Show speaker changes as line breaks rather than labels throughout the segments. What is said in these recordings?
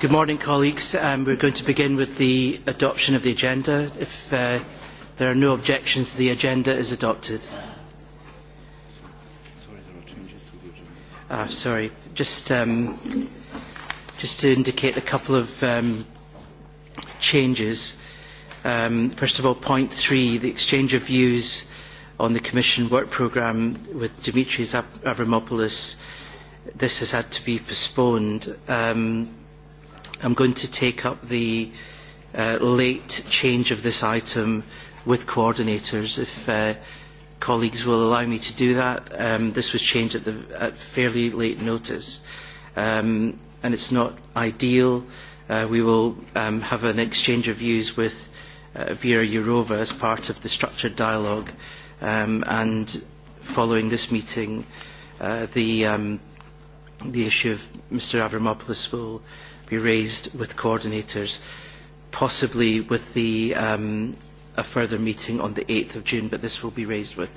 Good morning, colleagues. Um, we're going to begin with the adoption of the agenda. If uh, there are no objections, the agenda is adopted. Sorry, there are changes to the agenda. Ah, sorry. Just, um, just to indicate a couple of um, changes. Um, first of all, point three, the exchange of views on the Commission work programme with Dimitris Ab Abramopoulos. This has had to be postponed. Um, I'm going to take up the uh, late change of this item with coordinators. If uh, colleagues will allow me to do that, um, this was changed at, the, at fairly late notice. Um, and it's not ideal. Uh, we will um, have an exchange of views with uh, Vera Yurova as part of the structured dialogue. Um, and following this meeting, uh, the, um, the issue of Mr. Avramopoulos will be raised with coordinators, possibly with the, um, a further meeting on the 8th of June, but this will be raised with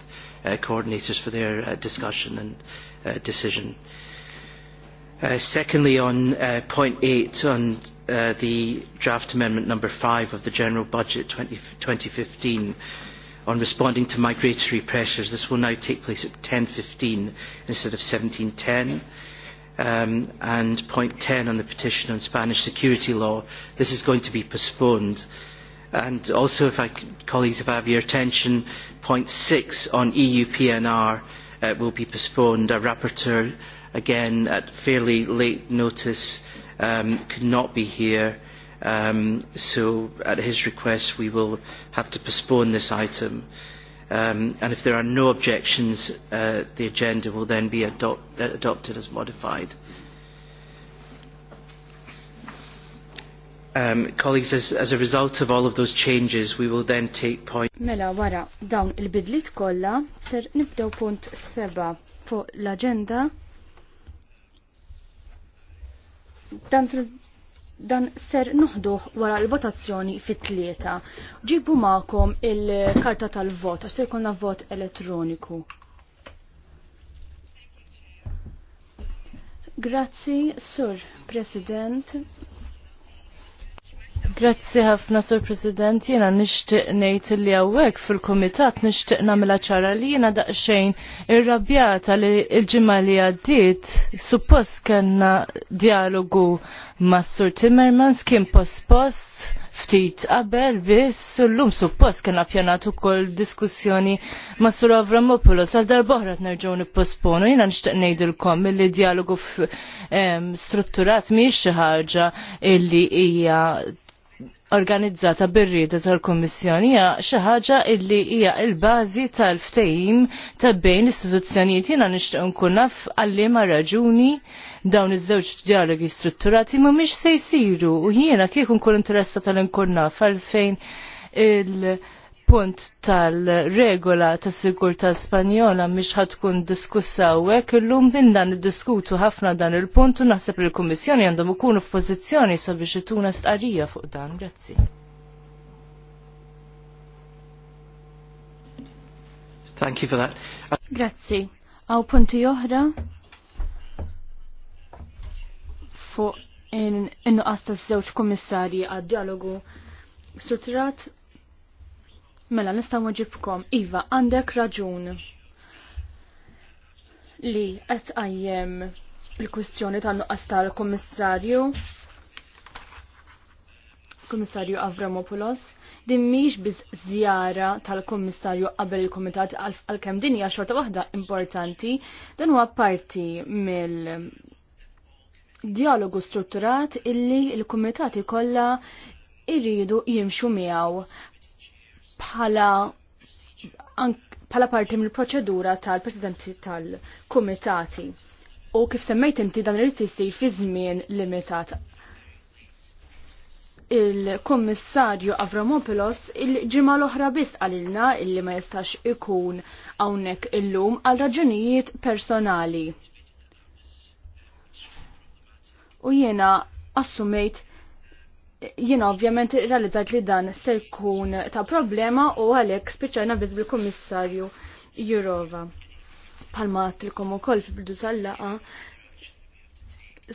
uh, coordinators for their uh, discussion and uh, decision. Uh, secondly, on uh, point 8, on uh, the draft amendment number 5 of the General Budget 20, 2015, on responding to migratory pressures. This will now take place at 10.15 instead of 17.10 um, and point 10 on the petition on Spanish security law. This is going to be postponed. And also, if I, colleagues, if I have your attention, point 6 on EU PNR uh, will be postponed. Our rapporteur, again, at fairly late notice, um, could not be here. Um, so, at his request, we will have to postpone this item. Um, and if there are no objections, uh, the agenda will then be adop uh, adopted as modified. Um, colleagues, as, as a result of all of those changes, we will then take point...
Mela, wara, dawn il-bidlit kolla, ser nibdew punt seba fuq l-agenda. Dan dan ser nuħduh wara l-votazzjoni fit-tlieta. Ġibu ma'kom il-karta tal-vot, għax ser konna vot elettroniku. Grazzi, Sur President.
Grazzi ħafna, Sur President, jena nishtiq nejt li għawek fil-komitat nishtiq namela ċara li jena daqxejn irrabjata li il-ġimma li għaddit suppost kena dialogu ma' Sur Timmermans kien post-post ftit qabel biss u l-lum suppost kena pjanatu kol diskussjoni ma' Sur Avramopoulos għal darbohra t-nerġu nipposponu jena nishtiq ngħidilkom li dialogu strutturat miex ħaġa illi hija organizzata bir-rieda tal-Kummissjoni hija xi ħaġa li hija l-bażi tal-ftehim ta' bejn l-istituzzjonijiet jiena nixtieq nkun naf għalliema raġuni dawn iż-żewġ dialogi strutturati mhumiex se jsiru u jiena kieku nkun interessa tal nkun naf għalfejn il- punt tal-regola tas sigurta spanjola mhix ħad tkun diskussa hekk illum minna diskutu ħafna dan il-punt u naħseb il kummissjoni għandhom ikunu f'pożizzjoni sabiex ituna stqarrija fuq dan. Grazzi.
Thank you for that.
Grazzi. Aw punti oħra fuq in-nuqqas in nuqqas in żewġ kummissarji għad-dialogu strutturat Mela nistgħu ġibkom, Iva, għandek raġun li qed qajjem il-kwistjoni ta' nuqqas tal-Kummissarju Kummissarju Avramopoulos din mhix biż żjara tal-Kummissarju qabel il-Kumitat għalkemm din hija xorta waħda importanti dan huwa parti mill dialogu strutturat illi il kumitati kollha irridu jimxu miegħu bħala bħala parti mill-proċedura tal-Presidenti tal-Kumitati. U kif semmejt inti dan irid isir fi żmien limitat. Il-Kommissarju Avramopoulos il-ġimgħa l-oħra biss qalilna illi ma jistax ikun hawnhekk illum għal raġunijiet personali. U jiena assumejt jina ovvjament realizzat li dan ser jkun ta' problema u għalek speċajna biss bil-Kummissarju Jurova. Palma tilkom ukoll fil-bidu tal-laqa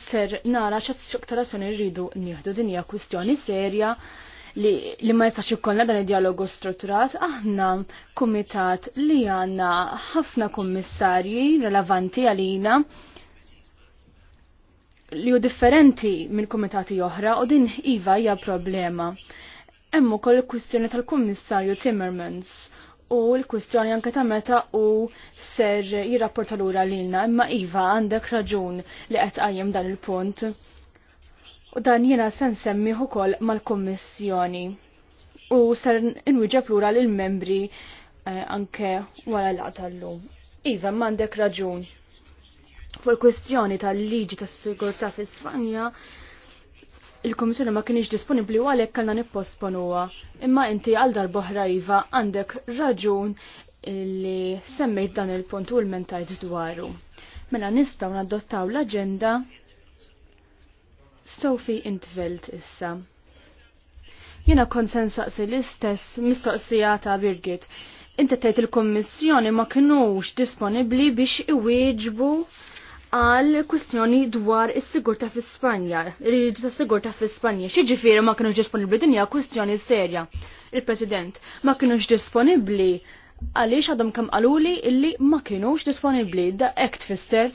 ser nara x'azzjoni azzjoni rridu nieħdu din hija kwistjoni serja li, li ma jistax ikollna dan id-dialogu strutturat, aħna kumitat li għandna ħafna kummissarji relevanti għalina li u differenti minn komitati oħra u din iva hija problema. Hemm ukoll il-kwistjoni tal-Kummissarju Timmermans u l-kwistjoni anke ta' meta u ser jirrapporta lura lilna, imma iva għandek raġun li qed qajjem dan il-punt. U dan jiena se nsemmih ukoll mal-Kummissjoni. U ser inwieġeb lura lill-membri eh, anke wara laqgħa tal-lum. Iva m'għandek raġun fuq kwestjoni tal-liġi tas-sigurtà fi Spanja, il-Komissjoni ma kienx disponibbli u għalhekk kellna nipposponuha. Imma inti għal darboħra iva għandek raġun li semmejt dan il-punt u l-mentajt dwaru. Mela nistgħu nadottaw l-aġenda Sophie Intveld issa. Jena konsensaqsi l-istess mistoqsija ta' Birgit. Inti tgħid il kummissjoni ma kinux disponibbli biex iwieġbu għal kwestjoni dwar is-sigurta fi Spanja, il-riġi ta' sigurta fi Spanja. Xieġifieri ma kienux disponibbli din hija kwestjoni serja. Il-President ma kienux disponibbli għaliex għadhom kemm qaluli illi ma kienux disponibbli da act fisser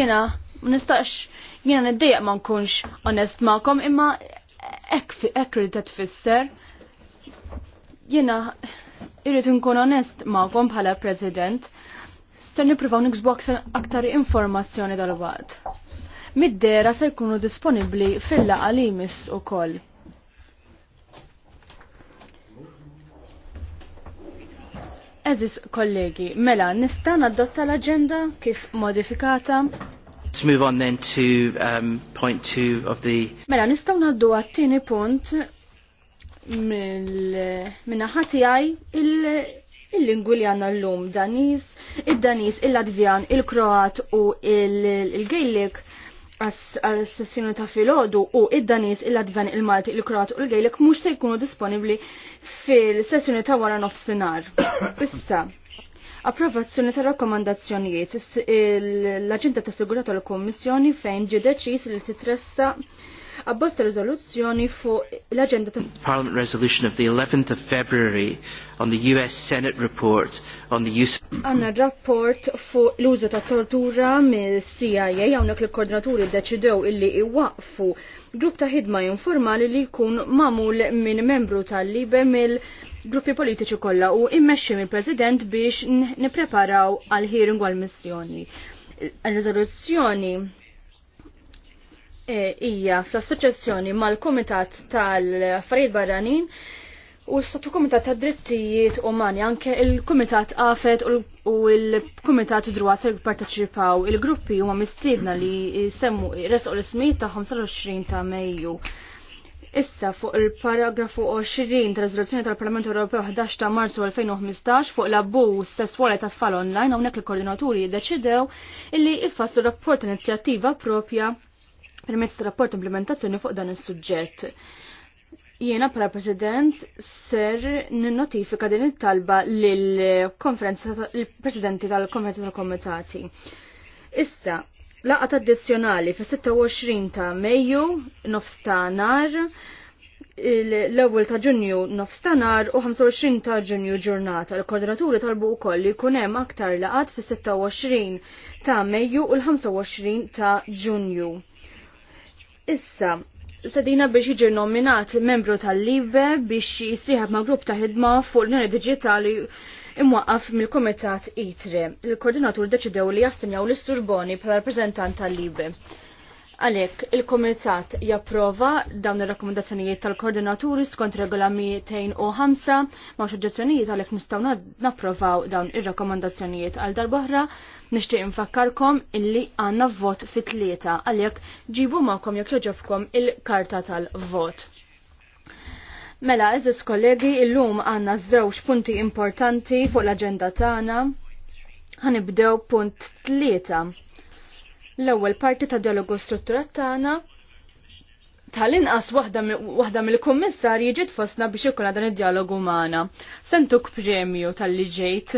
jena nistax jena niddejjaq ma nkunx onest magħkom imma ekk li tfisser jena irrid nkun onest magħkom bħala President ser nippruvaw niksbu aktar informazzjoni dal-waqt. Mid-dera se jkunu disponibbli fil la li u ukoll. Eżis kollegi, mela, nista' adotta l-agenda kif modifikata?
Let's move on then to um, point two of the...
Mela, nistaw naddu għattini punt minna ħati għaj il-lingwi li għanna l-lum danis, id-danis, il-Latvjan, il-Kroat u il-Gaelic għas-sessjoni ta' filgħodu u id-Danis, il-Latvjan, il-Malti, il-Kroat u l-Gaelic mhux se jkunu disponibbli fil-sessjoni ta' wara nofsinhar. Issa, approvazzjoni ta' rakkomandazzjonijiet l-Aġenda ta' Sigurtà tal-Kummissjoni fejn ġie deċiż li titressa abbosta riżoluzzjoni fuq l-aġenda ta'
Parliament Resolution of the 11th of February on the US Senate report on the use
Anna rapport fuq l-użu ta' tortura mill-CIA hawnhekk il-koordinaturi ddeċidew illi iwaqfu grupp ta' ħidma informali li jkun mamul minn membru tal-libe mill gruppi politiċi kollha u immexxi mill-President biex nippreparaw għal hearing għal missjoni. Rezoluzzjoni E, hija fl-assoċjazzjoni mal-Kumitat tal-Affarijiet Barranin u s-sottu Kumitat ta' Drittijiet Umani anke il-Kumitat Afet u il-Kumitat Drua se jipparteċipaw. il-gruppi huma mistiedna li semmu resqu l-ismijiet ta' 25 ta' Mejju. Issa fuq il-paragrafu 20 ta' rezoluzzjoni tal-Parlament Ewropew 11 ta' Marzu 2015 fuq l-abbuż sesswali ta' tfal online hawnhekk il-koordinaturi jiddeċidew illi jfasslu rapport inizjattiva propja permezz ta' rapport implementazzjoni fuq dan is-suġġett. Jiena bħala President ser ninnotifika din it-talba lill l-Presidenti tal-Konferenza tal-Komitati. Issa, laqa tradizzjonali fi 26 ta' Mejju nofsta nar l-ewwel ta' Ġunju nar u 25 ta' Ġunju ġurnata. il koordinaturi talbu wkoll li jkun hemm aktar laqat fis-26 ta' Mejju u l-25 ta' Ġunju. Issa, Stadina biex jiġi nominat membru tal-Libe biex jisieħab ma' grupp ta' ħidma fuq l-Unjoni Digitali imwaqqaf mill-Kumitat ITRE. Il-Koordinatur deċidew li jastinjaw l-Isturboni bħala rappreżentant tal-Libe. Għalek, il-Komitat japprova dawn ir-rakkomandazzjonijiet tal-Koordinaturi skont regolami 205 ma' oġġezzjonijiet għalek nistgħu napprovaw dawn ir-rakkomandazzjonijiet għal darboħra nixtieq infakkarkom illi għandna vot fit-tlieta għalek ġibu magħkom jekk joġobkom il-karta tal-vot. Mela, eżis kollegi, illum għanna żewġ punti importanti fuq l-aġenda tagħna. Ħanibdew punt tlieta l-ewwel parti ta' dialogu strutturat tagħna tal-inqas waħda mill-kummissar jiġi tfossna biex ikun dan id-dialogu magħna. Sentuk premju tal-li ġejt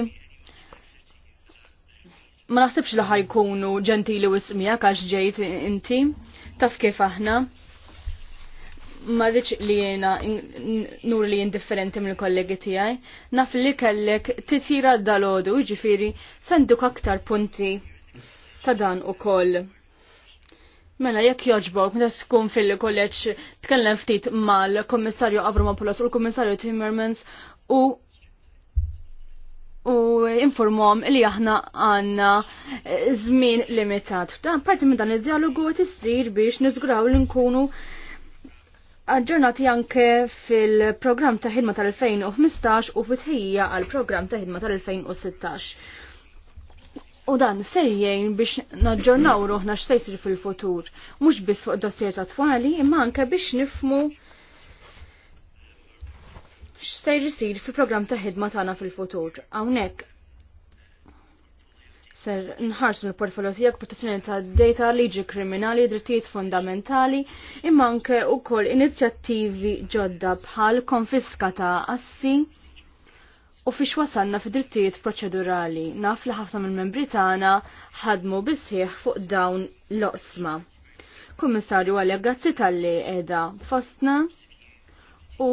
ma naħsibx li ħajkunu ġentili u ismija għax ġejt inti, taf kif aħna. Ma rridx li jiena nur li indifferenti mill kollegi tiegħi, naf li kellek titira dalodu, ġifiri sentuk aktar punti ta' dan ukoll. Mela, jekk joġbok, meta tkun fil kolleġ tkellem ftit mal-Kommissarju Avromopoulos u l-Kommissarju Timmermans u u informom li aħna għanna eh, żmien limitat. Dan parti minn dan id-dialogu qed issir biex nizguraw li nkunu aġġornati anke fil-programm ta' ħidma tal-2015 u fit-ħejja għal program ta' ħidma tal-2016. U dan sejjejn biex naġġornaw ruħna x'se jsir fil-futur, mhux biss fuq dossier attwali, imma anke biex nifmu x'se isir fil-programm ta' ħidma tagħna fil-futur. Hawnhekk ser nħarsu l-portfolio tiegħek protezzjoni ta' data, liġi kriminali, drittijiet fundamentali, imma anke wkoll inizjattivi ġodda bħal konfiska ta' assi u fiex wasalna fi drittijiet proċedurali naf li ħafna mill-membri tagħna ħadmu bisħieħ fuq dawn l-oqsma. Kummissarju għalja grazzi tal-li edha fostna u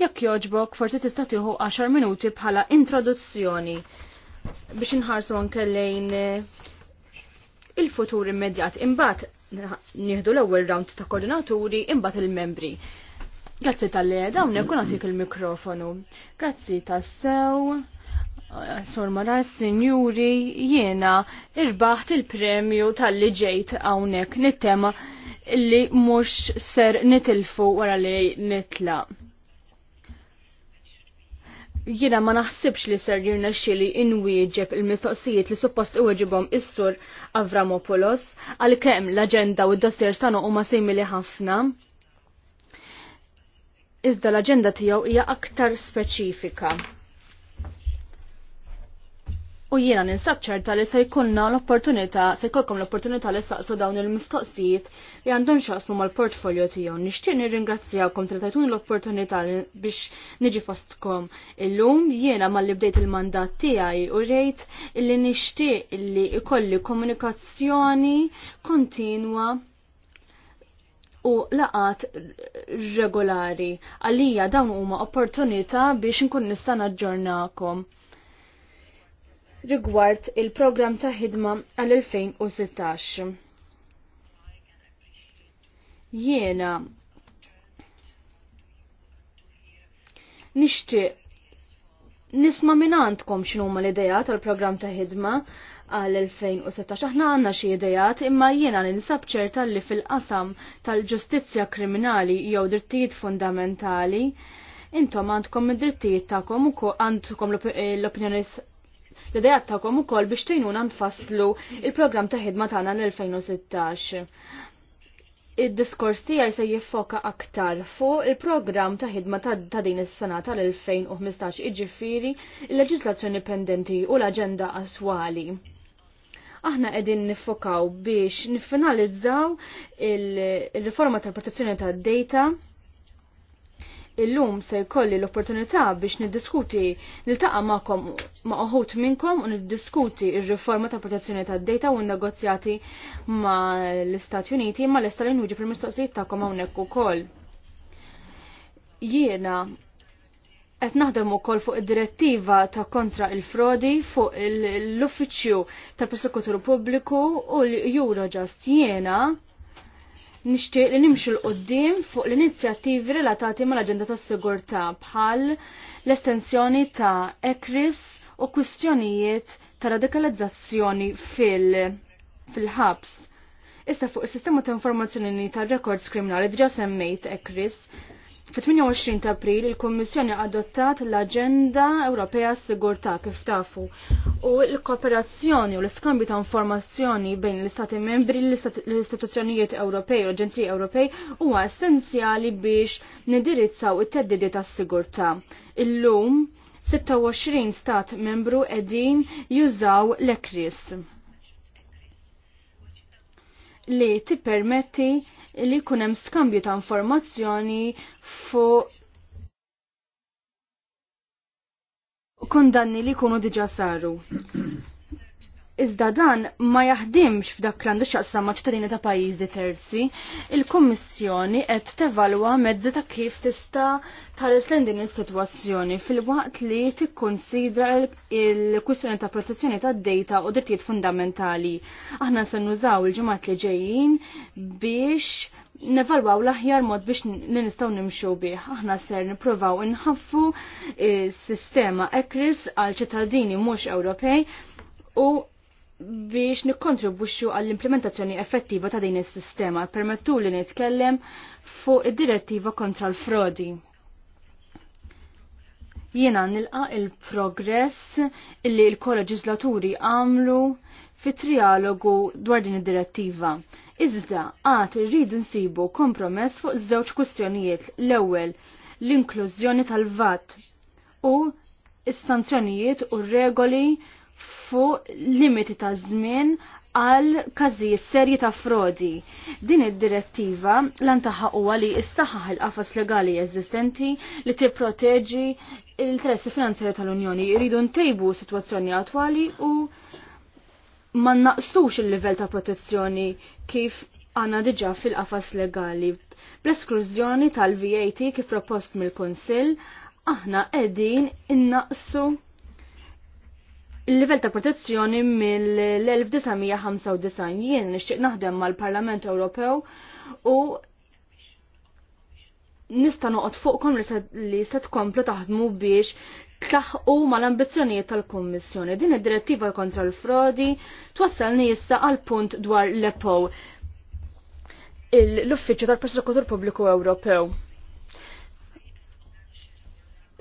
jekk joġbok forsi tista' tieħu 10 minuti bħala introduzzjoni biex inħarsu anke lejn eh, il-futur immedjat imbagħad nieħdu l-ewwel round ta' koordinaturi imbagħad il-membri. Grazzi tal leda dawn kun għatik il-mikrofonu. Grazzi tas-sew. Sor Marar, Sinjuri, jiena irbaħt il-premju tal-li ġejt għawnek nittema li mux ser nitilfu wara li nitla. Jiena ma naħsibx li ser jirna xili inwieġeb il-mistoqsijiet li suppost iweġibhom is-sur Avramopoulos għal kem l agenda u d-dossier u huma simili ħafna iżda l-aġenda tiegħu hija aktar speċifika. U jiena ninsab ċerta li se jkollna l-opportunità, se jkollkom l-opportunità li saqsu dawn il-mistoqsijiet li għandhom xaqsmu mal-portfolio tiegħu. Nixtieq nirringrazzjakom li tajtun l-opportunità biex niġi fostkom illum jiena malli bdejt il-mandat tiegħi u rejt li nixtieq li ikolli komunikazzjoni kontinwa u laqat regolari. Għalija dawn huma opportunità biex nkun nista' naġġornakom rigward il-programm ta' ħidma għal-2016. Jiena nixtieq nisma' minn għandkom x'inhuma l-idea tal-programm ta' ħidma għal 2016. Aħna għandna xi idejat imma jiena ninsab ċerta li fil-qasam tal-ġustizzja kriminali jew drittijiet fundamentali intom għandkom id-drittijiet tagħkom ukoll għandkom l-opinjoni l-idejat tagħkom ukoll biex tgħinuna nfasslu il-programm ta' ħidma tagħna l-2016 id-diskors tiegħi se jiffoka aktar fuq il-programm ta' ħidma ta' din is-sena tal-2015 iġifieri il-leġislazzjoni pendenti u l-aġenda aswali aħna qegħdin nifokaw biex niffinalizzaw il-riforma tal-protezzjoni tad-data illum se jkolli l-opportunità biex niddiskuti niltaqa' magħkom ma' oħut minnkom u niddiskuti r-riforma tal-protezzjoni tad-data u n-negozjati ma' l-Istati Uniti ma' l-Estalin Wiġi per mistoqsijiet tagħkom hawnhekk ukoll. Jiena Qed naħdem ukoll fuq id-direttiva ta' kontra il-frodi fuq l-Uffiċċju tal-Prosekutur Pubbliku u l-Eurojust jiena nixtieq li nimxu l-qoddim fuq l-inizjattivi relatati mal-Aġenda tas sigurtà bħal l-estensjoni ta' ECRIS u kwistjonijiet ta' radikalizzazzjoni fil-ħabs. Issa fuq is-sistema ta' informazzjoni ta' records kriminali diġa' semmejt ECRIS Fit-28 ta' april il-Kommissjoni adottat l-Aġenda Ewropea Sigurtà kif tafu u l-kooperazzjoni u l-iskambju ta' informazzjoni bejn l-Istati membri l-istituzzjonijiet Ewropej u l-Aġenziji Ewropej huwa essenzjali biex nidirizzaw it-teddidi tas-sigurtà. Illum 26 stat membru qegħdin jużaw l-ECRIS li tippermetti li jkun hemm skambju ta' informazzjoni fuq kundanni li jkunu diġà saru. Iżda dan ma jaħdimx f'dak l-għandu xaqsa ma' ta' pajjiżi terzi, il-Kommissjoni qed tevalwa mezzi ta' kif tista' tħares lejn din is-sitwazzjoni fil-waqt li tikkonsidra il-kwistjoni ta' protezzjoni tad-dejta u drittijiet fundamentali. Aħna se nużaw il-ġimgħat li ġejjin biex nevalwaw l-aħjar mod biex li nistaw nimxu bih. Aħna ser niprovaw inħaffu s-sistema ekris għal ċittadini mhux Ewropej u biex nikkontribwixxu għall-implementazzjoni effettiva ta' din is-sistema permettu li nitkellem fuq id-direttiva kontra l-frodi. Jiena nilqa il-progress illi l-koreġislaturi għamlu fit trialogu dwar din id-direttiva. Iżda għad irridu nsibu kompromess fuq żewġ kwistjonijiet l-ewwel l-inklużjoni tal-VAT u s-sanzjonijiet u r-regoli fuq limiti ta' żmien għal każijiet serji ta' frodi. Din id-direttiva lan taħħa huwa li issaħħaħ il-qafas legali eżistenti li tipproteġi l-interessi finanzjari tal-Unjoni. Jridu ntejbu situazzjoni attwali u ma naqsux il-livell ta' protezzjoni kif għana diġa fil-qafas legali. Bl-esklużjoni tal-VAT kif propost mill-Konsil, aħna edin innaqsu il-livell ta' protezzjoni mill-1995 jien nixtieq naħdem mal-Parlament Ewropew u nista' noqgħod fuqkom li se tkomplu taħdmu biex tlaħqu mal-ambizzjonijiet tal-Kummissjoni. Din id-direttiva kontra l-frodi twassalni issa għal punt dwar l-EPO, l-Uffiċċju tal-Prosekutur Pubbliku Ewropew.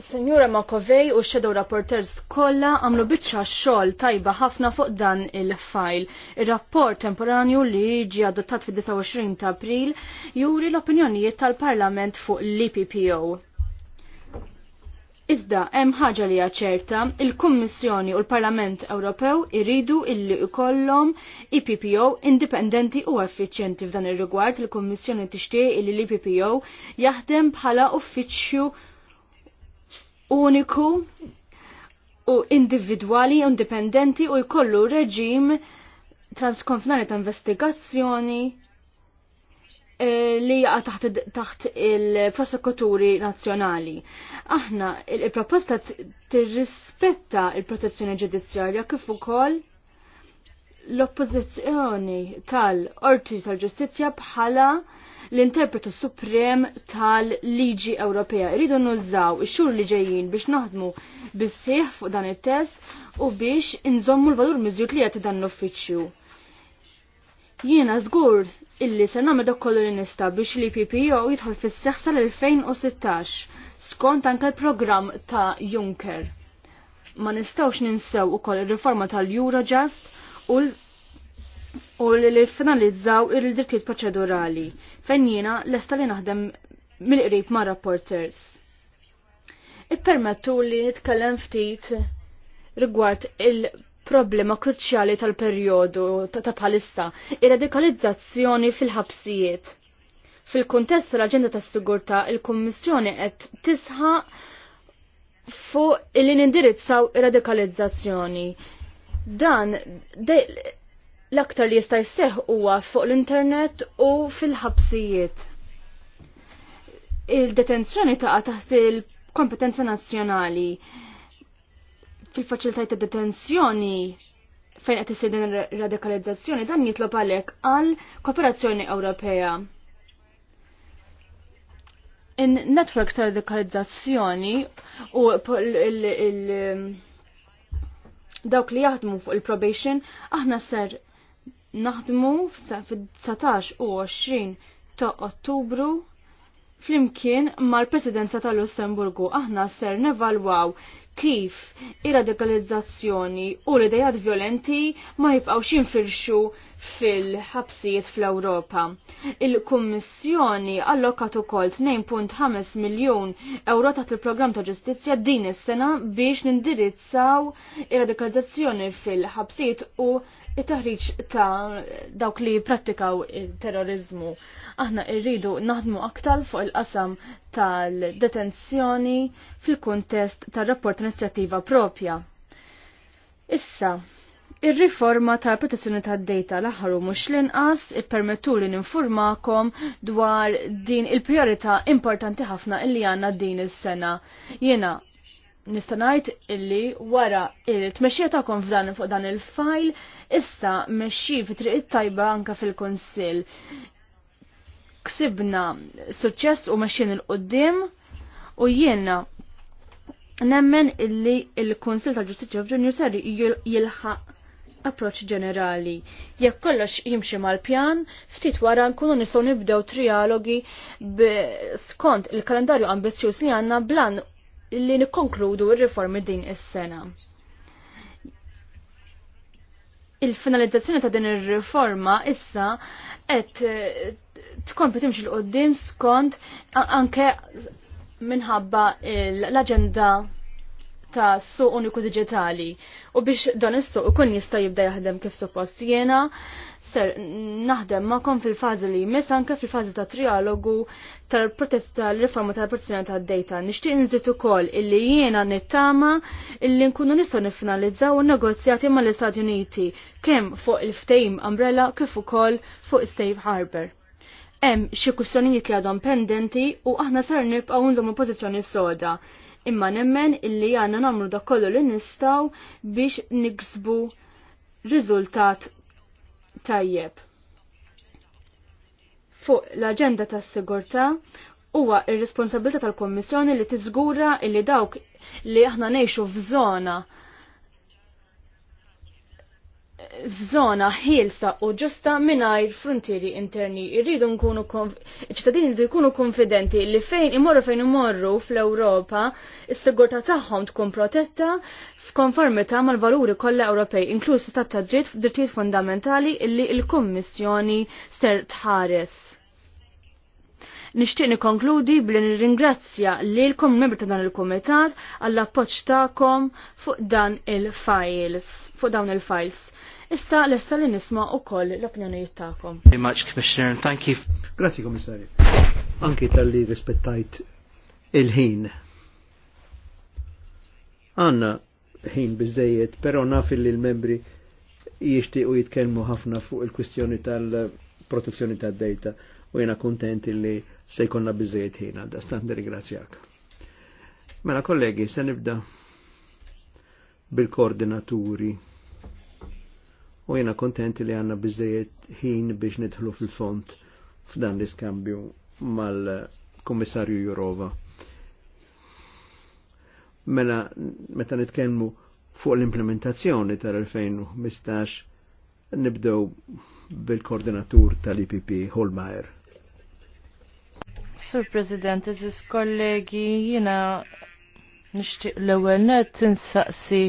Senjura Makovej u Shadow Rapporters kollha għamlu bitxa xogħol tajba ħafna fuq dan il-fajl. Ir-rapport temporanju li ġi adottat fid-29 ta' April juri l-opinjonijiet tal-Parlament fuq l-IPPO. Iżda hemm ħaġa li ċerta, il-Kummissjoni u l-Parlament Ewropew iridu illi jkollhom IPPO e indipendenti u effiċjenti f'dan ir-rigward il-Kummissjoni tixtieq illi l-IPPO e jaħdem bħala uffiċċju uniku u individwali, indipendenti u jkollu reġim transkonfinali ta' investigazzjoni eh, li jaqa taħt, taħt il-prosekuturi nazzjonali. Aħna il-proposta tirrispetta il-protezzjoni ġudizzjarja kif ukoll l-oppożizzjoni tal-Qorti tal-Ġustizzja bħala l-interpretu suprem tal-liġi Ewropea. Irridu nużaw ix-xhur li ġejjin biex naħdmu bis-sieħ fuq dan it-test u biex inżommu l-valur miżjut li qed dan l-uffiċċju. Jiena żgur illi se nagħmel dak kollu li nista' biex li PPO jidħol fis-seħħ sal-2016 skont anke l-programm ta' Juncker. Ma nistgħux ninsew ukoll ir-riforma tal-Eurojust u l u li finalizzaw il-drittijiet proċedurali fejn jiena lesta li naħdem mill-qrib ma' rapporters. Ippermettu li nitkellem ftit rigward il-problema kruċjali tal-perjodu ta' bħalissa, ir-radikalizzazzjoni fil-ħabsijiet. Fil-kuntest tal-Aġenda tas-Sigurtà, il-Kummissjoni qed tisħa fuq il-indirizzaw ir-radikalizzazzjoni. Dan l-aktar li jista' seħ huwa fuq l-internet u fil-ħabsijiet. Il-detenzjoni taqa' taħt il-kompetenza nazzjonali. Fil-faċilitajiet ta' detenzjoni fejn qed isir din radikalizzazzjoni dan jitlob għalhekk għal kooperazzjoni Ewropea. In-networks ta' radikalizzazzjoni u il- dawk li jaħdmu fuq il-probation, aħna ser naħdmu fil-19 u 20 ta' Ottubru flimkien mal-Presidenza tal-Lussemburgu aħna ser nevalwaw kif ir-radikalizzazzjoni u l-idejat violenti ma xin jinfirxu fil-ħabsijiet fl-Ewropa. Il-Kummissjoni allokat ukoll 2.5 miljun euro taħt il-programm ta' ġustizzja din is-sena biex nindirizzaw ir-radikalizzazzjoni fil-ħabsijiet u it-taħriġ ta' dawk li prattikaw terrorizmu. Aħna rridu naħdmu aktar fuq il-qasam tal-detenzjoni fil-kuntest tar-rapport inizjattiva propja. Issa, Ir-riforma tal-protezzjoni tad-data l-aħħar u mhux l-inqas ippermettu li ninformakom dwar din il-priorità importanti ħafna illi għandna din is-sena. Jiena nista' ngħid illi wara il-tmexxija tagħkom f'dan fuq dan il-fajl issa mexxi fi it-tajba anke fil-Kunsill. Ksibna suċċess u mexxin il-qudiem u jiena nemmen illi il-Kunsill tal-Ġustizzja f'Ġunju ser jilħaq approċ ġenerali. Jekk kollox jimxi mal-pjan, ftit wara nkunu nistgħu nibdew trialogi skont il-kalendarju ambizzjuż li għandna blan li nikkonkludu r-riformi din is-sena. Il-finalizzazzjoni ta' din ir-riforma issa qed eh, tkompli timxi l-qoddim skont anke minħabba l-aġenda ta' suq uniku digitali u biex dan is-suq ikun jista' jibda jaħdem kif suppost jiena ser naħdem magħkom fil-fażi li jmiss anke fil-fażi ta' trialogu tal-protest tal-riforma tal-protezzjoni tad-data. Nixtieq nżid ukoll illi jiena nittama illi nkunu nistgħu niffinalizzaw in-negozjati mal-Istati Uniti kemm fuq il-ftehim umbrella kif ukoll fuq is-Safe Harbor. Hemm xi kwistjonijiet li għadhom pendenti u aħna ser nibqgħu nżommu pożizzjoni soda imma nemmen illi għanna namlu da kollu li nistaw biex niksbu riżultat tajjeb. Fuq l-agenda tas sigurta huwa ir-responsabilità tal-Kommissjoni li tiżgura illi dawk li aħna nejxu f'żona f'żona ħielsa u ġusta mingħajr frontieri interni. Irridu nkunu ċittadini jridu jkunu konfidenti li fejn imorru fejn imorru fl-Ewropa is-sigurtà tagħhom tkun protetta f'konformità mal-valuri kollha Ewropej, inkluż ta' tadrid f'drittijiet fundamentali li l-Kummissjoni ser tħares. Nixtieq nikkonkludi bli nirringrazzja lilkom membri ta' dan il-kumitat għall appoġġ tagħkom fuq dan il-files, fuq dawn il-files. Issa lesta li nisma' koll l-opinjonijiet tagħkom.
Very much Commissioner and thank you.
Grazzi Kummissarju. Anki tal-li rispettajt il-ħin. Għanna ħin bizzejiet, però naf li l-membri jixtiequ jitkellmu ħafna fuq il-kwistjoni tal- protezzjoni tad data u jena kontent li se jkonna bizzejiet ħin da dastant nirigrazzjak. Mela kollegi, se nibda bil-koordinaturi u jena kontenti li għanna bizzejiet ħin biex nidħlu fil-font f'dan l-iskambju mal-Kommissarju Jurova. Mela, meta nitkellmu fuq l-implementazzjoni tal-2015 nibdew bil-koordinatur tal-IPP Holmeyer.
Sur President, eżis kollegi, jina nishtiq l-ewel net tinsaqsi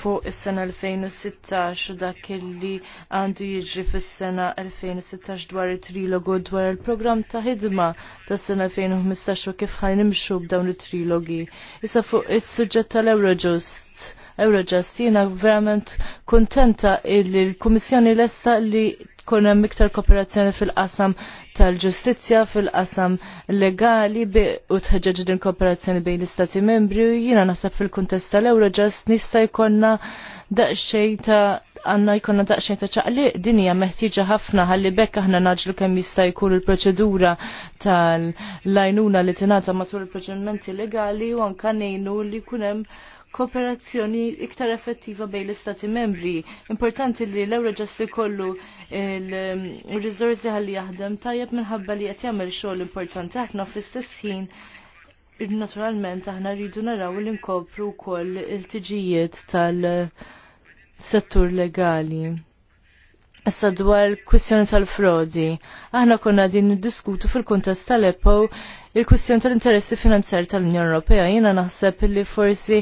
fuq is-sena 2016 u dak li għandu jiġri fis-sena 2016 dwar it-trilogu dwar il-programm ta' ħidma tas sena 2015 u kif ħajnimxu b'dawn it-trilogi. Issa fuq is-suġġett tal-Eurojust. Eurojust jina verament kontenta illi l-Kummissjoni li tkun hemm iktar kooperazzjoni fil-qasam tal-ġustizzja, fil-qasam legali u tħeġġeġ din kooperazzjoni bejn l-istati membri u jiena naħseb fil-kuntest tal-Eurojust nista' jkollna daqxej ta' għanna jkonna daqxej ta' ċaqli hija meħtieġa ħafna ħalli bekk aħna naġlu kemm jista' jkun il-proċedura tal-lajnuna li tingħata matul il-proċedimenti legali u anke ngħinu li jkun hemm kooperazzjoni iktar effettiva bejn l-Istati membri. Importanti li l ġasti kollu il rizorzi ħalli jaħdem tajjeb minħabba li qed jagħmel xogħol importanti aħna fl-istess ħin naturalment aħna rridu naraw li nkopru wkoll il-tiġijiet tal-settur legali. Issa dwar kwistjoni tal-frodi, aħna konna din diskutu fil-kuntest tal-EPO il kwistjon tal-interessi finanzjari tal-Unjoni Ewropea jiena naħseb li forsi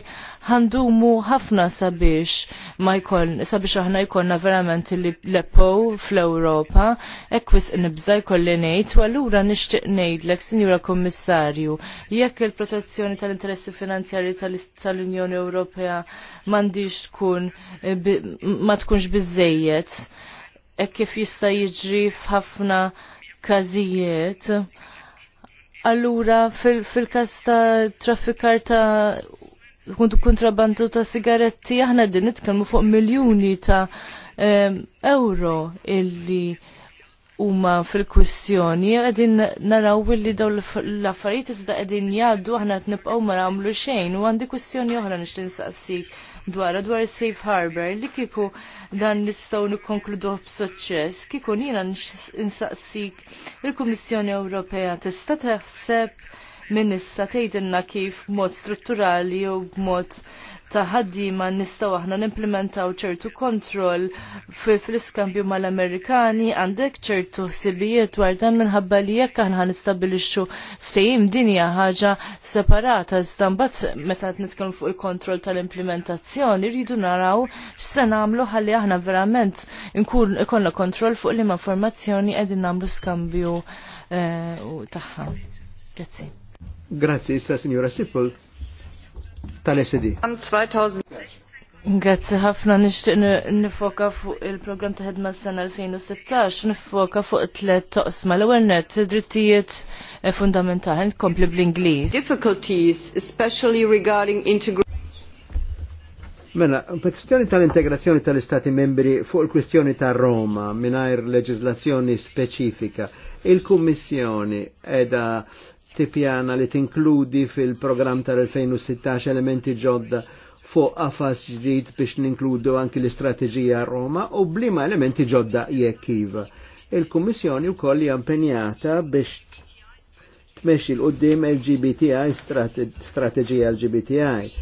ħandumu ħafna sabiex ma jkoll sabiex aħna jkollna verament li leppo fl-Ewropa hekk wisq nibża jkolli ngħid u allura nixtieq ngħidlek Sinjura Kommissarju jekk il-protezzjoni tal-interessi finanzjari tal-Unjoni Ewropea m'għandix tkun eh, ma tkunx biżejjed hekk kif jista' jiġri f'ħafna każijiet Allura, fil-kas fil ta' traffikar ta' kontrabbandu ta' sigaretti, aħna din nitkellmu fuq miljuni ta' um, euro illi huma fil-kwistjoni, għedin naraw illi daw l-affarijiet iżda qegħdin jgħaddu aħna qed nibqgħu ma nagħmlu xejn u għandi kwistjoni oħra nixtieq nsaqsik dwar dwar safe harbor li kieku dan nistgħu nikkonkluduh b'suċċess kieku jiena insaqsik il-Kummissjoni Ewropea tista' taħseb minn issa tgħidilna kif mod strutturali jew b'mod ta' ħaddima nistgħu aħna nimplementaw ċertu kontroll fl-iskambju mal-Amerikani għandek ċertu ħsibijiet dwar dan minħabba li jekk aħna nistabilixxu ftehim dinja ħaġa separata iżda mbagħad meta nitkellmu fuq il-kontroll tal-implementazzjoni rridu naraw x'se nagħmlu ħalli aħna verament nkun ikollna kontroll fuq liema informazzjoni qegħdin nagħmlu skambju eh, tagħha. Grazzi.
Grazzi, sta signora Sippel tal-SD.
Grazie ħafna nixtieq nifoka fuq il-programm ta' ħedma s-sena 2016, nifoka fuq tliet toqsma l-ewwel net drittijiet eh, fundamentali nkompli bl-Ingliż. Difficulties especially regarding integration
Mela, kwestjoni tal-integrazzjoni tal-Istati membri fuq il-kwestjoni ta' Roma mingħajr leġislazzjoni speċifika, il-Kummissjoni edha Tipjana li tinkludi fil-programm tal-2016 elementi ġodda fuq għafas ġdid biex ninkludu anki l-istrateġija Roma u blima elementi ġodda jekk iva. Il-Kummissjoni wkoll hija impenjata biex tmexxi l qudiem LGBTI strateġija LGBTI.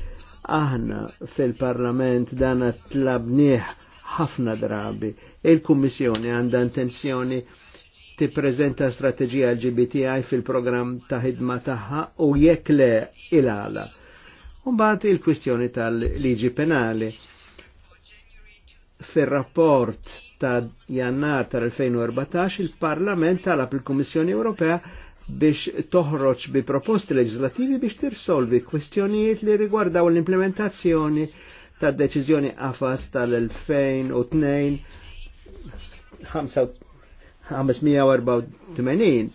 Aħna fil-Parlament dan tlabnieh ħafna drabi. Il-Kummissjoni għandha intenzjoni tippreżenta strategija LGBTI fil-programm ta' ħidma tagħha u jekk le il-għala. Umbagħad il-kwistjoni tal-liġi penali. Fir-rapport ta' jannar tal-2014 il-Parlament talab il-Kummissjoni Ewropea biex toħroġ bi proposti leġislativi biex tirsolvi kwistjonijiet li rigwardaw l-implementazzjoni ta' deċiżjoni qafas tal-2002 584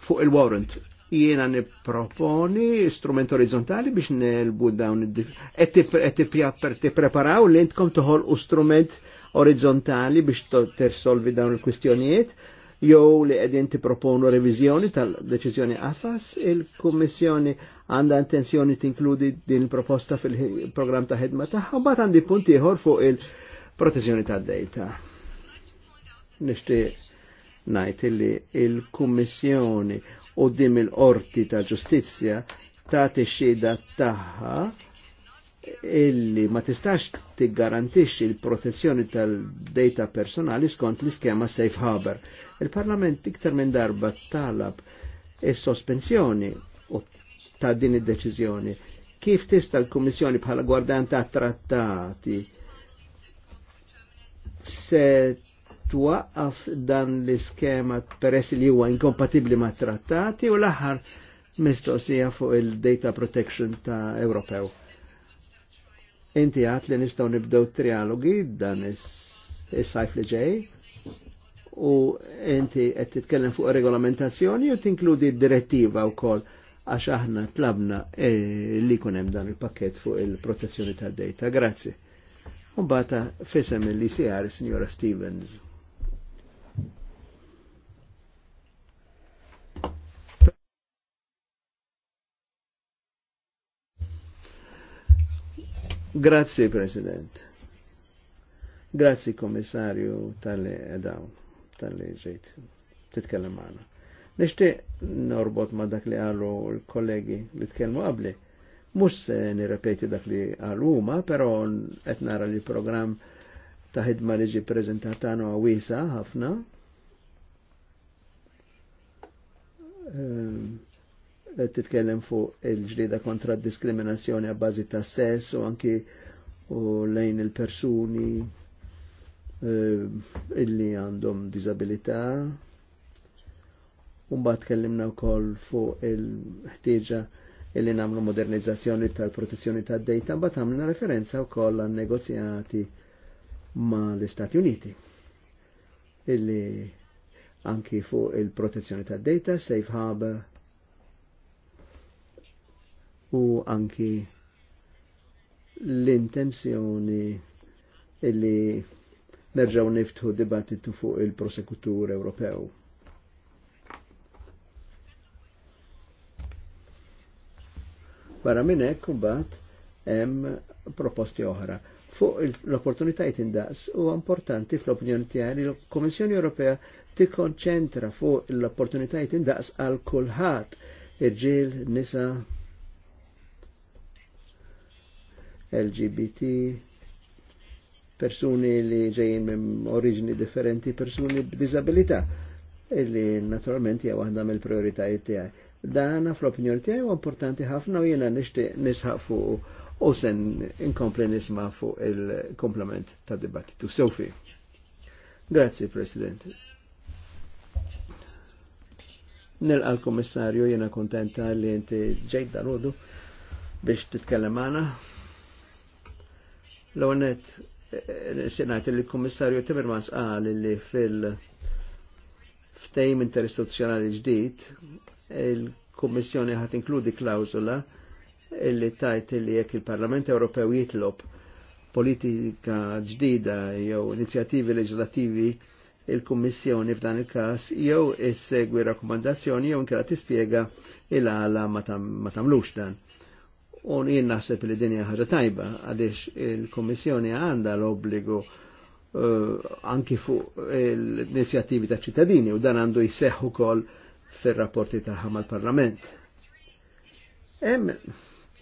fuq il-warrant jiena niproponi strument orizzontali biex nelbu dawn id qed preparaw li intkom toħol u strument orizzontali biex tersolvi dawn il-kwistjonijiet jew li qegħdin tipproponu reviżjoni tal-deċiżjoni AFAS, il-Kummissjoni għandha intenzjoni tinkludi din il proposta fil-programm ta' ħidma tagħha u mbagħad għandi punti ieħor fuq il-protezzjoni tad-dejta. Nixtieq najt illi il-Kummissjoni u dim il-Orti ta' Ġustizzja tagħti xhieda tagħha illi ma tistax tiggarantixxi l-protezzjoni tal-data personali skont l-iskema Safe Harbor. Il-Parlament iktar minn darba talab is-sospensjoni u ta' din id-deċiżjoni. Kif tista' l-Kummissjoni bħala gwardjan ta' trattati se twaqqaf dan l-iskema peress li huwa inkompatibbli ma' trattati u l-aħħar mistoqsija fuq il-data protection ta' Ewropew. Inti għat li nistaw nibdew trialogi dan is-sajf li ġej u inti qed titkellem fuq regolamentazzjoni u tinkludi d-direttiva wkoll għax aħna tlabna e, li kunem hemm dan il-pakket fuq il-protezzjoni tad-data. Grazzi. bata fisem il-ICR, Signora Stevens. Grazzi, President. Grazzi, Commissario tal-li edaw, tal ġejt titkellem maħna. Nishtiq norbot ma dak li għallu l-kollegi li tkellmu għabli. Mux se nirrepeti dak li għallu ma, pero etnara li program ta' ħidma li ġi prezentatano għawisa ħafna. Um, titkellem fuq il-ġlida kontra diskriminazzjoni a bazi ta' sess u anki u lejn il-persuni eh, illi għandhom disabilità. Umbat tkellimna wkoll fuq il-ħtieġa illi namlu modernizzazzjoni tal-protezzjoni tad-dejta, mbagħad għamlina referenza wkoll għan negozjati ma' l-Istati Uniti illi anki fuq il-protezzjoni tad-dejta, safe harbor u anki l-intenzjoni illi nerġaw niftħu dibattitu fuq il-prosekutur Ewropew. Barra minn hekk imbagħad hemm proposti oħra. Fuq l-opportunitajiet indaqs u importanti fl-opinjoni tiegħi li l-Kommissjoni Ewropea tikkonċentra fuq l-opportunitajiet indaqs għal kulħadd irġiel, nisa, LGBT, persuni li ġejjin minn oriġini differenti, persuni b'disabilità, illi naturalment hija għandha mill-prioritajiet tiegħi. Dan fl-opinjoni tiegħi huwa importanti ħafna u jiena nixtieq nisħaq fuq u sen inkompli nisma' fuq il-komplement ta' dibattitu. Sofi. Grazzi, President. nelqal kommissarju jiena kontenta li inti ġejt dal biex titkellem għana L-onet, xenajt li l-Kommissarju Timmermans għal li fil-ftejm interistituzzjonali ġdid il-Kommissjoni ħat inkludi klawzula illi tajt li jekk il-Parlament Ewropew jitlob politika ġdida jew inizjativi leġislativi il-Kummissjoni f'dan il-każ jew issegwi rakkomandazzjoni jew inkela tispjega il-għala ma tagħmlux dan Un jien naħseb li dinja ħaġa tajba għaliex il kummissjoni għandha l-obbligu uh, anki fuq l-inizjattivi ta' ċittadini u dan għandu jseħħ ukoll fir-rapporti tagħha mal-Parlament. Hemm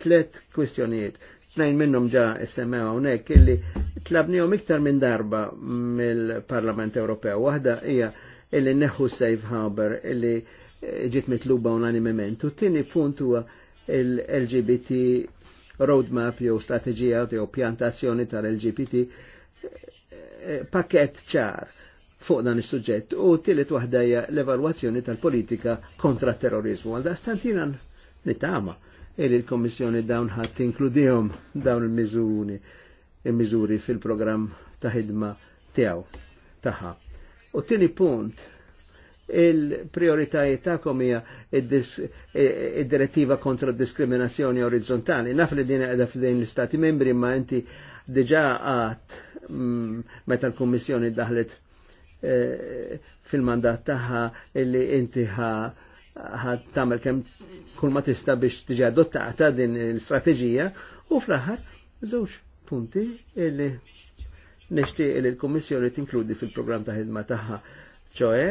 tliet kwistjonijiet, tnejn minnhom ġa SMA hawnhekk illi tlabnihom iktar minn darba mill-Parlament Ewropew. Waħda hija illi neħu safe harbor illi ġiet mitluba unanimement. U tieni punt huwa il-LGBT roadmap jew strategija jew pjantazzjoni tal-LGBT eh, eh, pakket ċar fuq dan is-suġġett u tielet waħda hija l-evalwazzjoni tal-politika kontra terrorizmu. Għal dastantina nitama il il-Kommissjoni dawn ħadd inkludihom dawn il-miżuri il-miżuri fil-programm ta' ħidma tiegħu tagħha. U tieni punt il-prioritajiet tagħkom hija id-direttiva kontra diskriminazzjoni orizzontali. Naf li din qiegħda f'din l-Istati membri ma inti diġà għat mm, meta l-Kummissjoni daħlet eh, fil-mandat tagħha illi inti ħa tagħmel kemm kull ma tista' biex tiġi adottata din l-istrateġija u fl-aħħar żewġ punti li nixtieq li l-Kummissjoni tinkludi fil-programm ta' ħidma tagħha ċoe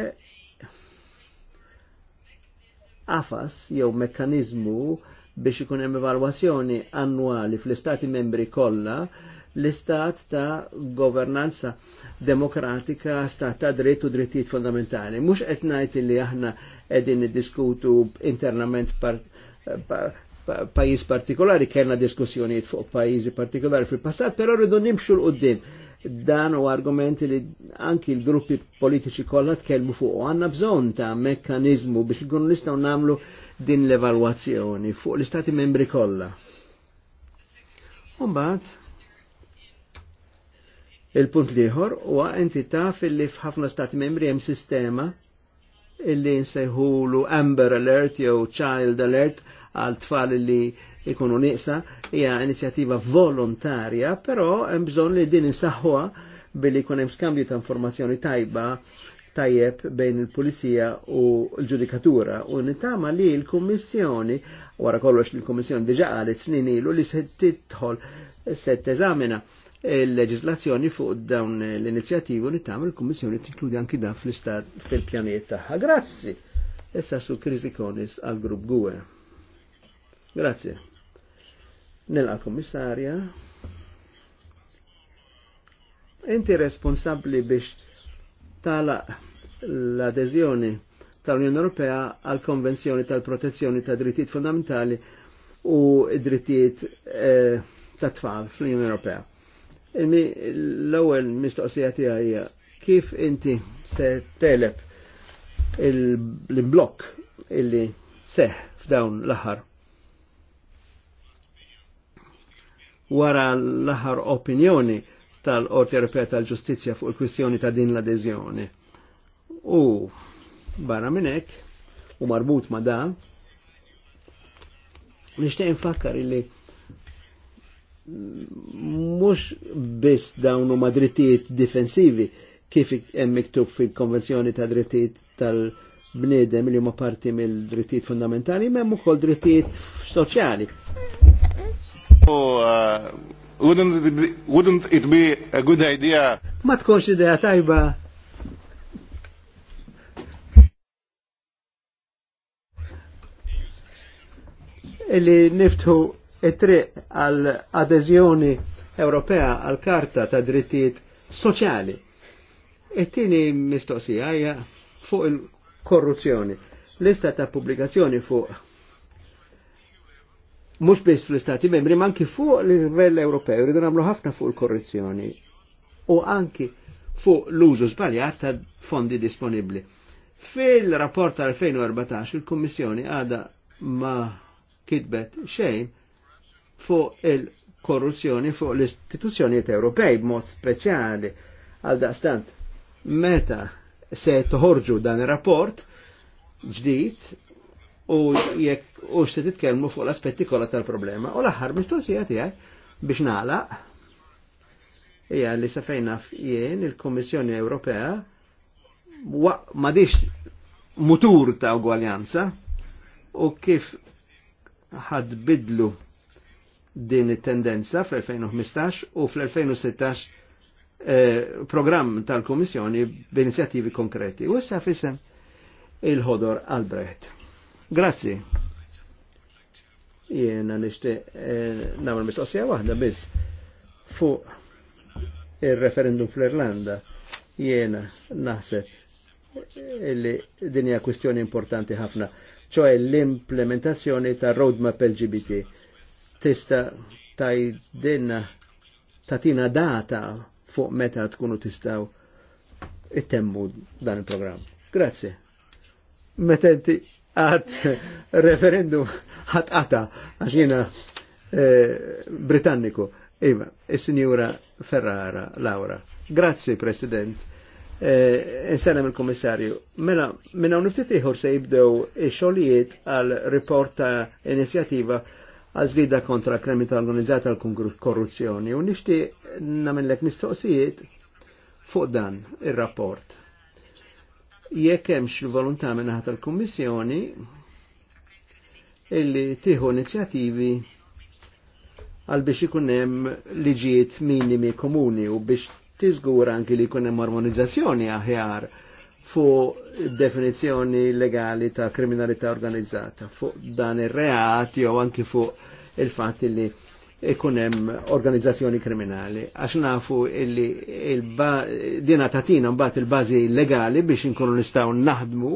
qafas jew mekkanizmu biex ikun hemm evalwazzjoni annwali fl-istati membri kollha l-istat ta' governanza demokratika, stat ta' dritt u drittijiet fundamentali. Mhux qed ngħid li aħna qegħdin niddiskutu internament par, par partikolari, kellna diskussjonijiet fuq pajjiżi partikolari fil-passat, però rridu nimxu l qudiem dan u argumenti li anki l-gruppi politiċi kollha tkellmu fuq għandna bżonn ta' mekkanizmu biex ikunu nistgħu nagħmlu din l-evalwazzjoni fuq l-istati membri kollha. Umbagħad il-punt liħor huwa entità fil-li f'ħafna stati membri hemm sistema illi nsejħulu Amber Alert jew Child Alert għal tfal li ikunu nieqsa hija inizjattiva volontarja, però hemm bżonn li din insaħħuha billi jkun hemm skambju ta' informazzjoni tajba tajjeb bejn il-Pulizija u l-Ġudikatura u nitama li l-Kommissjoni, wara kollox li l-Kommissjoni diġa għalet snin ilu li se titħol se teżamina il-leġislazzjoni fuq dawn l u nitama l-Kommissjoni tinkludi anki dan fl-istat fil-pjaniet tagħha. Grazzi. Issa su Krizikonis għal grupp e. Grazie. Nilqa kommissarja. Inti responsabli biex tala l-adezjoni tal-Unjoni Ewropea għal konvenzjoni tal-protezzjoni ta' drittijiet fundamentali u drittijiet tat eh, ta' tfal fl-Unjoni Ewropea. L-ewwel mistoqsija tiegħi kif inti se teleb l-imblokk illi seħ f'dawn l-aħħar wara l-aħar opinjoni tal-Qorti Ewropea tal-Ġustizzja fuq il-kwistjoni ta' din l-adeżjoni. U barra minn hekk u marbut ma' dan, nixtieq infakkar illi mhux biss dawn huma drittijiet difensivi kif hemm miktub fil-Konvenzjoni ta' drittijiet tal-bniedem li huma parti mill-drittijiet fundamentali, ma ukoll drittijiet soċjali
So, uh, wouldn't, it be, wouldn't it be a good idea?
Ma
tkunx idea tajba. Illi niftu it-triq għal adeżjoni Ewropea għal karta ta' drittijiet soċjali. It-tieni mistoqsija fuq il-korruzzjoni. Lista ta' pubblikazzjoni fuq mux biss fl-Istati membri, ma anki fuq l-livell Ewropew rridu namlu ħafna fuq l korrezzjoni u anki fuq l-użu sbagliat ta' fondi disponibli. Fil-rapport tal-2014 il kommissjoni għada ma kitbet xejn fuq il-korruzzjoni fuq l-istituzzjonijiet Ewropej b'mod speċjali għal daqstant meta se toħorġu dan ir-rapport ġdid u jekk u se titkellmu fuq l-aspetti kollha tal-problema. U l-aħħar mistoqsija tiegħek biex nagħlaq hija li sa naf jien il-Kommissjoni Ewropea m'għadix mutur ta' ugwaljanza u kif ħad bidlu din it-tendenza fl-2015 u fl-2016 eh, program tal kummissjoni b'inizjattivi konkreti. U issa fisem il-ħodor Albrecht. Grazzi. Jena nishti namal nagħmel wahda waħda fuq ir-referendum fl-Irlanda. jena naħseb illi din hija kwistjoni importanti ħafna, ċoħe l-implementazzjoni ta' roadmap LGBT. Tista' tajdinna tatina data fuq meta tkunu tistaw it-temmu dan il-programm. Grazie. Meta għat referendum għat għata għaxina eh, britanniku. Iva, il-Sinjura Ferrara, Laura. Grazzi, President. Eh, Insalem il-Komissarju. Mela, minna uniftit iħor se jibdew xolijiet għal riporta inizjativa għal zvida kontra kremita organizzata għal korruzzjoni u nishti namillek mistoqsijiet fuq dan il-rapport jekk hemmx il-volontà minnaħa tal-Kummissjoni illi tieħu inizjattivi għal biex ikun hemm liġijiet minimi komuni u biex tiżgura anki li jkun hemm armonizzazzjoni aħjar fuq definizzjoni legali ta' kriminalità organizzata, fuq dan ir-reat jew anki fuq il-fatt li ikun hemm organizzazzjoni kriminali. Għax nafu illi il dina tatina mbagħad il-bażi legali biex inkunu nistgħu naħdmu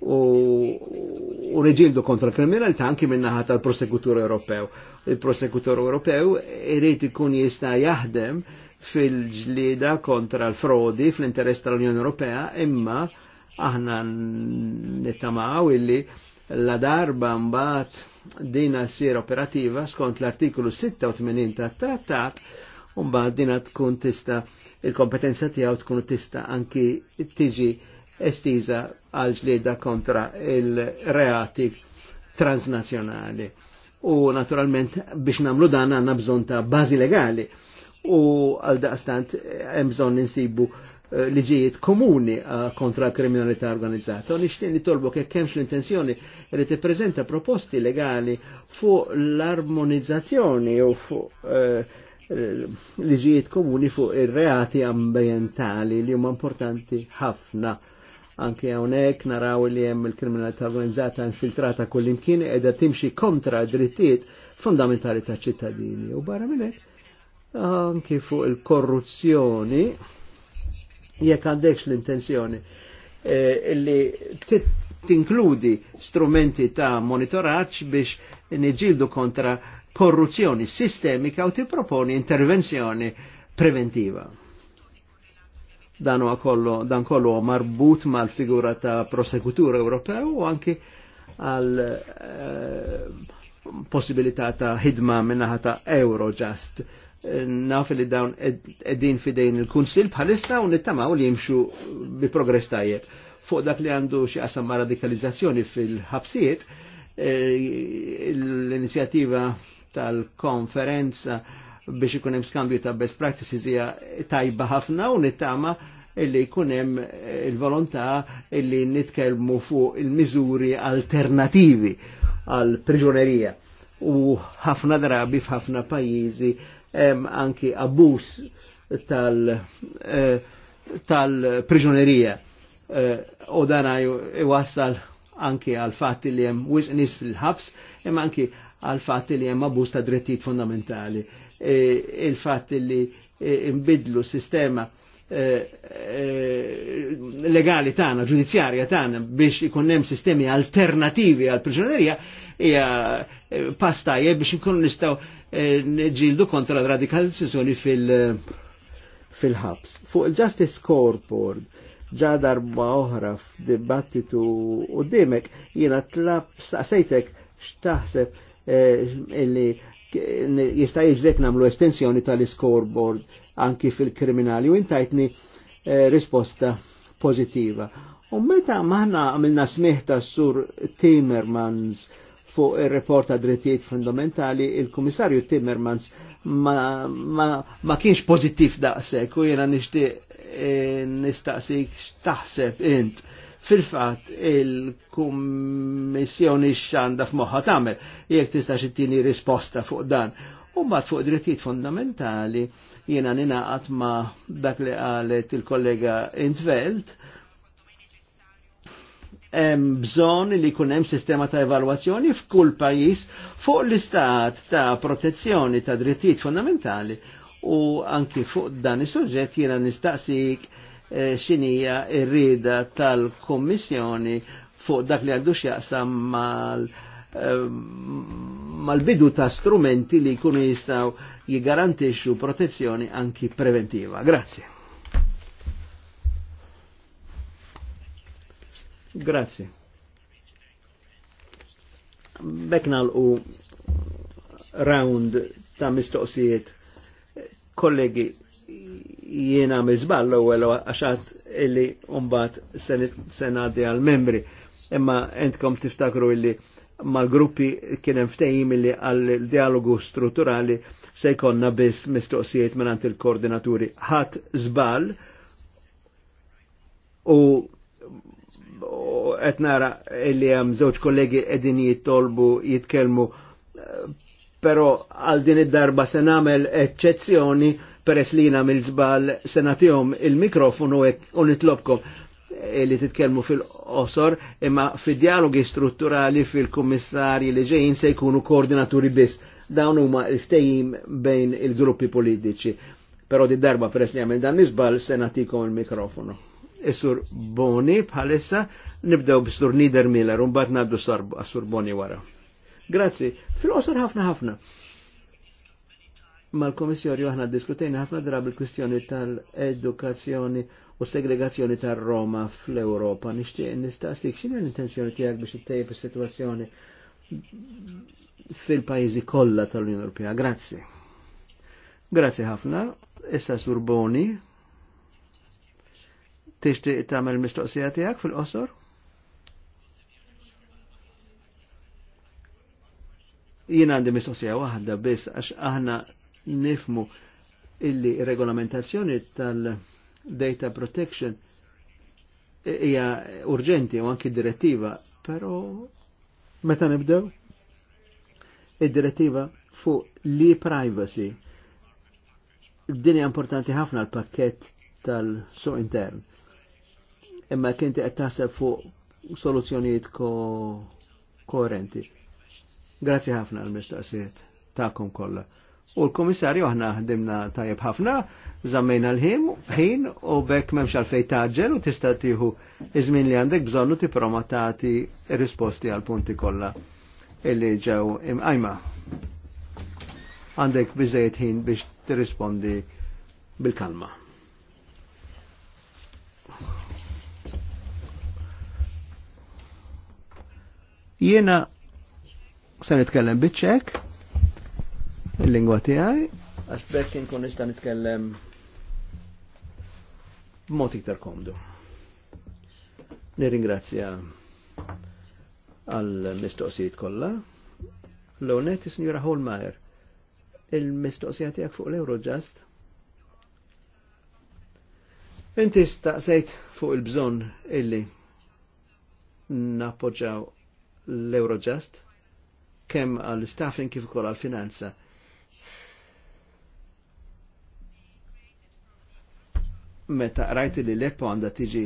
u, u reġildu kontra kriminalità anki naħat tal-prosekutur Ewropew. Il-prosekutur Ewropew irid ikun jista' jaħdem fil-ġlida kontra l-frodi fl-interess tal-Unjoni Ewropea imma aħna nittamaw illi la darba mbagħad dina sir operativa skont l-artikolu 86 ta' trattat din dina tkun tista il-kompetenza tijaw tkun tista anki tiġi estiza għal ġlieda kontra il-reati transnazjonali. U naturalment biex namlu dan għanna bżon ta' bazi legali u għal daqstant hemm bżonn insibu liġijiet komuni eh, kontra kriminalità organizzata. U nixtieq nitolbu kekk hemmx l-intenzjoni li tippreżenta proposti legali fuq l-armonizzazzjoni u fuq eh, liġijiet komuni fuq ir-reati ambientali li huma importanti ħafna anke hawnhekk naraw li hemm il-kriminalità organizzata infiltrata kullimkien qiegħda timxi kontra drittijiet fundamentali ta' ċittadini. U barra minn hekk anke fuq il-korruzzjoni jekk għandekx l-intenzjoni eh, illi tinkludi strumenti ta' monitoraċ biex niġildu kontra korruzzjoni sistemika u tipproponi intervenzjoni preventiva. Dan kollu, dan kollu marbut mal-figura ta' prosekutur Ewropew u anki għal eh, possibilità ta' ħidma minnaħa ta' Eurojust naf li dawn eddin fidejn il-Kunsil bħalissa u nittamaw li jimxu bi progress tajjeb. Fuq dak li għandu xi qasam ma' radikalizzazzjoni fil-ħabsiet, eh, l-inizjattiva tal-konferenza biex ikun hemm skambju ta' best practices hija tajba ħafna u nittama illi jkun hemm eh, il-volontà illi nitkellmu fuq il-miżuri alternativi għal priġunerija u ħafna drabi f'ħafna pajjiżi hemm anki abbuż tal eh, tal-priġunerija eh, u dana iwassal anki għal fatti li hemm wisq nies fil-ħabs hemm anki għal fatti li hemm abbuż ta' drittijiet fundamentali. E, il-fatti li e, imbidlu sistema e, legali tagħna, ġudizzjarja tagħna biex ikun hemm sistemi alternativi għal priġunerija hija eh, pastajje biex nkunu nistgħu eh, ġildu kontra l-radikal fil- eh, fil-ħabs. Fuq il-Justice Scoreboard ġa darba oħra f'dibattitu u demek jiena tlab sejtek x'taħseb illi jista' jiġrek namlu estensjoni tal-scoreboard anki fil-kriminali u intajtni risposta pozittiva. U meta maħna għamilna smiħ ta' sur Timmermans fuq il-report ta' drittijiet fundamentali, il-Komissarju Timmermans ma, ma, ma kienx pozittiv daqsek u jena nishti e, nistaqsik xtaħseb int. Fil-fat, il-Kommissjoni xanda f'moħħa tamer, jek tista' xittini risposta fuq dan. U mbagħad fuq drittijiet fundamentali jena ninaqat ma dak li għalet il-kollega Intvelt, bżon li kunem sistema ta' evalwazzjoni f'kull pajis fuq l-istat ta' protezzjoni ta' drittijiet fondamentali u anki fuq dan is-suġġett jiena nistaqsik e, eh, xinija rrida tal-Kommissjoni fuq dak li għandu x'jaqsam mal eh, mal-bidu ta' strumenti li jkunu jistaw jigarantixxu protezzjoni anki preventiva. Grazie. Grazzi. Beknal u round ta' mistoqsijiet kollegi jiena mizball l-ewwel għaxat illi mbagħad senadi għal membri. Imma entkom tiftakru illi mal-gruppi kien hemm ftehim illi għal dialogu strutturali se jkollna biss mistoqsijiet minn il-koordinaturi ħadd żball u qed nara hemm żewġ kollegi edin jittolbu jitkellmu però għal din id-darba se nagħmel eċċezzjoni peress li jiena mill-żbal se nagħtihom il-mikrofonu u nitlobkom li titkellmu fil-qosor imma fid-dialogi strutturali fil-kummissarji li ġejjin se jkunu koordinaturi biss dawn huma l-ftejjim bejn il-gruppi politiċi. Però di darba peress li għamil dan nisbal se natikom il-mikrofonu. Isur Boni bħalissa nibdew b'Sur Niedermiller un bat naddu Sur Boni wara. Grazzi, fil-qosor ħafna ħafna. Mal-Komissjoni aħna diskutejna ħafna drab il-kwistjoni tal-edukazzjoni u segregazzjoni tal-Roma fl-Europa. Nixtieq nistaqsik x'inhi l-intenzjoni tiegħek biex ittejjeb is-sitwazzjoni fil-pajjiżi kollha tal-Unjoni Ewropea. Grazzi. Grazzi ħafna. Issa Surboni. Tixtieq tagħmel mistoqsija tiegħek fil-qosor? Jien għandi mistoqsija waħda biss għax aħna nifmu illi regolamentazzjoni tal-data protection hija urġenti u anki direttiva, però meta nibdew? Id-direttiva fuq li privacy din hija importanti ħafna l-pakket tal-suq intern imma kinti qed taħseb fuq soluzzjonijiet koerenti. Grazzi ħafna l-mistaqsijiet tagħkom kollha. U l-komissarju aħna ħdimna tajjeb ħafna, zammejna l-ħin, ħin u bekk memx għalfej taġġel u tista' tieħu iż-żmien li għandek bżonnu tipproma tagħti risposti għal punti kollha illi ġew imqajma. Għandek biżejjed ħin biex tirrispondi bil-kalma. Jiena se nitkellem biċċek il-lingwa tiegħi għax bekk inkun nista' nitkellem b'mod iktar komdu. Nirringrazzja għal mistoqsijiet kollha. L-onet is-Sinjura Holmeyer il-mistoqsija tiegħek fuq l-Eurojust. Inti staqsejt fuq il-bżonn illi nappoġġaw l-Eurojust kemm għall-staffing kif ukoll għall-finanza. Meta rajt li l eppo għandha tiġi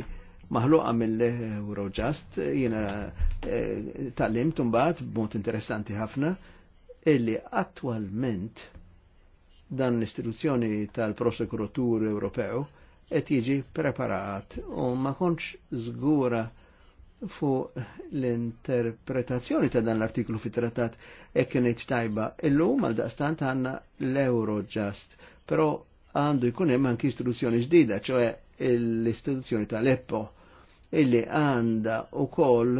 maħluqa mill-Eurojust jena eh, tal lim tumbat, b'mod interessanti ħafna illi attwalment dan l-istituzzjoni tal prosekuratur Ewropew qed jiġi preparat u ma kontx żgura fuq l-interpretazzjoni ta' dan l-artiklu fit-trattat e kienet tajba. Illum għal daqstant għanna l eurojust pero għandu jkun hemm anki istituzzjoni ġdida, ċoħe l-istituzzjoni tal-Eppo, illi għanda u koll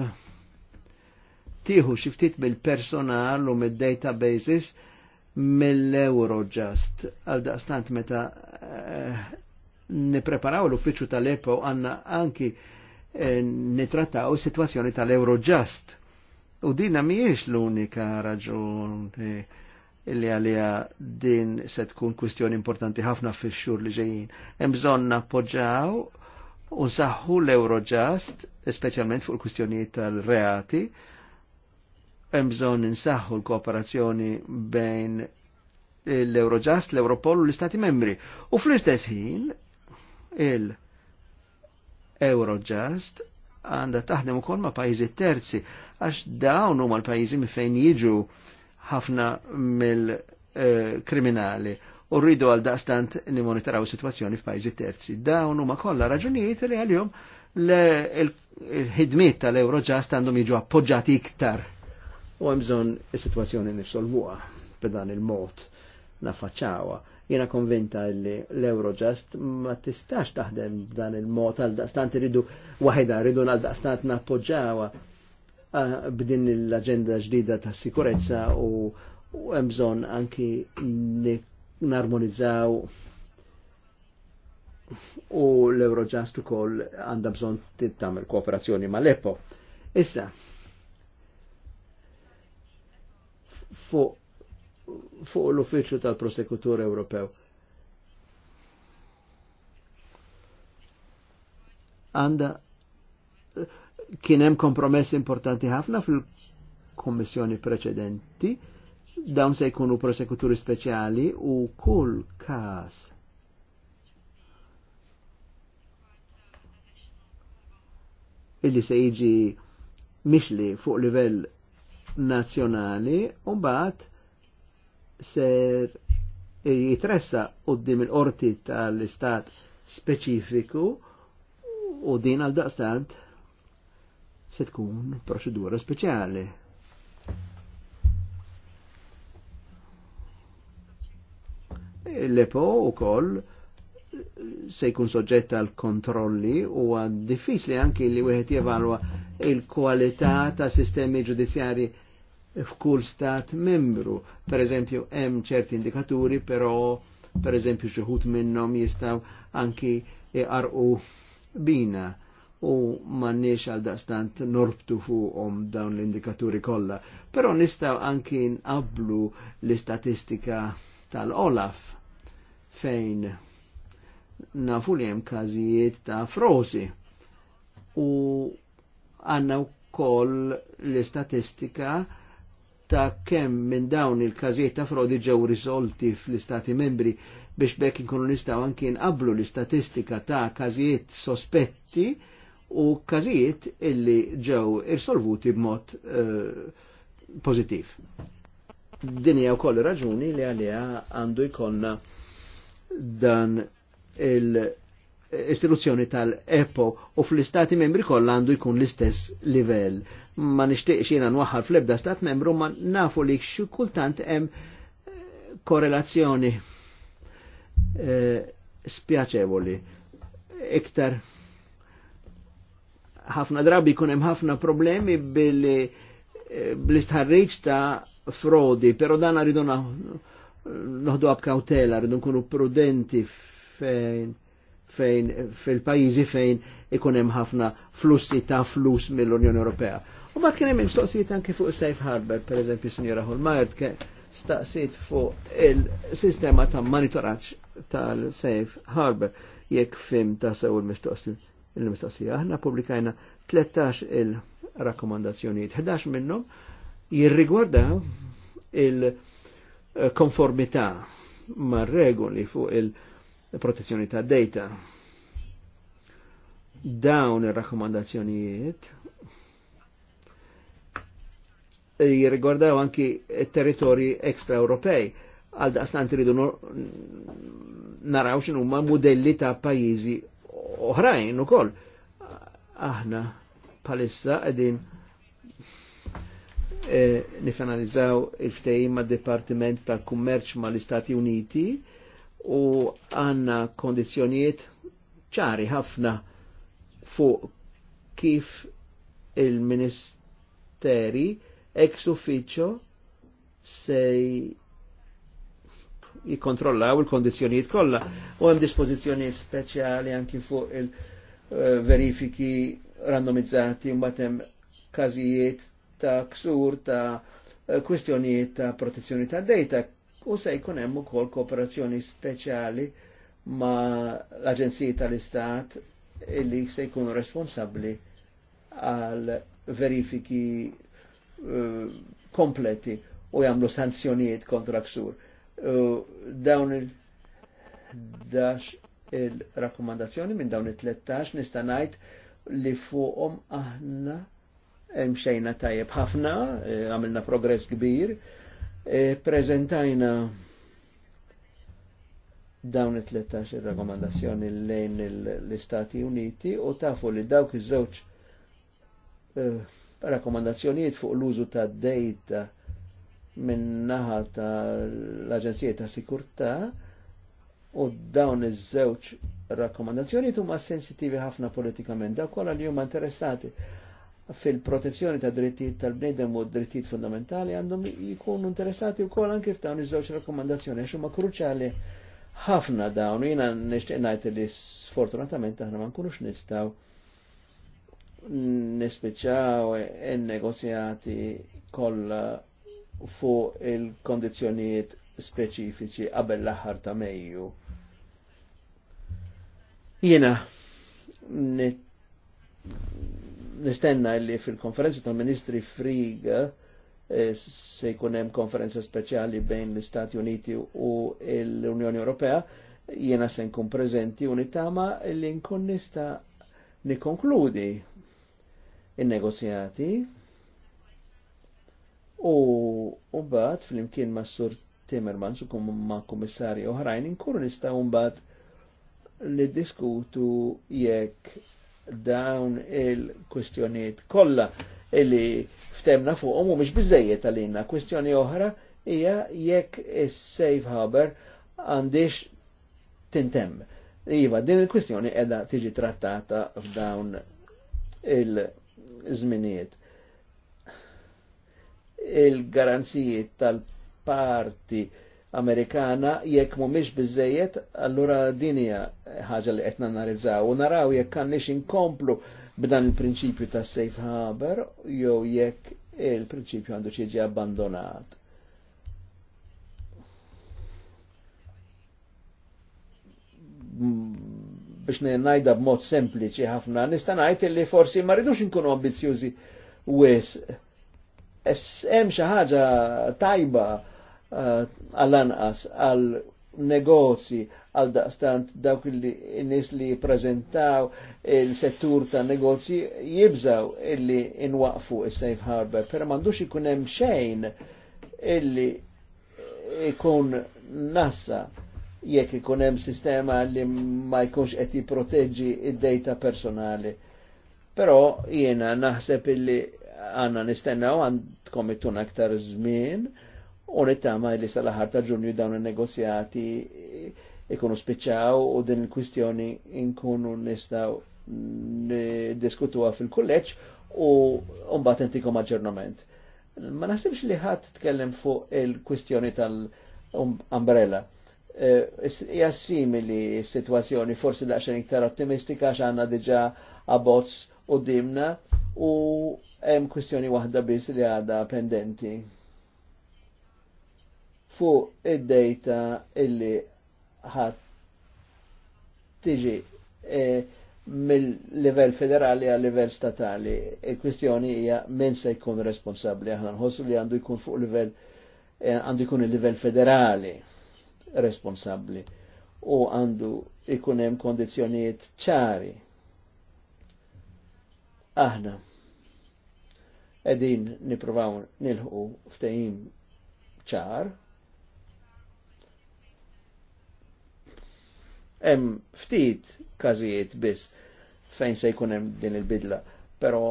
tiħu xiftit bil-personal u mid-databases mill eurojust Għal daqstant meta eh, nipreparaw l-uffiċu tal-Eppo għanna anki Eh, nitrattaw situazzjoni tal-Eurojust. U dinna miex l-unika raġuni illi għalija din se tkun kwistjoni importanti ħafna fix xhur li ġejjin. Hemm bżonn nappoġġaw u saħħu l-Eurojust, speċjalment fuq il-kwistjonijiet tal-reati, hemm bżonn insaħħu l-kooperazzjoni bejn l-Eurojust, l-Europol u l-Istati membri. U fl-istess ħin il- Eurojust għanda taħdem ukoll ma' pajjiżi terzi għax dawn huma l-pajjiżi minn fejn jiġu ħafna mill-kriminali u rridu għal daqstant nimonitaraw situazzjoni f'pajjiżi terzi. Dawn huma kollha raġunijiet li għalihom l ħidmiet tal-Eurojust għandhom jiġu appoġġati iktar u hemm bżonn is-sitwazzjoni nisolvuha b'dan il-mod nafaċċawha Jena konvinta li l-Eurojust ma tistax taħdem dan il-mod għal-daqstant rridu wahida, rridu għal-daqstant nappoġġawa b'din l-agenda ġdida ta' sikurezza u hemm anki li narmonizzaw u l-Eurojust ukoll għandha bżonn tittamel kooperazzjoni ma' l eppo Issa, fuq fuq l-Uffiċċju tal-Prosekutur Ewropew. Għanda kien hemm kompromess importanti ħafna fil-kommissjoni preċedenti, dawn se jkunu prosekuturi speċjali u kull kas illi se jiġi mixli fuq livell nazzjonali u mbagħad ser jitressa u qoddim il-qorti tal-istat speċifiku u din għal daqstant se tkun proċedura speċjali. L-EPO u koll se jkun soġġett għal kontrolli u għad diffiċli anki li wieħed jevalwa il-kwalità ta' sistemi ġudizzjari f'kull stat membru. Per eżempju, hemm ċerti indikaturi, però per eżempju xuħut minnhom jistgħu anki jqarqu bina u m'għandniex għal daqstant norbtu fuqhom dawn l-indikaturi kollha. Però nistgħu anki nqablu l-istatistika tal-Olaf fejn nafu li hemm każijiet ta' frosi u għandna wkoll l-istatistika ta' kem minn dawn il-każijiet ta' frodi ġew risolti fl-istati membri biex bekk inkunu nistgħu anki nqablu l-istatistika ta' każijiet sospetti u każijiet illi ġew irsolvuti b'mod uh, pożittiv. Din hija wkoll raġuni li għaliha għandu jkollna dan il- istituzzjoni tal-EPO u fl-istati membri kollha għandu jkun l-istess livell. Ma nixtieqx jiena nwaħħal fl-ebda stat membru ma nafu li xi kultant hemm eh, korrelazzjoni e, spjaċevoli iktar ħafna drabi jkun hemm ħafna problemi billi eh, bl istħarriġ ta' frodi, pero dan rridu noħdu għab kautela, rridu nkunu prudenti fejn fejn fil-pajjiżi fejn ikun hemm ħafna flussi ta' flus mill-Unjoni Ewropea. U mbagħad kien hemm mistoqsijiet anke fuq Safe Harbor, pereżempju Sinjora Holmajert staqsit fuq il-sistema ta' monitoraġġ tal-Safe Harbor jekk fim ta' sew il-mistoqsija. Aħna publikajna 13 il-rakkomandazzjonijiet, 11 minnhom jirrigwardaw il-konformità mar regoli fuq il-, -regoli, fuq il protezzjoni ta' data. Dawn ir-rakkomandazzjonijiet jirrigordaw anki territori ekstra-Ewropej għal daqstant rridu naraw xin huma modelli ta' pajjiżi oħrajn ukoll. Aħna palissa qegħdin eh, nifanalizzaw il ftehim mad-Dipartiment tal-Kummerċ mal istati Uniti u għanna kondizjonijiet ċari ħafna fuq kif il-ministeri ex ufficio se jikontrollaw il-kondizjonijiet kollha u hemm dispożizzjoni speċjali anki fuq il-verifiki randomizzati u hemm kazijiet ta' ksur ta' kwistjonijiet ta' protezzjoni ta' data u se jkun hemm ukoll kooperazzjoni speċjali ma l-Aġenziji tal-Istat illi se jkunu responsabbli għal verifiki eh, kompleti u jagħmlu sanzjonijiet kontra ksur. Eh, dawn il dax il-rakkomandazzjoni minn dawn il-13 nista' ngħid li fuqhom aħna hemm xejna tajjeb ħafna, eh, għamilna progress kbir E prezentajna dawn it-13 rakomandazzjoni lejn l-Istati Uniti u tafu li dawk iż-żewġ eh, fuq l-użu ta' data minnaħa naħa ta' l-Aġenzija ta' Sikurtà u dawn iż-żewġ rakkomandazzjonijiet huma sensitivi ħafna politikament, dawk kollha li huma interessati fil-protezzjoni ta' drittijiet tal-bnedem u drittijiet fundamentali għandhom jikunu interessati wkoll anki f'dawn iż-żewġ rakkomandazzjoni għax huma kruċjali ħafna dawn u jiena nixtieq ngħid li sfortunatament aħna ma nkunux nistgħu nispiċċaw in-negozjati kollha fuq il-kondizzjonijiet speċifiċi qabel l-aħħar ta' Mejju. Jiena nistenna li fil-konferenza tal-Ministri Friga eh, se jkun hemm konferenza speċjali bejn l-Istati Uniti u l-Unjoni Ewropea jiena se nkun preżenti u nittama li nkun nista' nikkonkludi in-negozjati u mbagħad flimkien ma' Sur Timmermans u ma' kummissarji oħrajn inkunu nistgħu mbagħad niddiskutu jekk dawn il-kwestjoniet kollha illi ftemna fuqhom u mhux biżejjed għalina. Kwestjoni oħra hija jekk is-safe harbor għandix tintemm. Iva, din il-kwestjoni edha tiġi trattata f'dawn il-żminijiet. Il-garanzijiet tal-parti Amerikana jekk mhumiex biżejjed, allura dinja ħaġa li qed nanalizzaw u naraw jekk għandniex inkomplu b'dan il-prinċipju ta' safe harbor jew jekk il-prinċipju għandu ċieġi abbandonat. Mm, biex najda b'mod sempliċi ħafna, nista' ngħid li forsi ma rridux inkunu ambizjużi wis. Hemm xi ħaġa tajba Eh, għall-anqas, għal negozji, għal daqstant dawk il-nis li prezentaw il-settur ta' negozji jibżaw illi inwaqfu il-safe harbor, pero mandux ikun hemm xejn illi ikun nassa jekk ikun hemm sistema li ma jkunx qed jipproteġġi id-data personali. Però jiena naħseb illi għanna nistennaw għandkom ittun aktar żmien u nittama li sal-ħar ta' ġunju dawn il-negozjati ikunu spiċċaw u din il-kwistjoni inkunu nistaw diskutuwa fil-kulleġġ u mbagħad intikom aġġornament. Ma naħsibx li ħadd tkellem fuq il-kwistjoni tal-umbrella. E, hija simili s-sitwazzjoni forsi daqsxejn iktar ottimistika għax għandna diġà abbozz u dimna u hemm kwistjoni waħda biss li għadha pendenti fuq id-data illi ħat tiġi e, mill-level federali għal level statali. Il-kwistjoni e hija min se jkun responsabli. Aħna nħossu li għandu jkun fuq livell e, għandu jkun il-level federali responsabli u għandu ikun hemm kondizzjonijiet ċari. Aħna qegħdin nippruvaw nilħu ftehim ċar Hemm ftit każijiet biss fejn se jkun hemm din il-bidla, però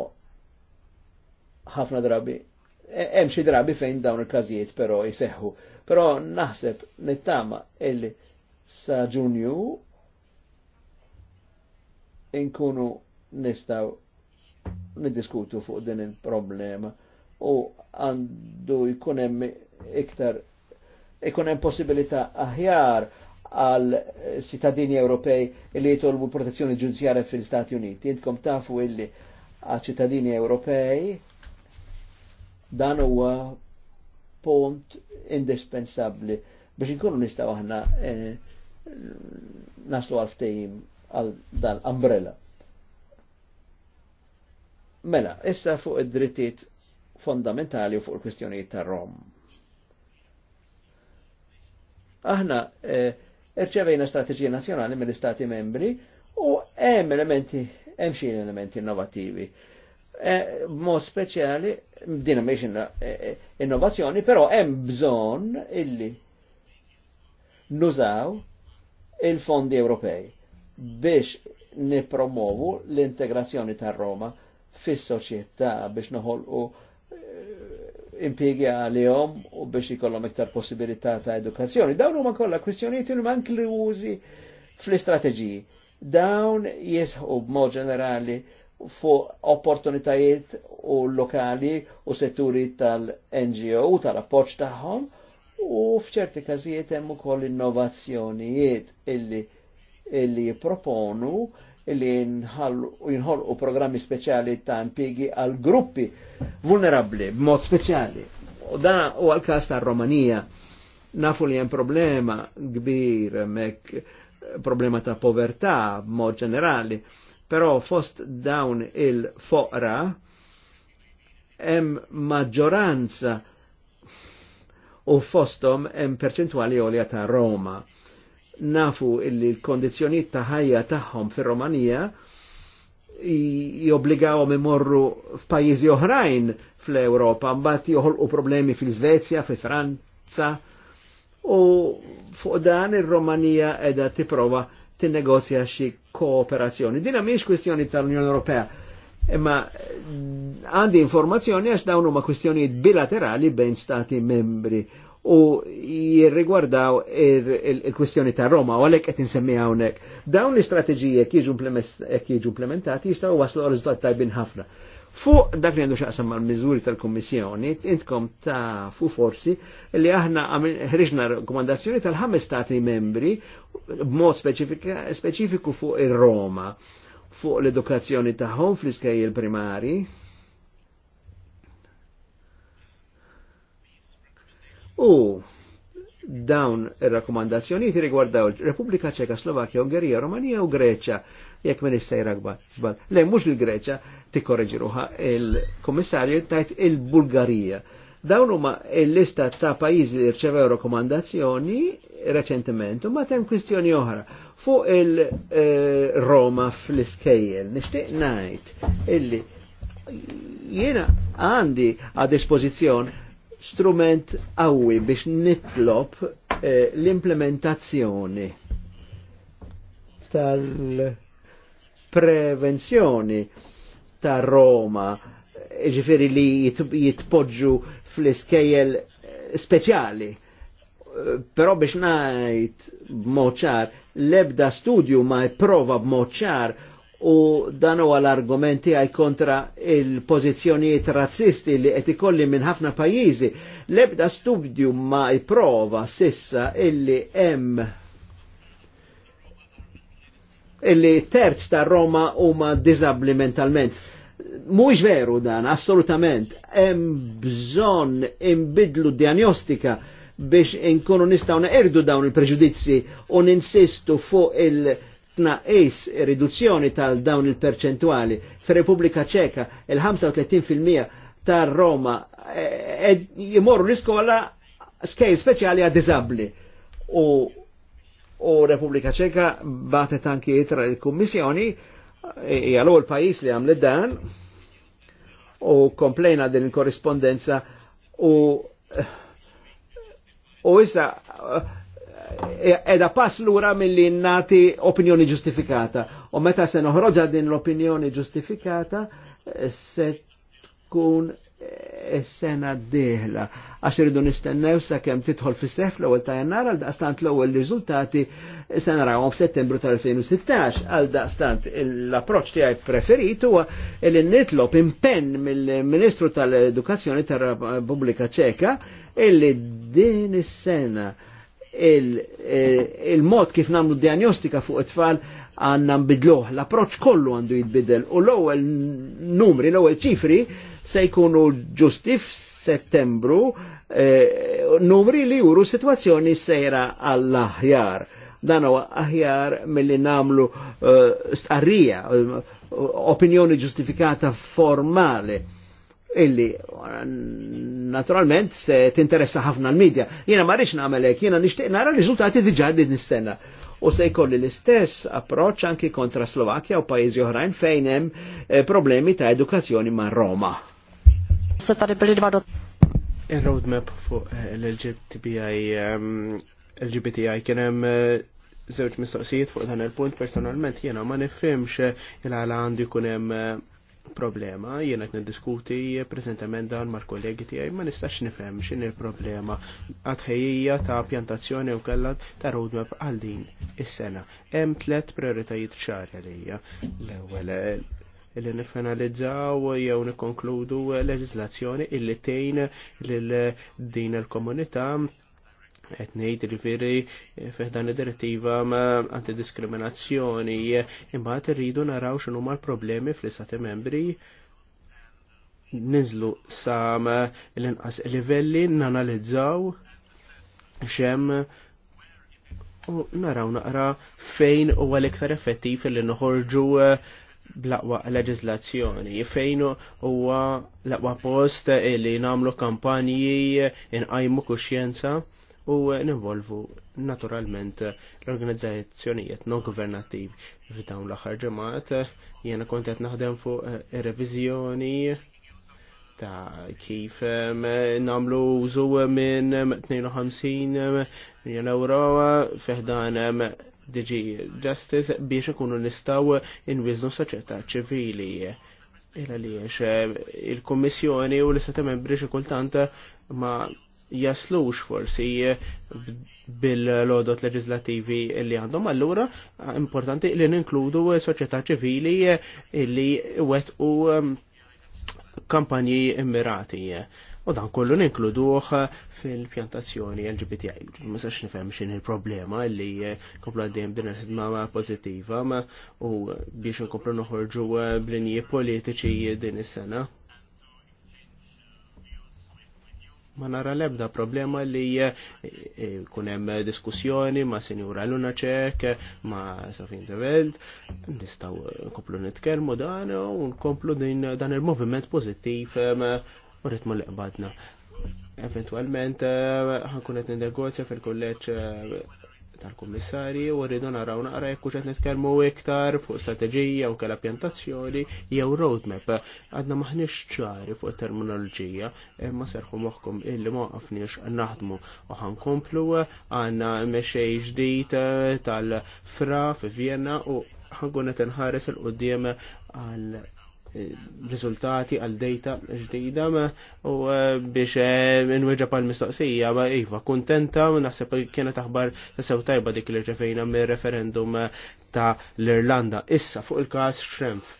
ħafna drabi hemm xi drabi fejn dawn il-każijiet però jseħħu. Però naħseb nittama illi sa Ġunju inkunu nistaw niddiskutu fuq din il-problema u għandu jkun hemm iktar ikun hemm possibilità aħjar għal ċittadini Ewropej li jitolbu protezzjoni ġudizzjarja fil-Stati Uniti. Intkom tafu illi għal ċittadini Ewropej dan huwa pont indispensabbli biex inkunu nistgħu aħna eh, naslu għal ftehim għal dan umbrella. Mela, issa fuq id-drittijiet fondamentali u fuq il-kwistjonijiet tar-Rom. Aħna eh, Irċevejna strategija nazjonali mill-Istati membri u hemm elementi, hemm xi elementi innovativi. E, mod speċjali, din mhix e, e, innovazzjoni, però hemm bżonn illi nużaw il-fondi Ewropej biex nipromovu l-integrazzjoni tar-Roma fis-soċjetà biex noħolqu impiegi għalihom u biex ikollhom iktar possibilità ta' edukazzjoni. Dawn huma kollha kwistjonijiet li huma inklużi fl-istrateġiji. Dawn jisħu b'mod ġenerali fuq opportunitajiet u lokali u setturi tal-NGO u tal appoċ tagħhom u f'ċerti każijiet hemm ukoll innovazzjonijiet illi illi jipproponu li jinħolqu programmi speċjali ta' impjegi għal gruppi vulnerabli b'mod speċjali. U dan u għal kas ta' Romanija nafu li hemm problema kbir mek problema ta' povertà b'mod ġenerali, però fost dawn il-foqra hemm maġġoranza u fostom hemm perċentwali olja ta' Roma nafu illi l-kondizjoniet ta' ħajja tagħhom fir-Romanija jobbligawhom imorru f'pajjiżi oħrajn fl-Ewropa, mbagħad joħolqu problemi fil-Svezja, fi Franza, u fuq dan ir-Romanija qiegħda tipprova tinnegozja xi kooperazzjoni. Dina mhijiex kwistjoni tal-Unjoni Ewropea, imma għandi informazzjoni għax dawn huma kwistjonijiet bilaterali bejn stati membri u jirrigwardaw il-kwistjoni ta' Roma, u għalek qed insemmi hawnhekk. Dawn l istrateġija jekk jiġu implementati jistgħu waslu riżultat tajbin ħafna. Fuq dak li għandu xaqsam mal miżuri tal-Kommissjoni, intkom ta' fu forsi li aħna ħriġna rekomandazzjoni tal-ħames stati membri b'mod speċifiku fuq ir-Roma, fuq l-edukazzjoni tagħhom fl-iskejjel primari, U dawn il ir-rakkomandazzjonijiet rigwardaw Repubblika Ċeka, Slovakia, Ungerija, Romania u Greċja, jekk ma nissejra akbar. Żball. Le mux il-Greċja tikkoreġi ruħa il komissarju tajt il-Bulgarija. Dawn huma il lista ta' pajizi li rċevew rakkomandazzjoni reċentement u ma tem kwistjoni oħra fuq il-Roma fl-iskejjel. nishtiq najt, illi jena għandi a dispożizzjon strument qawwi biex nitlob eh, l-implementazzjoni tal-prevenzjoni ta' Roma, eh, ġifiri li jitpoġġu fl-iskejjel eh, speċjali. Eh, però biex najt b'moċar, lebda studju ma jprova b'moċar u dan huwa l-argumenti għaj kontra il-pozizjonijiet razzisti li qed ikolli minn ħafna pajjiżi. Lebda studju ma jprova sissa illi hemm illi terz ta' Roma huma diżabbli mentalment. Mhux veru dan, assolutament. Hemm bżonn imbidlu diagnostika biex inkunu nistgħu neqirdu dawn il-preġudizzi u ninsistu fuq il- tnaqis riduzzjoni tal dawn il-perċentuali. Fir-Repubblika Ċeka il-35% tar Roma e, e, jimorru l-iskola skej speċjali għad diżabbli. U, u Repubblika Ċeka batet anki itra il-Kummissjoni jgħalu e, l-pajis li għamlet dan u komplejna din korrispondenza u u issa E, edha pass lura mill-li nati opinjoni ġustifikata. U meta se noħroġa din l-opinjoni ġustifikata, eh, se tkun eh, sena d-dihla. Għax irridu nistennew sa' kem titħol fis sef l-ewel ta' jannar għal daqstant l-ewel riżultati sena narawhom f'Settembru tal-2016 għal daqstant l-approċ tiegħi għaj preferitu li nitlob impenn mill-Ministru tal-Edukazzjoni tar-Repubblika Ċeka illi din is-sena il-mod eh, kif namlu diagnostika fuq it-tfal għanna nbidluħ. L-approċ kollu għandu jitbidel u l-ewwel numri, l-ewwel ċifri se jkunu ġustif settembru eh, numri li juru situazzjoni sejra għall-aħjar. Dan huwa aħjar milli namlu eh, stqarrija, opinjoni ġustifikata formali illi naturalment se tinteressa ħafna l-medja. Jiena ma namelek, nagħmel hekk, jiena nixtieq nara rizultati riżultati diġà din nistenna. U se jkolli l-istess approċċ anki kontra Slovakkja u pajjiżi oħrajn fejn hemm eh, problemi ta' edukazzjoni ma' Roma.
Il-roadmap fuq eh, l-LGBTI ehm, LGBTI kienem zewġ eh, mistoqsijiet fuq dan il-punt personalment jiena ma nifhimx il-għala għandu kunem hemm problema, jiena qed niddiskuti preżentament dan mal-kollegi tiegħi ma nistax nifhem x'in il-problema għadħejja ta' pjantazzjoni u kellha ta' roadmap għal din is-sena. Hemm tliet prioritajiet ċar għalija. L-ewwel illi nifinalizzaw jew nikkonkludu leġislazzjoni illi tgħin lil din il-komunità qed ngħid jiġifieri eh, fiħdan id-direttiva antidiskriminazzjoni imbagħad irridu naraw xinu l-problemi fl-istati membri ninżlu sa l-inqas livelli nanalizzaw xem u naraw naqra fejn u għal-iktar effettiv li nħorġu eh, blaqwa leġizlazzjoni, fejn huwa laqwa post li namlu kampanji inqajmu kuxjenza u ninvolvu naturalment l-organizzazzjonijiet non governattiv f'dawn l-aħħar ġemat jiena kont qed naħdem fuq eh, reviżjoni ta' kif eh, namlu użu minn 52 eh, miljon euro fiħdan DG Justice biex ikunu nistaw inwiznu soċjetà ċivili. il-għaliex il-Kommissjoni u l-Istati Membri xi kultant ma jaslux forsi eh, bil-lodot leġislativi li għandhom. Allura, importanti li ninkludu eh, soċjetà ċivili eh, li wet u ehm, kampanji immirati. U dan kollu ninkluduħ fil-pjantazzjoni LGBTI. Ma sax nifhem xin il-problema li komplu għaddim din il-ħidma pozittiva u biex nkomplu noħorġu blinji politiċi din is-sena. Ma nara lebda problema li eh, kunem diskussjoni ma Senjura Luna Ċek, ma Safin Veld, nistaw eh, koplu nitkelmu dan u nkomplu dan il-moviment pozittiv u eh, ritmu li qbadna. Eventualment ħankun negozja fil kolleċ tal-kummissarji u rridu naraw naqra jekk qed nitkellmu iktar fuq strateġija u kella pjantazzjoni jew roadmap. Għadna maħniex ċari fuq terminoloġija, imma serħu moħħkom illi ma qafniex naħdmu u ħankomplu għandna mexej ġdid eh, tal-fra fi Vienna u ħankun qed inħares il-qudiem għal riżultati għal data ġdida u eh, biex eh, nweġa pal mistoqsija ma iva kontenta u naħseb kienet aħbar ta' sew tajba dik li ġefejna mir referendum eh, ta' l-Irlanda. Issa fuq il-każ XREMF.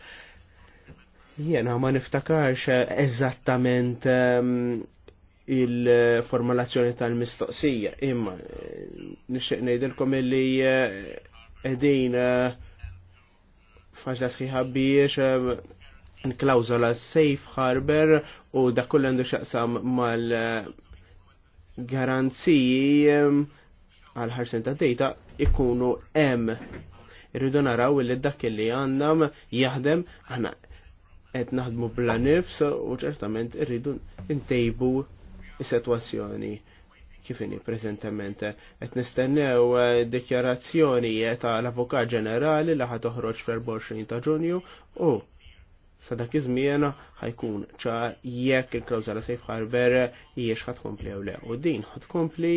Jena ma niftakarx eżattament ehm, il-formulazzjoni tal-mistoqsija, imma nixtieq ngħidilkom illi qegħdin faċla sħiħa biex klawzola safe harbor u da kullendu xaqsam mal eh, garanziji eh, għal ħarsin ta' data ikunu M. Irridu naraw li dak li għandam jaħdem għana qed naħdmu bla nifs u ċertament irridu ntejbu is-sitwazzjoni kifini prezentament qed nistennew eh, dikjarazzjoni tal-Avukat Ġenerali li ħad toħroġ fl-24 ta' Ġunju u sa dak iż-żmien ħajkun ċar jekk il la safe harbor hijiex ħat kompli jew le. U din ħat kompli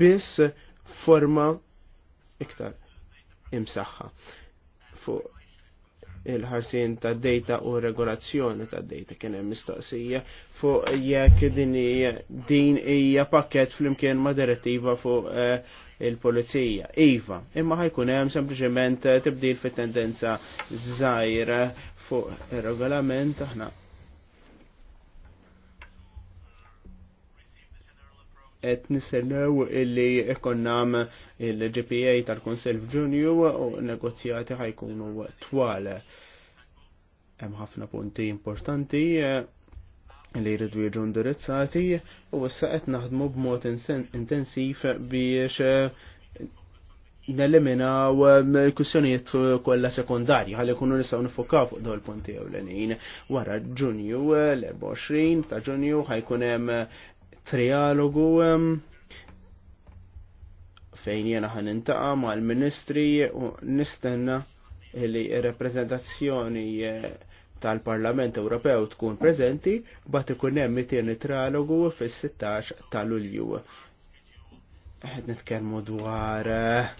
biss forma iktar imsaħħa Fu il-ħarsin ta' data u regolazzjoni ta' data kien hemm mistoqsija Fu jekk din din hija fl flimkien ma' direttiva fuq eh, il-polizija. Iva, imma ħajkun hemm sempliċement eh, tibdil fit-tendenza żgħira eh, fuq ir-regolament aħna. Et nistennew illi ikonnam il-GPA tal-Konsel f'Ġunju u negozjati ħajkunu twal. Hemm ħafna punti importanti eh, li jridu jiġu indirizzati u issa qed naħdmu b'mod intensiv biex eh, neliminaw eh, kwistjonijiet kollha sekundarji ħalli jkunu nistgħu nifokaw fuq dawn punti ewlenin. Wara Ġunju eh, l-24 ta' Ġunju ħajkun hemm trialogu fejn jena ħan intaqa mal-ministri u nistenna li rappresentazzjoni tal-Parlament Ewropew tkun preżenti, bat ikun hemm mitin trialogu fis-16 ta' Lulju. Qed nitkellmu dwar eh,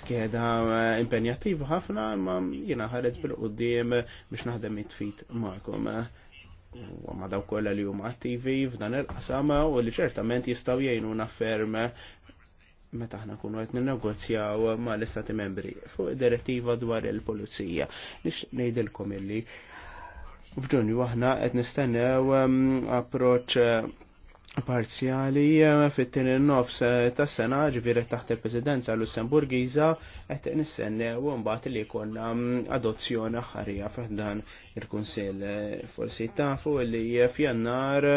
skeda eh, impenjattiva ħafna, ma jiena ħareġ bil-qudiem biex naħdem it-tfit magħkom u ma dawk kollha li huma attivi f'dan il-qasam u li ċertament jistgħu jgħinuna ferm meta ħna kunu qed ninnegozjaw mal istati membri fuq id direttiva dwar il-pulizija. Nix ngħidilkom illi f'ġunju aħna qed nistennew um, approċċ parzjali um, fit-tieni nofs tas sena ġviri taħt il-Presidenza Lussemburgiza qed nistennew mbagħad li jkollna um, adozzjoni ħarija f'dan il-Kunsill. Forsi tafu li f'jannar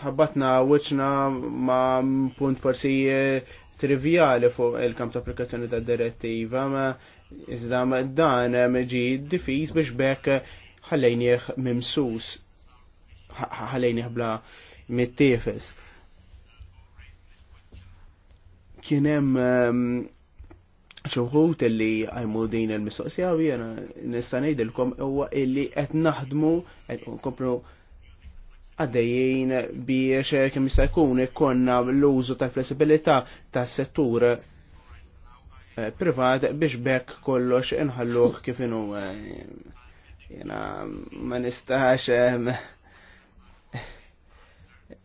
ħabbatna wiċna ma' punt forsi eh, trivjali fuq il-kamp ta' applikazzjoni ta' direttiva, ma iżda dan eh, ġi diffiż biex bekk ħallejnieh mimsus, ħallejnieh bla mittifes. Kienem ċuħut ehm, illi għajmu din il-mistoqsijawi, jena nistanejdilkom huwa illi qed naħdmu, komplu għaddejjien biex kemm jista' jkun ikonna l-użu ta' flessibilità tas-settur eh, privat biex bekk kollox inħalluh kif inhu eh, jena ma nistax eh,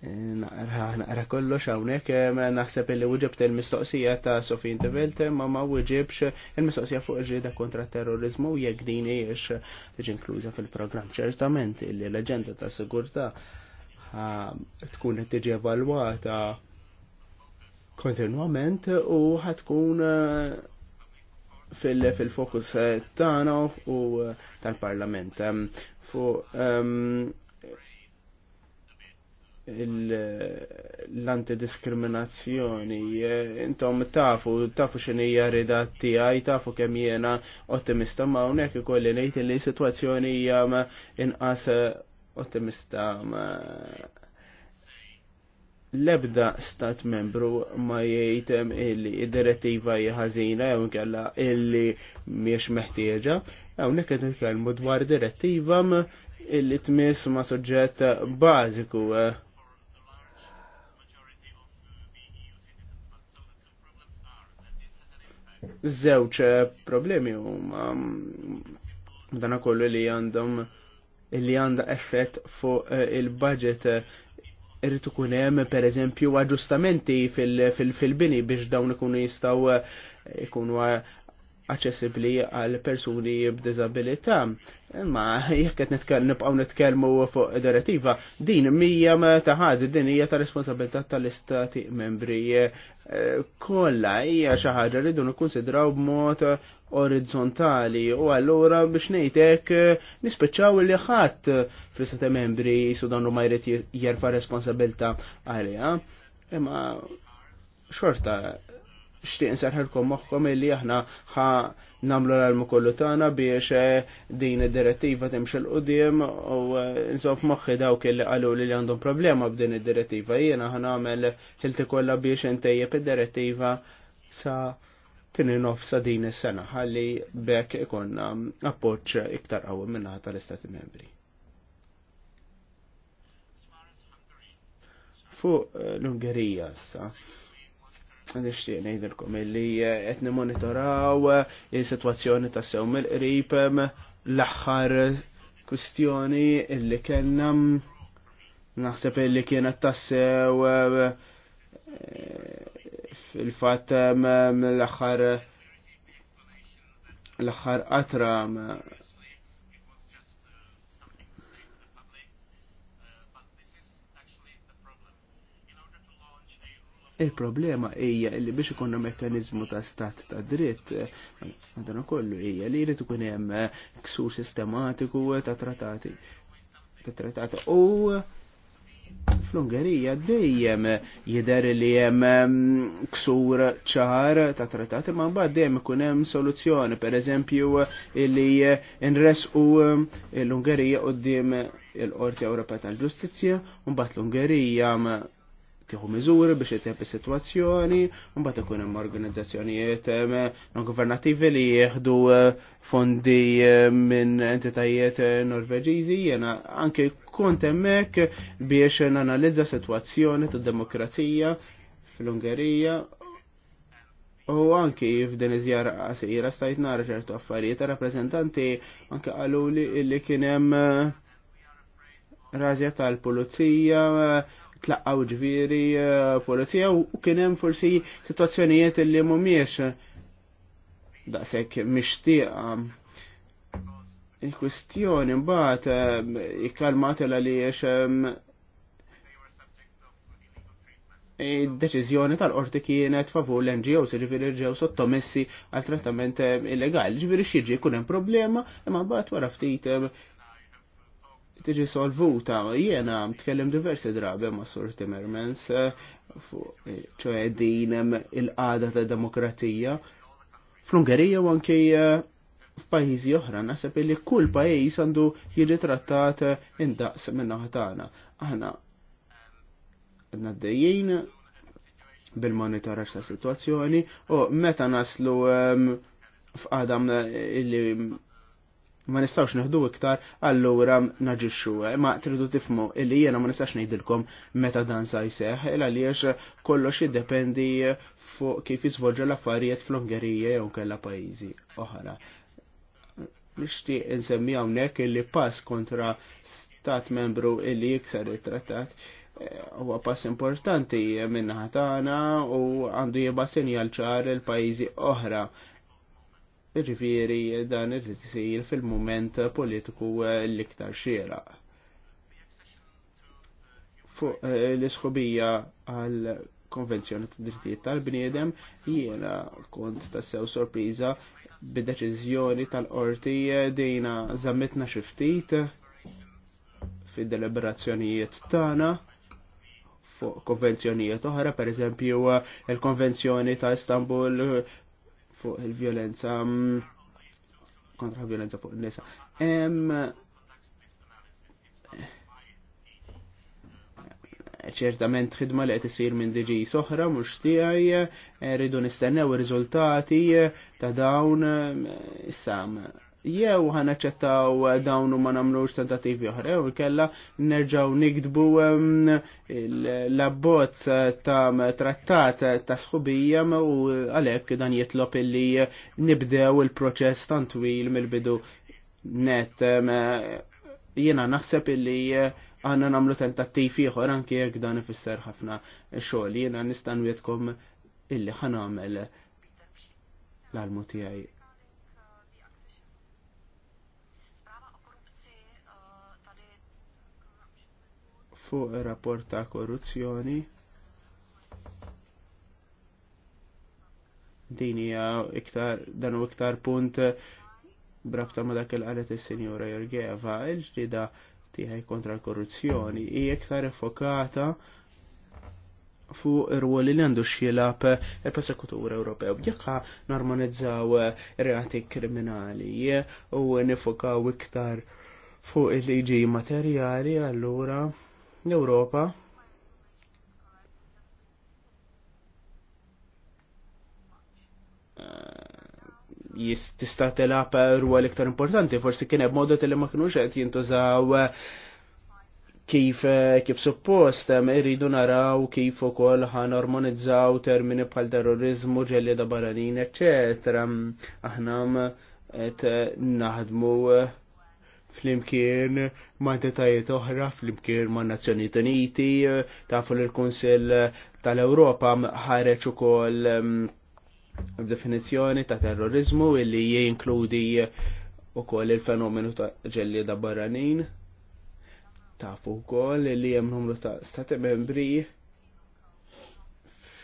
Naqra kollox hawnhekk eh, naħseb illi wieġibt il-mistoqsija ta' Sofin Tevelt eh, ma ma wieġibx il-mistoqsija fuq il-ġieda kontra terrorizmu jekk din hijiex tiġi inkluża fil-programm ċertament illi l-aġenda ta' sigurtà tkun qed tiġi evalwata kontinwament u ħatkun eh, fil-fokus tagħna u tal-Parlament fuq l-antidiskriminazzjoni. Eh, intom tafu, tafu xini rida tijaj, tafu kem jena ottimista ma unek ikolli nejt li situazzjoni jam inqas eh, ottimista ma lebda stat membru ma jajtem illi id-direttiva jħazina jew kella illi miex meħtieġa, hawnhekk qed nitkellmu dwar direttiva illi tmiss ma' suġġett bażiku eh. Żewġ eh, problemi huma mm, dana kollu li għandhom li għandha effett fuq eh, il-budget eh, irrid ikun hemm pereżempju aġġustamenti fil-bini biex dawn ikunu jistgħu ikunu aċċessibbli għal persuni b'diżabilità. Imma jekk qed nibqgħu nitkellmu fuq direttiva, din mija ta' ħad din hija ta' responsabilità tal-istati membri eh, kollha hija xi ħaġa rridu nikkunsidraw b'mod orizzontali u allura biex ngħidek nispiċċaw li ħadd fl-istati membri sudan ma jrid jerfa' responsabilità għaliha. Imma xorta xtieq nserħilkom moħħkom illi aħna ħa namlu l-almu kollu tagħna biex eh, din id-direttiva timxil qudiem u eh, nsof moħħi dawk illi qalu li għandhom problema b'din id-direttiva. Jiena ħan nagħmel ħilti kollha biex intejjeb id-direttiva sa tini nofsa din is-sena ħalli bekk ikonna mm, appoġġ iktar qawwi minnaħa tal-Istati Membri. Fuq eh, l-Ungerija sa' nishtiq ngħidilkom illi eh, qed nimmonitoraw eh, is-sitwazzjoni ta' sew mill-qrib eh, l-aħħar kwistjoni illi kellna mm, naħseb illi kienet tassew fil-fatt l-aħħar l-aħħar qatra Il-problema hija li biex ikonna mekkanizmu ta' stat ta' dritt, dan kollu hija li jrid ikun hemm eh, ksur sistematiku ta' trattati. Ta' trattati u fl-Ungerija dejjem jidher li hemm ksur ċar ta' trattati ma' mbagħad dejjem ikun hemm soluzzjoni, pereżempju li nresqu l-Ungerija qudiem il-Qorti Ewropea tal-Ġustizzja u mbagħad l-Ungerija tieħu miżuri biex itep is-sitwazzjoni, bat ikun hemm organizzazzjonijiet non-governattivi li jieħdu eh, fondi eh, minn entitajiet eh, norveġiżi, jena anke kont hemmhekk biex nanalizza sitwazzjoni tad-demokrazija fl-Ungerija U anki f'din iżjara qasira stajt nara ċertu affarijiet rappreżentanti anke qalu li kien hemm razja tal-pulizija tlaqqaw ġviri eh, polizija u kienem forsi situazzjonijiet li mumiex daqsek mishtiqa. Il-kwistjoni mbaħt eh, ikkalmat l għaliex eh, il deċizjoni tal-qorti kienet favur l-NGOs, ġifiri ġew sottomessi għal trattament illegali, ġifiri xieġi kunem problema, imma mbaħt wara ftit tiġi solvuta. Jiena tkellem diversi drabi ma' Sur Timmermans eh, eh, ċoħe dinem il-qada ta' demokratija. Fl-Ungerija u anke eh, f'pajjiżi oħra naħseb li kull pajjiż għandu trattat indaqs minna ħatana. Aħna għadna d bil monitorax ta' situazzjoni u meta naslu f'qadam illi ma nistawx neħdu iktar, allura naġixxu. Ma tridu tifmu illi jiena ma nistax ngħidilkom meta dan sa jseħ, il għaliex kollox jiddependi fuq kif jisvolġa l-affarijiet fl-Ungerija jew kellha pajjiżi oħra. Nixtieq insemmi hawnhekk illi pass kontra stat membru illi jikser it-trattat eh, huwa pass importanti minnaħa tagħna u għandu jibgħat sinjal ċar il-pajjiżi oħra Ġifiri dan irrid isir fil-moment politiku eh, l-iktar xiera. Fuq eh, l-isħobija għal konvenzjoni ta' drittijiet tal-bniedem jiena kont tassew sorpriża bid-deċiżjoni tal-qorti eh, dejna żammitna xi ftit fid-deliberazzjonijiet tagħna fuq konvenzjonijiet oħra, per eżempju il-konvenzjoni ta' Istanbul fuq il-violenza mm, kontra violenza fuq il-nisa. Eh, ċertament ħidma li qed isir minn diġi soħra mhux tiegħi eh, rridu nistennew ir-riżultati ta' dawn eh, issa jew ħanaċċettaw dawn u ma nagħmlux tentativi oħra jew kella nerġgħu nikdbu l-abbozz ta' trattat ta' sħubija u għalhekk dan jitlob illi nibdew il-proċess tant twil mill-bidu net jiena naħseb illi għanna namlu tentativi ieħor anke jekk dan ifisser ħafna xogħol jiena wietkom illi ħanamel l-almu tiegħi fuq rapport ta' korruzzjoni. Din hija iktar dan u iktar punt brabta ma dak il-qalet is-Sinjura Jorgeva, il-ġdida tiegħi kontra l-korruzzjoni hija iktar effokata fuq ir-ruoli li għandu xjilab il persekutur Ewropew. Jekka normalizzaw reati kriminali u nifokaw iktar fuq il-liġi materjali, allura l europa eh, jistista telab u l-iktar importanti, forsi kien hemm modu tele ma kinux qed jintużaw eh, kif eh, kif suppost irridu naraw kif ukoll ħan ormonizzaw termini bħal terrorizmu ġelli da baranin, eċċetera. Aħna qed naħdmu flimkien ma' entitajiet oħra, flimkien ma' Nazzjonijiet Uniti, tafu l kunsill tal-Ewropa ħareġ ukoll mm, b'definizzjoni ta' terrorizmu illi jinkludi ukoll il-fenomenu ta' ġelli da' barranin. Tafu ukoll li hemm numru ta' stati membri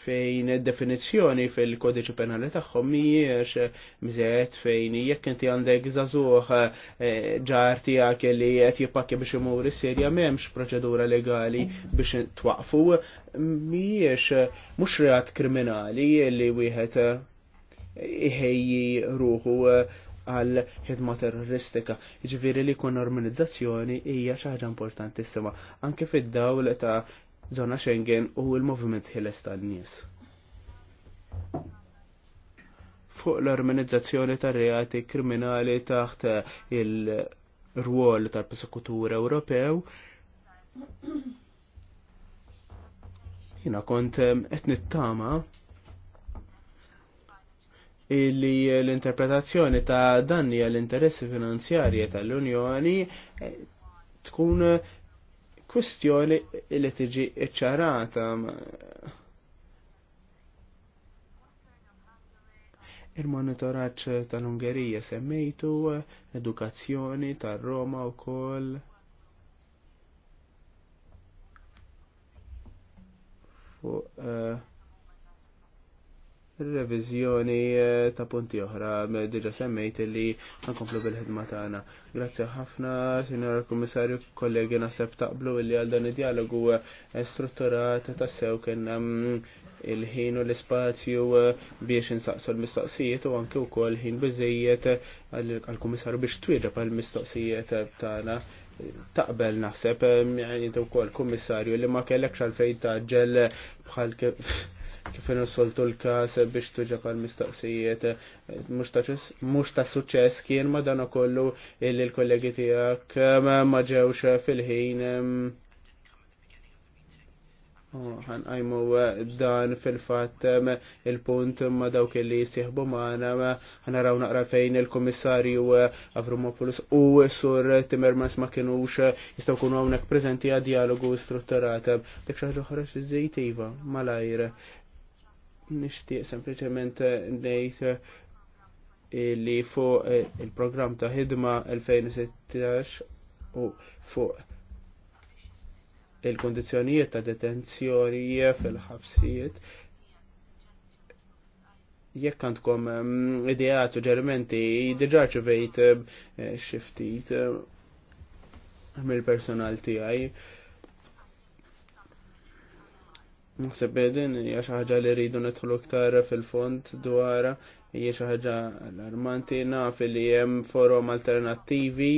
fejn definizzjoni fil-kodiċi penali tagħhom miex mizet fejn jekk inti għandek żagħżugħ eh, ġar għak li qed jippakki biex imur s serja m'hemmx proċedura legali biex twaqfu mhijiex mhux reat kriminali li wieħed eh, iħejji ruħu eh, għal ħidma terroristika. Ġviri jiġifieri li kun normalizzazzjoni hija xi ħaġa importantissima. Anke fid-dawl ta' zona Schengen u l-moviment ħiles tan-nies. Fuq l organizzazzjoni tar-reati kriminali taħt il-rwol tal-Persekutur Ewropew, jina kont etnit eh, nittama illi l-interpretazzjoni ta' danni għall-interessi finanzjarji tal-Unjoni eh, tkun kustjoni li tiġi iċċarata. Il-monitoraċ tal-Ungerija semmejtu, edukazzjoni tal-Roma u koll. Fuq uh, eh, revizjoni eh, ta' punti oħra, diġa semmejt li nkomplu bil-ħidma tagħna. Grazzi ħafna, Sinjor Kummissarju, kollegi naħseb taqblu li għal dan id-dialogu eh, strutturat ta' sew kien mm, il-ħin u l-ispazju eh, biex insaqsu l-mistoqsijiet u anke wkoll ħin biżejjed għall-Kummissarju biex twieġeb għall-mistoqsijiet tagħna taqbel naħseb, jinti wkoll kummissarju li ma kellekx għalfejn taġġel bħal kif soltu l-kas biex tuġa pal mistoqsijiet mux ta' suċċess kien ma dan kollu illi l-kollegi tijak ma ġewx fil-ħin ħanqajmu dan fil-fat il-punt ma dawk li jisieħbu maħna ħanaraw naqra fejn il-komissarju eh, Avromopoulos u sur Timmermans ma kienux jistaw kunu għawnek prezenti għad dialogu strutturat. Dik xaħġa ħarġ iż-żejtiva, malajr nishtiq sempliciment nejt eh, li fuq eh, il-program ta' ħidma 2016 u fuq il-kondizjonijiet ta' detenzjoni fil-ħabsijiet jekk għandkom eh, ideat suġġerimenti diġà ċivejt xiftit mill-personal tiegħi. Naħseb din hija xi ħaġa li rridu nidħlu iktar fil-fond dwar hija xi ħaġa alarmanti naf li hemm forum alternattivi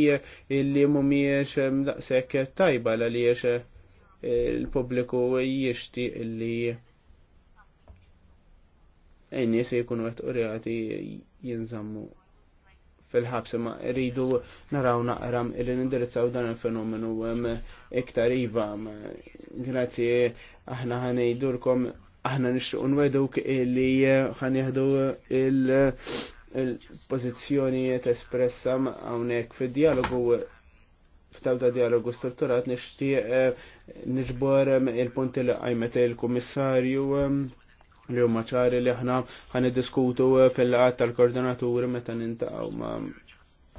illi mhumiex daqshekk tajba jiex il-pubbliku jixtieq illi n-nies jkunu qed jinżammu fil-ħabs ma rridu naraw naqram illi nindirizzaw dan il-fenomenu iktar iva. Grazzi aħna ħanejdurkom aħna nixtieq nweduk illi eh, ħanieħdu il jiet espressa hawnhekk fid-dialogu f'tabda dialogu strutturat nixtieq eh, nixbor il-punti li qajmet il-kummissarju li huma ċari li aħna ħan diskutu eh, fil-laqat tal-koordinaturi meta nintaqgħu ma'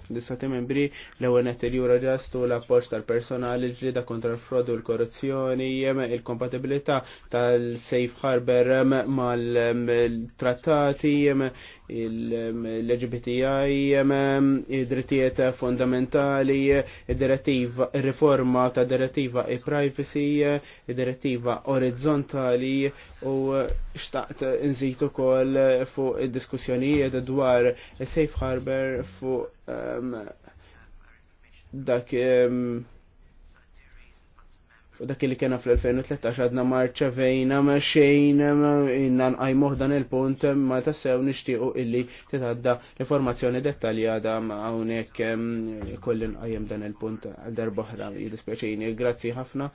l-istati membri l-ewwel il-jura ġastu l-appoġġ tal-personali ġlida kontra l-frodu u l-korruzzjoni il-kompatibilità tal-safe harbor mal-trattati l-LGBTI id-drittijiet fondamentali id-direttiva riforma ta' direttiva e privacy id-direttiva orizzontali u eh, xtaqt eh, nżid ukoll eh, fuq id-diskussjonijiet dwar safe harbor fuq ehm, dak ehm, U dak li kena fl-2013 għadna marċavejna ma xejn innan nqajmuh dan il-punt ma tassew nixtiequ illi t l-informazzjoni dettaljata hawnhekk kollin għajem dan il-punt għal darbohra oħra jiddispjaċini. Grazzi ħafna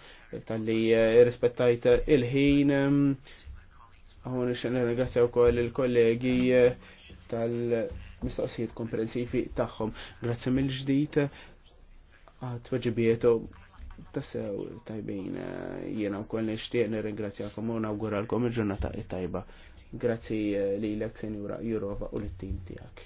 tal-li eh, rispettajt il-ħin Għon ixen ringrazzjaw koll il-kollegi eh, tal-mistoqsijiet komprensifi tagħhom. Grazzi mill-ġdid għat tweġibietu Tassew tajbin eh, jiena u koll nishtiq nirringrazzjakom u nawguralkom il-ġurnata tajba. Grazzi eh, li l-ek senjura Jurova u l-tim tijak.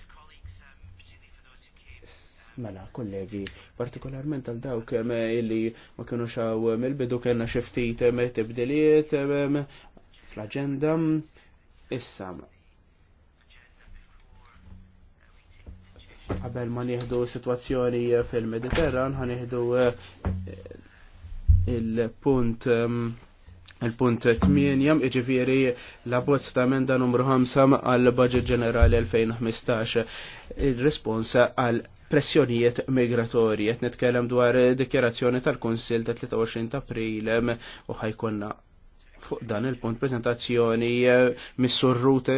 Mela, kollegi, partikolarment għal dawk eh, illi ma kienu xaw mill-bidu kena xiftit tibdiliet fl-agenda. Issa, Qabel ma nieħdu situazzjoni eh, fil-Mediterran, ħan nieħdu eh, il-punt ehm, il-punt 8, iġifiri la bozz ta' emenda numru 5 għal budget ġenerali 2015, il responsa għal pressjonijiet migratorji. Qed nitkellem dwar dikjerazzjoni tal-Kunsil ta' 23 ta' April ehm, u ħajkonna fuq dan il-punt prezentazzjoni eh, Missur Rute,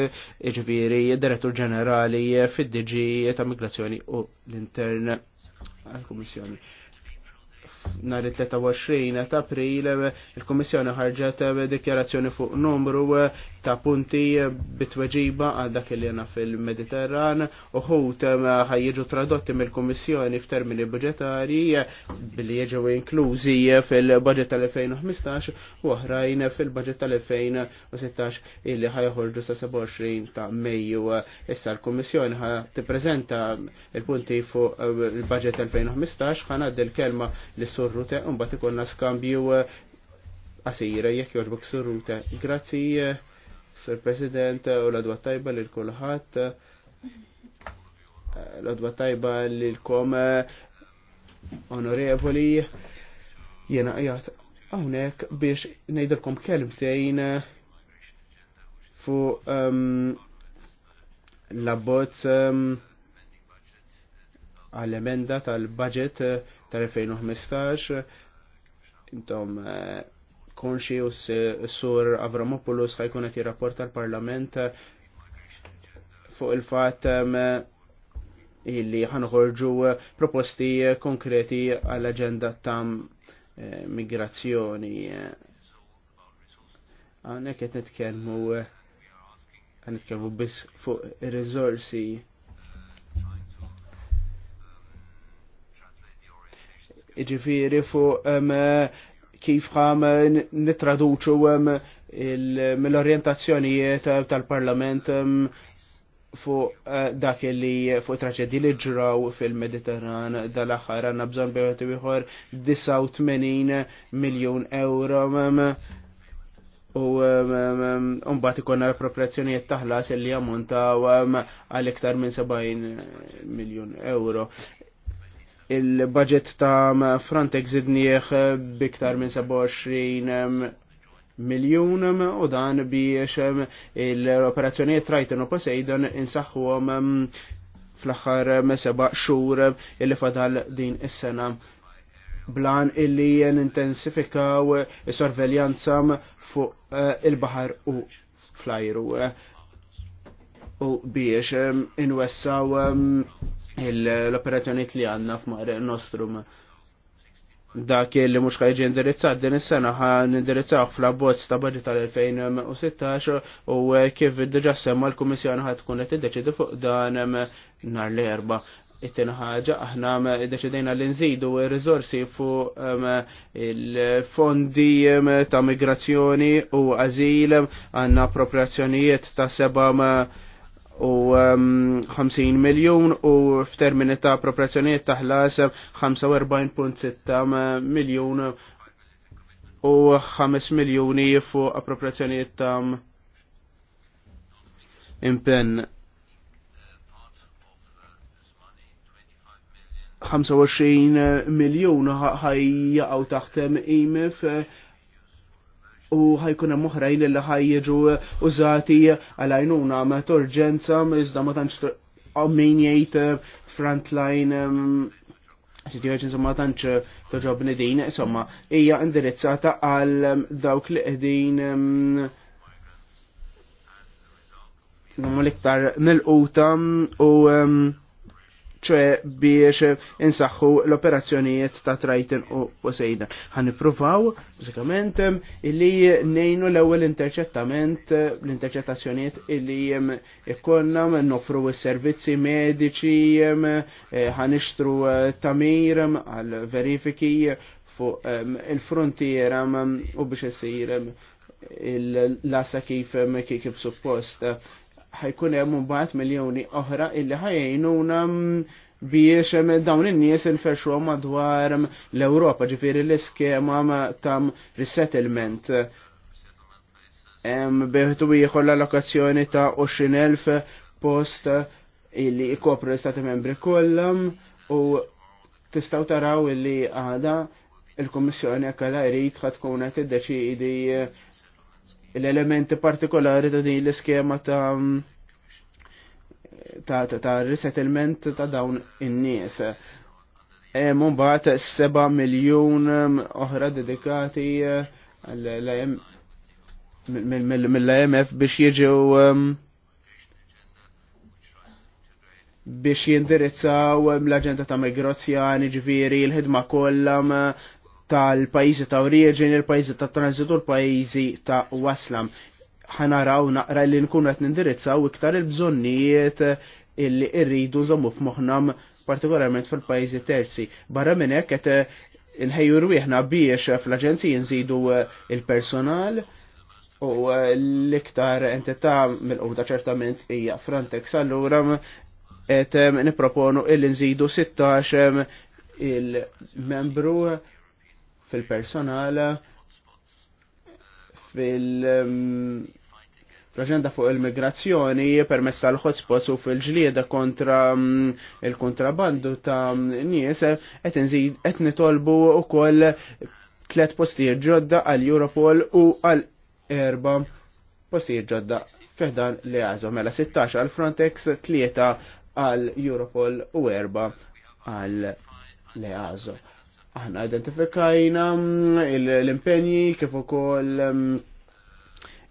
ġviri, direttur ġenerali eh, fid-DG eh, ta' Migrazzjoni u l-Intern għal komissjoni nhar 23 ta' April il-Kummissjoni ħarġet eh, dikjarazzjoni fuq numru eh, ta' punti eh, bitweġiba għal dak li jena fil-Mediterran u ħaj ħajjiġu tradotti mill-Kummissjoni f'termini budġetari billi jiġu inklużi fil-budget tal-2015 u oħrajn fil-budget tal-2016 illi ħajħorġu sa' 27 ta' Mejju. Issa l-Kummissjoni ħa tippreżenta il-punti fuq il-budget 2015 ħanad il-kelma li l un bat ikonna skambju għasira eh, s-surru surrute. Grazzi, eh, Sir President, eh, u l-adwa tajba li l-kulħat, l-adwa tajba li l-kom onorevoli, jena għajat għonek biex nejdilkom kelmtejn fu ehm, l-abbozz ehm, għall-emenda tal-budget uh, tal-2015 intom eh, konxi u s-sur Avramopoulos ħajkun qed jirrapport tal-Parlament eh, fuq il-fatt eh, illi ħanħorġu proposti konkreti għall-aġenda ta' migrazzjoni. Għanek qed nitkellmu għanet nitkellmu biss fuq ir rizorsi iġifiri fuq kif għam nitraduċu mill-orientazzjonijiet tal-parlament fuq eh, dak li fuq traġedi li ġraw fil-Mediterran dal axar għanna bżon bejgħet ieħor 89 miljun euro u mbagħad konna l-appropriazzjonijiet taħlas li jammontaw għal iktar minn 70 miljun euro il-budget ta' Frontex idnieħ biktar minn 27 miljon u dan biex l-operazzjonijiet Triton u Poseidon insaħħuhom fl-aħħar meseba xhur illi fadal din is-sena blan illi intensifikaw is-sorveljanza fuq eh, il-baħar u flajru eh, u biex inwessaw l operazzjoni li għanna f'mare nostrum dak li mhux ħajġi indirizzat din is-sena ħan indirizzaw fl-abbozz ta' budget tal-2016 u kif diġà semma l-Kummissjoni ħad tkun qed tiddeċidi fuq dan nhar l-erba. It-tieni ħaġa aħna deċidejna li nżidu r-riżorsi fuq il-fondi ta' migrazzjoni u għażil għandna appropriazzjonijiet ta' seba' u 50 um, miljon u f'termini ta' proporzjoniet ta' ħlas 45.6 um, miljon u 5 miljoni fuq appropriazzjoniet ta' um, impenn. 25 miljon ħajja għaw taħtem imif u ħajkun hemm oħrajn li ħajjiġu użati għal għajnuna ma urġenza iżda ma tantx min jgħid eh, frontline situation ma tantx eh, toġobni din insomma hija indirizzata għal dawk li qegħdin l-iktar mill qutam u ċe biex insaxħu l-operazzjonijiet ta' Triton u Poseidon. Għan nipruvaw, bżikament, illi nejnu l-ewel interċettament, l-interċettazzjonijiet illi ikonna nofru s-servizzi medici, eh, għan ixtru eh, tamir għal verifiki fuq il-frontiera u biex jessir l lasa kif kif suppost ħajkun hemm mbagħad miljoni oħra illi ħajjnuna mm, biex mm, dawn in-nies infexxu madwar mm, l-Ewropa, ġifieri l-iskema ta' resettlement. Beħtu ieħor l-allokazzjoni ta' 20,000 post illi jkopru l istati membri kollha, u tistgħu taraw illi għada il-Kommissjoni għakala jrid tkun qed iddeċidi l-elementi partikolari ta' din l-iskema ta' mm, ta' ta', ta resettlement ta' dawn in-nies. Mun mbagħad 7 miljun mm, oħra dedikati eh, mill-IMF biex jiġu mm, biex jindirizzaw l-agenda ta' migrazzjani ġviri, l-ħidma kollha tal-pajizi ta' origin, il-pajizi ta' transitu, il-pajizi ta' waslam. ħanaraw naqra li nkunu qed nindirizzaw iktar il-bżonnijiet eh, illi irridu nżommu f'moħħnam partikolarment fil-pajjiżi terzi. Barra minn hekk qed rwiħna eh, rwieħna biex fl aġenzi nżidu eh, il-personal u l-iktar entità mill-qowda ċertament hija Frontex. Allura qed nipproponu illi nżidu 16 il-membru fil-personal fil- personal ehm, fil raġenda fuq il-migrazzjoni permess tal-hotspots u fil-ġlieda kontra ehm, il-kontrabandu ta' nies qed nitolbu wkoll tliet postijiet ġodda għal Europol u għal erba postijiet ġodda fiħdan li għazom mela 16 għal Frontex, tlieta għal Europol u erba għal li għazom. Aħna identifikajna mm, l-impenji kif ukoll mm,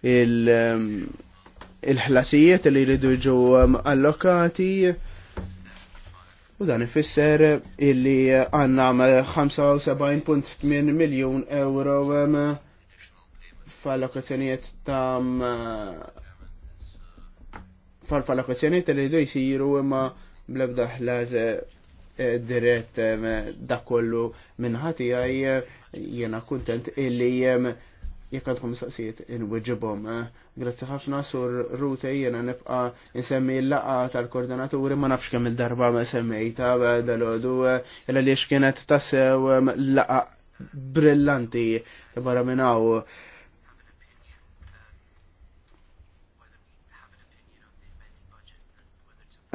mm, il-ħlasijiet li jridu jiġu allokati u dan ifisser illi għanna 75.8 miljon euro fal ta' fal-allokazzjonijiet li jridu jisiru imma blebda ħlaze dirett da kollu minnħati għaj jena kontent illi jekk għandkom saqsijiet inwiġibhom. Grazzi ħafna sur Rute jena nibqa insemmi l-laqa tal-koordinaturi ma nafx kemm il-darba ma semmejta dal-għodu illa li xkienet tassew laqa brillanti barra minnaw.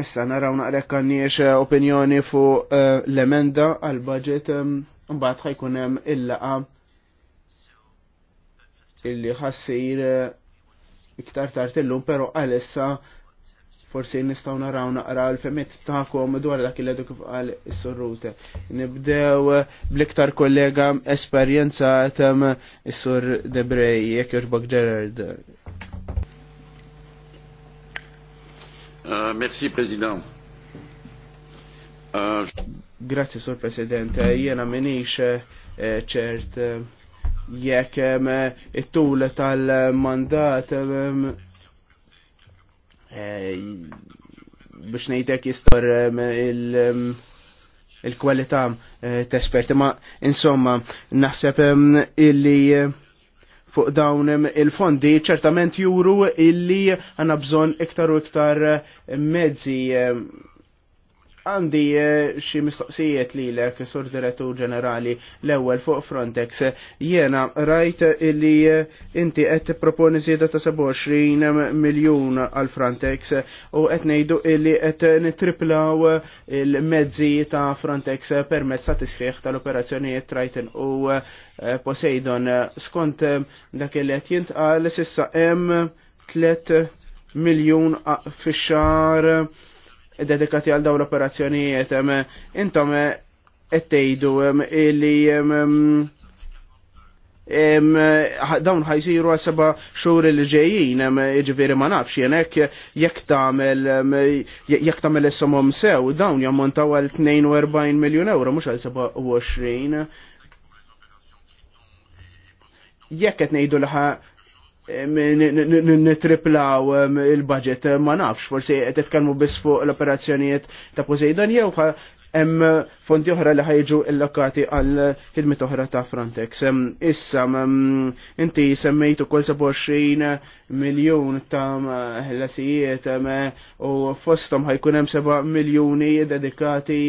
Issa naraw naqrek għanniex eh, opinjoni fu eh, l-emenda għal-budget eh, mbagħad ħajkun hemm il-laqa illi ħassir iktar tard illum però issa forsi nistgħu naraw naqra l-femiet tagħkom dwar dak il kif qal is-surrute. Nibdew bl-iktar kollega esperienza tem is-sur Debrej jekk jogħġbok Gerard.
Euh, merci, President. Euh,
Grazie, Sur President. Jena minix eh, eh, ċert eh, jekk it-tul tal-mandat biex nejtek jistor il- kwalità t esperti, ma insomma naħseb illi fuq dawn il-fondi ċertament juru illi għanna bżon iktar u iktar mezzi eh, għandi eh, xi mistoqsijiet lilek sur direttur ġenerali l-ewwel fuq Frontex. Jiena rajt li eh, inti qed proponi zjeda ta' 27 miljun għal Frontex u qed ngħidu li qed nitriplaw il-mezzi ta' Frontex permezz ta' tisħiħ tal-operazzjonijiet Triton u eh, Poseidon. Skont dak li jint jintqal sissa hemm 3 miljun fi xar dedikati għal dawn l-operazzjonijiet. Intom eh, qed tgħidu li dawn ħajsiru għas seba' xhur li ġejjin, jiġifieri ma nafx jenek jek jekk tagħmel jekk tagħmel is sew dawn jammontaw għal 42 miljun euro mhux għal 27 jekk qed ngħidu ħa nitriplaw il-budget ma nafx, forsi qed titkellmu biss fuq l-operazzjonijiet ta' Poseidon jew hemm fondi oħra li ħajġu allokati għal ħidmet oħra ta' Frontex. Issa inti semmejt ukoll 27 miljun ta' ħlasijiet u fosthom ħajkun hemm 7 miljuni dedikati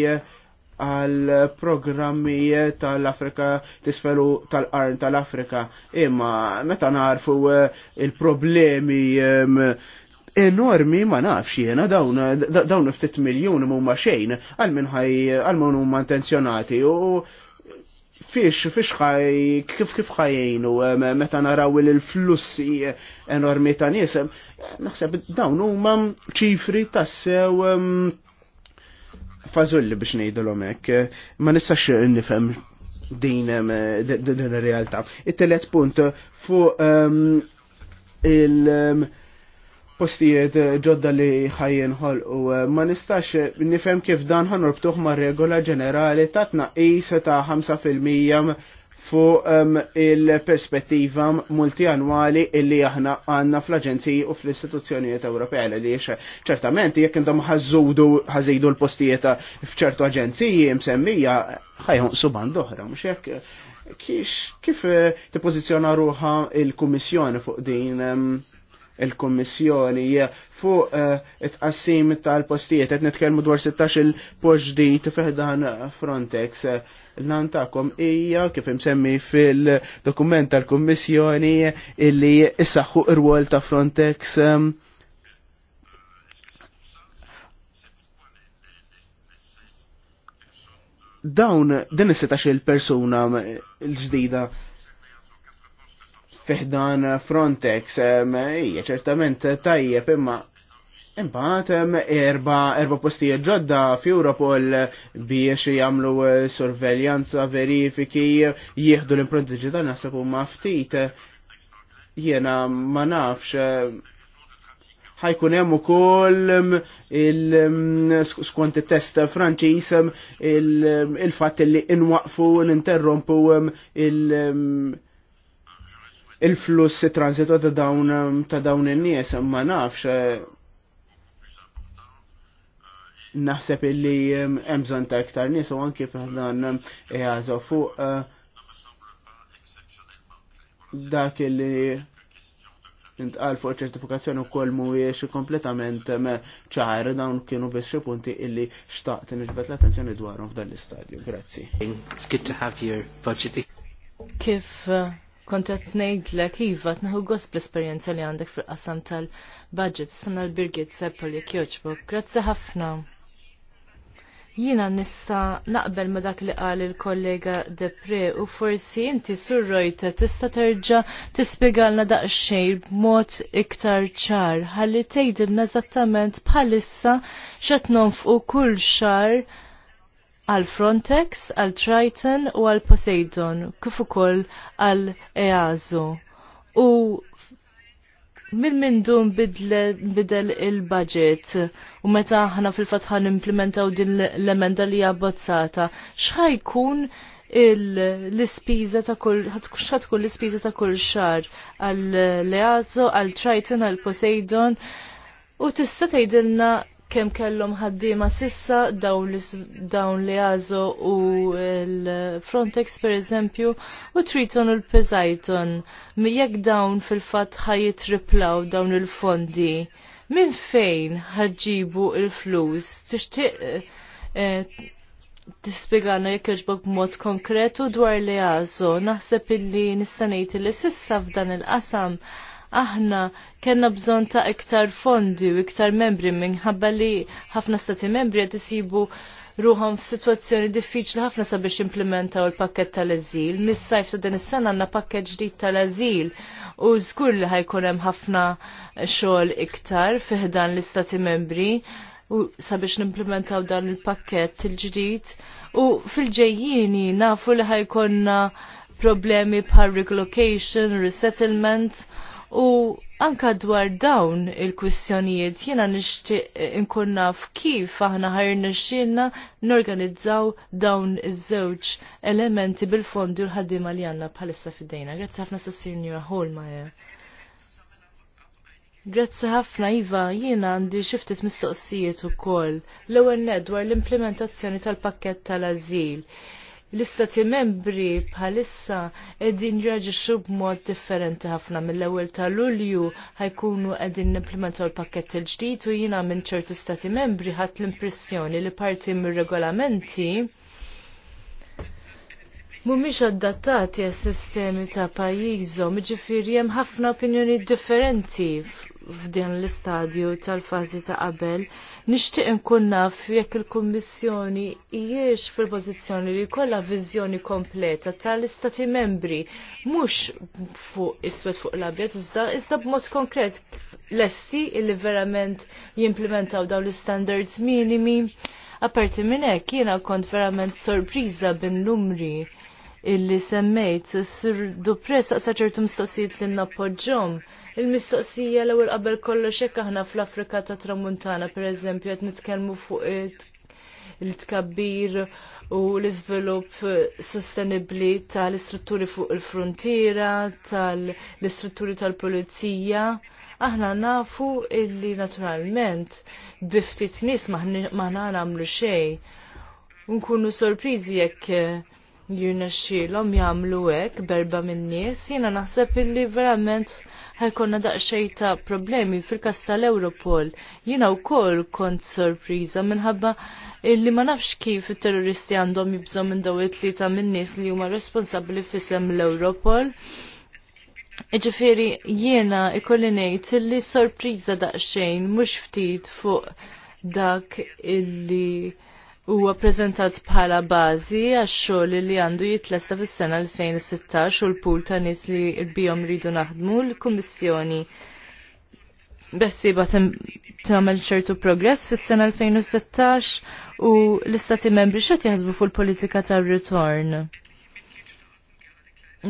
għal programmi tal-Afrika tisfelu tal arn tal-Afrika. Imma meta narfu eh, il-problemi enormi ma nafx jiena dawn dawn ftit miljun ma xejn għal minn ħaj għal minn huma intenzjonati u fiex fiex ħaj kif kif ħajjinu meta naraw il-flussi enormi ta' nies naħseb dawn huma ċifri tassew sew fażulli biex l-omek, eh, ma nistax nifhem din eh, din ir-realtà. It-telet punt eh, fuq ehm, il- ehm, postijiet ġodda li ħol u ma nistax nifhem kif dan ħanorbtuħ ma' regola ġenerali ta' tnaqqis ta' 5% fuq um, il-perspettiva multianwali illi aħna għanna fl-Aġenziji u fl-istituzzjonijiet Ewropea li jiex ċertament jekk intom ħażudu ħażidu l-postijiet f'ċertu aġenziji msemmija ħajħon suban doħra, mhux hekk kif eh, tippożizzjona ruha il-Kummissjoni fuq din ehm, il kummissjoni fuq eh, it-qassim tal-postijiet qed nitkellmu dwar 16 il-poġdit tifeħdan Frontex l-lan ija kif imsemmi fil-dokument tal-Kommissjoni illi issaħħu ir-wol ta' Frontex. Um, dawn din is-setax il-persuna l-ġdida fiħdan Frontex, hija um, ċertament tajjeb imma Imbagħad hemm erba' erba' postijiet ġodda f'Europol biex jagħmlu eh, sorveljanza, verifiki, jieħdu l-impronti ġidan naħseb huma ftit. Jiena ma nafx eh, ħajkun hemm ukoll mm, il mm, skont it-test Franċiż mm, il-fatt li inwaqfu ninterrompu il- il-fluss transitu ta' dawn ta' dawn in-nies ma nafx eh, naħseb illi hemm bżonn ta' iktar nies u anke f'ħdan jażu fuq eh, dak illi intqal fuq ċertifikazzjoni wkoll mhuwiex kompletament ċar dawn kienu biex xe punti illi xtaqt nġbet l-attenzjoni dwarhom f'dan l-istadju. Grazzi. It's
good to have your budget.
Kif eh, kontet nejdlek iva tnaħu gost bl-esperjenza li għandek fil-qasam tal-budget sanna l-Birgit Seppel jek joġbok. Grazzi ħafna. Jina nista naqbel ma dak li qal il-kollega Depre u forsi inti surrojta tista terġa tispiegalna daqsxejn b'mod iktar ċar ħalli tgħidilna eżattament bħalissa x'qed nonfqu kull xar għal Frontex, għal Triton u għal Poseidon, kif ukoll għal EASO. U Min dun bidel il-budget u meta ħana fil-fatħan implementaw din l-emenda li jabbozzata, xħajkun l-ispiża ta' kull x'ħatkun l-ispiża ta' kull xar għal Leazzo, għal Triton, għal Poseidon u tista' tgħidilna kem kellhom ħaddiema sissa dawn li għazo u l-Frontex per eżempju u Triton u l-Pesajton. Jekk dawn fil-fat ħajit riplaw dawn il-fondi, minn fejn ħadġibu il-flus? Tixtieq eh, tispjegana jekk jogħġbok b'mod konkretu dwar li għazo. Naħseb illi nistanejt li sissa f'dan il-qasam aħna kellna bżonn ta' iktar fondi u iktar membri minħabba li ħafna stati membri qed isibu ruħom f'sitwazzjoni diffiċli ħafna sabiex implementaw il-pakket tal-eżil. Mis-sajf ta' din is-sena għandna pakket ġdid tal-eżil u żgur li ħajkun hemm ħafna xogħol iktar fiħdan l-istati membri u sabiex nimplementaw dan il-pakket il-ġdid. U fil-ġejjini nafu li ħajkonna problemi bħal relocation, resettlement U anka dwar dawn il-kwistjonijiet jiena nixtieq eh, inkun naf kif aħna ħajrna xilna norganizzaw dawn iż-żewġ elementi bil-fondi u l-ħaddiema li għandna bħalissa fidejna. Grazzi ħafna sassinjura Holmajer. Grazzi ħafna Iva, jiena għandi xiftit mistoqsijiet ukoll. L-ewwel dwar l-implementazzjoni tal-pakkett tal-ażil. tal pakket tal tal pakkett tal ażil l-istati membri bħalissa edin jirġiċu b'mod differenti ħafna mill-ewel ta' lulju ħajkunu edin implementaw l-pakket il-ġdijt u jina minn ċertu stati membri ħat l-impressjoni li parti mir regolamenti mumiex adattati għas sistemi ta' pajizom, ġifiri jem ħafna opinjoni differenti f'din l-istadju tal-fazi ta' qabel, nixtieq nkun naf jekk il-Kummissjoni hijiex fil-pożizzjoni li jkollha viżjoni kompleta tal-Istati membri mhux fuq iswed fuq l-abjad iżda iżda b'mod konkret lesti li verament jimplementaw dawn l-standards minimi. Aperti minn hekk jiena kont verament sorpriża bin numri illi semmejt. Sir dupress saċertu mistoqsijiet li nappoġġom. Il-mistoqsija l-ewwel qabel kollox hekk aħna fl-Afrika ta' Tramuntana pereżempju qed nitkellmu fuq il-tkabbir u l-izvilup sostenibli tal-istrutturi fuq il-frontiera, tal-istrutturi tal-polizija aħna nafu illi naturalment biftit nis maħna namlu xej. Nkunu sorprizi jekk jirnexxielhom jagħmlu hekk berba min-nies, jiena naħseb illi verament ħajkonna daqsxej ta' problemi fil-każ tal-Europol. Jiena wkoll kont sorpriża minħabba illi ma nafx kif it-terroristi għandhom jibżgħu minn daw it-tlieta min-nies li huma responsabbli f'isem l-Europol. Ġifieri jiena ikolli ngħid illi sorpriża daqsxejn mhux ftit fuq dak illi huwa prezentat bħala bażi għax-xogħol li għandu jitlesta fis-sena 2016 u l pul ta' nies li rbihom ridu naħdmu l-Kummissjoni bessiba tagħmel ċertu progress fis-sena 2016 u l-istati membri xed jaħsbu fuq il-politika tar-ritorn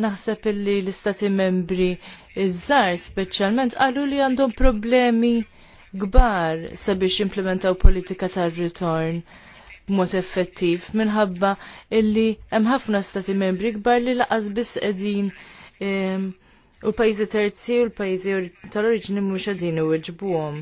naħseb illi l-istati membri iż-żar speċjalment qalu li għandhom problemi kbar sabiex implementaw politika tar-ritorn b'mod effettiv minħabba illi hemm ħafna stati membri kbar li laqas biss qegħdin ehm, u l-pajjiżi terzi u l-pajjiżi tal-oriġini mhux qegħdin iweġbuhom.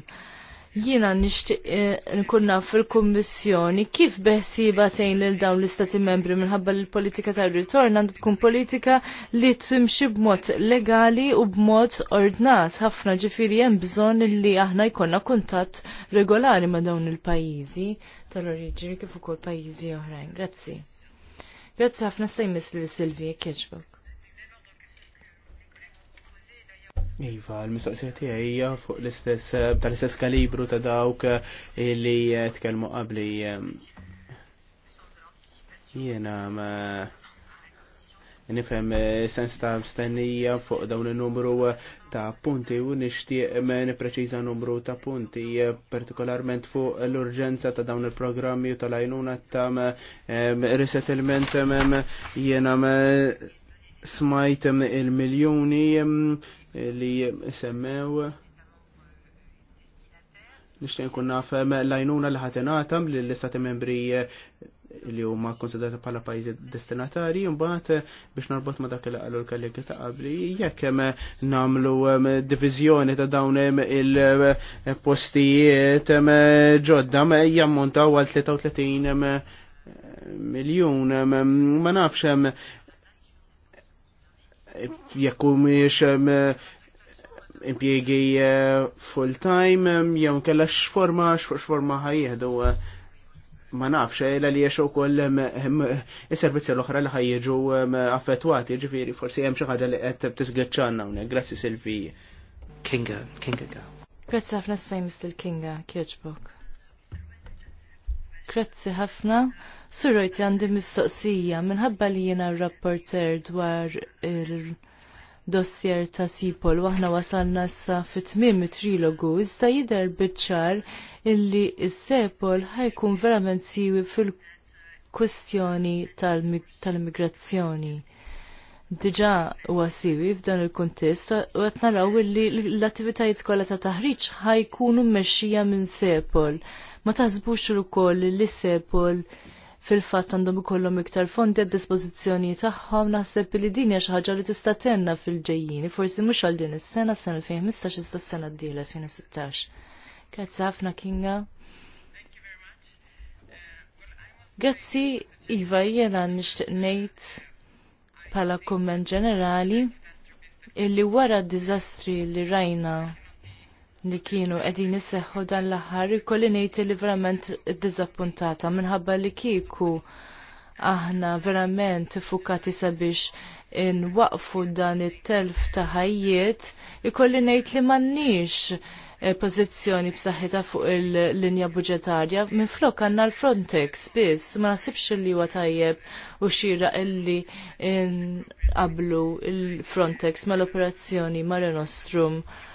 Jiena nixtieq eh, nkun naf fil-Kummissjoni kif beħsiba tejn lil dawn l-Istati Membri minħabba l-politika tar-ritorn għandu tkun politika li timxi b'mod legali u b'mod ordnat ħafna ġifieri hemm bżonn li aħna jkollna kuntatt regolari ma' dawn il-pajjiżi tal-oriġini kif ukoll pajjiżi oħrajn. Grazzi. Grazzi ħafna sejmis li Silvi Kieġbok.
Iva, l-mistoqsija tiegħi hija fuq l-istess eh, tal-istess kalibru ta' dawk eh, li eh, tkellmu qabli. Jiena ma nifhem sens ta' mstennija fuq dawn in-numru ta' punti u nixtieq preċiża numru ta' punti partikolarment fuq l-urġenza ta' dawn il-programmi u tal-għajnuna ta' resettlement jiena smajt il-miljoni li semmew nishtiq nkun naf l-għajnuna li ħatenatam li l-istati membri eh, li huma konsiderati bħala pajjiżi destinatari mbagħad eh, biex narbot ma dak li qalu l-kellek ta' qabli jekk hemm nagħmlu diviżjoni ta' dawn il-postijiet ġodda jammontaw għal 33 miljun ma nafx hemm jekku miex impjegi eh, full-time, jew kella x'forma x'forma ħajjeħdu eh, ma nafx, eh, illa li jiexu koll il-servizzi l-oħra li ħajjeġu affettwati, ġifiri, forsi xi xaħġa li għed t-tisgħetċanna unek, grazzi Silvi.
Kinga, Kinga ga. Grazzi ħafna s Mr. Kinga, kieġbok. Grazzi ħafna. Surrojt għandi mistoqsija minħabba li jiena rapporter dwar il- dossier ta' Sipol waħna wasalna sa fit-tmim trilogu iżda jidher biċ-ċar illi s-Sepol ħajkun verament siwi fil-kwestjoni tal-immigrazzjoni. Diġa wasiwi siwi f'dan il-kuntest u qed naraw illi l-attivitajiet kollha ta' taħriġ ħajkunu mmexxija minn Sepol. Ma taħsbux ukoll li Sepol fil-fatt għandhom ikollhom iktar fondi għad dispożizzjoni tagħhom naħseb li din hija xi ħaġa li tista' tenna fil-ġejjini, forsi mhux għal din is-sena sena 2015 iżda s-sena d-dieħla 2016. Grazzi ħafna Kinga. Grazzi Iva jiena nixtieq ngħid bħala kumment ġenerali illi wara d-diżastri li rajna li kienu edin jisseħħu dan l-aħħar ikolli nejti li verament d-dizappuntata minħabba li kieku aħna verament fukati sabiex inwaqfu dan it-telf ta' ħajjiet ikolli ngħid li m'għandniex eh, pożizzjoni b'saħħitha fuq il-linja budġetarja minflok għandna l-Frontex biss ma nasibx li huwa tajjeb u xira illi qablu il-Frontex mal-operazzjoni Mare Nostrum. Nostrum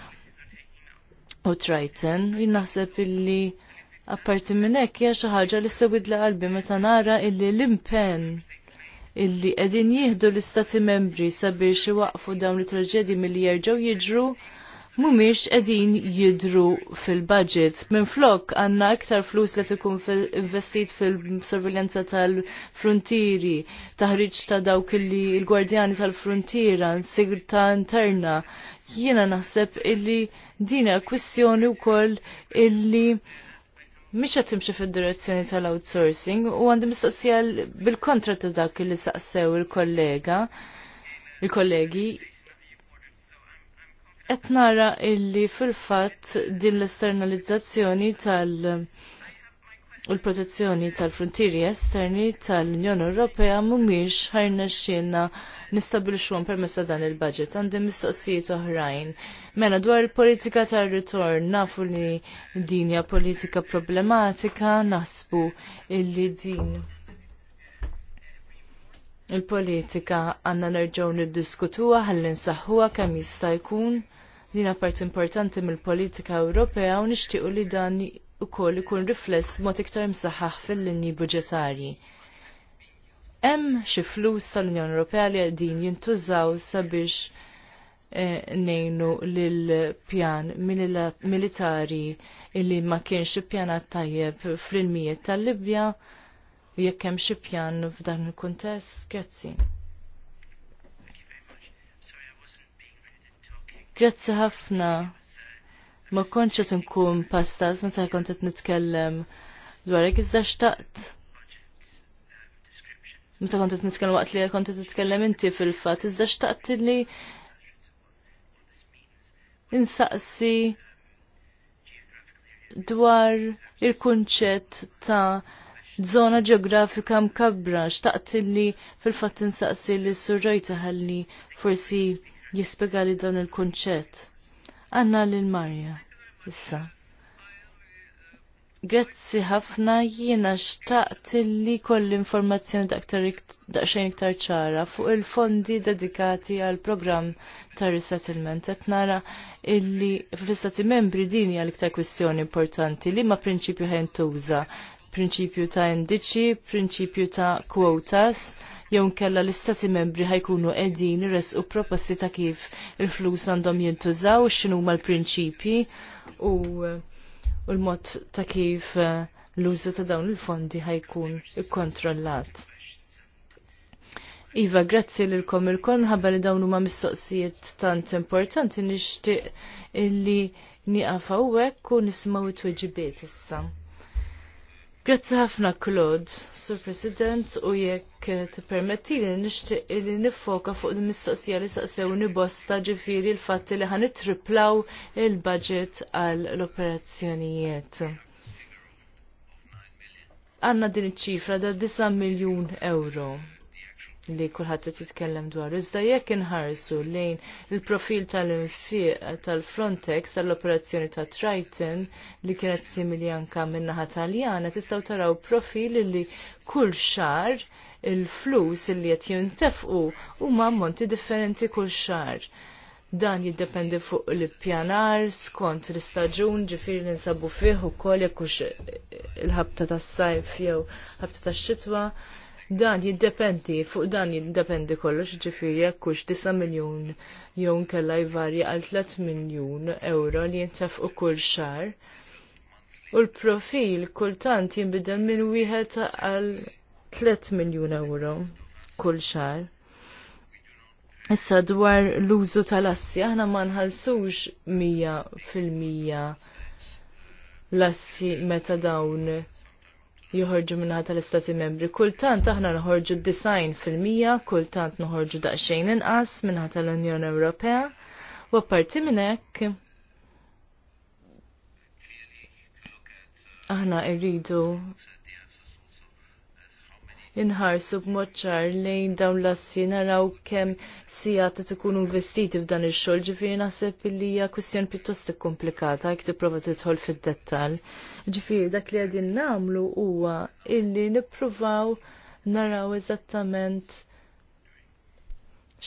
u trajten, jinnaħseb illi apparti minn hekk hija xi ħaġa li sewidla qalbi meta nara illi l-impenn illi qegħdin jieħdu l-istati membri sabiex iwaqfu dawn it-traġedji milli jerġgħu jiġru mhumiex qegħdin jidru fil-budget. Minn flok għanna iktar flus li tkun investit fil-sorveljanza tal-frontieri, taħriġ ta' dawk illi l-gwardjani tal-frontiera, sigurta interna, jiena naħseb illi dina kwistjoni wkoll illi mhix qed timxi fid-direzzjoni tal-outsourcing u għandi mistoqsija bil-kontra ta' dak li saqsew il-kollega il-kollegi qed nara illi fil-fatt din l-esternalizzazzjoni tal- u l-protezzjoni tal-frontieri esterni tal-Unjoni Ewropea mhumiex ħajna xilna nistabilxuhom permezz dan il-budget għandi mistoqsijiet oħrajn. Mela dwar il-politika tar-ritorn nafu li din hija politika problematika naħsbu illi din il-politika għanna nerġaw niddiskutuha ħalli nsaħħuha kemm jista' jkun din parti importanti mill-politika Ewropea u nixtiequ li dan koll ikun rifless mod iktar msaħħaħ fil-linji budġetarji. Hemm xi flus tal-Unjoni Ewropea li qegħdin jintużaw sabiex eh, nejnu lil pjan militari li ma kienx ippjanat tajjeb fl-ilmijiet tal-Libja u jekk hemm xi pjan f'dan il-kuntest, grazzi. Grazzi ħafna ma konċa qed nkun pastas meta kont qed nitkellem ek iżda xtaqt. Meta kont qed nitkellem waqt li kont qed nitkellem inti fil-fatt iżda xtaqt li insaqsi dwar il-kunċett ta' zona ġeografika mkabra, xtaqt li fil-fatt insaqsi li surrojta ħalli forsi jispjegali dawn il-kunċett għanna l-Marja. Issa. Grazzi ħafna jiena xtaqt li koll informazzjoni daqxajn iktar ċara fuq il-fondi dedikati għal program ta' resettlement. Et nara illi fissati membri din hija l-iktar kwistjoni importanti li ma' prinċipju ħajn tuża. Prinċipju ta' indiċi, prinċipju ta' quotas jew nkella l-istati membri ħajkunu qegħdin u proposti ta' kif il-flus għandhom jintużaw x'inhu huma l-prinċipji u l-mod ta' kif eh, l-użu ta' dawn il-fondi ħajkun ikkontrollat. Iva, grazzi l-kom il-kon, ħabba li dawn huma mistoqsijiet tant importanti nixtieq illi niqafaw u nismaw it-tweġibiet issa. Grazzi ħafna Claude, Sur President, u jekk t-permetti li nixtieq li nifoka fuq il-mistoqsija li saqsew nibosta ġifieri l-fatt li ħan triplaw il-budget għal l-operazzjonijiet. Għanna din iċ-ċifra da 9 miljun euro li kulħadd qed jitkellem dwar. Iżda jekk inħarsu lejn il-profil tal-infiq tal-Frontex għall-operazzjoni ta' Triton li kienet simili anka min-naħa Taljana, tistgħu taraw profil li kull xar il-flus li qed jintefqu huma ammonti differenti kull xar. Dan jiddependi fuq l-pjanar, skont l-istaġun, ġifiri ninsabu fih u kol jekux il-ħabta tas-sajf jew ħabta tax-xitwa. Dan jiddependi, fuq dan jiddependi kollox ġifiri jekkux 9 miljon jew kella jvarja għal 3 miljon euro li jintaf u kull xar. U l-profil kultant jinbidel minn wieħed għal 3 miljun euro kull xar. Issa dwar l-użu tal-assi, aħna ma nħallsux 100% l-assi meta dawn joħorġu minna tal-istati membri. Kultant aħna nħorġu d-design fil-mija, kultant nħorġu daqxejn inqas minna tal-Unjoni Ewropea. U apparti minnek, aħna irridu inħarsu b'mod ċar lejn dawn l-assi naraw kemm sigħat qed ikunu investiti f'dan ix-xogħol ġifieri naħseb li hija kwistjoni pjuttost ikkumplikata jekk tipprova tidħol fid-dettall. Ġifieri dak li qegħdin nagħmlu huwa illi nippruvaw naraw eżattament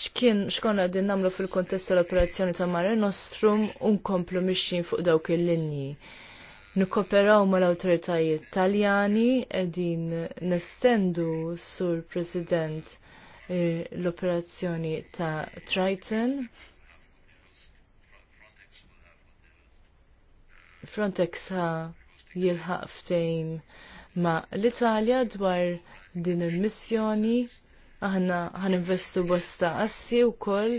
xkien xkonna din namlu fil-kontest tal-operazzjoni ta' Mare Nostrum unkomplu mixin fuq dawk il-linji nikkoperaw mal-awtoritajiet Taljani qegħdin nestendu sur President l-operazzjoni ta' Triton. Frontex ha jilħaq ftejn ma' l-Italja dwar din il-missjoni aħna investu bosta assi u koll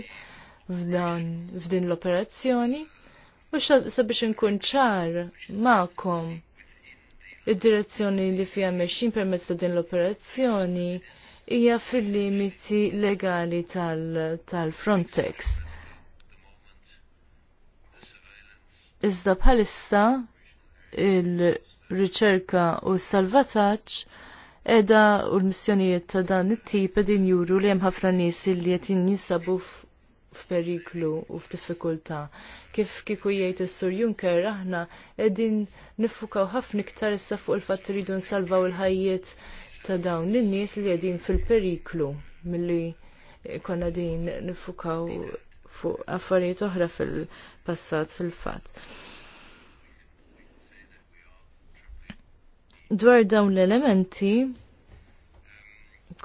f'din l-operazzjoni. U sabiex nkun ċar ma'kom id-direzzjoni li fija meċin permezz ta' din l-operazzjoni hija fil-limiti legali tal-Frontex. Tal Iżda bħalissa il-riċerka u s-salvataġġ edha u l-missjonijiet ta' dan it-tip edin juru li hemm ħafna nies li qed jinsabu f'periklu u f'diffikultà. Kif kieku jgħid is-Sur Juncker aħna qegħdin niffukaw ħafna iktar issa fuq il-fatt iridu nsalvaw il-ħajjiet ta' dawn in-nies li qegħdin fil-periklu milli konna din nifukaw fuq affarijiet oħra fil-passat fil-fatt. Dwar dawn l-elementi,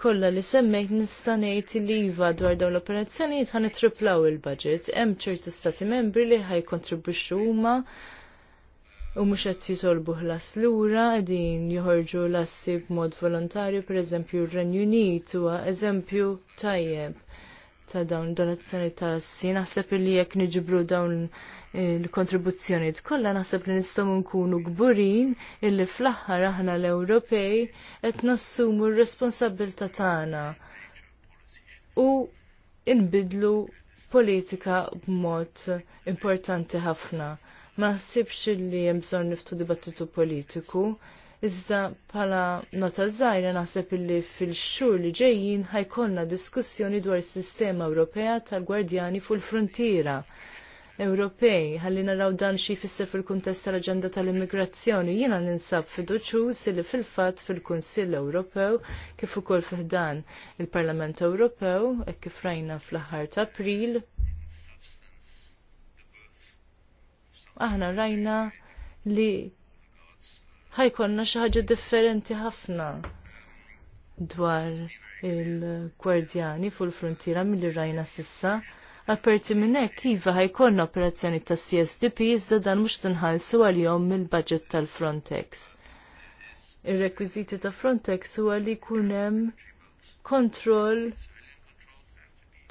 Kolla li semmejt nista' ngħid li iva dwar dawn l-operazzjonijiet ħan triplaw il-budget. Hemm ċertu stati membri li ħajkontribwixxu huma u mhux qed jitolbu ħlas lura qegħdin joħorġu lassi b'mod volontarju, pereżempju r-Renju Unit huwa eżempju tajjeb ta' dawn donazzjoni ta' si, naħseb li jekk niġibru dawn il-kontribuzzjoni kollha naħseb li nistgħu nkunu gburin illi fl-aħħar aħna l-Ewropej qed nassumu r-responsabilità tagħna u inbidlu politika b'mod importanti ħafna. Ma naħsibx li hemm bżonn niftu dibattitu politiku, Iżda bħala nota żgħira naħseb illi fil-xhur li ġejjin ħajkonna diskussjoni dwar is-sistema Ewropea tal-Gwardjani fuq frontiera Ewropej, ħalli naraw dan xi jfisser fil-kuntest tal-aġenda tal-immigrazzjoni, jiena ninsab fiduċjuż li fil-fatt fil-Kunsill Ewropew kif ukoll fiħdan il-Parlament Ewropew hekk kif rajna fl-aħħar ta' April. Aħna rajna li ħajkonna xi ħaġa differenti ħafna dwar il-gwardjani fuq il-frontiera milli rajna sissa. Apparti minn hekk iva ħajkonna operazzjoni ta' CSDP iżda dan mhux tinħallsu għalihom mill-budget tal-Frontex. Ir-rekwiżiti ta' Frontex huwa li jkun hemm kontroll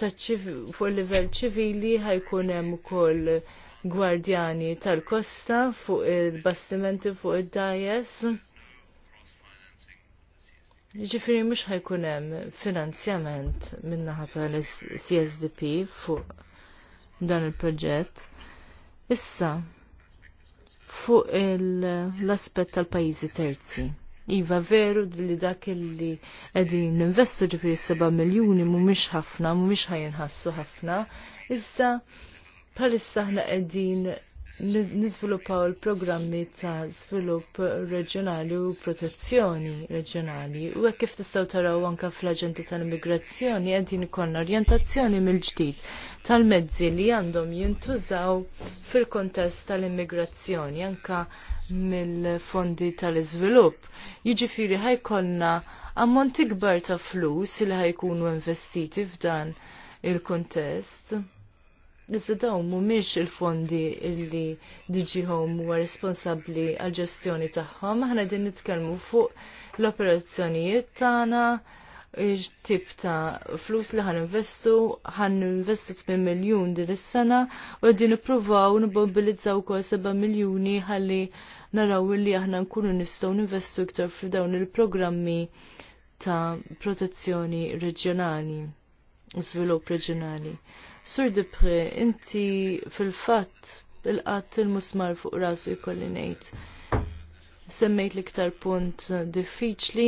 fuq il-livell ċivili ħajkun hemm ukoll gwardjani tal-kosta fuq il-bastimenti fuq id-dajes. Ġifiri mux ħajkunem finanzjament minnaħat tal-CSDP fuq dan il-proġett. Issa, fuq l-aspet tal-pajizi terzi. Iva veru li dak li għedin investu ġifiri 7 miljoni mu ħafna, mu ħajinħassu ħafna, Issa, palissa ħna qegħdin nizviluppaw il-programmi ta' svilupp reġjonali u protezzjoni reġjonali u hekk kif tistaw taraw anke fl-aġenda tal-immigrazzjoni qegħdin ikollna orjentazzjoni mill-ġdid tal-mezzi li għandhom jintużaw fil-kontest tal-immigrazzjoni anke mill-fondi tal-iżvilupp. Jiġifieri ħajkollna ammonti kbar ta' flus li ħajkunu investiti f'dan il-kontest. Iżda dawn mhumiex il-fondi illi DG Home huwa responsabbli għal ġestjoni tagħhom, aħna din nitkellmu fuq l-operazzjonijiet tagħna, tip ta' flus li ħan investu, ħan investu 8 miljun din is-sena u din nippruvaw nibobilizzaw kol 7 miljuni ħalli naraw li aħna nkunu nistgħu ninvestu iktar f'dawn il-programmi ta' protezzjoni reġjonali u svilupp reġjonali. Sur Dipri, inti fil-fatt il-qatt il-musmar fuq rasu jkolli ngħid. Semmejt l-iktar punt diffiċli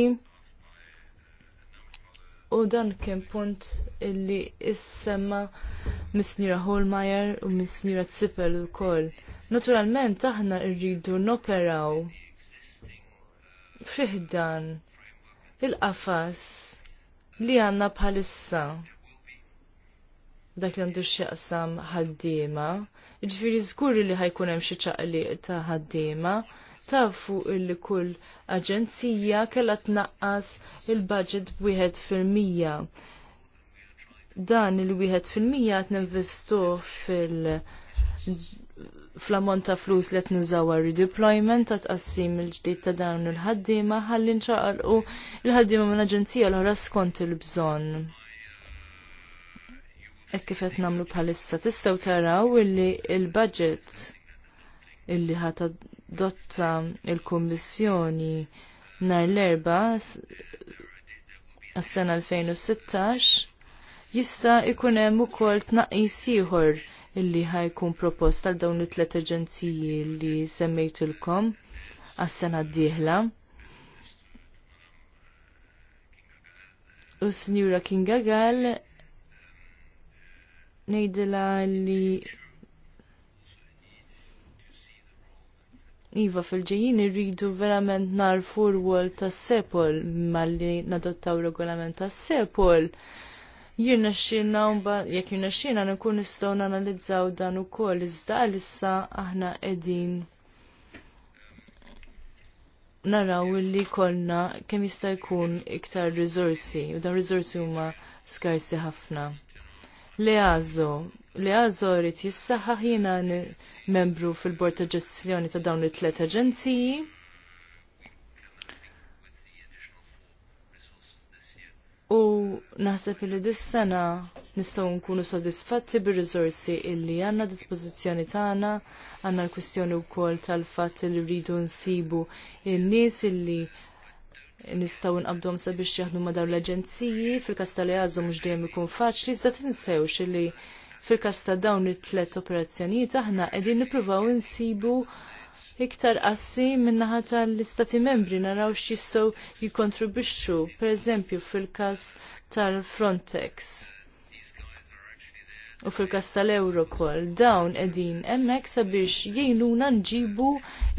u dan kien punt illi issemma misnira Holmeyer u misnira Tsipel u kol. Naturalment aħna rridu noperaw fiħdan il-qafas li għanna bħalissa dak li għandu x'jaqsam ħaddiema. Ġifiri żgur li ħajkun hemm xi ċaqliq ta' ħaddiema tafu illi kull aġenzija kellha tnaqqas il-budget b'wieħed fil-mija. Dan il-wieħed fil-mija qed ninvestu fil- fl-ammont ta' flus li qed nużawha redeployment ta' tqassim il-ġdid ta' dawn il-ħaddiema ħalli nċaqalqu il-ħaddiema minn aġenzija l ħra skont il-bżonn ek kifet namlu bħalissa. Tistaw taraw illi il-budget illi ħata dotta il-kommissjoni nar l-erba għas-sena 2016 jista' ikun hemm ukoll tnaqqis ieħor illi ħajkun propost għal dawn it-tlet aġenziji li semmejtulkom għas-sena d-dieħla. U Sinjura Kinga nejdila li Iva fil-ġejjin irridu verament narfu r-wol ta' sepol mal-li nadottaw regolament ta' sepol. Jirna xina unba, jek jirna xina nkun istaw nanalizzaw dan u kol, iżda għalissa aħna edin naraw li kolna kemm jista' jkun iktar rizorsi, u dan rizorsi huma skarsi ħafna. Le għazzo, Le għazzo rrit jissaħħa jiena membru fil-Bord ta' Ġestjoni ta' dawn it-tlet aġenziji. U naħseb li dis-sena nistgħu nkunu sodisfatti bir-riżorsi illi għandna dispożizzjoni tagħna, għandna l-kwistjoni wkoll tal-fatt li rridu nsibu in-nies illi nistaw nqabdhom sabiex jaħdmu ma' dawn l-aġenziji, fil-kas tal għażhom mhux dejjem ikun faċli, iżda tinsewx li fil-kas ta' dawn it-tlet operazzjonijiet aħna qegħdin nippruvaw insibu iktar assi minnaħa tal-istati membri naraw x'jistgħu jikkontribwixxu, pereżempju fil-każ tal-Frontex u fil kastal tal kol dawn edin emmek sabiex jgħinuna nġibu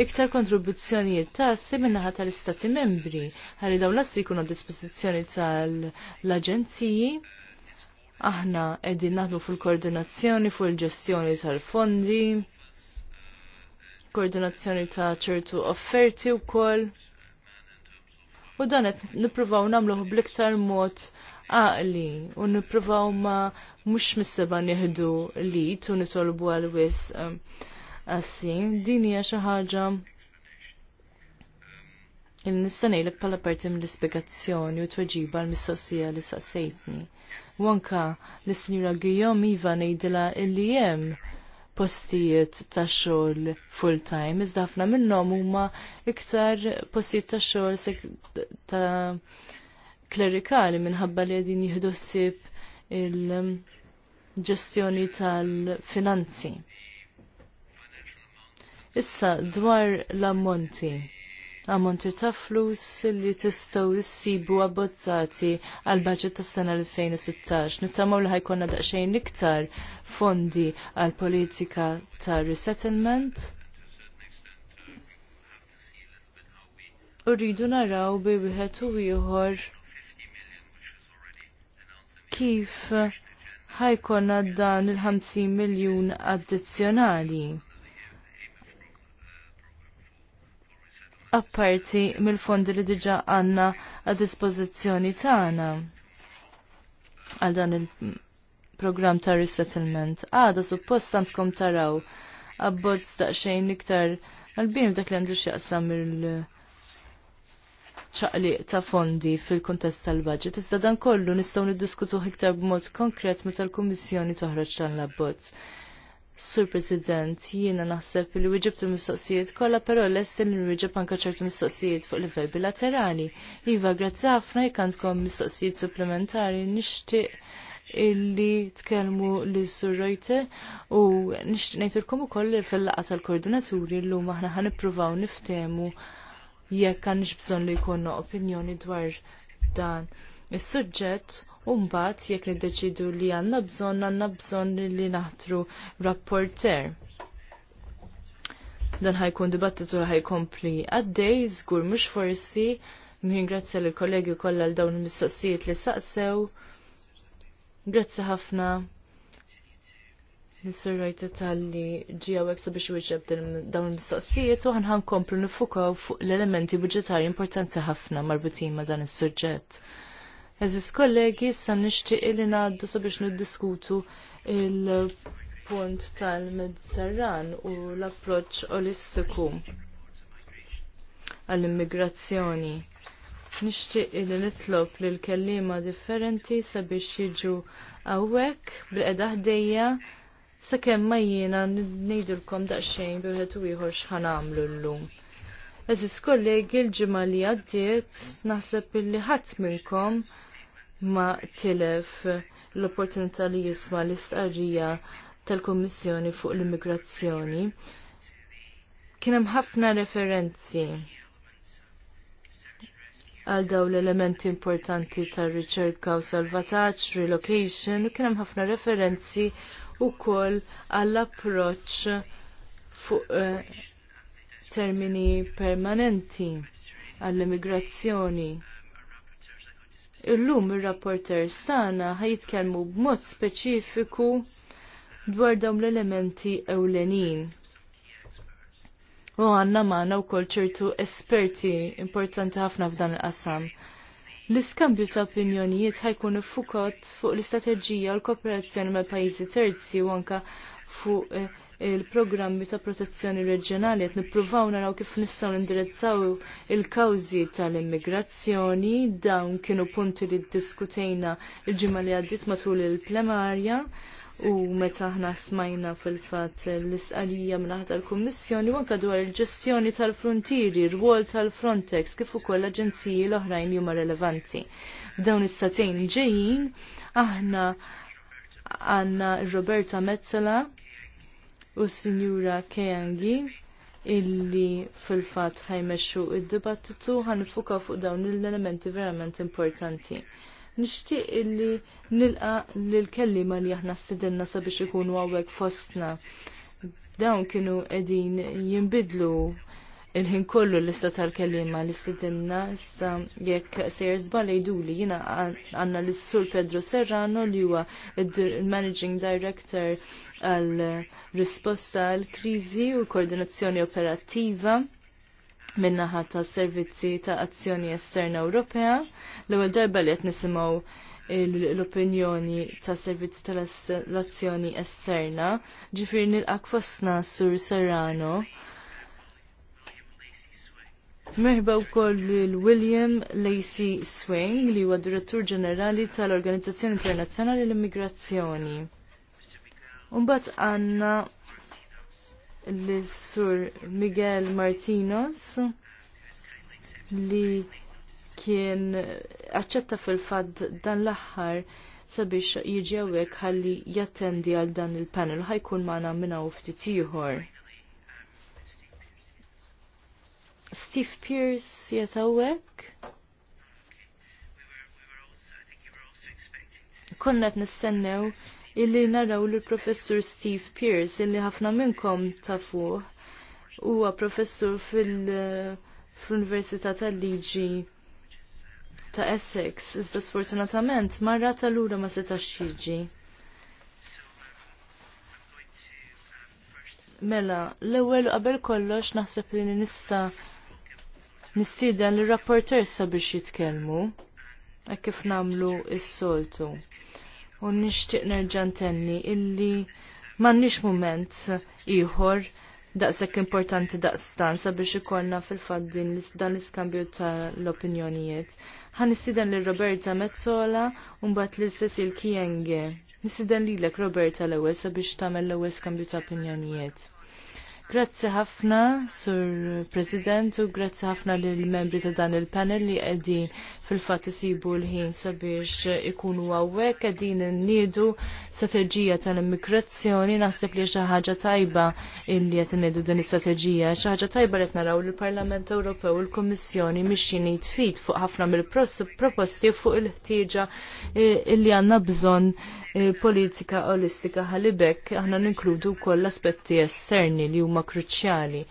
iktar kontribuzzjoni tassi minnaħa tal-Istati membri ħalli dawn lassi jkunu dispożizzjoni tal-Aġenziji aħna edin naħdmu fil-koordinazzjoni fuq il-ġestjoni tal-fondi koordinazzjoni ta' ċertu offerti u kol u dan qed nippruvaw bliktar bl-iktar mod għaqli u nippruvaw ma mhux mis-seba nieħdu li u nitolbu għal wis għassin. Um, Din hija xi ħaġa il-nista' ngħidlek bħala parti mill-ispjegazzjoni u tweġiba l-mistoqsija li saqsejtni. Wanka l-Sinjura Gijom iva ngħidilha illi hemm postijiet ta' xogħol full time, iżda ħafna minnhom huma iktar postijiet ta' xogħol ta' klerikali minħabba li għedin jihdu ssib il-ġestjoni tal-finanzi. Issa dwar l-ammonti. Ammonti ta' flus li tistaw jissibu abbozzati għal budget tas sena 2016. Nittamaw li ħajkonna daqxejn iktar fondi għal politika ta' resettlement. Uridu naraw bi wieħed u ieħor kif ħajkon dan il-50 miljun addizzjonali. Apparti mill-fondi li diġa għanna għad dispożizzjoni tagħna għal dan
il-programm
ta' resettlement. Għada suppost għandkom taraw abbozz daqsxejn iktar għal-bim dak li għandu xieqsam il- ċaqli ta' fondi fil-kontest tal-budget. Iżda dan kollu nistgħu niddiskutuh iktar b'mod konkret meta l-Kummissjoni toħroġ dan l-abbozz. Sur President, jiena naħseb li wieġibtu mistoqsijiet kollha però lestin li wieġib anke ċertu mistoqsijiet fuq livell bilaterali. Iva, grazzi ħafna jekk għandkom mistoqsijiet supplementari nixtieq illi tkellmu li surrojte u nixtieq ngħidulkom ukoll fil-laqgħa tal-koordinaturi llum aħna ħanippruvaw niftehmu jekk għandix bżonn li jkollna opinjoni dwar dan is-suġġett u mbagħad jekk niddeċidu li għandna bżonn għandna bżonn li naħtru rapporter. Dan ħajkun dibattitu li ħajkompli għaddej żgur mhux forsi Ningrazzja lill kollegi kollha għal dawn il-mistoqsijiet li saqsew. Grazzi ħafna. Sir Rajta tal-li ġijawek sabiex wieġeb dawn il-mistoqsijiet u għanħan komplu nifukaw fuq l-elementi budġetari importanti ħafna marbutin ma' dan is-suġġett. Eżis kollegi, issa nixtieq li ngħaddu sabiex niddiskutu il-punt tal-Mediterran u l-approċċ olistiku għall-immigrazzjoni. Nixtieq li nitlob lil kellima differenti sabiex jiġu għawek bil-qeda ħdejja sakemm ma jiena ngħidilkom daqsxejn bi wieħed u ieħor x'ħanamlu llum. Eżis kollegi l-ġimgħa li għaddiet naħseb illi ħadd minnkom ma tilef l-opportunità li jisma' l-istqarrija tal kummissjoni fuq l-Immigrazzjoni kien hemm ħafna referenzi għal daw l-elementi importanti tar riċerka u salvataġġ, relocation, u kien hemm ħafna referenzi ukoll għall-approċċ fuq eh, termini permanenti għall-immigrazzjoni. Illum ir-rapporter stana ħajitkellmu b'mod speċifiku dwar dawn l-elementi ewlenin. U għanna magħna wkoll kol ċertu esperti importanti ħafna f'dan il-qasam. L-iskambju ta' opinjonijiet ħajkun fukot fuq l-istrateġija u l-kooperazzjoni mal pajjiżi terzi u anka fuq eh, il-programmi ta' protezzjoni reġjonali qed nippruvaw naraw kif nistgħu nindirizzaw il-kawżi tal-immigrazzjoni dawn kienu punti li ddiskutejna il-ġimgħa li għaddiet matul il-plenarja U meta aħna smajna fil-fatt l-istqalija mlaħ tal-Kummissjoni wanka dwar il-ġestjoni tal-frontieri, r-wol tal-Frontex kif ukoll l-aġenziji l-oħrajn li huma relevanti. F'dawn is-satejn ġejjin aħna għandna Roberta Metzela u s-Sinjura Kejangi illi fil-fatt ħajmexxu id-dibattitu ħanifuka fuq dawn l-elementi verament importanti. Nixtieq illi nilqa l-kellima li aħna stidilna sabiex ikunu għawek fostna. Dawn kienu qegħdin jinbidlu il-ħin kollu l-lista tal-kelima li stidilna, issa jekk sejr zbal li jina għanna l-sur Pedro Serrano li huwa il-Managing Director għal risposta għal krizi u koordinazzjoni operattiva minnaħa ta' servizzi ta' azzjoni esterna Ewropea. L-ewwel darba li qed nisimgħu l-opinjoni ta' servizzi tal-azzjoni esterna, ġifir nilqak fostna Sur Serrano. Merħba u koll l-William Lacey Swing li huwa direttur ġenerali tal-Organizzazzjoni Internazzjonali l-Immigrazzjoni. Umbat għanna l-sur Miguel Martinos li kien aċċetta fil-fad dan l-aħħar sabiex jiġi għawek ħalli jattendi għal dan il-panel ħajkun maħna minna u ftit ieħor. Steve Pierce jatawek? Konnet nistennew illi naraw li professur Steve Pierce illi ħafna minnkom tafu huwa professur fil-Università tal-Liġi ta' Essex, iżda sfortunatament marra tal-ura ma setax jiġi. Mela, l-ewwel qabel kollox naħseb li nista nistieden l rapporter sabiex jitkellmu hekk kif nagħmlu s-soltu u nixtieq nerġa' ntenni illi m'għandniex mument ieħor daqshekk importanti daqstan sabiex ikollna fil-fatt din dan l-iskambju tal-opinjonijiet. Għan nistiden lil Roberta Mezzola u mbagħad s-sessil Kienge. Nistiden lilek Roberta l-ewwel sabiex tagħmel l-ewwel skambju ta' opinjonijiet. Grazzi ħafna, Sur President, u grazzi ħafna lill-membri ta' dan il-panel li qegħdin fil-fatt isibu l-ħin sabiex ikunu hawnhekk qegħdin innidu strateġija tal-immigrazzjoni naħseb li xi ħaġa tajba illi qed innidu din is istrateġija xi ħaġa tajba li qed naraw lill l-Parlament Ewropew u l-Kummissjoni mixjin jitfid fuq ħafna mill-proposti fuq il-ħtieġa eh, illi għandna bżonn politika olistika ħalibek aħna ninkludu koll aspetti esterni li huma kruċjali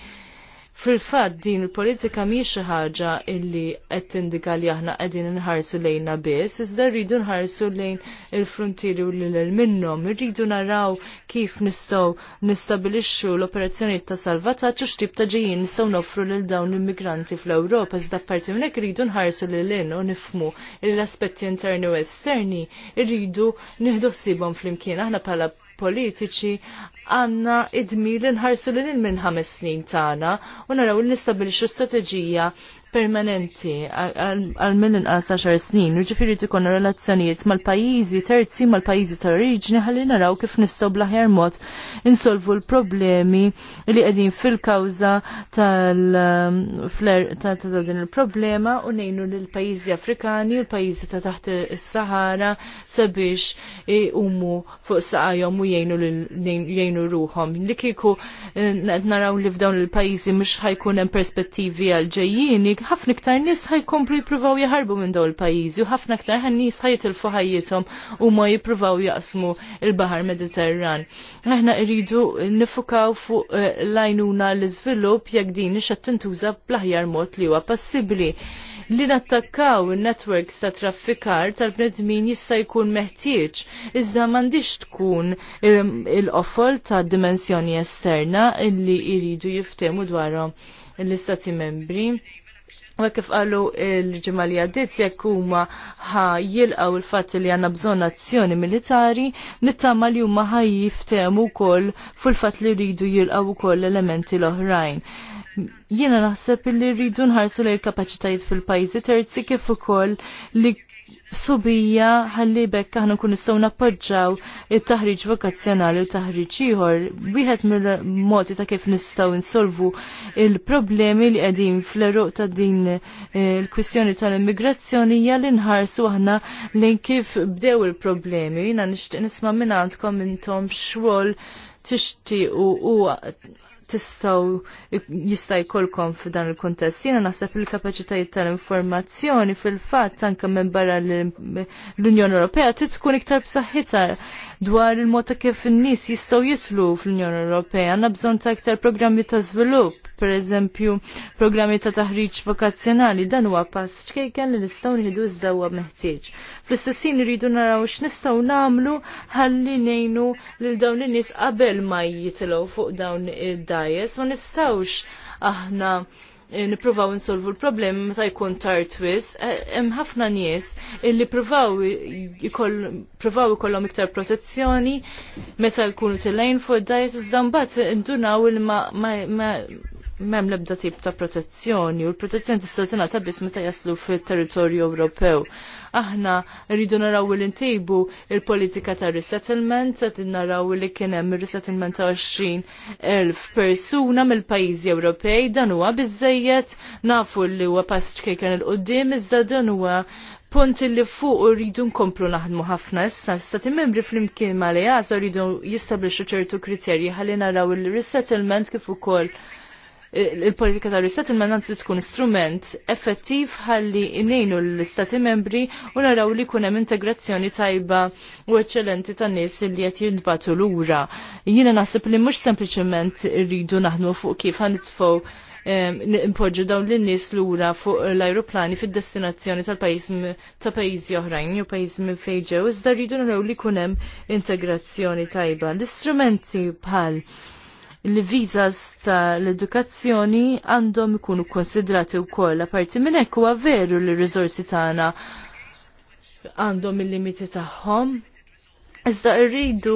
Fil-fatt din il-politika mhix xi ħaġa illi qed tindika li aħna qegħdin inħarsu lejna biss, iżda rridu nħarsu lejn il-frontieri u lil minnhom, irridu naraw kif nistgħu nistabilixxu l-operazzjonijiet ta' salvataġġ u x'tib ta' ġejjin nistgħu nofru lil dawn l-immigranti fl-Ewropa, iżda parti minn hekk irridu nħarsu lil u nifhmu l-aspetti interni u esterni irridu nieħdu ħsiebhom flimkien aħna bħala politiċi għanna id-dmir li nħarsu l minn ħames snin tagħna u naraw li nistabilixu strateġija permanenti għal minn inqas 10 snin, ġifiri tikun relazzjonijiet mal-pajjiżi terzi mal-pajjiżi ta' oriġini ħalli naraw kif nistob laħjar mod insolvu l-problemi li qegħdin fil kawza tal-fler um, ta' din il-problema u ngħinu l pajjiżi Afrikani u l-pajjiżi ta' taħt is-Sahara sabiex umu fuq saqajhom u jgħinu ruhom. Li kiku eh, naraw li f'dawn il-pajjiżi mhux ħajkun hemm perspettivi għal ġejjini dik, ħafna iktar nis ħajkomplu jipruvaw jaħarbu minn dawl pajizi, u ħafna iktar ħannis ħajtilfu ħajjithom u ma jipruvaw jaqsmu il-Bahar Mediterran. Aħna rridu nifukaw fuq eh, lajnuna l-izvilup jekk din ix tintuża bl-aħjar mod li huwa passibbli li nattakkaw il-networks ta' traffikar tal-bnedmin jista' jkun meħtieġ, iżda m'għandix tkun il-qofol ta' dimensjoni esterna illi jridu jiftemu dwarhom l-istati membri. Ma kif qalu l-ġimali għaddit jekk huma ħa jilqaw il-fatt li għandna bżonn azzjoni militari, nittama li huma ħa jiftehmu wkoll fil-fatt li rridu jilqaw wkoll elementi l-oħrajn. Jiena naħseb li rridu nħarsu lill kapaċitajiet fil-pajjiżi terzi kif ukoll li subija ħalli bekk aħna nkun nistgħu nappoġġaw it-taħriġ vokazzjonali u taħriġ ieħor. Wieħed mill-modi ta' kif nistgħu insolvu il-problemi li qegħdin fl-eruq ta' din eh, il-kwistjoni tal-immigrazzjoni hija li nħarsu aħna lejn kif bdew il-problemi. Jiena nixtieq nisma' minn għandkom intom xogħol tixtiequ u tistaw jista' jkollkom f'dan il-kuntest. Jiena naħseb il-kapaċitajiet tal-informazzjoni fil-fatt anke minn barra l-Unjoni Ewropea tkun iktar b'saħħitha dwar il mota kif in-nies jistgħu jitlu fl-Unjoni Ewropea. għanna bżonn ta' iktar programmi ta' żvilupp, pereżempju programmi ta' taħriġ vokazzjonali, dan huwa pass ċkejken li nistgħu nħidu iżda meħtieġ. Fl-istessin rridu naraw x'nistgħu nagħmlu ħalli ngħinu lil dawn in-nies qabel ma jitilgħu fuq dawn id-dajes ma nistgħux aħna Eh, nippruvaw insolvu l-problem meta jkun tard wis, eh, hemm ħafna nies illi pruvaw pruvaw ikollhom iktar protezzjoni meta jkunu tilejn fuq id-dajs iżda mbagħad indunaw il ma m'hemm l-ebda tip ta' protezzjoni u l-protezzjoni tista' tingħata biss meta jaslu fit-territorju Ewropew aħna rridu naraw li ntejbu il-politika ta' resettlement, qed naraw li kien hemm resettlement ta' 20,000 persuna mill-pajjiżi Ewropej, dan huwa biżejjed nafu li huwa pass ċkejken il-qudiem iżda dan huwa punt li fuq rridu nkomplu naħdmu ħafna issa stati membri fl-imkien ma li rridu jistabliċu ċertu kriterji ħalli naraw il-resettlement kif ukoll il-politika tal-ristatil ta' resettlement li tkun strument effettiv ħalli inejnu l-istati membri u naraw li kunem integrazzjoni tajba u eccellenti ta' nies li qed jintbatu lura. Jiena naħseb li mhux sempliċement rridu naħnu fuq kif ħanitfgħu impoġġu dawn l nies lura fuq l-ajruplani fid-destinazzjoni tal-pajjiż ta' pajjiżi oħrajn jew pajjiż minn fejn ġew, iżda rridu naraw li kunem hemm integrazzjoni tajba. L-istrumenti bħal l-vizas tal-edukazzjoni għandhom ikunu konsidrati wkoll. Aparti minn hekk huwa veru li r-riżorsi tagħna għandhom il-limiti tagħhom. Iżda rridu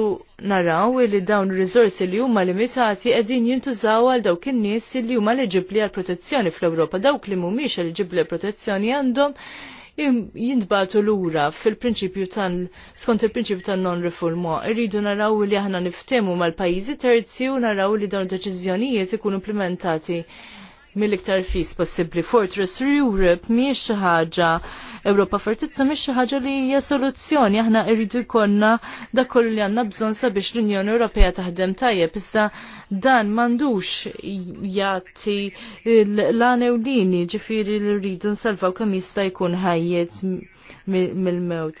naraw li dawn ir li huma limitati qegħdin jintużaw għal dawk in-nies li huma eliġibbli għal protezzjoni fl-Ewropa. Dawk li mhumiex eliġibbli għal protezzjoni għandhom jintbatu lura fil-prinċipju tan skont il-prinċipju tan non reformo Irridu naraw li aħna niftemu mal-pajjiżi terzi u naraw li dawn deċiżjonijiet ikunu implementati mill-iktar fis possibbli. Fortress Europe mhijiex xi ħaġa Ewropa Fortizza mhix xi ħaġa li hija soluzzjoni aħna rridu jkollna dak kollu li għandna bżonn sabiex l-Unjoni Ewropea taħdem tajjeb iżda dan m'għandux jagħti l-anewlini ġifieri li rridu nsalvaw kemm jista' jkun ħajjet mill-mewt. Mil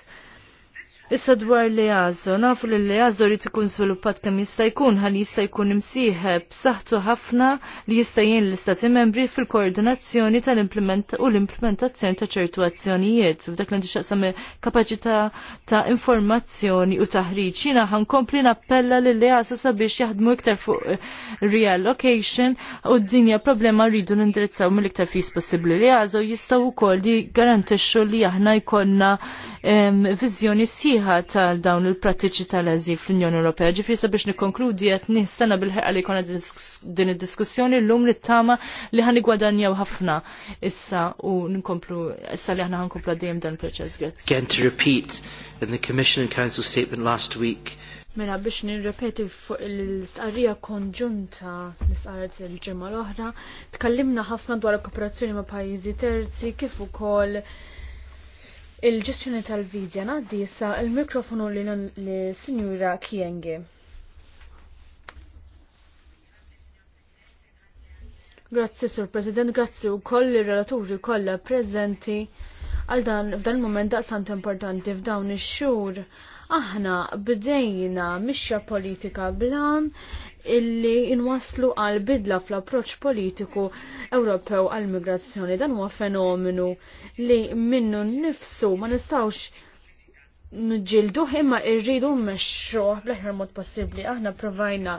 Issa dwar li għazzo, nafu li li għazzo li tikun sviluppat kem jista' jkun, għal jista' jkun imsieħeb saħtu ħafna li jista' jien l-istati membri fil-koordinazzjoni tal-implement u l-implementazzjoni ta' ċertu azzjonijiet, u dak li xaqsam kapacita ta' informazzjoni u taħriġ. Jina kompli nappella li li għazzo sabiex jaħdmu iktar fuq eh, reallocation u d-dinja problema rridu nindirizzaw mill-iktar fis possibli li għazzo jistaw u kol li garantisġu li aħna jkollna vizjoni sħiħa tal dawn il-prattiċi tal-eżi fl-Unjoni Ewropea. Ġifri sabiex nikkonkludi qed nistana bil-ħerqa li kona din id-diskussjoni llum li tama li ħan igwadanjaw ħafna issa u nkomplu issa li aħna nkomplu għaddejjem dan il-proċess.
Again to repeat in the Commission and Council statement last week
Mela biex nirrepeti fuq l-istqarrija konġunta l-istqarrija il-ġimgħa l-oħra, tkallimna ħafna dwar kooperazzjoni ma' pajjiżi terzi kif ukoll il-ġestjoni tal-vidja naddi issa il-mikrofonu li l-Sinjura Kienge. Grazzi, Sur President, grazzi u koll il-relaturi kolla prezenti għal dan f'dan moment daqsant importanti f'dawn ix-xhur. Aħna bdejna mixja politika blan illi inwaslu għal bidla fl-approċ politiku Ewropew għal migrazzjoni. Dan huwa fenomenu li minnu nifsu ma nistawx nġildu imma irridu mmexxuh bl-aħjar mod possibbli. Aħna provajna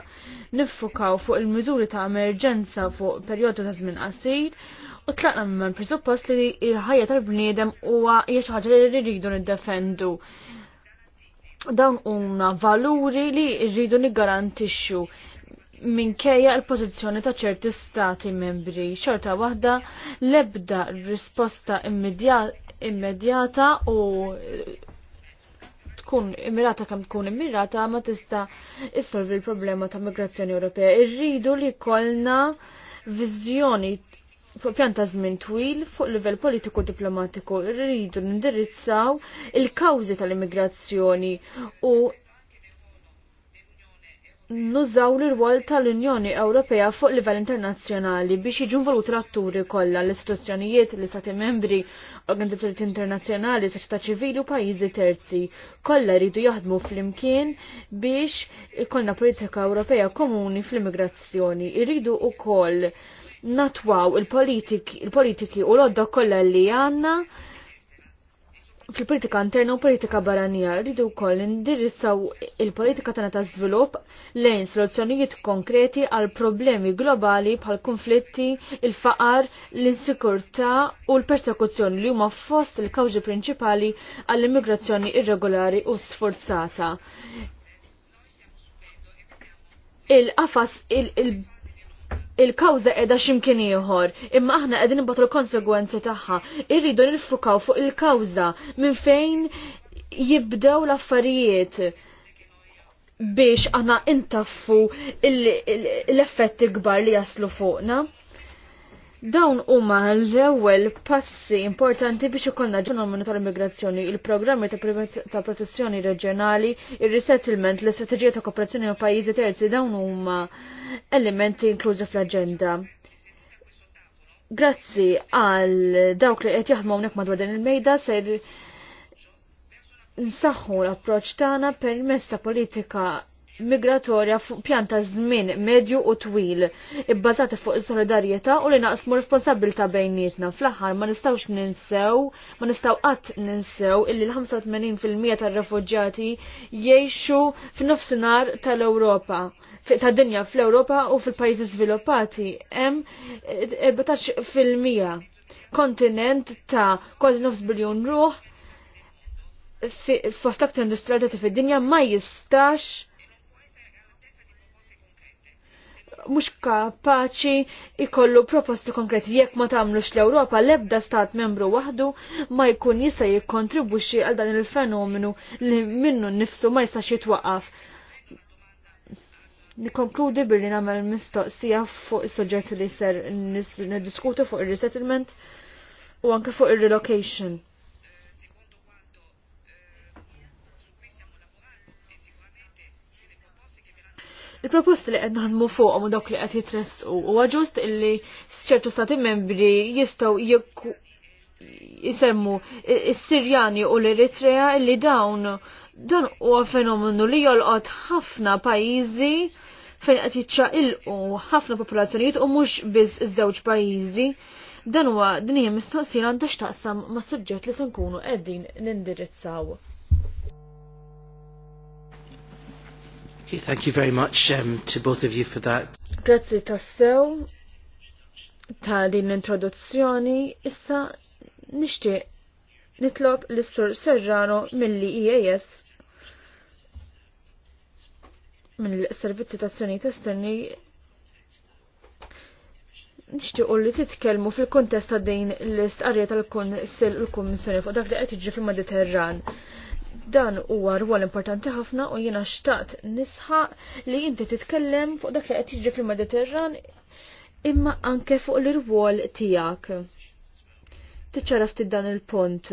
niffukaw fuq il-miżuri ta' emerġenza fuq perjodu ta' żmien qasir u tlaqna minn presuppost li l-ħajja tal-bniedem huwa hija xi ħaġa li rridu niddefendu. Dawn huma valuri li rridu niggarantixxu minkejja l-pożizzjoni ta' ċerti stati membri. Xorta waħda lebda risposta immedjata u tkun immirata kam tkun immirata ma tista' issolvi l-problema ta' migrazzjoni Ewropea. Irridu li kolna viżjoni fuq pjan ta' żmien twil fuq livell politiku diplomatiku rridu nindirizzaw il-kawżi tal-immigrazzjoni u nużaw l-rwol tal-Unjoni Ewropea fuq livell internazzjonali biex jiġu involuti l-atturi kollha l-istituzzjonijiet, l-istati membri, organizzazzjoni internazzjonali, soċjetà ċivili u pajjiżi terzi. Kollha jridu jaħdmu flimkien biex ikollna politika Ewropea komuni fl-immigrazzjoni. Irridu wkoll natwaw il-politiki u l-odda kollha li għandna fil-politika interna u politika barranija rridu wkoll indirizzaw il-politika tagħna ta' żvilupp lejn soluzzjonijiet konkreti għal problemi globali bħal konflitti, il-faqar, l-insikurtà u l-persekuzzjoni li huma fost il-kawġi prinċipali għall-immigrazzjoni irregolari u sforzata il-qafas il-, -qafas, il, -il il-kawza edha ximkien ieħor, imma aħna qegħdin nibgħatu l-konsegwenzi tagħha. Irridu nifukaw fuq il-kawza minn fejn jibdew l-affarijiet biex aħna intaffu l-effetti kbar li jaslu fuqna. Dawn huma l-ewwel passi importanti biex ikollna ġurnal tal immigrazzjoni, il-programmi ta' protezzjoni reġjonali, ir-resettlement, l-istrateġija ta' kooperazzjoni ma' pajjiżi terzi dawn huma elementi inklużi fl-aġenda. Grazzi għal dawk li qed jaħdmu hawnhekk madwar din il-mejda se nsaħħu l-approċċ tagħna permezz ta' politika migratorja fuq pjanta żmien medju u twil, ibbażata fuq is-solidarjetà u li naqsmu responsabilità bejnietna. Fl-aħħar ma nistgħux ninsew, ma nistgħu qatt ninsew illi l-85% tar-refuġjati jgħixu f'nofsinhar tal-Ewropa, tad-dinja fl-Ewropa u fil-pajjiżi żviluppati hemm 14% kontinent ta' kważi nofs biljun ruħ fi, aktar industrializzati fid-dinja ma jistax mhux kapaċi ikollu proposti konkreti jekk ma tagħmlux l-Ewropa l-ebda stat membru wahdu ma jkun jista' jikkontribwixxi għal dan il-fenomenu li minnu nnifsu ma jistax jitwaqaf. Nikonkludi billi nagħmel mistoqsija fuq is-suġġett li ser niddiskutu fuq ir-resettlement u anke fuq il relocation Il-proposti li qed naħdmu fuqhom u dawk li qed jitressqu huwa ġust illi ċertu stati membri jistgħu jisemmu s sirjani u l-Eritrea illi dawn dan huwa fenomenu li jolqot ħafna pajjiżi fejn qed jiċċaqilqu ħafna popolazzjonijiet u mhux biss iż-żewġ pajjiżi. Dan huwa din hija mistoqsija għandha x'taqsam ma' suġġett li se nkunu qegħdin nindirizzaw.
Okay, thank you very much um, to both of you for that.
Grazzi tassew ta' din l-introduzzjoni. Issa nixtieq nitlob l-Sur Serrano milli IAS e mill-servizzi tazzjoni esterni u li titkellmu fil-kontest ta' din l istarja tal-Kunsill l-Kummissjoni fuq dak li qed fil-Mediterran. Dan huwa rwol importanti ħafna u jiena xtaqt nisħaq li inti titkellem fuq dak li qed jiġri fil-Mediterran imma anke fuq l-irwol tiegħek. Tiċċaraf dan il-pont.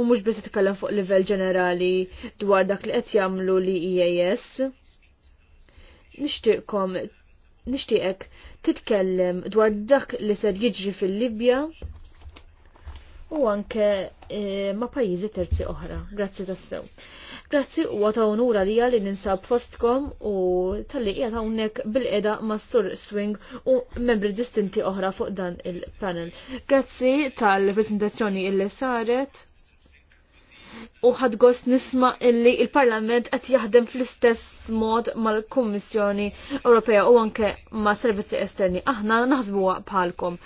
U mhux biss titkellem fuq livell ġenerali dwar dak li qed jagħmlu li EAS. Nixtieqkom nixtieqek titkellem dwar dak li ser jiġri fil-Libja u anke eh, ma' pajjiżi terzi oħra. Grazzi tassew. Grazzi u għata unura li għalli ninsab fostkom u tal-li għata unnek bil-eda Sur Swing u membri distinti oħra fuq dan il-panel. Grazzi tal-presentazzjoni li saret u ħadgost nisma illi il-Parlament qed jaħdem fl-istess mod mal-Kummissjoni Ewropea u anke ma' servizzi esterni. Aħna naħsbuha bħalkom.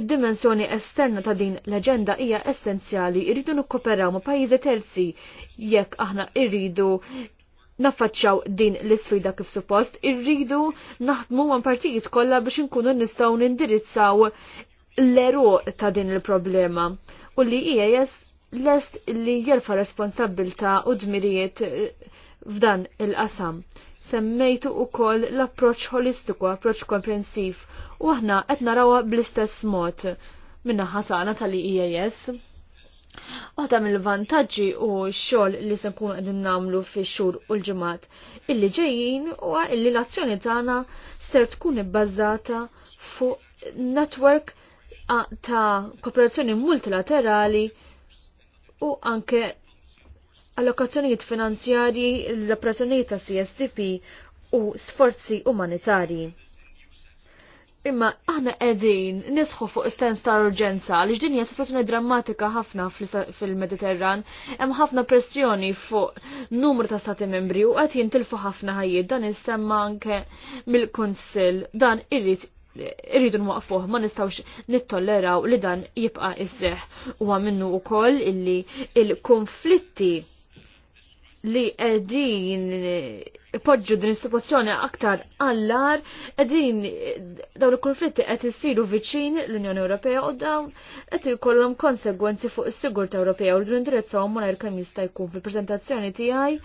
Id-dimensjoni esterna ta' din l-aġenda hija essenzjali, irridu nikkoperaw ma' pajjiżi terzi jekk aħna irridu naffaċċaw din l-isfida kif suppost, irridu naħdmu għan partijiet kollha biex inkunu nistgħu nindirizzaw l-eru ta' din il-problema. U li jes' lest li jerfa responsabilta u dmirijiet eh, f'dan il-qasam. Semmejtu u koll l-approċ holistiku, approċ komprensiv, u aħna qed narawha bl-istess mod minna ħatana tal-IES. Waħda mill-vantaġġi u x-xogħol li se nkun qegħdin nagħmlu fix-xhur u l-ġimgħat illi ġejjin huwa illi l-azzjoni tagħna ser tkun ibbażata fuq network ta' kooperazzjoni multilaterali u anke allokazzjonijiet finanzjarji l-operazzjonijiet ta' CSDP u sforzi umanitarji. Imma aħna qegħdin nisħu fuq istens ta' urġenza li ġdinja situazzjoni drammatika ħafna fil-Mediterran, hemm ħafna pressjoni fuq numru ta' stati membri u qed jintilfu ħafna ħajjiet dan istemma anke mill-Kunsill dan irrid irridu nwaqfuh ma nistawx nittolleraw li dan jibqa' isseħ u minnu koll illi il-konflitti li qegħdin ipoġġu din is aktar allar qegħdin dawn il-konflitti qed jissiru viċin l-Unjoni Ewropea u dawn qed jikollom konsegwenzi fuq is sigurta Ewropea u rridu indirizzawhom malajr kemm jista' jkun fil prezentazzjoni tiegħi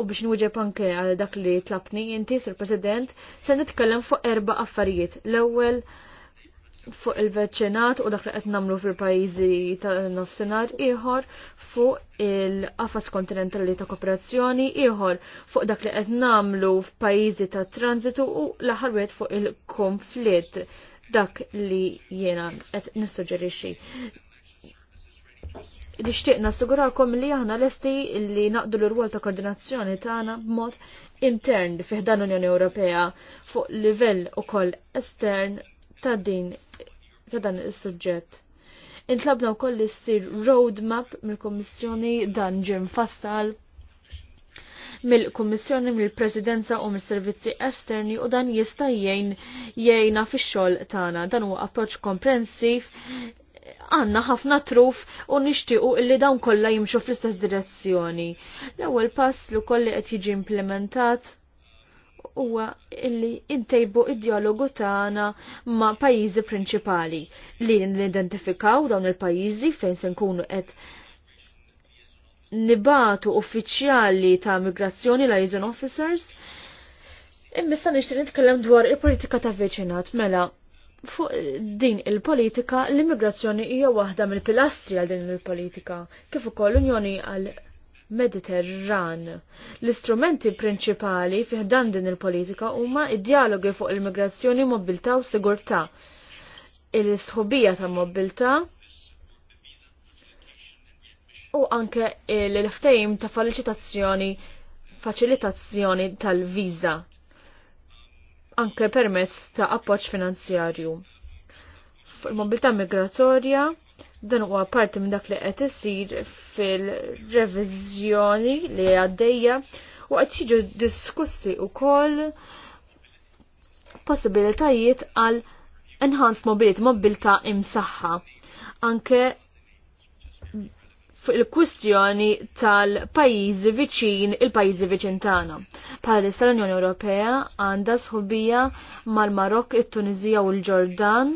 u biex nwġeb anke għal dak li tlabni inti sur President se nitkellem fuq erba' affarijiet. L-ewwel fuq il veċinat u dak li qed nagħmlu fil-pajjiżi ta' nofsinhar ieħor fuq il-qafas kontinentali ta' kooperazzjoni ieħor fuq dak li qed nagħmlu f'pajjiżi ta' transitu u l-aħħar wieħed fuq il-konflitt dak li jiena qed nissuġġerixxi nixtieq nassigurakom li aħna lesti li naqdu l-rwol ta' koordinazzjoni tagħna b'mod intern fih dan Unjoni Ewropea fuq livell ukoll estern ta' din ta' dan is-suġġett. Intlabna wkoll li ssir roadmap mill-Kummissjoni dan ġim fassal mill-Kummissjoni mill-Presidenza u mill-Servizzi Esterni u dan jista' jgħin jgħinna fix-xogħol tagħna. Dan huwa approċċ komprensiv għanna ħafna truf u nixtiequ illi dawn kollha jimxu fl-istess direzzjoni. L-ewwel pass li kolli qed jiġi implementat huwa illi intejbu id-dialogu tagħna ma' pajjiżi prinċipali li nidentifikaw dawn il-pajjiżi fejn se nkunu qed nibatu uffiċjali ta' migrazzjoni liaison officers Imma sa nixtieq nitkellem dwar il-politika ta' veċinat mela fuq din il-politika l-immigrazzjoni hija waħda mill-pilastri għal din il-politika, kif ukoll l-Unjoni għal Mediterran. L-istrumenti prinċipali fih dan din il-politika huma id-dialogi fuq l-immigrazzjoni, mobilità u sigurtà. il sħobija ta' mobilità u anke l-ftejim ta' faċilitazzjoni faċilitazzjoni tal-viża anke permezz ta' appoġġ finanzjarju. Fil-mobilità migratorja dan huwa parti minn dak li qed isir fil-reviżjoni li għaddejja u qed jiġu diskussi wkoll possibilitajiet għal enhanced mobility, mobilità imsaħħa. Anke fuq il-kwistjoni tal-pajjiżi viċin il-pajjiżi viċin tagħna. Bħalissa l-Unjoni Ewropea għandha sħubija mal marok it tunizija u l-Ġordan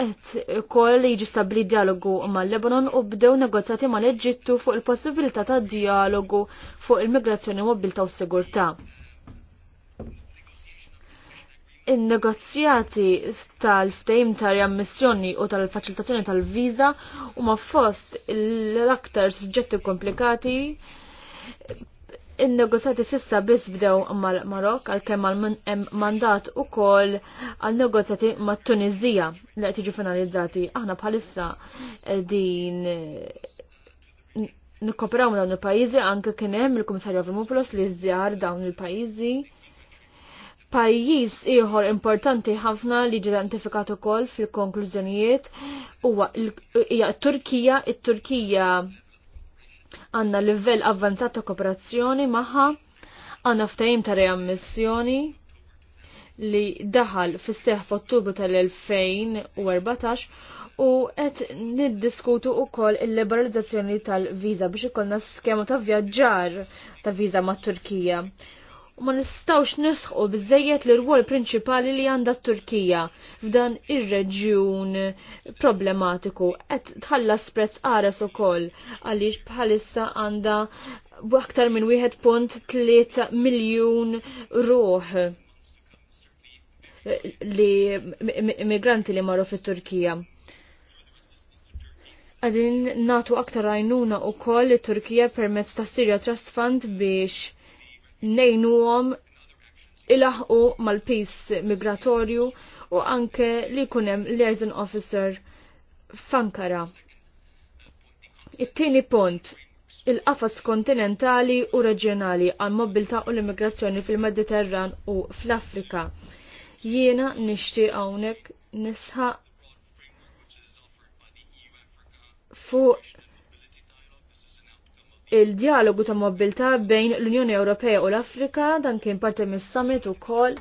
qed ukoll jiġi stabli dialogu mal-Lebanon u bdew negozjati mal-Eġittu fuq il-possibilità ta' dialogu fuq il-migrazzjoni mobilta u s-sigurtà. Il-negozjati tal-ftejm tal jammissjoni u tal-facilitazzjoni tal-viza u ma fost l-aktar suġġetti komplikati il-negozjati sissa biss bdew mal-Marok għal-kemm għal-mandat u kol għal-negozjati ma' Tunizija li tiġi finalizzati. Aħna bħalissa din nikkoperaw dawn il-pajizi anke kien hemm il-Kummissarju Avramopoulos li żjar dawn il-pajizi Pajjiż ieħor importanti ħafna li ġie identifikat ukoll fil-konklużjonijiet huwa hija Turkija, it-Turkija għandna livell avvanzat ta' kooperazzjoni magħha, għandna ftehim ta' reammissjoni li daħal fis-seħ f'Ottubru tal-2014 u qed niddiskutu wkoll il-liberalizzazzjoni tal-viża biex ikollna skema ta' vjaġġar ta' viża mat-Turkija u ma nistawx nisħu bizzejiet l rwol prinċipali li għanda Turkija f'dan ir-reġjun problematiku qed tħallas għares qares ukoll għaliex bħalissa għanda aktar minn 1.3 miljun ruħ li immigranti li marru fit-Turkija għadin natu aktar għajnuna u koll Turkija permezz ta' Syria Trust Fund biex nejnuhom ilaħqu mal-pis migratorju u anke li kunem liaison officer f'Ankara. It-tieni punt il-qafas kontinentali u reġjonali għal mobilta u l-immigrazzjoni fil-Mediterran u fl-Afrika. Jiena nixtieq hawnhekk nisħaq fuq il-dialogu ta' mobilità bejn l-Unjoni Ewropea u l-Afrika dan kien parti mis-summit ukoll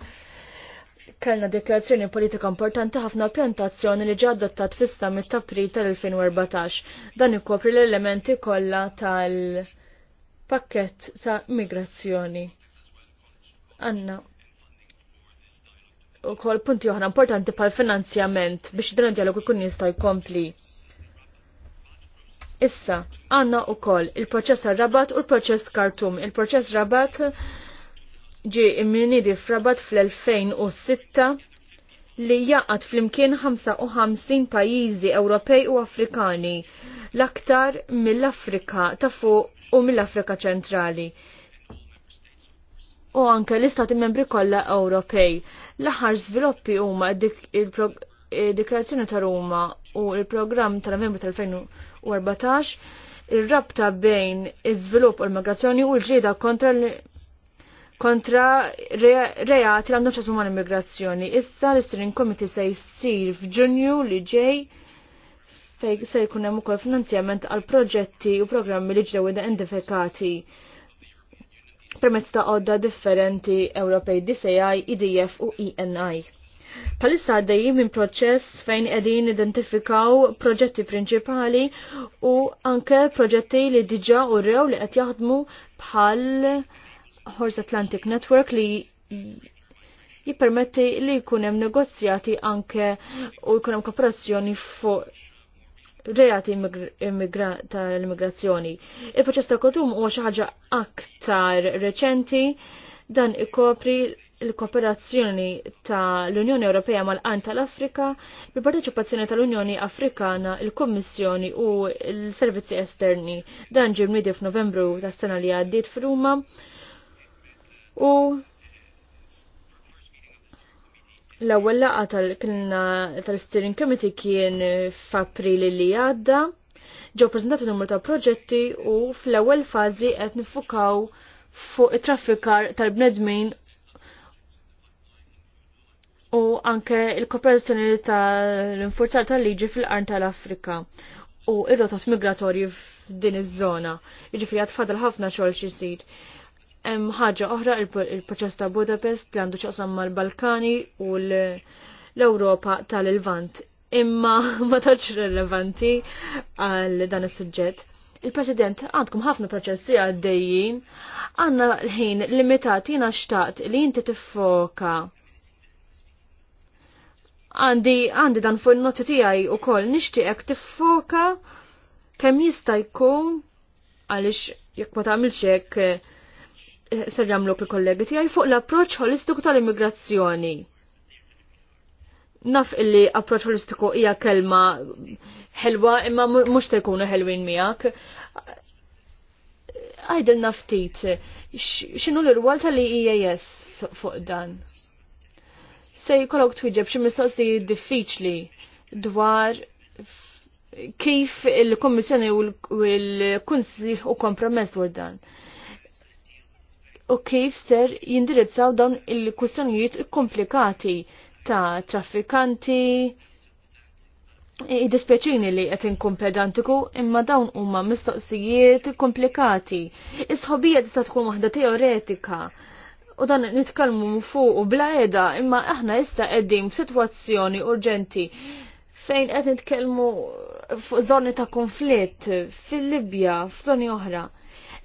kellna deklarazzjoni politika importanti ħafna pjantazzjoni li ġa adottat fis-summit ta' April tal-2014. Dan ikopri l-elementi kollha tal-pakket ta' migrazzjoni. Anna, u kol punti oħra importanti pal finanzjament biex dan dialogu kun jista' jkompli. Issa, għanna u koll il-proċess rabat u l-proċess kartum. Il-proċess rabat ġi immunidi f'rabat fl-2006 li jaqat fl-imkien 55 pajizi Ewropej u Afrikani l-aktar mill-Afrika ta' fuq u mill-Afrika ċentrali u anke l-istati membri kollha Ewropej. L-aħħar żviluppi huma dik il-dikrazzjoni eh, ta' Ruma u il-programm tal-membri tal-2000 2014 ir-rabta bejn iż-żvilupp u l-migrazzjoni u l-ġrieda kontra kontra reati l-għandu xasuma l-immigrazzjoni. Issa l-Steering Committee se jsir f'Ġunju li ġej fej se jkun hemm ukoll finanzjament għal proġetti u programmi li ġew identifikati permezz ta' għodda differenti Ewropej DCI, IDF e u ENI. Palissa għaddejjin minn proċess fejn qegħdin identifikaw proġetti prinċipali u anke proġetti li diġà u rew li qed jaħdmu bħal Horse Atlantic Network li jippermetti li jkun hemm negozjati anke u jkun hemm kooperazzjoni fuq reati tal-immigrazzjoni. Il-proċess ta' kotum huwa xi ħaġa aktar reċenti dan ikopri il-kooperazzjoni ta' l-Unjoni Ewropea mal-Qan tal-Afrika, il parteċipazzjoni tal-Unjoni Afrikana, il-Kommissjoni u l-Servizzi Esterni. Dan ġim midi f'Novembru ta' sena li għaddiet f'Ruma. U l-ewwel laqgħa tal-Steering Committee kien f'April li għadda. Ġew preżentati numru ta' proġetti u fl-ewwel fażi qed nifukaw fuq it-traffikar tal-bnedmin u anke il-kooperazzjoni tal-infurzar tal-liġi fil-qarn tal-Afrika u ir-rotot migratorji f'din iż-żona. Jiġifieri tfadal ħafna xogħol xi jsir. Hemm ħaġa oħra il-proċess ta' Budapest li għandu ċaqsam mal-Balkani u l-Ewropa tal-Ilvant imma ma taċ relevanti għal dan is-suġġett il-President għandkom ħafna proċessi għaddejjin, għanna l-ħin limitati jina li jinti tiffoka għandi għandi dan fuq il-noti tiegħi ukoll nixtieqek tiffoka kemm jista' jkun għaliex jekk ma tagħmilx hekk eh, ser jagħmluk il-kollegi tiegħi fuq l-approċċ holistiku tal-immigrazzjoni. Naf illi approċċ holistiku hija kelma ħelwa imma mhux se jkunu ħelwin miegħek. Għajdil naftit, x'inhu l-irwal li eas fuq dan? se jkollok twiġeb xi mistoqsijiet diffiċli dwar kif il-Kommissjoni u l-Kunsil u kompromess dwar dan. U kif ser jindirizzaw dawn il-kustjonijiet komplikati ta' traffikanti, id dispieċini li qed inkompedantiku, imma dawn huma mistoqsijiet komplikati. Is-ħobija tista' tkun waħda teoretika u dan nitkellmu fuq u bla edha imma aħna issa qegħdin f'sitwazzjoni urġenti fejn qed nitkellmu fuq żoni ta' konflitt fil-Libja, f'żoni oħra.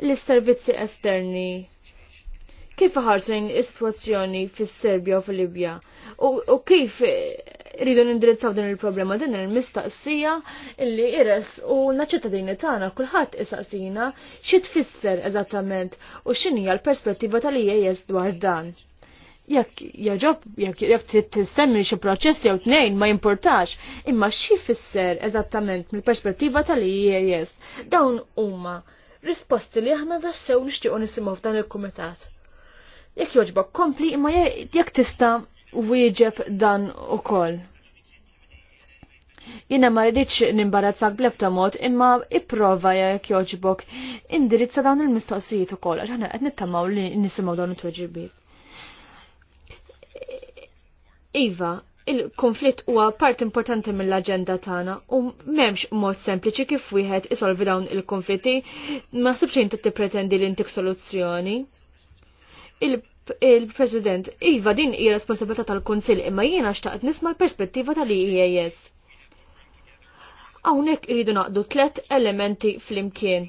L-servizzi esterni kif ħarsin is-sitwazzjoni fis-Serbja u fil-Libja u kif rridu nindirizzaw din il-problema din il-mistaqsija illi ires u naċ-ċittadini tagħna kulħadd isaqsina xi tfisser eżattament u x'inhija l-perspettiva tal-IAS dwar dan. Jekk jaġob, jekk trid tissemmi xi proċess jew tnejn ma jimpurtax, imma xi fisser eżattament mill-perspettiva tal-IAS dawn huma risposti li aħna dassew nixtiequ nisimgħu f'dan il-kumitat jekk joġbok kompli imma jekk tista wieġeb dan ukoll. Jina ma rridx nimbarazzak blebta mod imma ipprova jekk joġbok indirizza dawn il-mistoqsijiet ukoll għax aħna qed nittamaw li nisimgħu dawn it-tweġibiet. Iva, il-konflitt huwa part importanti mill-aġenda tagħna u m'hemmx mod sempliċi kif wieħed isolvi dawn il-konflitti ma sibx inti tippretendi li intik soluzzjoni il-President, iva din hija responsabilità tal konsil imma jiena xtaqt nisma' l-perspettiva tal-EAS. Hawnhekk iridu naqdu tlet elementi flimkien.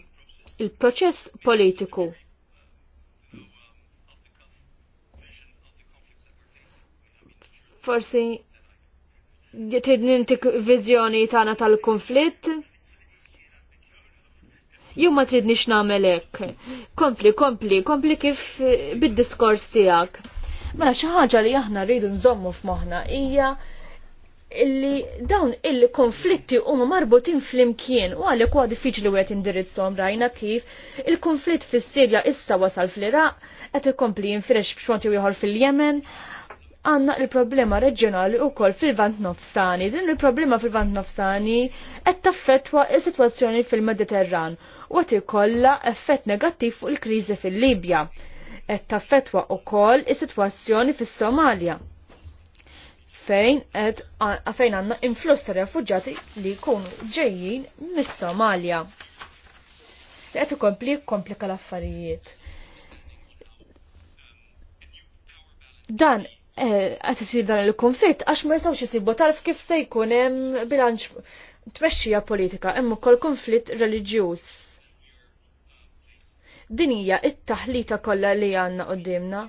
Il-proċess politiku. Forsi jtidni ntik viżjoni tagħna tal-konflitt, Jew ma tridniex nagħmel hekk. Kompli, kompli, kompli kif eh, bid-diskors tiegħek. Mela xi ħaġa li aħna rridu nżommu f'moħħna hija illi dawn il-konflitti huma marbutin fl-imkien u għalli kwa diffiċli u għet indirizzom rajna kif il-konflitt fis sirja issa wasal fl-Iraq, għet ikompli jinfresh bxonti u fil-Jemen, għanna il-problema reġjonali u kol fil-vant nofsani. Din il-problema fil-vant nofsani qed taffetwa il-situazzjoni fil-Mediterran u għati kolla effett negattiv fuq il-krizi fil-Libja. Qed taffetwa u kol il-situazzjoni fil-Somalia. Fejn qed fejn għanna influss ta' refuġjati li jkunu ġejjin mis-Somalia. Qed ikompli komplika l-affarijiet. Dan qed eh, isir dan il-konflitt għax ma jistgħux jisibu tarf kif se jkun hemm bilanċ tmexxija politika hemm ukoll konflitt reliġjuż. Din hija it-taħlita kollha li għandna qudiemna.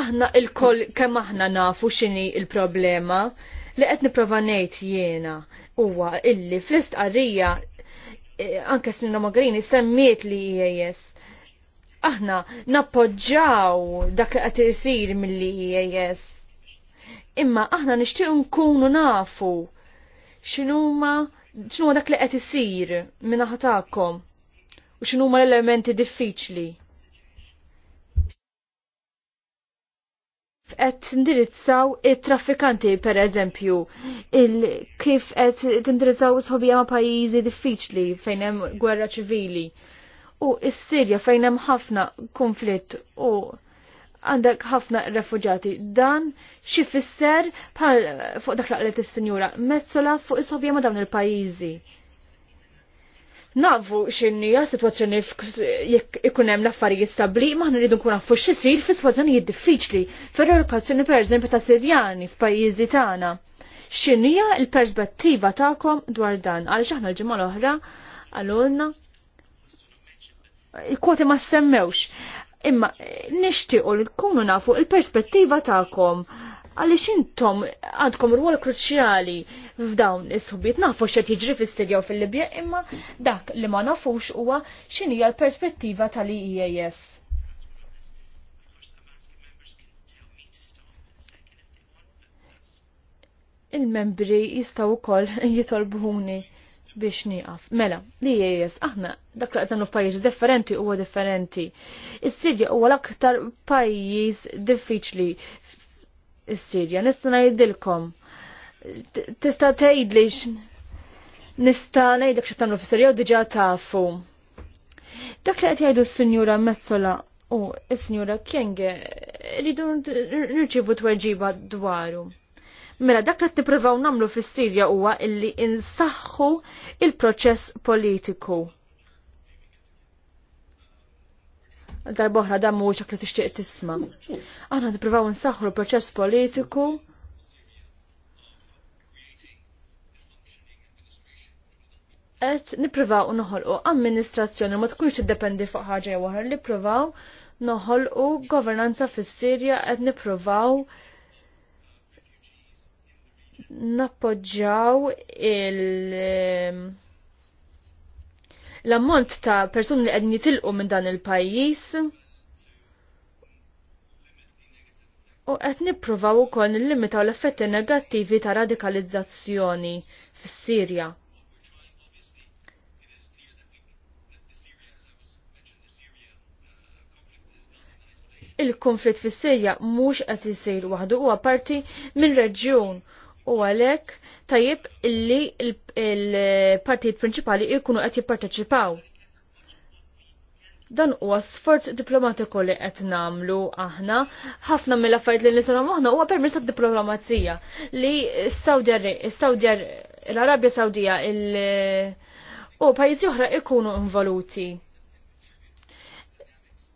Aħna il-koll kemm aħna nafu x'inhi il-problema li qed nipprova ngħid jiena huwa illi fl-istqarrija eh, anke Sinna Mogherini semmiet li IAS e aħna nappoġġaw dak li qed isir mill-IAS. Imma aħna nixtieq nkunu nafu x'inhuma x'inhuma dak li qed isir minn tagħkom u x'inhuma l-elementi diffiċli. qed tindirizzaw it-traffikanti per eżempju, kif qed tindirizzaw sħobija ma' pajjiżi diffiċli fejn hemm gwerra ċivili u s-Sirja fejn hemm ħafna konflitt u għandek ħafna refugjati. Dan xi fisser bħal fuq dak laqlet is-Sinjura Mezzola fuq is-sobja ma' dawn
il-pajjiżi.
Nafu x'inhija sitwazzjoni jekk ikun hemm l-affarijiet stabbli, ma aħna rridu nkun nafu x'isir fi sitwazzjonijiet diffiċli, fir per eżempju ta' Sirjani f'pajjiżi tagħna. X'inhija l-perspettiva tagħkom dwar dan għaliex aħna l-ġimgħa l-oħra għalulna il-kwoti ma semmewx. Imma nixtiequ li kunu nafu il-perspettiva tagħkom għaliex intom għandkom ruol kruċjali f'dawn is-subiet nafu xed jiġri fis-Sirja fil-Libja imma dak li ma nafux huwa x'inhija l-perspettiva tal-IES. Il-membri jistgħu wkoll jitolbuni biex nieqaf. Mela, li jes, aħna dak li qed f'pajjiż differenti huwa differenti. Is-Sirja huwa l-aktar pajjiż diffiċli is-Sirja. Nista' ngħidilkom. Tista' tgħidli nista' ngħidlek x'qed tagħmlu fis-Sirja u diġà tafu. Dak li qed jgħidu s-Sinjura Mezzola u s-Sinjura Kienge rridu nirċivu tweġiba dwaru. Mela dak li nippruvaw nagħmlu fis-Sirja huwa illi insaħħu il-proċess politiku. Darboħra dan mhuwiex li tixtieq tisma'. Aħna nippruvaw insaħħu l-proċess politiku qed nippruvaw noħolqu amministrazzjoni ma tkunx iddependi fuq ħaġa jew oħra, nippruvaw noħolqu governanza fis-Sirja qed nippruvaw nappoġġaw il- ehm, l-ammont ta' persuni li għedni tilqu minn dan il-pajjiż u qed nippruvaw ukoll nillimitaw l-effetti negattivi ta' radikalizzazzjoni fis-Sirja. il-konflitt fis-Sirja mhux qed isir waħdu huwa parti minn reġjun u għalek tajib illi il-partijiet prinċipali jkunu qed jipparteċipaw. Dan huwa sforz diplomatiku li qed nagħmlu aħna, ħafna mill-affarijiet li nisana aħna huwa permezz tad-diplomazija li s l-Arabja Sawdija il- u pajjiżi oħra jkunu involuti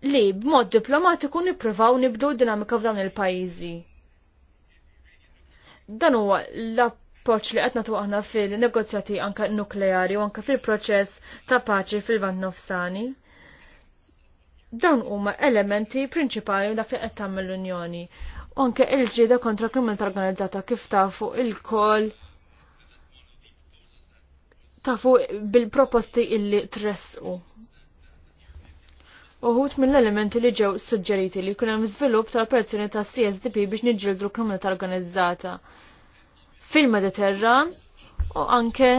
li b'mod diplomatiku nippruvaw nibdu dinamika f'dawn il-pajjiżi dan huwa l approċ li qed nagħtu aħna fil-negozjati anke nukleari u anke fil-proċess ta' paċi fil-vant nofsani. Dawn huma elementi prinċipali dak li qed tagħmel l-Unjoni. U anke il-ġieda kontra kriminalità organizzata kif tafu il-kol tafu bil-proposti illi tressqu uħut mill-elementi li ġew suġġeriti li kunem żvilupp tal-operazzjoni ta' CSDP biex nġildru kriminalità organizzata fil-Mediterran u anke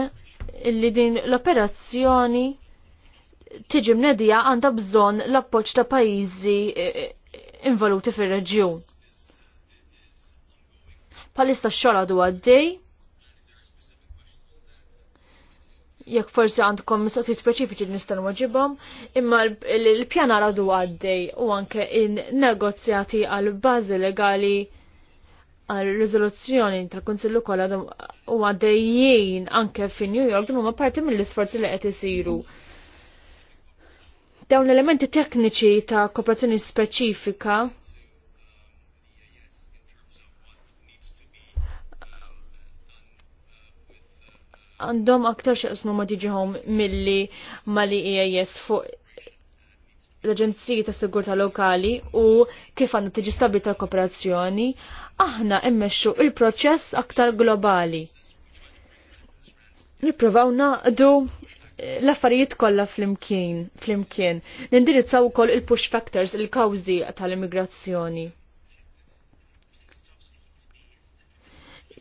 li din l-operazzjoni tiġi mnedija għandha bżonn l-appoġġ ta' pajjiżi e, e, involuti fir-reġjun. Palista x-xogħol għadu għaddej, jekk forsi għandkom mistoqsijiet speċifiċi li nistgħu nwaġibhom, imma l-pjanar għadu għaddej u anke in-negozjati għal bażi legali għal riżoluzzjoni tal-Kunsillu kollha u għaddejjin anke fi New York huma parti mill-isforzi li qed isiru. Dawn l-elementi tekniċi ta' kooperazzjoni speċifika għandhom aktar xaqsnu ma tiġiħom milli li EIS fuq l-Aġenziji ta' Sigurta Lokali u kif għandu tiġi stabilita kooperazzjoni, aħna immexxu il-proċess aktar globali. Nippruvaw naqdu l-affarijiet kollha flimkien, flimkien. Nindirizzaw ukoll il-push factors, il-kawżi tal-immigrazzjoni.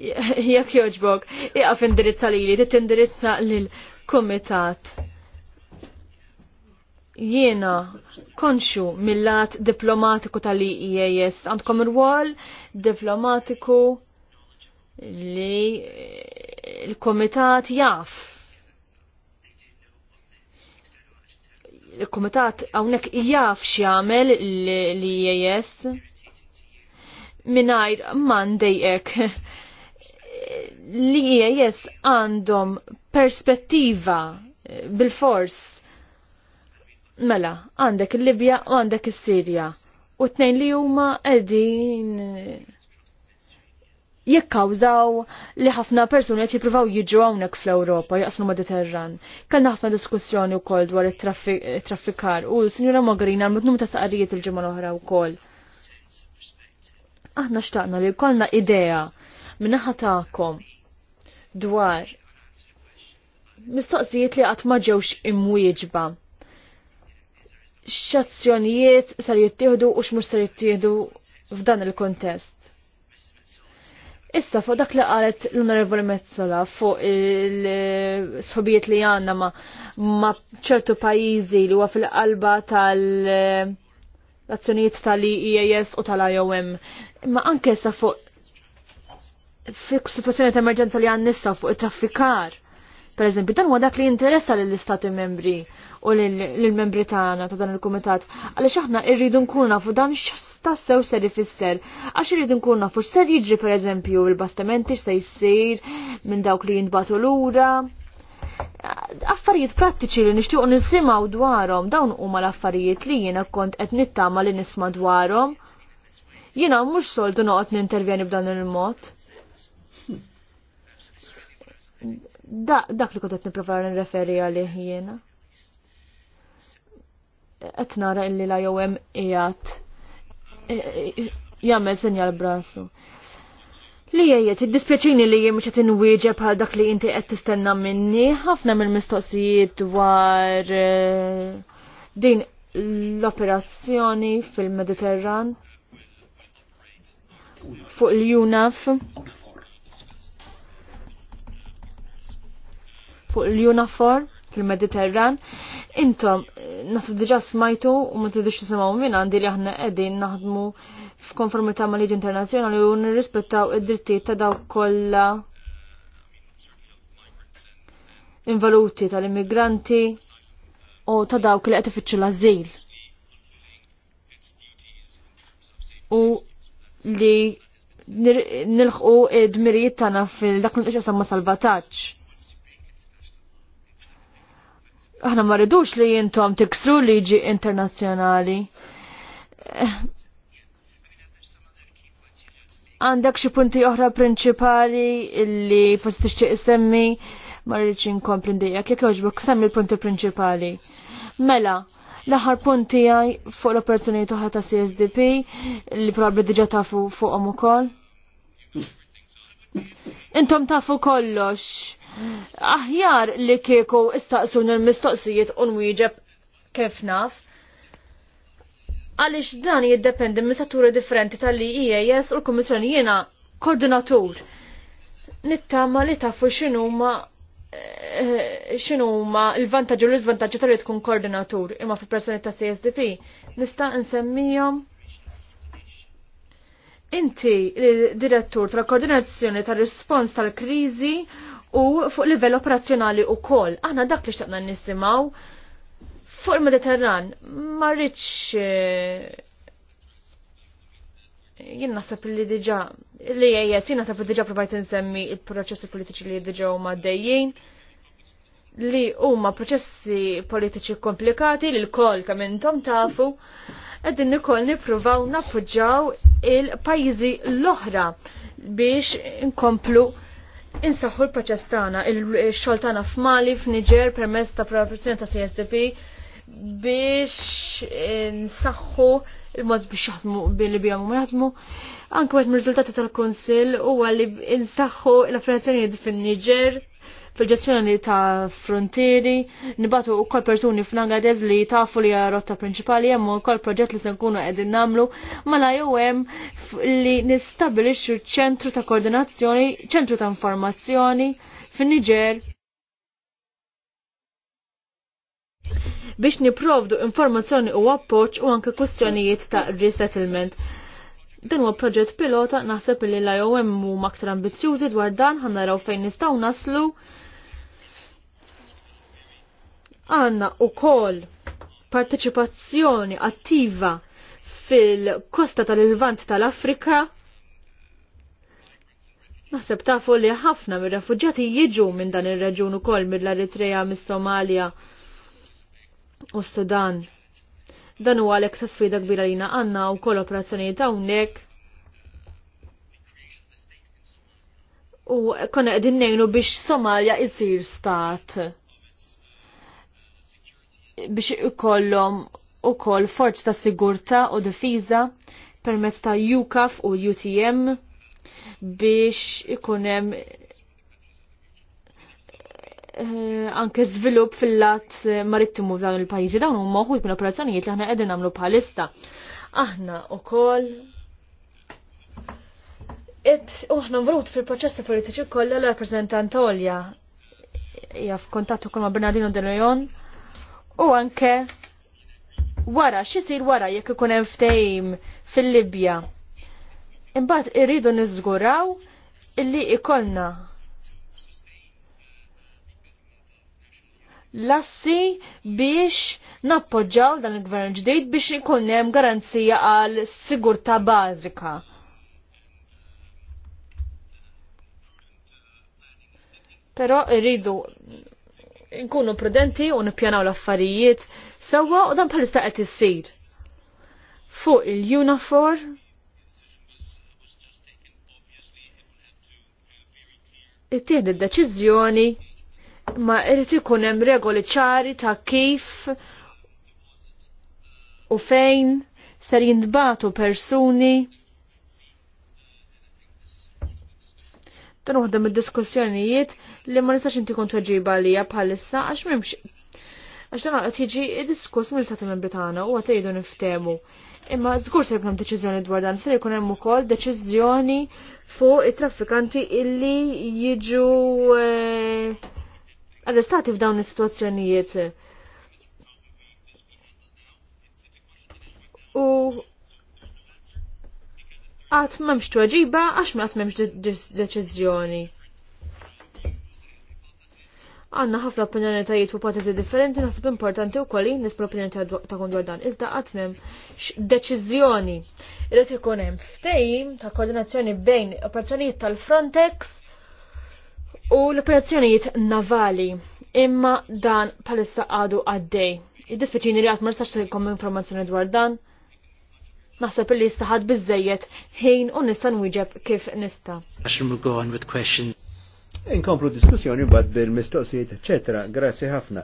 jekk joġbok, iqaf indirizza lili, tit indirizza lill-kumitat. Jiena konxu mill-lat diplomatiku tal-IES għandkom ir diplomatiku li l-komitat jaf. Il-komitat għawnek jaf xjamel li jes minajr mandejek li jes għandhom perspettiva eh, bil-fors mela għandek il-Libja u għandek is-Sirja u tnejn li huma qegħdin eh, jikkawżaw li ħafna persuni qed jippruvaw jiġu hawnhekk fl-Ewropa jaqsmu Mediterran. Kellna ħafna diskussjoni wkoll dwar it-traffikar u Sinjura Mogherini għamlet numru ta' saqarijiet il-ġimgħa l-oħra wkoll. Aħna xtaqna li jkollna idea minnaħa tagħkom dwar mistoqsijiet li qatt ma ġewx imwieġba. X'azzjonijiet sar jittieħdu u x'mhux sar jittieħdu f'dan il-kontest. Issa fuq dak li qalet l-Onorevoli Mezzola fuq il-sħobijiet li għandna ma, ma ċertu pajjiżi li huwa fil-qalba tal- azzjonijiet tal-IAS u tal-IOM. Imma anke sa fuq fik situazzjoni ta' emerġenza li għan nista' fuq it-traffikar. Per eżempju, dan huwa dak li jinteressa lill-istati membri u lill-membri tagħna ta' dan il-kumitat. Għaliex aħna rridu nkunu nafu dan x'tassew ser ifisser. Għax irridu nkunu nafu x'ser jiġri pereżempju il-bastimenti x'se jsir minn dawk li jintbatu lura. Affarijiet prattiċi li nixtiequ nisimgħu dwarhom dawn huma l-affarijiet li jiena kont qed nittama li nisma' dwarhom. Jiena mhux soltu noqgħod nintervjeni b'dan il-mod dak li kontet niprofa n-referi għalih jiena. Qed nara illi la jowem qiegħed e, e, jammel senjal brasu. Li jgħiet, id-dispjaċini li jgħim ċet inwieġeb bħal dak li inti qed tistenna minni, ħafna mill-mistoqsijiet dwar e, din l-operazzjoni fil-Mediterran fuq il-UNAF fuq l-Unafor fil-Mediterran. Intom, eh, nasib diġa smajtu u ma tridux nisimgħu minn għandi li aħna qegħdin naħdmu f'konformità ma' liġi internazzjonali u nirrispettaw id-drittijiet ta' dawk kollha involuti tal-immigranti u ta' dawk li qed ifittxu l-ażil. U li nilħqu id-dmirijiet tagħna fil-dak li salvataġġ aħna ma ridux li jintom tiksru liġi internazzjonali. Eh, Għandek xi punti oħra prinċipali li fost tixtieq isemmi ma rridx inkompli ndejjek jekk jogħġbok semmi l-punti prinċipali. Mela, l-aħħar punti għaj fuq l-opportunitajiet oħra ta' CSDP li probabbli diġà tafu fuqhom ukoll. Intom tafu kollox Aħjar li kieku istaqsun il-mistoqsijiet u nwieġeb kif naf. Għaliex dan jiddependi minn setturi differenti tal-IES u l-Kummissjoni jiena koordinatur. Nittama li tafu x'inhuma eh, xinu ma il-vantagġu l iżvantaġġi tal tkun koordinatur imma fi personi ta' CSDP nista' nsemmijom inti direttur tal koordinazzjoni tal rispons tal-krizi u fuq livell operazzjonali u kol. Aħna dak li xtaqna nisimaw fuq il-Mediterran ma rridx eh, jien naħseb li diġa li jgħajjes, jien nasab li diġa provajt nsemmi il-proċessi politiċi li diġa u maddejjien li huma proċessi politiċi komplikati li l-kol kemm intom tafu qegħdin ukoll nippruvaw nappoġġaw il-pajjiżi l-oħra biex inkomplu insaħħu l-proċess tagħna, il-xogħol tagħna f'Mali, f'Niġer permezz ta' preparazzjoni ta' CSDP biex eh, nsaħħu il-mod biex jaħdmu billi bjamu ma jaħdmu. Anke wieħed mir-riżultati tal-Kunsill huwa li nsaħħu l-operazzjonijiet fin-Niġer fil-ġestjoni ta' frontieri, nibatu u kol persuni fl-Angadez li tafu li rotta principali hemm u kol proġett li se nkunu qegħdin namlu mala jew hemm li nistabilixxu ċentru ta' koordinazzjoni, ċentru ta' informazzjoni fin-Niġer biex niprovdu informazzjoni u appoċ u anke kustjonijiet ta' resettlement. Dan huwa proġett pilota naħseb li l-IOM huma aktar ambizzjużi dwar dan ħanna naraw fejn nistgħu naslu għanna u kol parteċipazzjoni attiva fil-kosta tal-Ilvant tal-Afrika. Naħseb tafu li ħafna mir-refuġjati jiġu minn dan ir-reġun ukoll mill-Eritrea, mis-Somalia u Sudan. Dan huwa għalhekk sa sfida kbira lina għandna wkoll operazzjonijiet hawnhekk. U konna qegħdin ngħinu biex Somalia isir stat biex ikollhom ukoll forz ta' sigurtà u difiża permezz ta' UCAF u UTM biex ikun hemm eh, anke żvilupp fil-lat marittimu f'dawn il-pajjiżi dawn huma wħud minn operazzjonijiet li aħna qegħdin nagħmlu bħalista. Aħna wkoll Et uħna vrut fil-proċessi politiċi kollha l rappresentant Olja hija f'kontattu kol ma' Bernardino De Leon u anke wara x'isir wara jekk ikun hemm ftehim fil-Libja. Imbagħad irridu niżguraw illi ikollna lassi biex nappoġġaw dan il-gvern ġdejt biex ikun hemm garanzija għal sigurtà bażika. Pero irridu nkunu prudenti u nippjanaw l-affarijiet sewwa u dan bħalista qed issir. Fuq il-Unafor ittieħed id-deċiżjoni ma irid ikun hemm regoli ċari ta' kif u fejn ser jintbatu persuni Dan uħda mid-diskussjonijiet li ma nistax inti kontu tweġiba għalija bħalissa għax m'hemmx għax dan jġi jiġi diskuss mill-Stati Membri tagħna u għat jridu niftemu. Imma żgur se jkun hemm deċiżjoni dwar dan, se jkun hemm ukoll deċiżjoni fuq it-traffikanti illi jiġu eh, arrestati f'dawn is-sitwazzjonijiet. U għat memx tuħġiba, għax ma għat memx deċizjoni. Għanna ħafna ta' u ipotezi differenti naħseb importanti u kolli nisbru opinjoni ta' kun dwar dan. Iżda għat memx deċizjoni. Irrit ikun hemm ta' koordinazzjoni bejn operazzjonijiet tal-Frontex u l-operazzjonijiet navali. Imma dan palissa għadu għaddej. Id-dispeċini li għat ma nistax informazzjoni dwar dan Naħseb li jistaħad bizzejiet ħin u nista' nwieġeb kif
nista.
Inkomplu diskussjoni bad bil-mistoqsijiet, eċetera. Grazzi ħafna.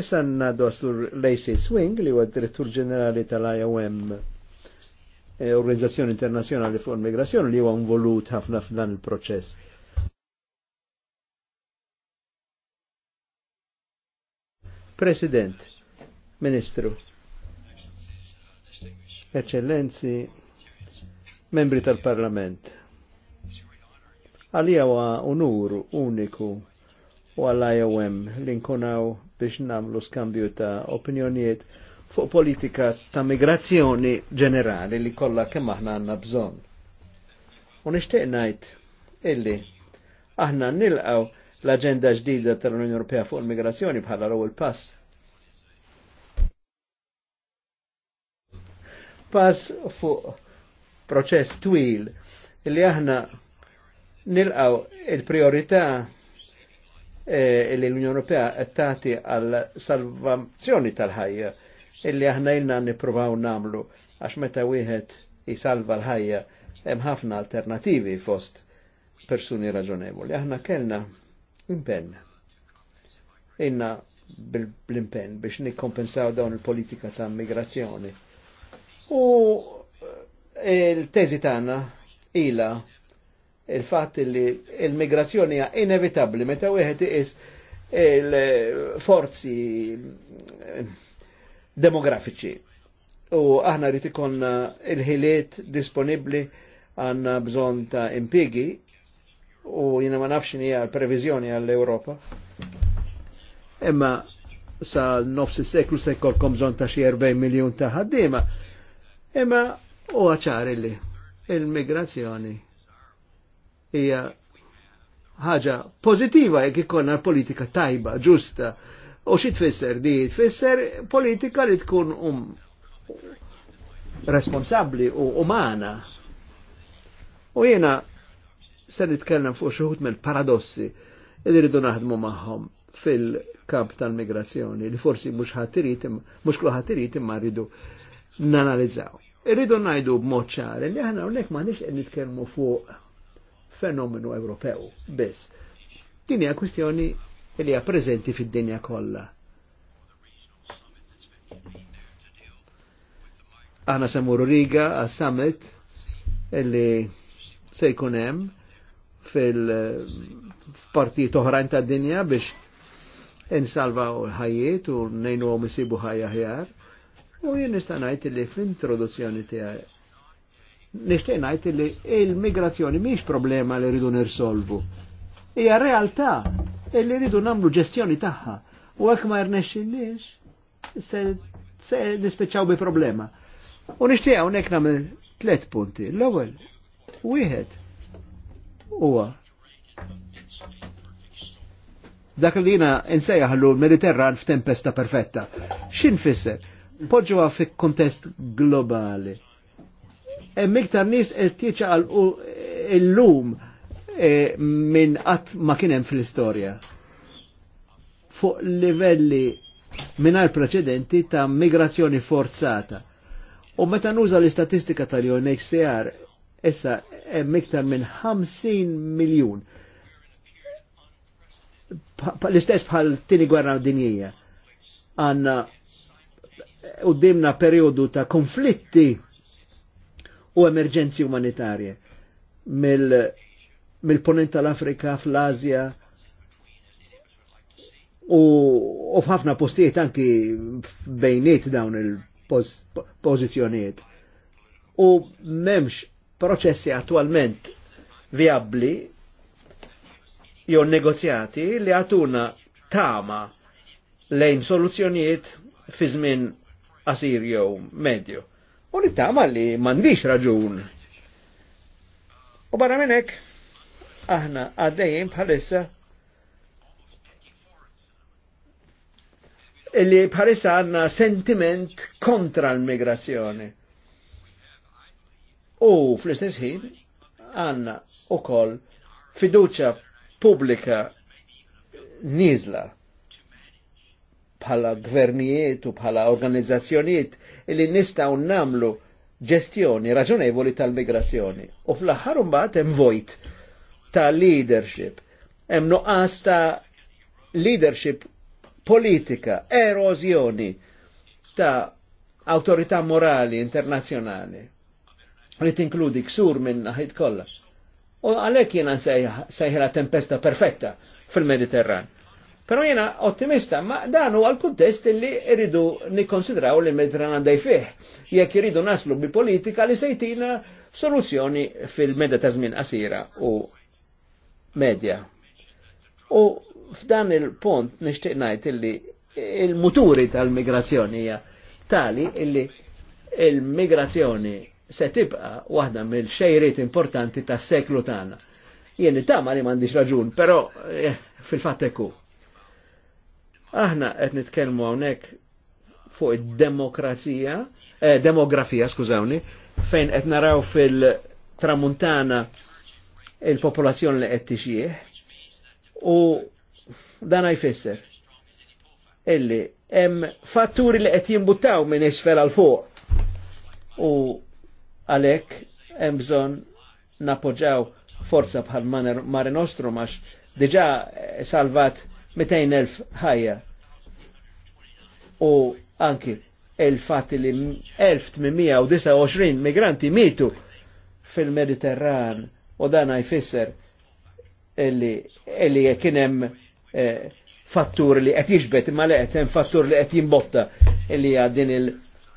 Issa għandu sur Lacey Swing li huwa direttur ġenerali tal-IOM eh, Organizzazzjoni Internazzjonali fuq l migrazzjoni li huwa involut ħafna f'dan il-proċess. President, Ministru, Eccellenzi, membri tal-Parlament. Għalija wa unur uniku u għall-IOM li nkunaw biex namlu skambju ta' opinjonijiet fuq politika ta' migrazzjoni ġenerali li kollha kemm aħna għandna bżonn. U nixtieq ngħid illi aħna nilqaw l-aġenda ġdida tal-Unjoni Ewropea fuq il-migrazzjoni bħala l-ewwel pass pass fuq proċess twil li aħna nilqaw il-priorità eh, li l-Unjoni Ewropea qed tagħti għal salvazzjoni tal-ħajja illi aħna ilna nippruvaw namlu għax meta wieħed jisalva l-ħajja hemm ħafna alternativi fost persuni raġonevoli. Aħna kellna impenn. Inna bl impenn biex nikkompensaw dawn il-politika ta' migrazzjoni U eh, il-teżi tagħna ila il-fatt li il-migrazzjoni hija inevitabbli meta wieħed is il-forzi eh, demografiċi. U aħna rrid ikun il-ħiliet disponibbli għandna bżonn ta' impigi u jiena ma nafx hija previżjoni għall-Ewropa. Imma sa nofs is-seklu se kom bżonn ta' xi 40 miljun ta' ħaddiema Imma u għacħar illi il-migrazzjoni hija ħaġa pozittiva jekk ikollna politika tajba, ġusta. U xi tfisser di? Tfisser politika li tkun um responsabbli u umana. U jiena se nitkellem fuq xi mill-paradossi li rridu naħdmu magħhom fil-kamp tal-migrazzjoni li forsi mhux ħadd irid mhux kull irid imma rridu nanalizzaw. Irridu najdu b'mod ċar li aħna hawnhekk m'għandniex qed nitkellmu fuq fenomenu Ewropew biss. Din hija kwistjoni li hija preżenti fid-dinja kollha. Aħna semmuru Riga għas summit illi se jkun hemm fil-partijiet oħrajn tad-dinja biex insalvaw ħajjiet u nejnu għom isibu ħajja ħjar. U jien nista' ngħid li fl-introduzzjoni tiegħi nixtieq ngħid li l-migrazzjoni mhix problema li rridu nirsolvu. Hija realtà li rridu nagħmlu ġestjoni tagħha. U hekk ma rnexxinniex se, se nispiċċaw bi problema. U nixtieq hawnhekk nagħmel tliet punti. L-ewwel, wieħed huwa dak li jina nsejjaħlu l-Mediterran f'tempesta perfetta. Xin fisser? poġġuha fi kontest globali. Hemm iktar nies qed jiċaqalqu illum e, minn qatt ma kien hemm fl-istorja. Fuq livelli mingħajr preċedenti ta' migrazzjoni forzata. U meta nuża l-istatistika tal-UNHCR, issa hemm iktar minn 50 miljun. L-istess bħal tini gwerra dinjija għanna dimna periodu ta' konflitti u emerġenzi umanitarje mill-ponent mil tal-Afrika fl-Azja u f'ħafna postijiet anki bejniet dawn il-pozizjoniet. U memx proċessi attualment viabli jew negozjati li għatuna tama lejn soluzzjonijiet fi żmien qasir jew medju. U nittama li mandiċ raġun. U barra minnek, aħna għaddejjin bħalissa li bħalissa għanna sentiment kontra l-migrazzjoni. U fl-istess ħin għanna u koll fiduċa publika nizla bħala gvernijiet u bħala organizzazzjonijiet li nistaw namlu ġestjoni raġonevoli tal-migrazzjoni. U fl-aħħar mbagħad hemm vojt ta' leadership. Hemm nuqqas ta' leadership politika, erożjoni ta' autorità morali internazzjonali li tinkludi ksur minn naħid kollha. U għalhekk jiena sejħa tempesta perfetta fil-Mediterran Pero jena ottimista, ma dan huwa l-kuntest li rridu nikkonsidraw li mediterran għandaj fih, jekk rridu naslu bi politika li sejtina soluzzjoni fil-meda ta' żmien qasira u medja. U f'dan il-punt nixtieq ngħid li il-muturi tal-migrazzjoni hija tali illi il-migrazzjoni se tibqa waħda mill-xejriet importanti tas-seklu tagħna. Jien tama li m'għandix raġun, però eh, fil-fatt ekku. Aħna qed nitkellmu hawnhekk fuq id-demokrazija, eh, demografija, skużawni, fejn qed naraw fil-tramuntana il-popolazzjoni li qed tixjieħ u dan jfisser illi hemm fatturi li qed jimbuttaw minn isfel għal fuq u għalhekk hemm bżonn napoġġaw forza bħal Mare Nostrum għax diġà salvat 200.000 ħajja. U anki il-fat li 1829 migranti mitu fil-Mediterran u dan jfisser illi kienem eh, fattur li qed jiġbet imma li qed hemm fattur li qed jimbotta illi għaddin il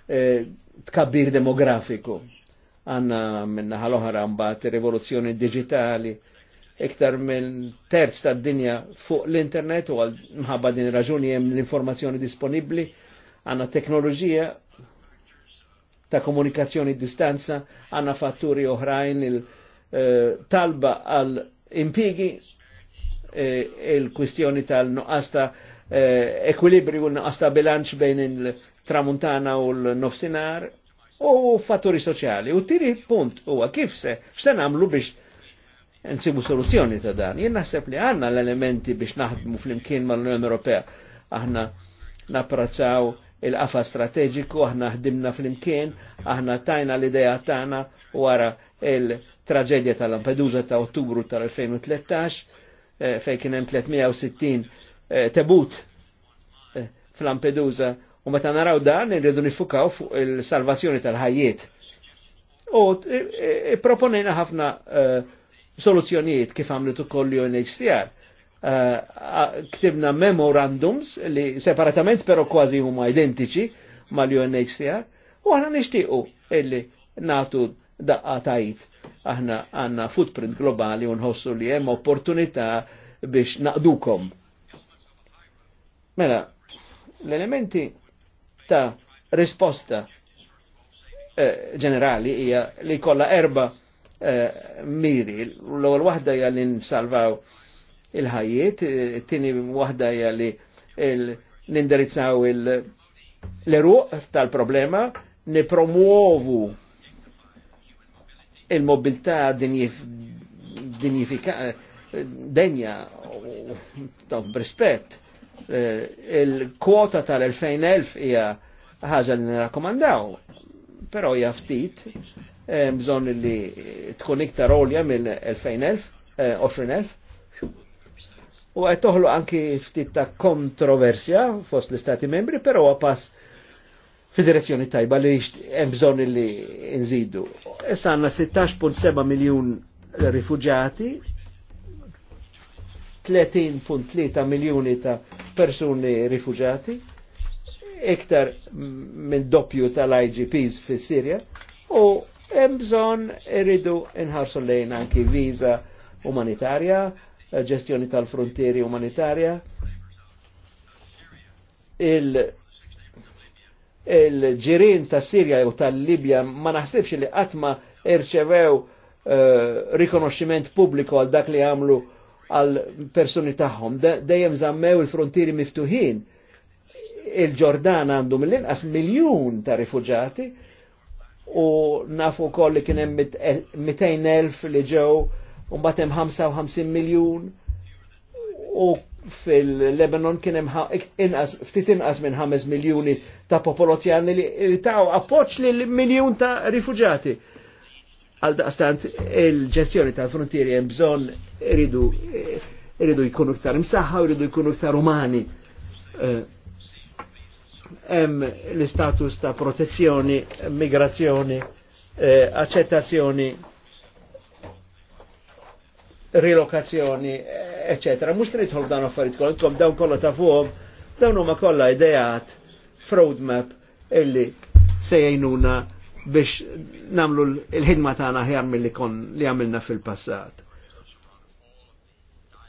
eh, tkabbir demografiku. Għanna minna ħal-oħra mbagħad rivoluzzjoni digitali iktar minn terz ta' dinja fuq l-internet u għal mħabba din raġuni hemm l-informazzjoni disponibli għanna teknoloġija ta' komunikazzjoni distanza, għandna fatturi oħrajn il-talba eh, uh, għal impigi uh, il-kwistjoni tal-nuqqas uh, ekwilibri u nuqqas bilanċ bejn il-tramuntana u l-nofsinar u fatturi soċjali. U tiri punt u kif se, x'se nagħmlu biex nsibu soluzzjoni ta' dan. Jien naħseb li għanna l-elementi biex naħdmu fl-imkien mal-Unjoni Ewropea. Aħna napprazzaw il-qafa strateġiku, aħna ħdimna fl-imkien, aħna tajna l-ideja tagħna wara il-traġedja tal lampedusa ta' Ottubru tal-2013 eh, fejn kien hemm 360 eh, tebut eh, fl-Lampedusa u meta naraw dan irridu nifukaw fuq il-salvazzjoni tal-ħajjiet. U proponejna ħafna uh, soluzzjonijiet kif għamlet ukoll UNHCR. Eh, ktibna memorandums li separatament però kważi huma identiċi mal-UNHCR u aħna nixtiequ illi natu daqqa tajt aħna għanna footprint globali unħossu li hemm opportunità biex naqdukom. Mela, l-elementi ta' risposta eh, ġenerali hija li kolla erba' miri. L-ewwel waħda hija li nsalvaw il-ħajjiet, it-tieni waħda hija li nindirizzaw l-eruq tal-problema, nipromuovu il-mobilità dinjifika denja u brispett eh, il-kwota tal 2011 hija ħaġa li nirrakkomandaw, però hija bżon li tkun iktar olja minn 20,000, eh, u għed toħlu anki ftit ta' kontroversja fost l-Istati membri, pero pass federazzjoni tajba li hemm bżonn li nżidu. Issa għandna 16.7 miljun rifugjati, 30.3 miljuni ta' persuni rifugjati, iktar minn doppju tal-IGPs fis sirja u hemm bżonn inħarsu lejn anki viża umanitarja, eh, ġestjoni tal-frontieri umanitarja. Il il-ġirin ta' Sirja u tal-Libja ma naħsibx li qatma irċevew uh, rikonoxximent pubbliku għal dak li għamlu għal personi tagħhom. Dejjem zammew il-frontieri miftuħin. Il-Ġordan għandu mill-inqas miljun ta' rifuġati, u nafu koll li kien hemm 200,000 e, li ġew u mbagħad hemm 55 miljun u fil-Lebanon kien hemm ftit inqas minn 5 miljuni ta' popolazzjoni li taw appoċ lil miljun ta' rifuġati. Għal daqstant il-ġestjoni tal-frontieri hemm bżonn iridu jkunu iktar imsaħħa, iridu jkunu iktar umani. Uh, hemm l-istatus ta' protezzjoni, migrazzjoni, eh, accettazzjoni, rilokazzjoni, eh, eccetera. Mux tritħol dan affarijiet kollha, dawn kollha ta' fuqhom, dawn huma kollha ideat f'roadmap illi se jgħinuna biex namlu l-ħidma tagħna ħjar mill-li kon li għamilna fil-passat.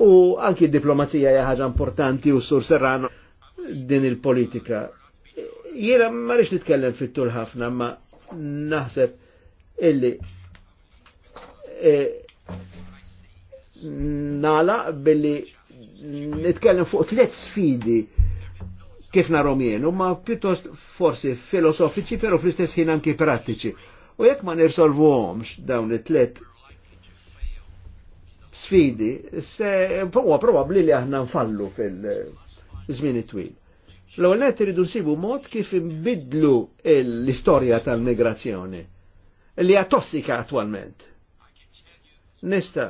U anki d-diplomazija hija ħaġa importanti u sur serrano din il-politika Jiena ma rix nitkellem fit-tul ħafna, ma naħseb illi e, nala billi nitkellem fuq tliet sfidi kif narom jien, u ma pjuttost forsi filosofiċi, pero fl-istess ħin anki prattiċi. U jekk ma nirsolvuhomx dawn it-tliet sfidi, se huwa probabbli li aħna nfallu fil-żmien twil l għolnet iridu nsibu mod kif imbidlu l-istoria tal-migrazzjoni li hija tossika attualment. Nista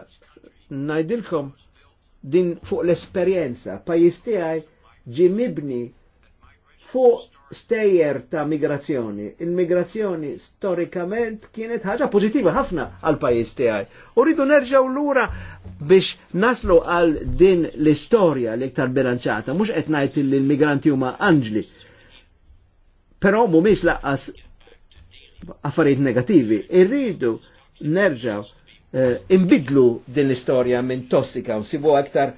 najdilkom din fuq l-esperjenza, pajis tiegħi ġi mibni fuq stejjer ta' migrazzjoni. Il-migrazzjoni storikament kienet ħaġa pozitiva ħafna għal pajjiż tiegħi. U rridu nerġgħu lura biex naslu għal din l-istorja li iktar bilanċata, mhux qed ngħid li l-migranti huma anġli. Però mhumiex laqqas affarijiet negativi. Irridu nerġgħu eh, imbidlu din l-istorja minn tossika u sibu aktar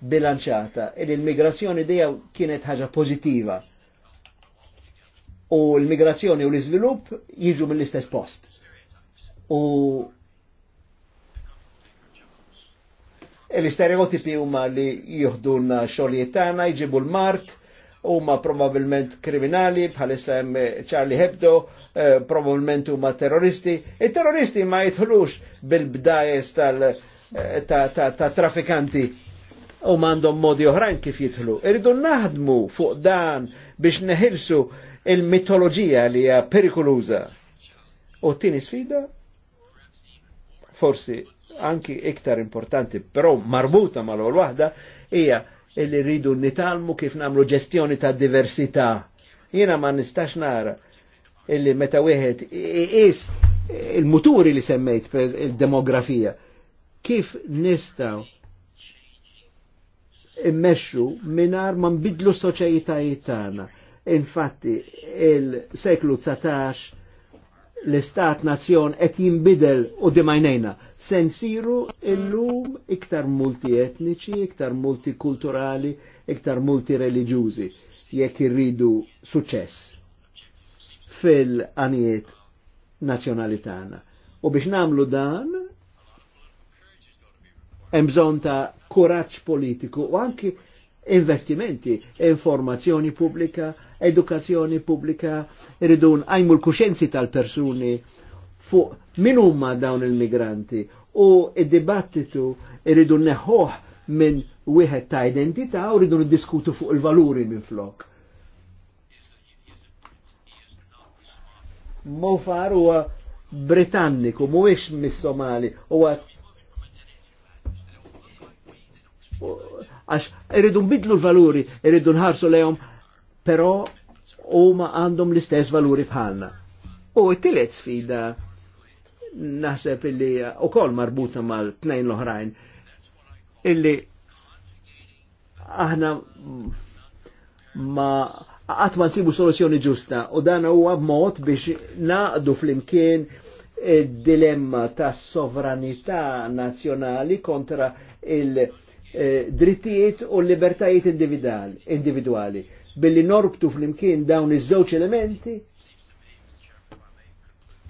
bilanċata. Ed il-migrazzjoni dejja kienet ħaġa pożittiva u l-migrazzjoni u l izvilup jiġu mill-istess post. U l-istereotipi huma li jieħduna xogħlijiet tagħna, jġibu l-mart, huma probabilment kriminali bħalissa hemm eh, Charlie Hebdo, eh, probabilment huma terroristi. Il-terroristi ma jidħlux bil-bdajes tal eh, ta, ta, ta, trafikanti u mandom modi oħrajn kif jidħlu. Irridu naħdmu fuq dan biex neħilsu il-mitoloġija li hija perikoluża. U t-tieni sfida forsi anki iktar importanti, però marbuta l-għol waħda hija li rridu nitalmu kif namlu ġestjoni ta' diversità. Jiena ma nistax nara illi meta wieħed is il-muturi li semmejt il-demografija. Kif nistaw immexxu mingħajr ma nbidlu soċjetajiet tagħna. Infatti il-seklu 19 l-istat nazzjon qed jinbidel u dimajnejna. Sensiru illum iktar multietniċi, iktar multikulturali, iktar multireliġjużi jekk irridu suċess fil-għaniet nazjonali tagħna. U biex namlu dan, hemm ta' kuraċ politiku u anki investimenti, informazzjoni pubblika, edukazzjoni pubblika, ridun għajmu l-kuxenzi tal-persuni fuq min huma dawn il-migranti u id-dibattitu ridun neħħoħ minn wieħed ta' identità u ridun id-diskutu fuq il-valuri minn flok. Mofar huwa Britanniku, mhuwiex mis-Somali, huwa għax irridu nbidlu l-valuri, irridu nħarsu lejhom, però huma għandhom l-istess valuri bħalna. U t tilet sfida naħseb illi u kol marbuta mal-tnejn l-oħrajn illi aħna ma għat ma nsibu soluzzjoni ġusta u dan huwa mod biex naqdu fl-imkien dilemma ta' sovranità nazjonali kontra il- Eh, drittijiet u libertajiet individuali. Billi norbtu fl-imkien dawn iż-żewġ elementi,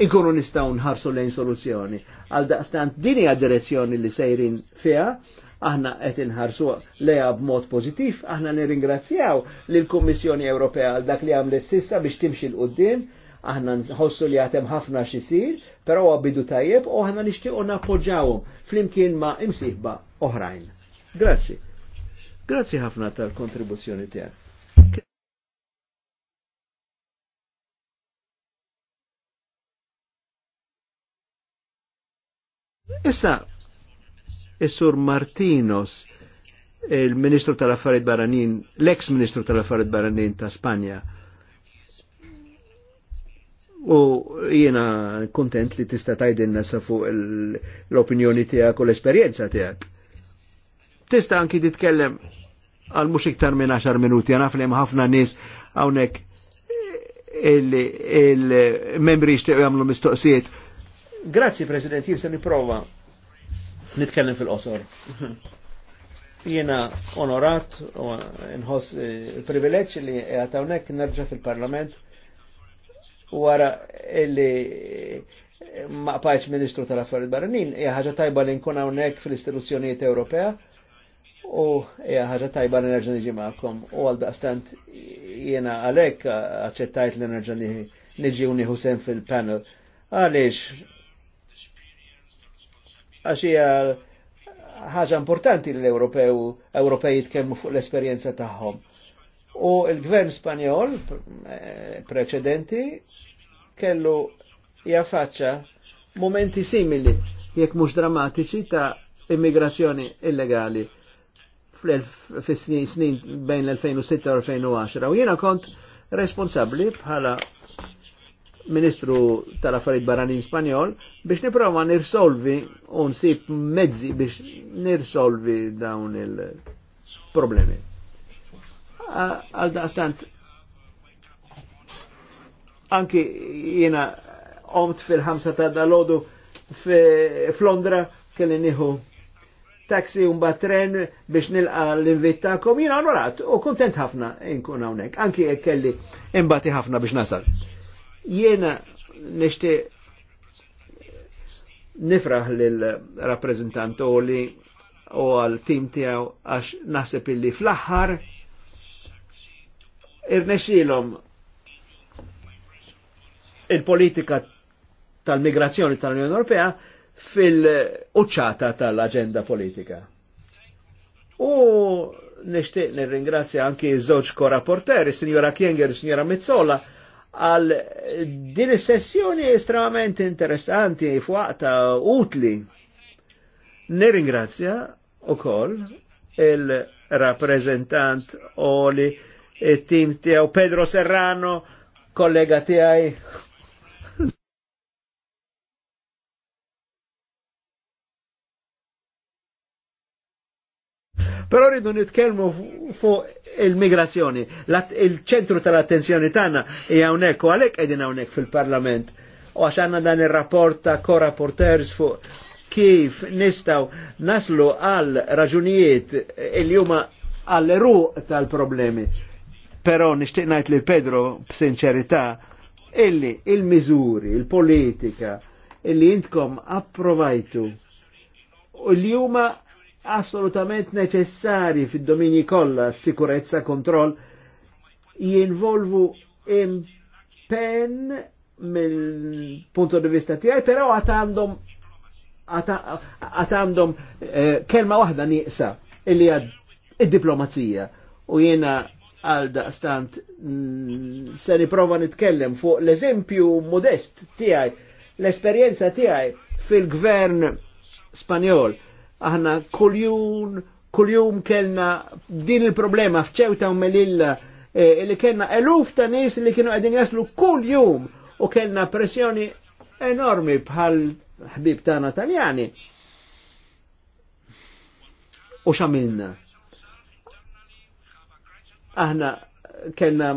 ikunu nistaw nħarsu lejn soluzzjoni. Għal daqstant dini hija direzzjoni li sejrin fiha, aħna qed inħarsu leja b'mod pożittiv, aħna nirringrazzjaw lil kummissjoni Ewropea għal dak li għamlet sissa biex timxi l-qudiem, aħna nħossu li għatem ħafna xisir, però għabidu tajjeb u aħna nixtiequ nappoġġawhom flimkien ma' imsieħba oħrajn. Grazzi. Grazzi ħafna tal-kontribuzzjoni tiegħek. Issa, Is-Sur Martinos, il-Ministru tal-Affarijiet Barranin, l-ex-Ministru tal-Affarijiet Barranin ta' Spanja. U jiena kontent li tista' tgħidilna sa fuq l-opinjoni tiegħek u l-esperjenza tiegħek. Tista' anki titkellem għal mhux iktar minn 10 minuti, għanaf li ħafna nies hawnhekk il-membri jixtiequ jagħmlu mistoqsijiet. Grazzi President, jinsa nipprova nitkellem fil-qosor. Jiena onorat u nħoss eh, il-privileġġ li għatawnek nerġa fil-Parlament wara illi ma' paċ Ministru tal-Affarijiet Barranin, hija ħaġa tajba li nkun hawnhekk fl-istituzzjonijiet Ewropea u hija ħaġa tajba li nerġa' niġi u għal daqstant jiena għalhekk aċċettajt l nerġa' niġi u nieħu fil-panel. Għalix, għaxija ħaġa importanti li l-Ewropew Ewropej jitkellmu fuq l-esperjenza tagħhom. U l-gvern Spanjol eh, preċedenti kellu jaffaċċa momenti simili jekk mhux drammatiċi ta' immigrazzjoni illegali fl-snin bejn l-2006 u 2010 u jiena kont responsabli bħala Ministru tal-Affarijiet Barranin Spanjol biex niprova nirsolvi u nsib mezzi biex nirsolvi dawn il-problemi. Għal daqstant, anki jena omt fil-ħamsa ta' dalodu fl-Londra kelli nieħu taxi un tren biex nilqa l-invittakom, jina onorat u kontent ħafna inkun hawnhekk, anki jekk kelli imbati ħafna biex nasal. Jiena nishti nifraħ lill-rappreżentantoli u għal-tim tiegħu għax naħseb illi fl-aħħar irnexilom il-politika tal-migrazzjoni tal-Unjoni Ewropea fil-uċċata tal-agenda politika. U nishtiq nir-ringrazzja anki żewġ korapporteri, signora Kienger, signora Mizzola, għal din is-sessjoni estremament interessanti f'waqta utli. Nir-ringrazzja u koll il-rappreżentant Oli, il tim tiegħu Pedro Serrano, kollega tijaj, Però rridu nitkellmu fuq il-migrazzjoni. Il-ċentru tal-attenzjoni tagħna hija hawnhekk u għalhekk qegħdin hawnhekk fil-Parlament. U għax għandna dan ir-rapport ta' co-rapporters fuq kif nistgħu naslu għal raġunijiet il huma għall ru tal-problemi. Però nixtieq ngħid li Pedro b'sinċerità illi il-miżuri, il-politika illi intkom approvajtu u li huma assolutament neċessari fid-domini kollha sikurezza kontroll jinvolvu impen mill punto di vista tiegħi, però għat għandhom eh, kelma waħda nieqsa illi għad id-diplomazija u jiena għal daqstant mm, se niprofa nitkellem fuq l-eżempju modest tiegħi l-esperjenza tiegħi fil-gvern Spanjol Aħna kuljum kuljum kellna din il-problema fċewta u melilla eh, li kellna eluf ta' nies li kienu qegħdin jaslu kuljum u kellna pressjoni enormi bħal ħbib tagħna Taljani. U xamilna? Aħna kellna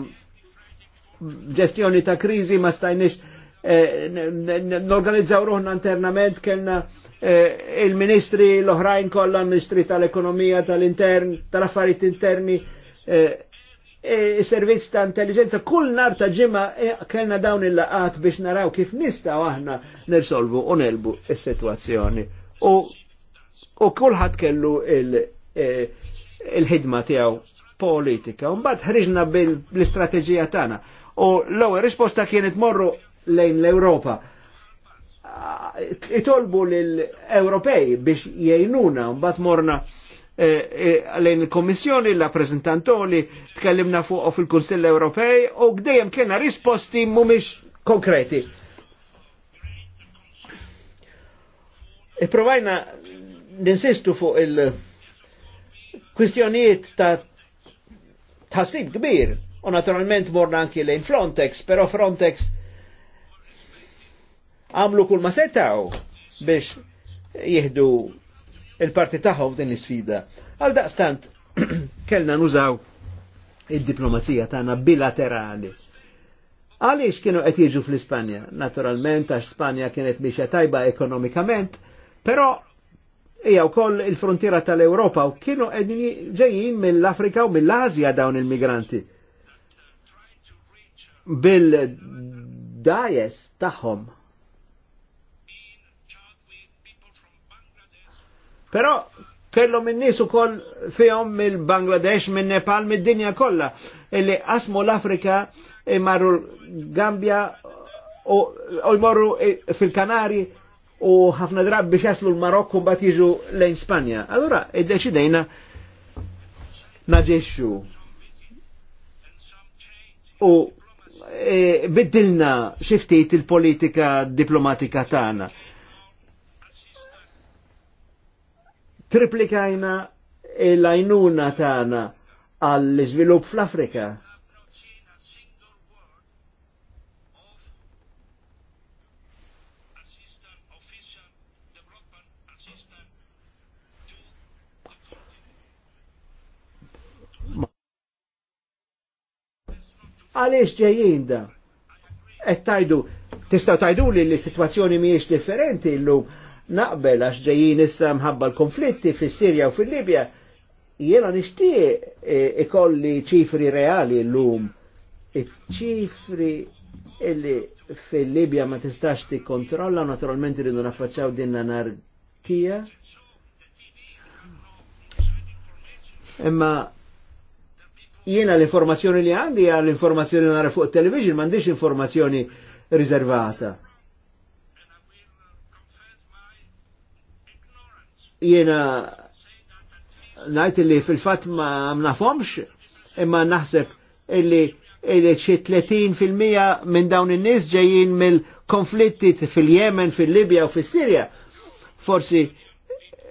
ġestjoni ta' kriżi ma stajniex eh, n-organizzaw ruħna internament kellna eh, Eh, il-ministri l-oħrajn kollha ministri tal-ekonomija, tal-intern, tal-affarijiet interni, eh, eh, is servizz ta' intelligenza, kull nar ta' ġimma kellna dawn il-laqat biex naraw kif nistgħu aħna nirsolvu u nelbu s-sitwazzjoni. U, u kulħadd kellu il-ħidma tiegħu politika. U Mbagħad ħriġna bil-istrateġija tagħna. U l-ewwel risposta kienet morru lejn l-Ewropa Ah, itolbu l-Ewropej biex jgħinuna, mbat morna eh, eh, lejn il-Kommissjoni, la prezentantoli, tkellimna fuq fil-Kunsill Ewropej u gdejjem kena risposti mumiex konkreti. Iprovajna ninsistu fuq il-kwistjonijiet ta' tħassib kbir u naturalment morna anki lejn Frontex, pero Frontex għamlu kull ma setaw biex jihdu il-parti tagħhom din l-sfida. Għal daqstant kellna nużaw id-diplomazija tagħna bilaterali. Għaliex kienu qed jiġu fl-Ispanja? Naturalment għax Spanja kienet biex tajba ekonomikament, però hija wkoll il-frontiera tal-Ewropa u kienu qegħdin ġejjin mill-Afrika u mill-Asja dawn il-migranti. Bil-dajes tagħhom Però kellhom in-nies ukoll fihom mill-Bangladesh, minn Nepal, mid-dinja kollha illi qasmu l-Afrika immarru e l-Gambja u jmorru e, fil-Kanari u ħafna drab biex jaslu l-Marokku mbagħad jiġu lejn Spanja. Allura iddeċidejna naġexxu. U e, biddilna xiftit il-politika diplomatika tagħna triplikajna il-lajnuna tana għall izvilup fl-Afrika. għaliex ġejjin da? Et tajdu, tistaw tajdu li l-situazzjoni miex differenti l-lum, naqbel għax ġejjin issa mħabba l-konflitti fis-Sirja u fil-Libja, jiena nixtieq e, ikolli ċifri reali llum. Iċ-ċifri illi fil-Libja ma tistax tikkontrolla, naturalment iridu naffaċċaw din anarkija. Imma jiena l-informazzjoni li għandi għal l-informazzjoni nara fuq television, m'għandix informazzjoni riservata. Jena najt li fil-fat ma nafomx, imma naħseb illi illi xi 30% minn dawn in-nies ġejjin mill-konflitti fil-Jemen, fil-Libja u fis-Sirja. Forsi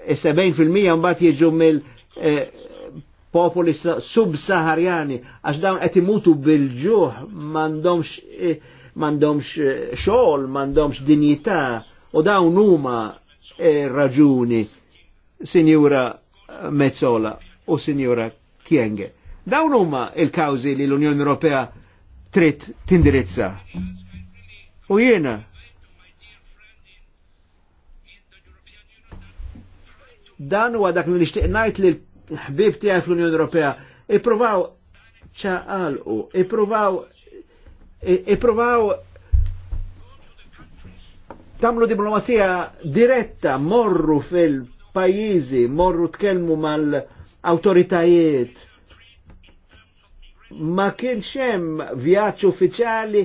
70% mbagħad jiġu mill-popoli eh, sub-Saharjani għax dawn qed imutu bil-ġuħ m'għandhomx eh, m'għandhomx eh, xogħol, m'għandhomx dinjità u dawn huma raġuni Signora Mezzola u Signora Kienge. Dawn huma il kawzi li l-Unjoni Ewropea trid tindirizza. U jiena dan huwa dak li nixtieq ngħid li l-ħbib tiegħi fl-Unjoni Ewropea ippruvaw ċaqalqu, ippruvaw ippruvaw tamlu diplomazija diretta, morru fil f'pajjiżi, morru tkellmu mal autoritajiet Ma kienx hemm vjaġġ uffiċjali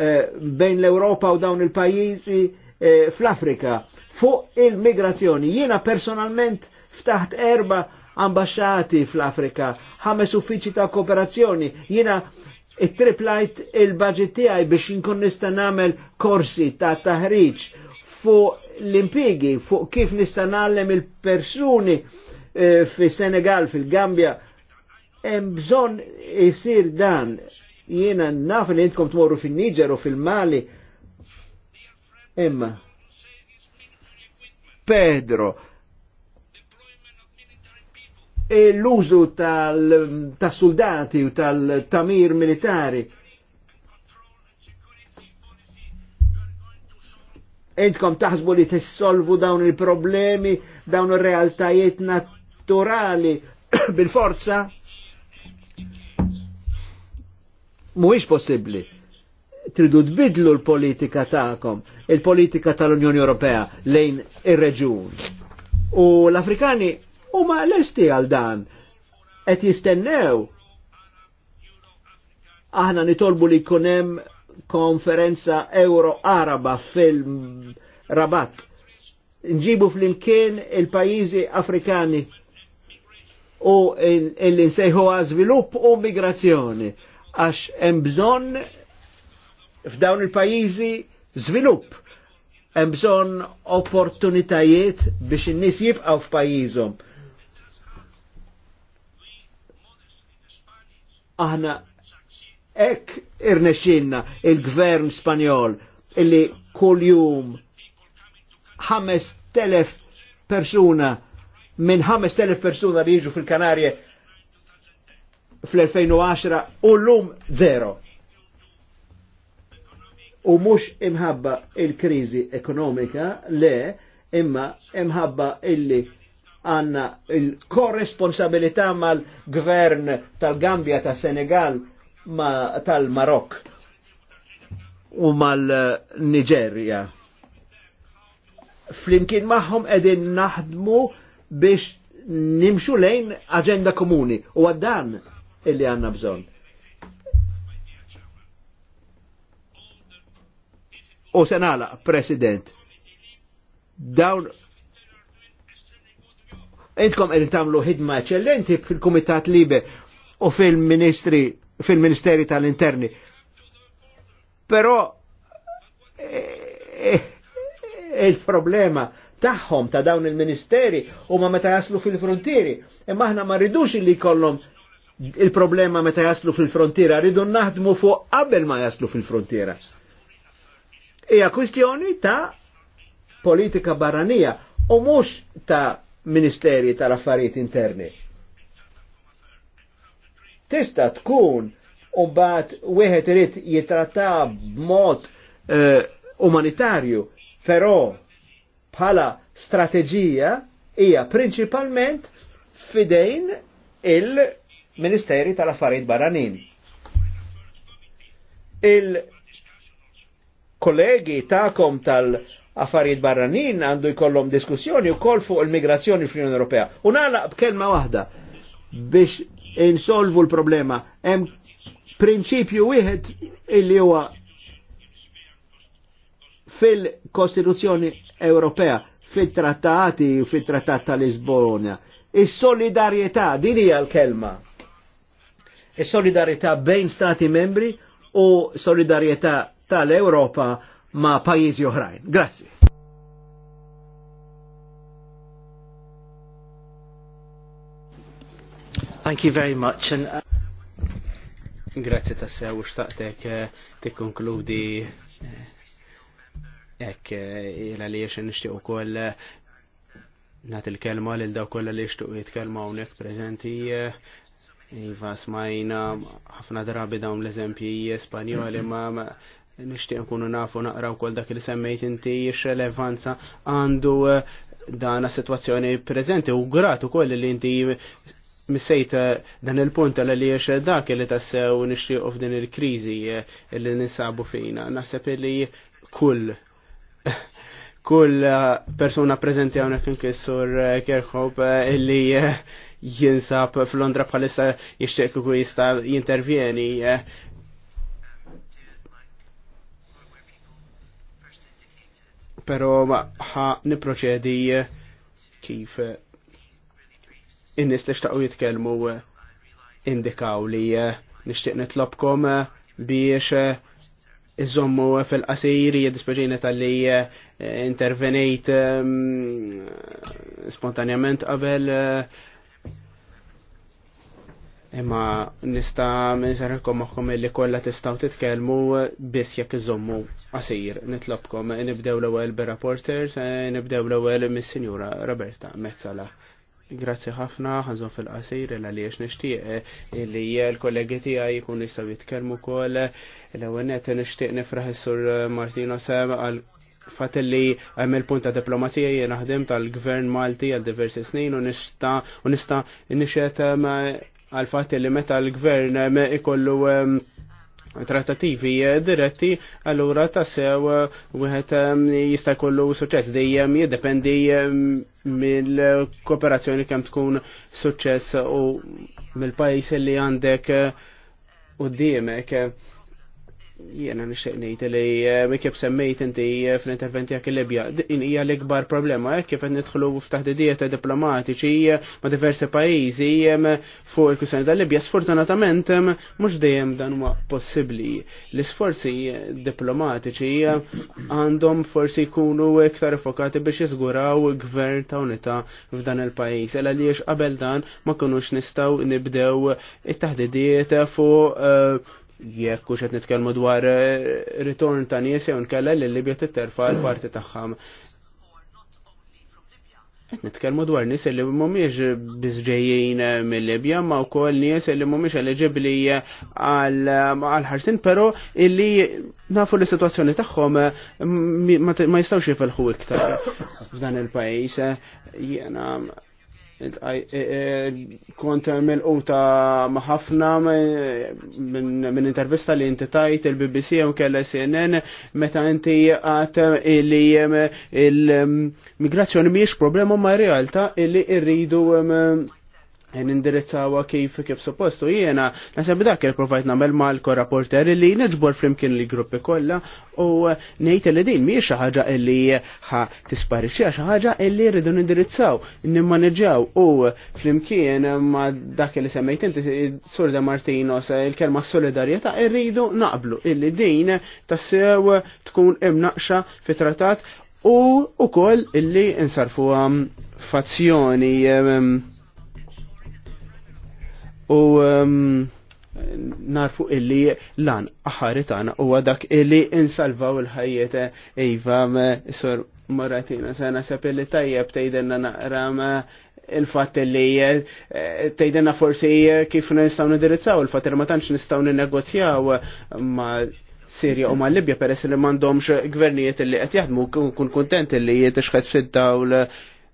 eh, bejn l-Ewropa u dawn il-pajjiżi eh, fl-Afrika fuq il-migrazzjoni. Jiena personalment ftaħt erba' ambasċati fl-Afrika, ħames uffiċi ta' kooperazzjoni. Jiena it-triplajt il-budget tiegħi biex inkun nista' nagħmel korsi ta' taħriġ fuq l-impiegi, fuq kif nista' nallem il-persuni eh, fi Senegal, fil-Gambja, hemm bżonn isir dan. Jiena naf li intkom tmorru fin-Niġer u fil-Mali. Imma Pedro e l-użu tal-soldati u tal-tamir militari Entkom taħsbu li tissolvu dawn il-problemi, dawn il-realtajiet naturali bil-forza? Mhuwiex possibbli. Tridu tbidlu l-politika tagħkom, il-politika tal-Unjoni Ewropea lejn ir-reġun. U l-Afrikani huma lesti għal dan qed jistennew aħna nitolbu li jkun hemm konferenza Euro-Araba fil-Rabat. Nġibu fl-imkien il-pajizi afrikani u il nsejħu insejħu għazvilupp u migrazzjoni għax hemm bżonn f'dawn il pajizi żvilupp. Hemm bżonn opportunitajiet biex in-nies jibqgħu f'pajjiżhom. Aħna Ek irnexinna il-gvern Spanjol illi kuljum 5.000 persuna minn 5.000 persuna li jiġu fil-Kanarje fl-2010 u l-lum zero. U mux imħabba il-krizi ekonomika le imma imħabba illi għanna il-korresponsabilità mal-gvern tal-Gambia, tal tal senegal tal-Marok u mal-Niġerja. Flimkien maħħom edin naħdmu biex nimxu lejn agenda komuni u għaddan illi għanna bżon. U senala, President, dawn Intkom qed tagħmlu ħidma eċċellenti fil-Kumitat Libe u fil-Ministri fil-Ministeri tal-Interni. Però eh, eh, eh, il-problema tagħhom ta' dawn il-ministeri huma meta jaslu fil-frontieri. Imma aħna ma rridux li jkollhom il-problema meta jaslu fil-frontiera, rridu naħdmu fuq qabel ma jaslu fil-frontiera. Hija kwistjoni ta' politika barranija u mhux ta' ministeri tal-affarijiet interni tista tkun u bat wieħed irid jitratta b'mod uh, umanitarju, però bħala strateġija hija prinċipalment fidejn il-Ministeri tal-Affarijiet Barranin. Il-kollegi ta'kom tal-Affarijiet Barranin għandu jkollhom diskussjoni wkoll fuq il-migrazzjoni fl-Unjoni Ewropea. U nagħlaq b'kelma waħda biex insolvu l-problema. Hemm prinċipju wieħed illi huwa fil-Kostituzzjoni Ewropea, fit-trattati u fit-trattat ta' Lisbona. Is-solidarjetà, din hija l-kelma. Is-solidarjetà bejn stati membri u solidarjetà tal-Ewropa ma' pajjiżi
oħrajn. Grazzi. Thank you very much. And, uh...
Grazie tassew u xtaqtek eh, tikkonkludi eh, ek jela eh, li jxen nishtiq u koll nat il-kelma li l-daw koll li jxtiq jitkelma unek prezenti Iva smajna ħafna drabi dawn l-eżempji spanjoli ma nishtiq nkunu nafu naqra u dak li semmejt inti x-relevanza għandu dana situazzjoni prezenti u grat u koll li inti missejta eh, dan il-punt għal li jiex dak li tassew nixtieq f'din il-kriżi eh, li nisabu fina. Naħseb li kull kull eh, persuna preżenti hawnhekk inkissur Kerħob illi jinsab f'Londra bħalissa jixtieq kuku jista' jintervjeni. Pero ħa niproċedi kif in li xtaqgħu jitkellmu eh, indikaw li eh, nixtieq nitlobkom eh, biex iżommu fil-qasir jiddispeċina tal-li intervenejt spontanjament qabel imma nista nisarkom maħkom illi kolla tistaw titkelmu biss jekk iżommu qasir nitlobkom nibdew l-ewwel bir-rapporters nibdew l-ewwel mis-sinjura Roberta Mezzala. Grazzi ħafna, ħanżon fil-qasir, l-għaliex nishtiq li l-kollegi tijaj jikun jistaw jitkelmu kol, l-għonet nishtiq nifraħ sur Martino Sem għal fatelli li għamil punta diplomatija jien tal-gvern Malti għal diversi snin u nista u nista um, għal fatelli li meta l-gvern um, ikollu um, trattativi eh, diretti, allora ta' sew eh, wieħed ehm, jista' jkollu suċċess dejjem jiddependi ehm, mill-kooperazzjoni kemm tkun suċċess u mill-pajjiż li għandek eh, u d Jena nixtieq ngħid li eh, kif semmejt inti eh, fl-interventi jak il-Libja, din hija l-ikbar problema, eh, kif qed nidħlu f'taħdidiet diplomatiċi ma' diversi pajjiżi fuq il-kwistjoni tal-Libja, sfortunatament mhux dejjem dan huwa possibbli. L-isforzi diplomatiċi għandhom forsi jkunu iktar fokati biex jiżguraw gvern ta' unità f'dan il-pajjiż. Ela li qabel dan ma kunux nistgħu nibdew it-taħdidiet fuq jekk kuxet nitkelmu nitkellmu dwar eh, ritorn ta' nies jew nkella li Libja titterfa l-parti tagħhom. Qed nitkellmu dwar nies li mhumiex biżġejjin eh, mill-Libja ma wkoll nies li mhumiex eliġibbli eh, għal ħarsin però illi nafu li situazzjoni tagħhom ma jistgħux jifelħu iktar f'dan il-pajjiż. Jiena kont mel ta' ħafna minn intervista li inti tajt il-BBC u kella CNN meta inti għat li il-migrazzjoni miex problema ma' realta illi irridu um, indirizzawa kif kif suppostu jiena nasab dak il provajt namel mal-korrapporter li neġbor flimkien li gruppi kollha u nejt li din mhijiex xaħġa ħaġa li ħa tisparixxi xi ħaġa rridu nindirizzaw nimmaneġġaw u flimkien ma dak li semmejt inti Surda Martinos il-kelma solidarjetà rridu naqblu illi din tassew tkun imnaqxa fit-trattat u koll illi insarfu fazzjoni u um, narfu illi lan aħaritana u huwa dak illi insalvaw il-ħajjet eh, iva sor Moratina se nasab illi tajjeb tgħidilna naqra il fat li eh, tgħidilna forsi kif nistgħu nidirizzaw il fat li ma tantx nistgħu ninnegozjaw ma' Sirja u ma' Libja peress li m'għandhomx gvernijiet li qed jaħdmu kun kuntent li jitixħed fid-dawl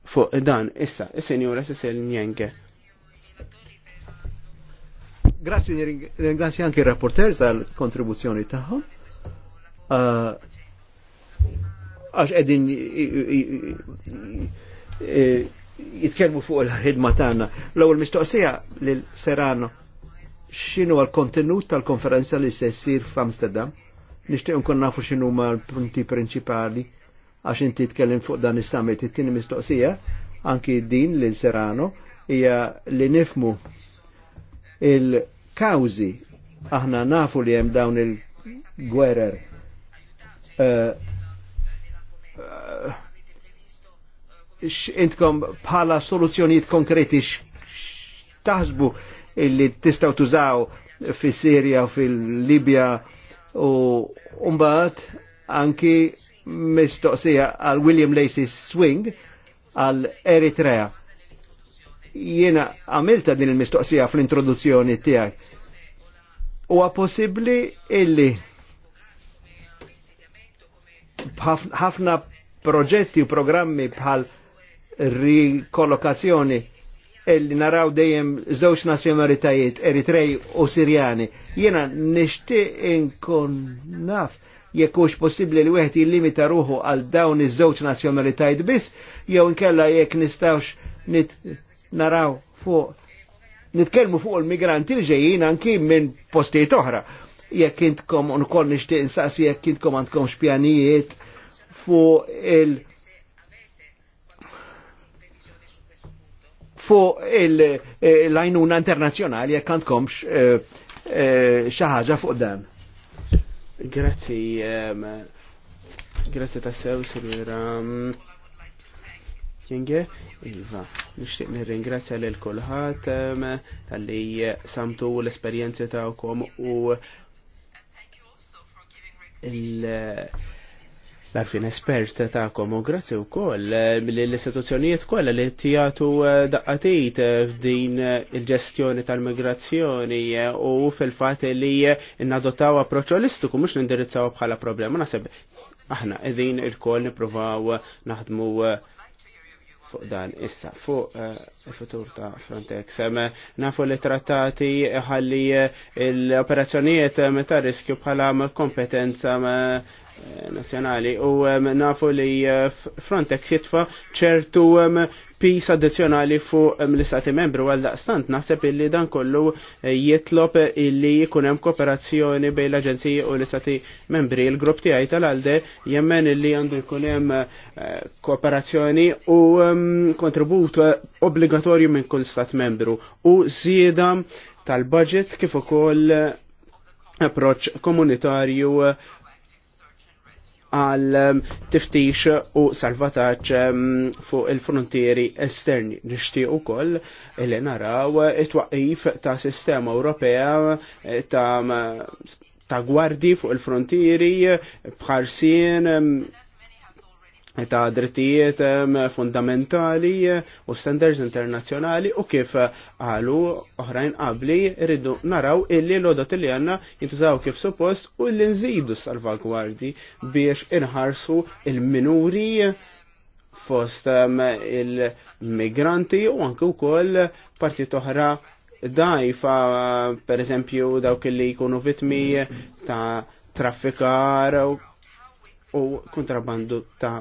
fuq dan. Issa, is-senjura Cecil Njenke.
Grazzi ringrazio anche i rapporteurs tal-kontribuzzjoni tagħhom. Eh, għax qegħdin fuq il-ħidma tagħna. L-ewwel mistoqsija lil Serrano x'inhu għal-kontenut tal-konferenza li se ssir f'Amsterdam? Nixtieq nkun nafu x'inhu l-punti prinċipali għax inti tkellem fuq dan is-summit. It-tieni mistoqsija anki din lil Serrano hija li nifmu il-kawzi aħna nafu li jem dawn il-gwerer. Uh, eh, eh, intkom bħala soluzzjonijiet konkreti taħsbu illi tistaw tużaw fi Sirja u fil-Libja u umbaħt anki mistoqsija għal William Lacey Swing għal Eritrea Jiena għamilta din il-mistoqsija fl-introduzzjoni tiegħek. Huwa possibbli illi ħafna proġetti u programmi bħal rikollokazzjoni illi naraw dejjem żewġ nazzjonalitajiet Eritrej u Sirjani. Jiena nixtieq inkun naf jekk hux possibbli li wieħed jillimita ruħu għal dawn iż-żewġ nazzjonalitajiet biss jew inkella jekk nistgħux nit naraw fuq Nitkelmu fuq il-migranti li ġejjin anki minn postijiet oħra. Jekk intkom ukoll nixtieq insaqsi jekk intkom għandkom xpjanijiet fuq il- fuq il-lajnuna internazjonali jekk għandkomx eh, eh, xaħġa fuq dan.
Grazzi, ehm, grazzi tassew, Sirwira. Kienge, Iva, nishtiq nirringrazzja lil kulħadd tal-li samtu l-esperjenzi tagħkom u l-arfin espert tagħkom u grazzi wkoll l istituzzjonijiet kollha li t-tijatu eh, daqqatit eh, f'din eh, il-ġestjoni tal-migrazzjoni u fil-fatt li nadottaw approċċ holistiku mhux nindirizzaw bħala problema naseb. aħna qegħdin il-koll nippruvaw naħdmu fuq dan issa fuq eh, il-futur ta' Frontex. Nafu li trattati ħalli eh, l-operazzjonijiet eh, meta riskju bħala kompetenza nazjonali u nafu li eh, Frontex jitfa ċertu pis addizjonali fuq l-istati membru għal daqstant naħseb illi dan kollu eh, jitlob illi jkun hemm kooperazzjoni bejn l-aġenziji u l-istati membri. Il-grupp tiegħi tal-Alde jemmen illi għandu jkun hemm eh, kooperazzjoni u kontribut obbligatorju minn kull stat membru u żieda tal-budget kif ukoll approċ komunitarju għal ehm, tiftix u salvataċ ehm, fuq il-frontieri esterni. Nishtiq u koll li naraw it-waqif ta' sistema Ewropea eh, ta' ta' gwardi fuq il-frontieri bħarsien ehm, ta' drittijiet fundamentali u standards internazzjonali u kif għalu oħrajn qabli rridu naraw illi l-odot li għanna jintużaw kif suppost u illi nżidu salvagwardi biex inħarsu il-minuri fost il-migranti u anke wkoll parti oħra dajfa per eżempju dawk li jkunu vitmi ta' traffikar u kontrabandu ta'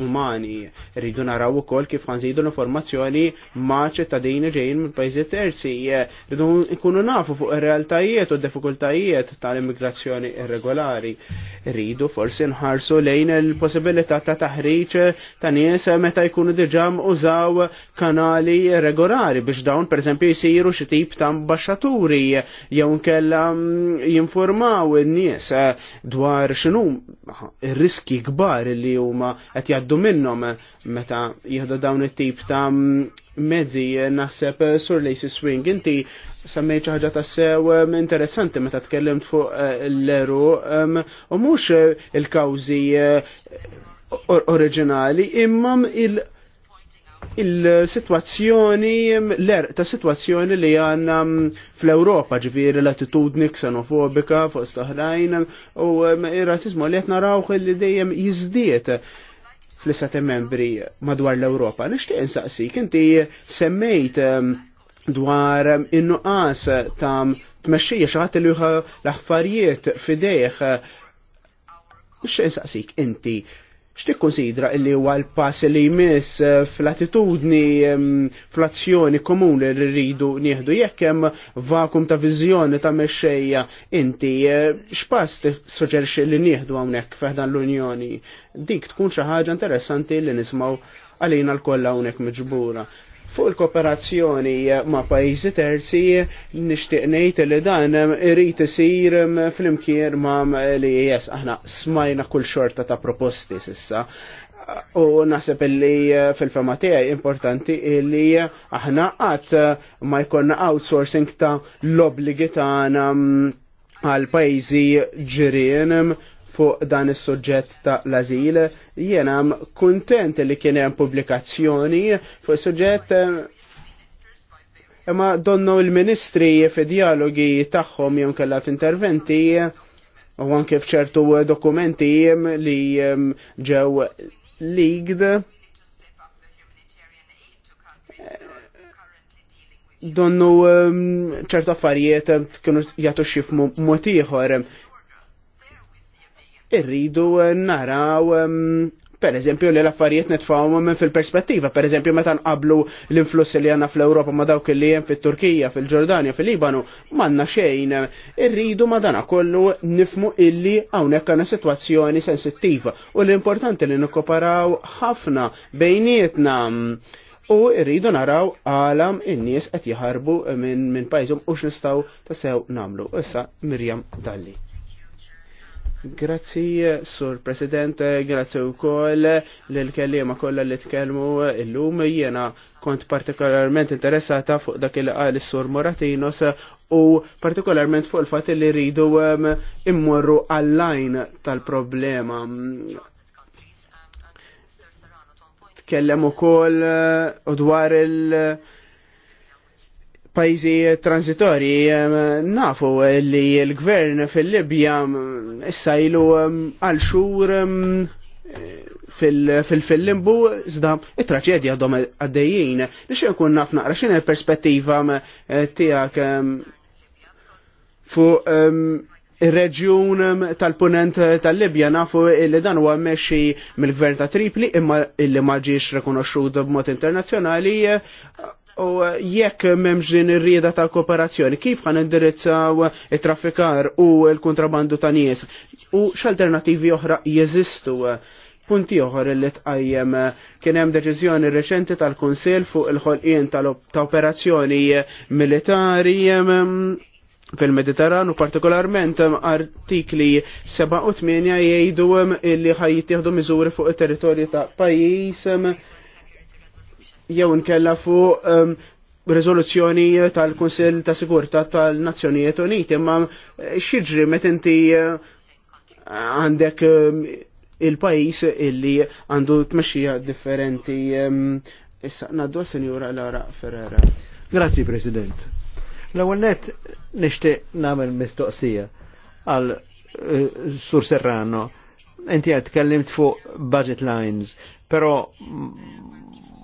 umani. Rridu naraw ukoll kif ħanżidu l-informazzjoni ma' ċittadini ġejjin minn pajjiżi terzi. Rridu nkunu nafu fuq ir-realtajiet u d-diffikultajiet tal-immigrazzjoni irregolari. Rridu forsi nħarsu lejn il-possibilità ta' taħriġ ta' nies meta jkunu diġà użaw kanali regolari biex dawn pereżempju jsiru xi tip ta' ambasċaturi jew nkella mm, jinformaw in-nies dwar x'inhu ir-riski kbar li huma qed jgħaddu minnhom meta jieħdu dawn it-tip ta' mezzi naħseb sur Lacey Swing. Inti semmejt xi ħaġa ta' sew mm, interessanti meta tkellimt fuq eh, l-eru mm, u mhux il-kawżi eh, oriġinali imma il- il-situazzjoni, mm, l-er ta' situazzjoni li għanna fl-Europa ġviri l-attitudni ksenofobika fost oħrajn u ir-rasizmu li għetna rawħ li dejjem jizdiet fl istat membri madwar l-Europa. Nishtiq insaqsik, inti semmejt um, dwar innuqas ta' tmexxija xaħat li l-affarijiet fideħ. Nishtiq insaqsik, inti xtik konsidra illi huwa l-pass li jmiss eh, fl-attitudni fl-azzjoni komuni li rridu nieħdu jekk hemm vakum ta' viżjoni ta' mexxejja inti eh, x'pass tissuġġerixxi li nieħdu hawnhekk f'dan l-Unjoni. Dik tkun xi ħaġa interessanti li nismgħu għalina l hawnhekk miġbura. Fuq il-kooperazzjoni ma' pajjiżi terzi nixtieq ngħid li dan irid isir flimkien ma' li jes aħna smajna kull xorta ta' proposti sissa. U naħseb li fil-fema tiegħi importanti li aħna qatt ma jkollna outsourcing ta' l-obligi tagħna għal pajjiżi ġirien fuq dan is-suġġett ta' l-azil. Jiena kontent li kien hemm pubblikazzjoni fuq suġġett eh, imma donnu l-ministri fi dialogi tagħhom jew kellha f'interventi u anke f'ċertu dokumenti li eh, ġew ligd. donnu eh, ċertu affarijiet kienu jgħatu xifmu mod ieħor irridu eh, naraw ehm, per eżempju li l-affarijiet netfawhom minn fil-perspettiva, per eżempju meta nqablu l-influss li għandna fl-Ewropa ma dawk li jem fit-Turkija, fil ġordania fil-Libanu, m'għandna xejn. Irridu dana kollu nifmu illi hawnhekk għandna sitwazzjoni sensittiva u l-importanti li nikkoparaw ħafna bejnietna u rridu naraw għalam in-nies qed jħarbu minn min u x'nistgħu tasew nagħmlu. Issa Mirjam Dalli. Grazzi, Sur President, grazzi u koll l-kellima kolla li tkellmu illum jena kont partikolarment interessata fuq dak il qal Sur Moratinos u partikolarment fuq il-fat li rridu um, immorru għall-lajn tal-problema. Tkellem u koll uh, u dwar il- pajzi transitori nafu li l-gvern fil-Libja issa ilu għal xur fil-limbu zda it-traċedja għadhom għaddejjien. Nix nkun naf naqra xin perspettiva tijak fu il-reġjun tal-punent tal-Libja nafu li dan huwa meċi mill-gvern ta' Tripli imma illi ma ġiex rekonoxxut b'mod internazzjonali u uh, jekk memġin din ir-rieda ta' kooperazzjoni, kif ħan indirizzaw it-traffikar u l-kontrabandu ta' nies u x'alternattivi oħra jeżistu punti oħor li tqajjem kien hemm deċiżjoni reċenti tal-Kunsill fuq il-ħolqien ta' operazzjoni militari fil-Mediterran u partikolarment artikli 7 u 8 jgħidu li ħajjittieħdu miżuri fuq it-territorju ta' pajjiż jew nkella fuq um, ehm, rezoluzzjoni tal-Kunsill ta' Sigurtà tal-Nazzjonijiet Uniti, ma eh, xiġri met inti eh, għandek ehm, il-pajis illi għandu tmexxija differenti. Ehm, issa, naddu senjura Lara Ferrera.
Grazzi, President. L-ewwel net nixtieq nagħmel mistoqsija għal eh, Sur Serrano. Inti għad tkellimt fuq budget lines, però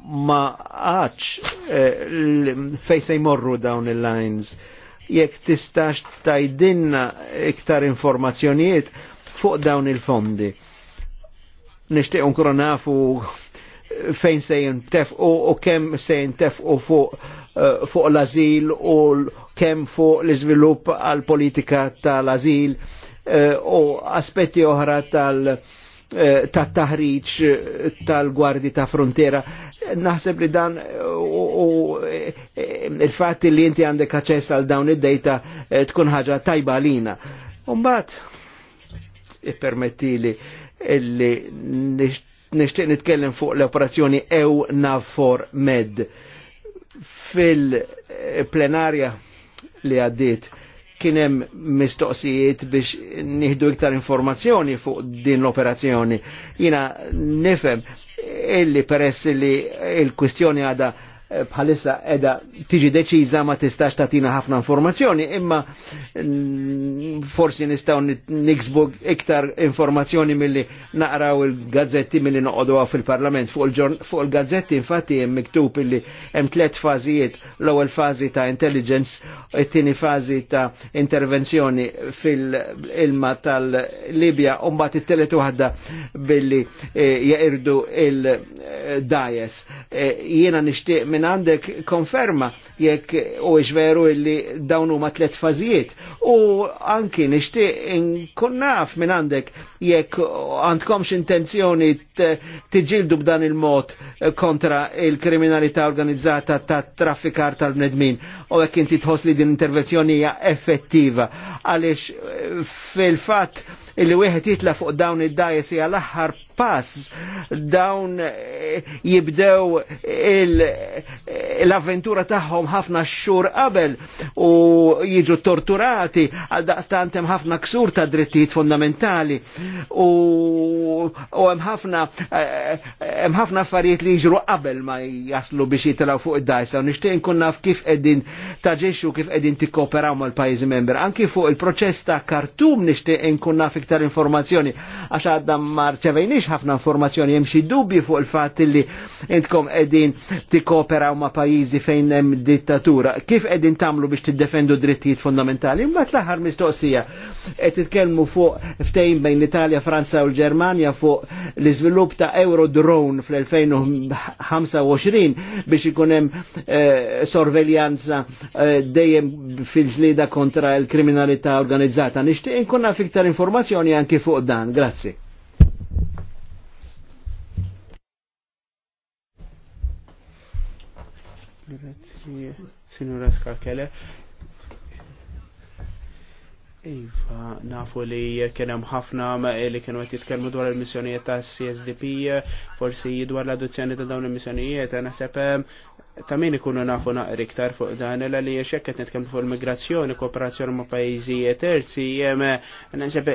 ma għax eh, fej se jmorru dawn il-lines. Jekk tistax tajdinna iktar informazzjonijiet fuq dawn il-fondi. Nishtiq unkura nafu fejn se jintef u kemm se jintef u fuq eh, fuq l-azil u kemm fuq l-iżvilupp għal politika tal-azil eh, u aspetti oħra tal-, -azil, Eh, ta' taħriġ eh, tal-gwardi ta' frontiera. Naħseb li dan eh, u il fat li inti għandek aċċess għal dawn id-dejta tkun ħaġa tajba lina. Umbat, permettili li nishtiq nitkellem fuq l-operazzjoni EU Nafor Med fil-plenarja li għaddit kienem mistoqsijiet biex nihdu iktar informazzjoni fuq din l-operazzjoni. Jina nifem illi peress li il-kwistjoni għada Eh, bħalissa edha tiġi deċiża ma tistax tatina ħafna informazzjoni, imma mm, forsi nistaw niksbu iktar informazzjoni milli naqraw il-gazzetti milli noqodu fil-parlament. Fuq il-gazzetti infatti hemm miktub illi hemm tliet fażijiet, l-ewwel fażi ta' intelligence, it-tieni fażi ta' intervenzjoni fil-ilma tal-Libja, u mbagħad it-telet waħda billi eh, jeqirdu il-dajes. Eh, jiena nixtieq minn għandek konferma jekk u veru illi dawn huma tliet fażijiet. U anki nixtieq inkun naf minn għandek jekk għandkomx intenzjoni tiġildu b'dan il-mod kontra il-kriminalità organizzata ta' traffikar tal-bnedmin u jekk inti tħoss li din intervenzjoni hija effettiva għaliex eh, fil-fatt illi wieħed jitla fuq dawn id-dajesi għal aħħar pass dawn eh, jibdew eh, l-avventura tagħhom ħafna xhur qabel u jiġu torturati għal daqstant hemm ħafna ksur ta' drittijiet fundamentali u hemm ħafna eh, hemm ħafna affarijiet li jiġru qabel ma jaslu biex jitlaw fuq id-dajsa u nixtieq nkun naf kif qegħdin taġixxu kif qegħdin tikkooperaw mal-pajjiżi member. Anki fuq il-proċess ta' Kartum nixtieq nkun naf iktar informazzjoni għax għadda marċevejnix ħafna informazzjoni hemm xi dubbi fuq il-fatt li intkom qegħdin tikkooperaw ma' pajjiżi fejn hemm dittatura. Kif qegħdin tagħmlu biex tiddefendu drittijiet fundamentali? Imma l-aħħar mistoqsija qed titkellmu fuq ftejn bejn l-Italja, Franza u l-Ġermanja fuq l-iżvilupp ta' Euro Drone fl-2025 biex ikun hemm eh, sorveljanza eh, dejjem fil-ġlida kontra l-kriminalità organizzata. Nixtieq inkunna fiktar informazzjoni riflessjoni anki fuq dan. Grazzi.
Grazzi,
Sinura Skalkele. Iva, nafu li kienem ħafna li kienu għet jitkelmu dwar il-missjonijiet ta' CSDP, forsi dwar l-adozzjoni ta' dawn il-missjonijiet, e naħseb ta' min ikunu nafu naqri iktar fuq dan, l li xekket nitkellmu fuq il-migrazzjoni, kooperazzjoni ma' pajizijiet terzi, għana e naħseb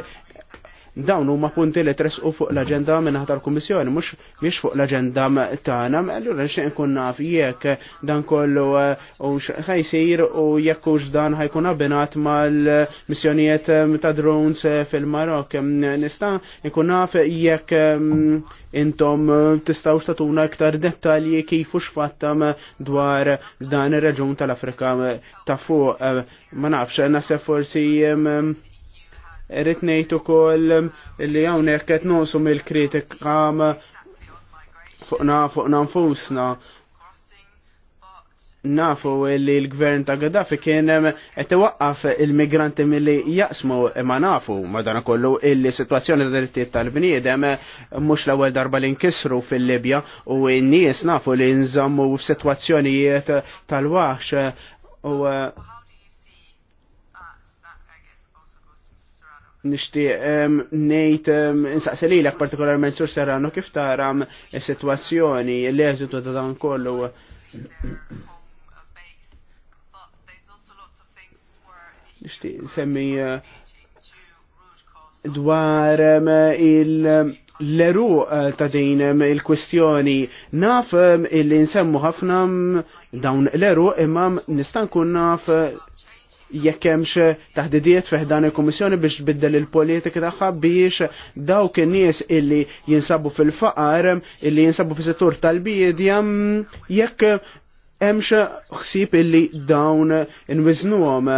dawn huma punti li tresqu fuq l-aġenda minn tal-Kummissjoni, mhux biex fuq l-aġenda tagħna, allura xejn nkun naf jekk dan kollu uh, ħajsir u jekk hux dan ħajkun abbinat mal-missjonijiet um, ta' drones uh, fil-Marok. Um, nista' nkun naf jekk um, intom uh, tistgħu statuna iktar dettalji kif hux fattam dwar dan ir-reġun tal-Afrika ta' fuq. Ma nafx, nasef forsi Irrit ngħid ukoll li hawnhekk qed noqsu mill-kritika fuqna fuqna nfusna nafu li l-gvern ta' Gaddafi kien qed iwaqqaf il-migranti milli jaqsmu imma nafu madanakollu illi sitwazzjoni ta' drittiet tal-bniedem eh, mhux l-ewwel darba li nkisru fil-Libja u n-nies nafu li nżammu f'sitwazzjonijiet tal-waħx u eh, nishtiq nejt insaqsililek partikolarment sur Serrano kif taram situazzjoni sitwazzjoni l-eżitu ta' dan kollu. Nishtiq semmi eh, dwar il- l-eru eh, ta' din il kwistjoni naf il-li nsemmu ħafna dawn l-eru imma nistan kun naf jekk hemmx taħdidiet feħdan il-Kummissjoni biex tbiddel il-politika tagħha biex dawk in-nies illi jinsabu fil-faqar, illi jinsabu fis-settur tal-bidja jekk hemmx ħsieb illi dawn inwiżnuhom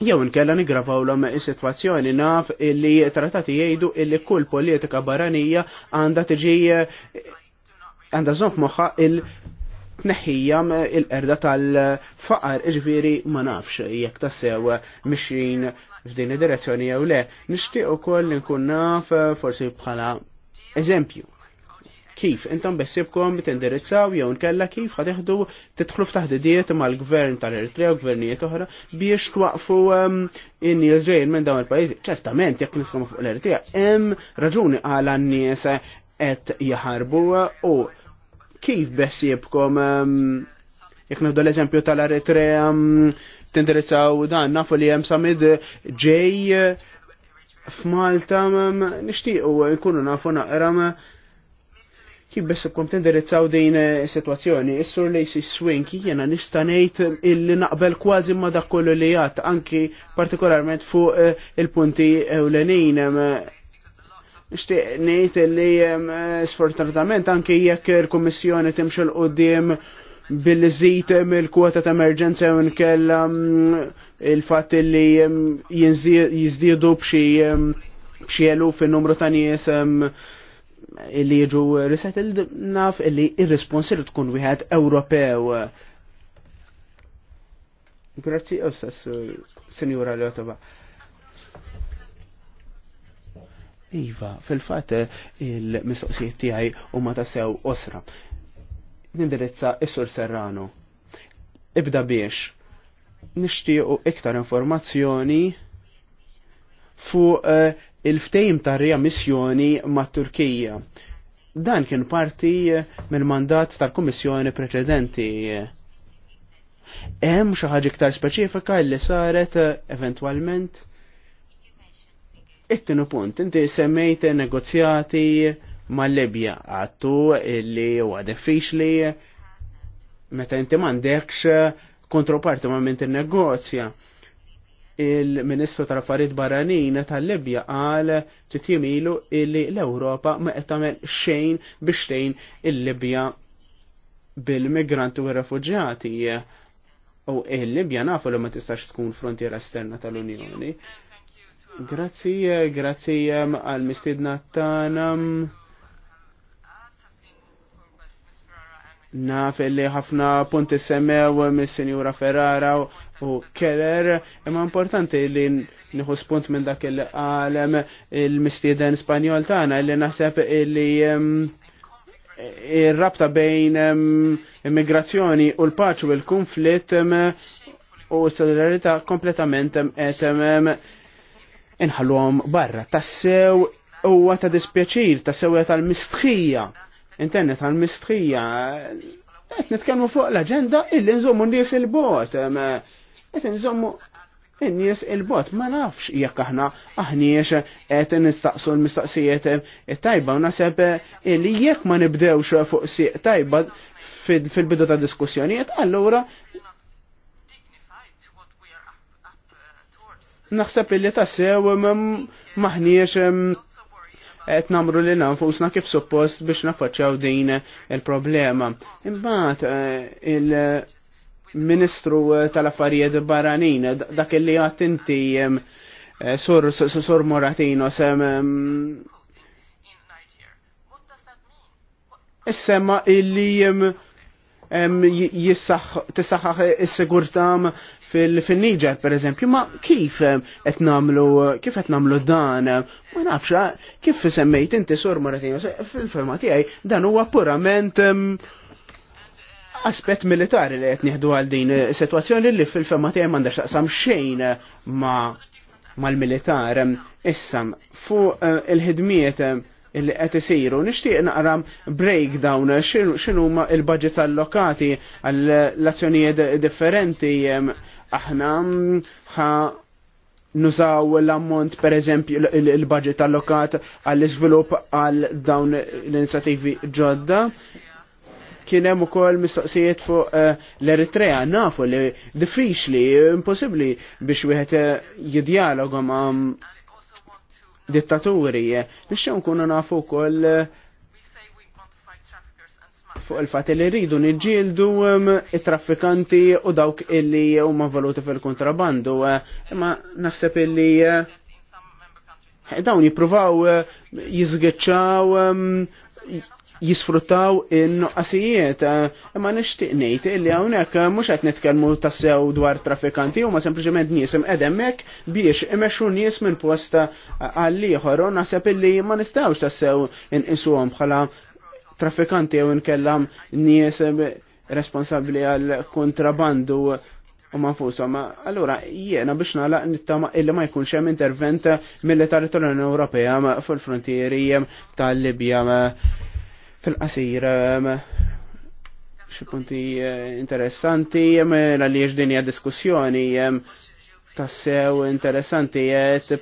jew inkella nigravaw l is-sitwazzjoni naf illi trattati jgħidu illi kull politika barranija għandha tiġi għandha zonf moħħa il- tneħħija il-qerda tal-faqar, iġviri ma nafx, jekk tassew mixin f'din id-direzzjoni jew le. Nixtieq ukoll li nkun naf forsi bħala eżempju. Kif intom bessibkom tindirizzaw jew nkella kif ħateħdu titħlu f'taħdidiet mal-gvern tal-Eritrea u gvernijiet oħra biex twaqfu um, in l-ġejn minn dawn il-pajjiżi. Ċertament jekk nitkellmu fuq l-Eritrea hemm raġuni għal n-nies qed jaħarbu u Kif besibkom, jek nibdu l-eżempju tal-Eritrea, tindirizzaw dan, nafu li jem samid ġej f'Malta, u nkunu nafu naqram kif besibkom tindirizzaw din situazzjoni. Is-sur Lacey Swinki jena nistanejt illi naqbel kważi ma dak kollu li jgħat, anki partikolarment fuq eh, il-punti ewlenin Nishtiq ngħid li sfortunatament anke jekk il-Kummissjoni timxu l qudiem bil żid mill kwota ta' emerġenza u nkella il-fatt li jiżdiedu b'xi b'xi eluf in-numru ta' nies illi jiġu resettled naf illi ir tkun wieħed Ewropew. Grazzi, ossas, Signora Ljotova. Iva, fil-fat eh, il-mistoqsijiet tiegħi huma ta' sew osra. Nindirizza is-Sur Serrano. Ibda biex nixtiequ iktar informazzjoni fuq eh, il-ftejm ta' missjoni mat Turkija. Dan kien parti eh, mill-mandat tal-Kummissjoni preċedenti. Hemm xi ħaġa iktar speċifika li saret eventwalment? It-tinu punt, inti semmejt negozjati mal-Libja għattu li huwa diffiċli meta inti m'għandekx kontroparti ma' minn negozja il-Ministru tal-Affarijiet Barranin tal-Libja qal titjimilu illi l-Ewropa ma qed tagħmel xejn biex tgħin il-Libja bil-migranti u r-refuġjati. U il-Libja nafu li ma tistax tkun frontiera esterna tal-Unjoni. Grazzi, grazzi għal mistidna t Naf li ħafna punti semmew mis sinjura Ferrara u Keller, imma importanti li nħu spunt minn dak il qalem il-mistieden Spanjol tagħna li naħseb li il rabta bejn immigrazzjoni u l-paċu u l-konflitt u s solidarita kompletament qed inħalluhom barra. Tassew huwa ta' dispjaċir, tassew tal-mistħija, internet tal-mistħija. Qed nitkellmu fuq l-aġenda illi nżommu n nies il-bot. Qed nżommu in-nies il-bot ma nafx jekk aħna aħniex qed nistaqsu l-mistaqsijiet tajba u naħseb illi jekk ma nibdewx fuq siq tajba fil-bidu ta' diskussjonijiet, allura naħseb illi tassew maħniex qed namru lil nfusna kif suppost biex nafaċċaw din il-problema. Imbagħad eh, il-Ministru tal-Affarijiet Barranin dak illi għad inti eh, sur sur Moratino sem Is-sema illi jissaħ tisaħħaħ is-sigurtam fil-Niġer per eżempju, ma kif eh, qed namlu eh, kif qed namlu dan, eh, ma nafx ah, kif semmejt inti sur Maratin, fil-ferma tiegħi dan huwa purament aspett militari li qed nieħdu għal din sitwazzjoni li fil-ferma tiegħi m'għandax taqsam xejn ma mal-militar. Issa fuq il-ħidmiet il qed isiru. Nixtieq naqra breakdown ma il-budgets allokati għall azzjonijiet differenti aħna ħa nużaw l-ammont per eżempju il-budget allokat għall izvilup għal dawn l inizjativi ġodda. Kien hemm ukoll mistoqsijiet fuq eh, l-Eritrea nafu li diffiċli, impossibbli biex wieħed eh, jidjaloga ma' dittaturi. Nixxew nkunu nafu wkoll eh, fuq il-fat li rridu niġġieldu um, it-traffikanti u dawk illi huma valuti fil-kontrabandu. Eh, imma naħseb illi eh, eh, dawn jippruvaw jizgeċċaw um, jisfruttaw in-nuqqasijiet. Imma nixtieq ngħid illi hawnhekk mhux qed nitkellmu tassew dwar traffikanti huma sempliċement nies imqedem biex imexxu nies minn posta għal ieħor u naħseb illi ma nistgħux tassew inqisuhom bħala traffikanti jew inkellam nies responsabbli għal kontrabandu u Ma Allura, jiena biex nalaq nittama illi ma jkunx hemm intervent militari tal-Unjoni Ewropea fil-frontieri tal-Libja fil-qasir xi punti interessanti għaliex mela din hija diskussjoni tassew interessanti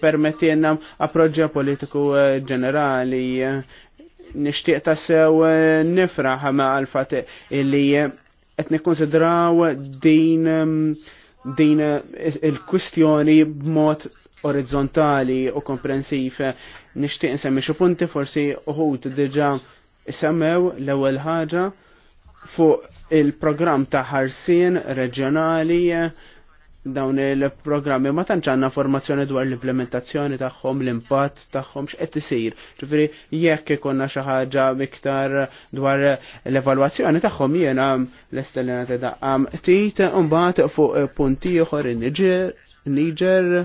permettilna approġġja politiku ġenerali nishtiq ta' sew eh, nifraħ ma' għalfat illi eh, qed nikkonsidraw din mm, din eh, il-kwistjoni b'mod orizzontali u komprensif nixtieq nsemmi xi punti forsi uħud diġa' semmew l-ewwel ħaġa fuq il-programm ta' ħarsien reġjonali dawn il-programmi ma tantx għandna formazzjoni dwar l-implementazzjoni tagħhom, l-impatt tagħhom x'qed isir. Ġifieri jekk ikonna xi ħaġa iktar dwar l-evalwazzjoni tagħhom jiena l-estellina tidaqam tit mbagħad fuq punti ieħor in-Niġer, Niger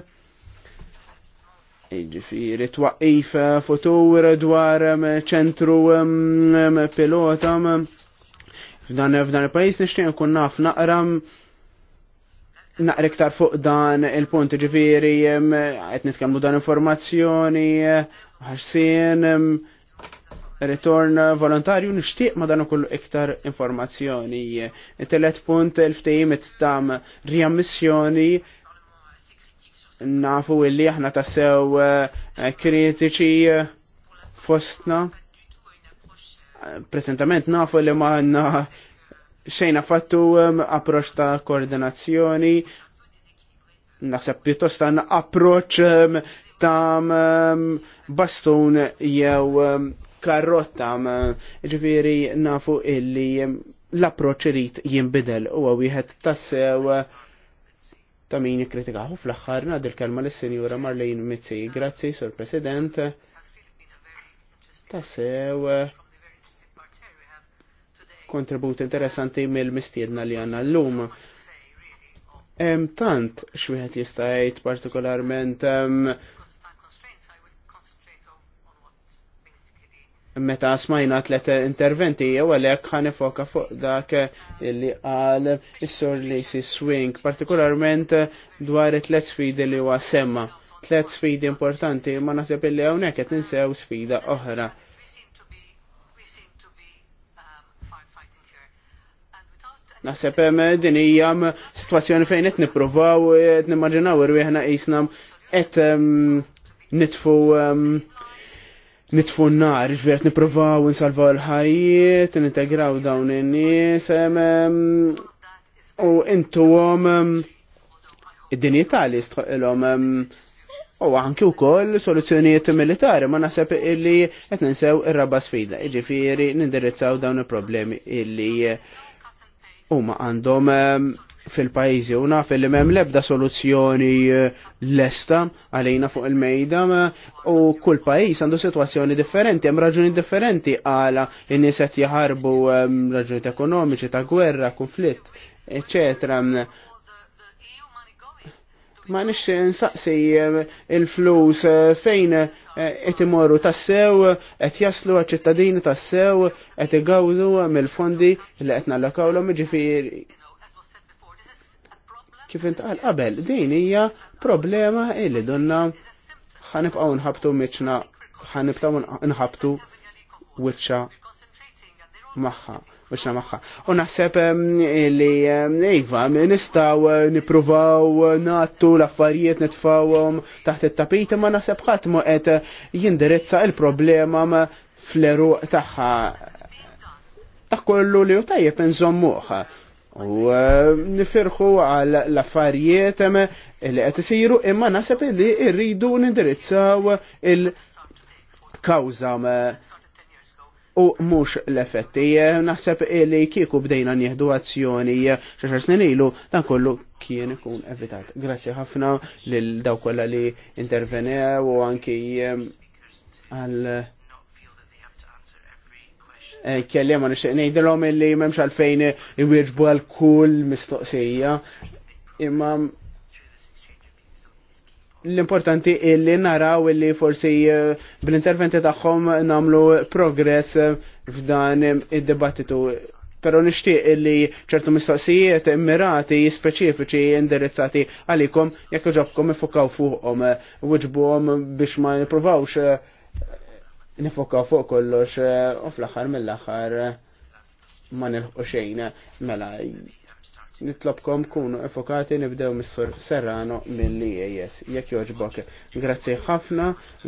Ġifiri, twaqif futur dwar ċentru mm, mm, pilota mm. f'dan il-pajis nixtieq nkun naf naqram naqra iktar fuq dan il-punt ġifiri, għet nitkellmu dan informazzjoni, ħarsien, ritorn volontarju nixtieq ma dan ukoll iktar informazzjoni. Telet punt il it tam riammissjoni nafu illi aħna tassew eh, kritiċi eh, fostna. Eh, Presentament nafu li ma għanna xejna fattu approċ ta' koordinazzjoni, naħseb pjuttost ta' approċ um, ta' um, bastun jew um, karrotta, ġifiri nafu illi l-approċ irid jinbidel u għawihet tassew uh, ta' min jikritikaħu fl-axħar nadil kelma l-Sinjura Marlene Mizzi. Grazzi, Sur President. Tassew uh, kontribut interessanti mill-mistiedna li għanna l-lum. Em, tant xwiħet jista' jgħid partikolarment meta smajna tlet interventi jew għalhekk ħan foka fuq dak li qal is-sur si Swing, partikolarment dwar it-tlet sfidi li huwa semma. Tlet sfidi importanti ma nasib illi hawnhekk qed ninsew sfida oħra Naħseb din hija sitwazzjoni fejn qed nippruvaw eh, qed nimmaġinaw irwieħna qisna qed nitfu nitfu n-nar, ġvert niprovaw nsalvaw l-ħajiet, nintegraw dawn in-nies, u intu għom id-dinjità li stħilom u anki u koll soluzzjonijiet militari, ma naseb illi qed ninsew ir-raba sfida, jiġifieri nindirizzaw dawn il-problemi illi huma għandhom ehm, fil-pajjiżi u naf li m'hemm l-ebda soluzzjoni eh, lesta għalina fuq il-mejda eh, u kull pajjiż għandu sitwazzjoni differenti, hemm raġuni differenti għala in-nies qed jaħarbu ehm, raġuni ekonomiċi ta' gwerra, konflitt, eċetera ma nix nsaqsi eh, il-flus eh, fejn eh, qed imorru tassew, qed jaslu għaċ-ċittadini tassew, qed igawdu mill-fondi li qed nallakawlhom ġifieri. Kif intqal qabel, din hija problema illi donna ħanibqaw nħabtu miċna ħanibqaw nħabtu wiċċa magħha biex maħħa. U naħseb li iva, nistgħu eh, nippruvaw eh, nattu l-affarijiet nitfawhom taħt it-tapita ma naħseb ħadd mu qed eh, jindirizza il-problema fl-eru tagħha. Dak kollu li u tajjeb inżommuh. U nifirħu għal l-affarijiet li qed isiru imma naħseb li rridu nindirizzaw il kawza u mhux l-effetti. Naħseb li kieku bdejna nieħdu azzjoni xaxar snin ilu dan kollu kien ikun evitat. Grazzi ħafna lil daw kollha li intervenew u anki ehm, għal eh, kellem għan ngħidilhom illi m'hemmx għalfejn iwieġbu għal kull mistoqsija. Imma l-importanti illi naraw illi forsi eh, bl-interventi tagħhom namlu progress eh, f'dan eh, id debattitu Pero nixtieq illi ċertu mistoqsijiet immirati speċifiċi indirizzati għalikom jekk ġobkom ifukaw fuqhom wiġbuhom biex ma jippruvawx nifokaw fuq kollox u fl-aħħar mill-aħħar ma nilħu xejn mela nitlobkom kunu effokati nibdew mis-sur Serrano mill-IAS. Jek joġbok. Grazzi ħafna,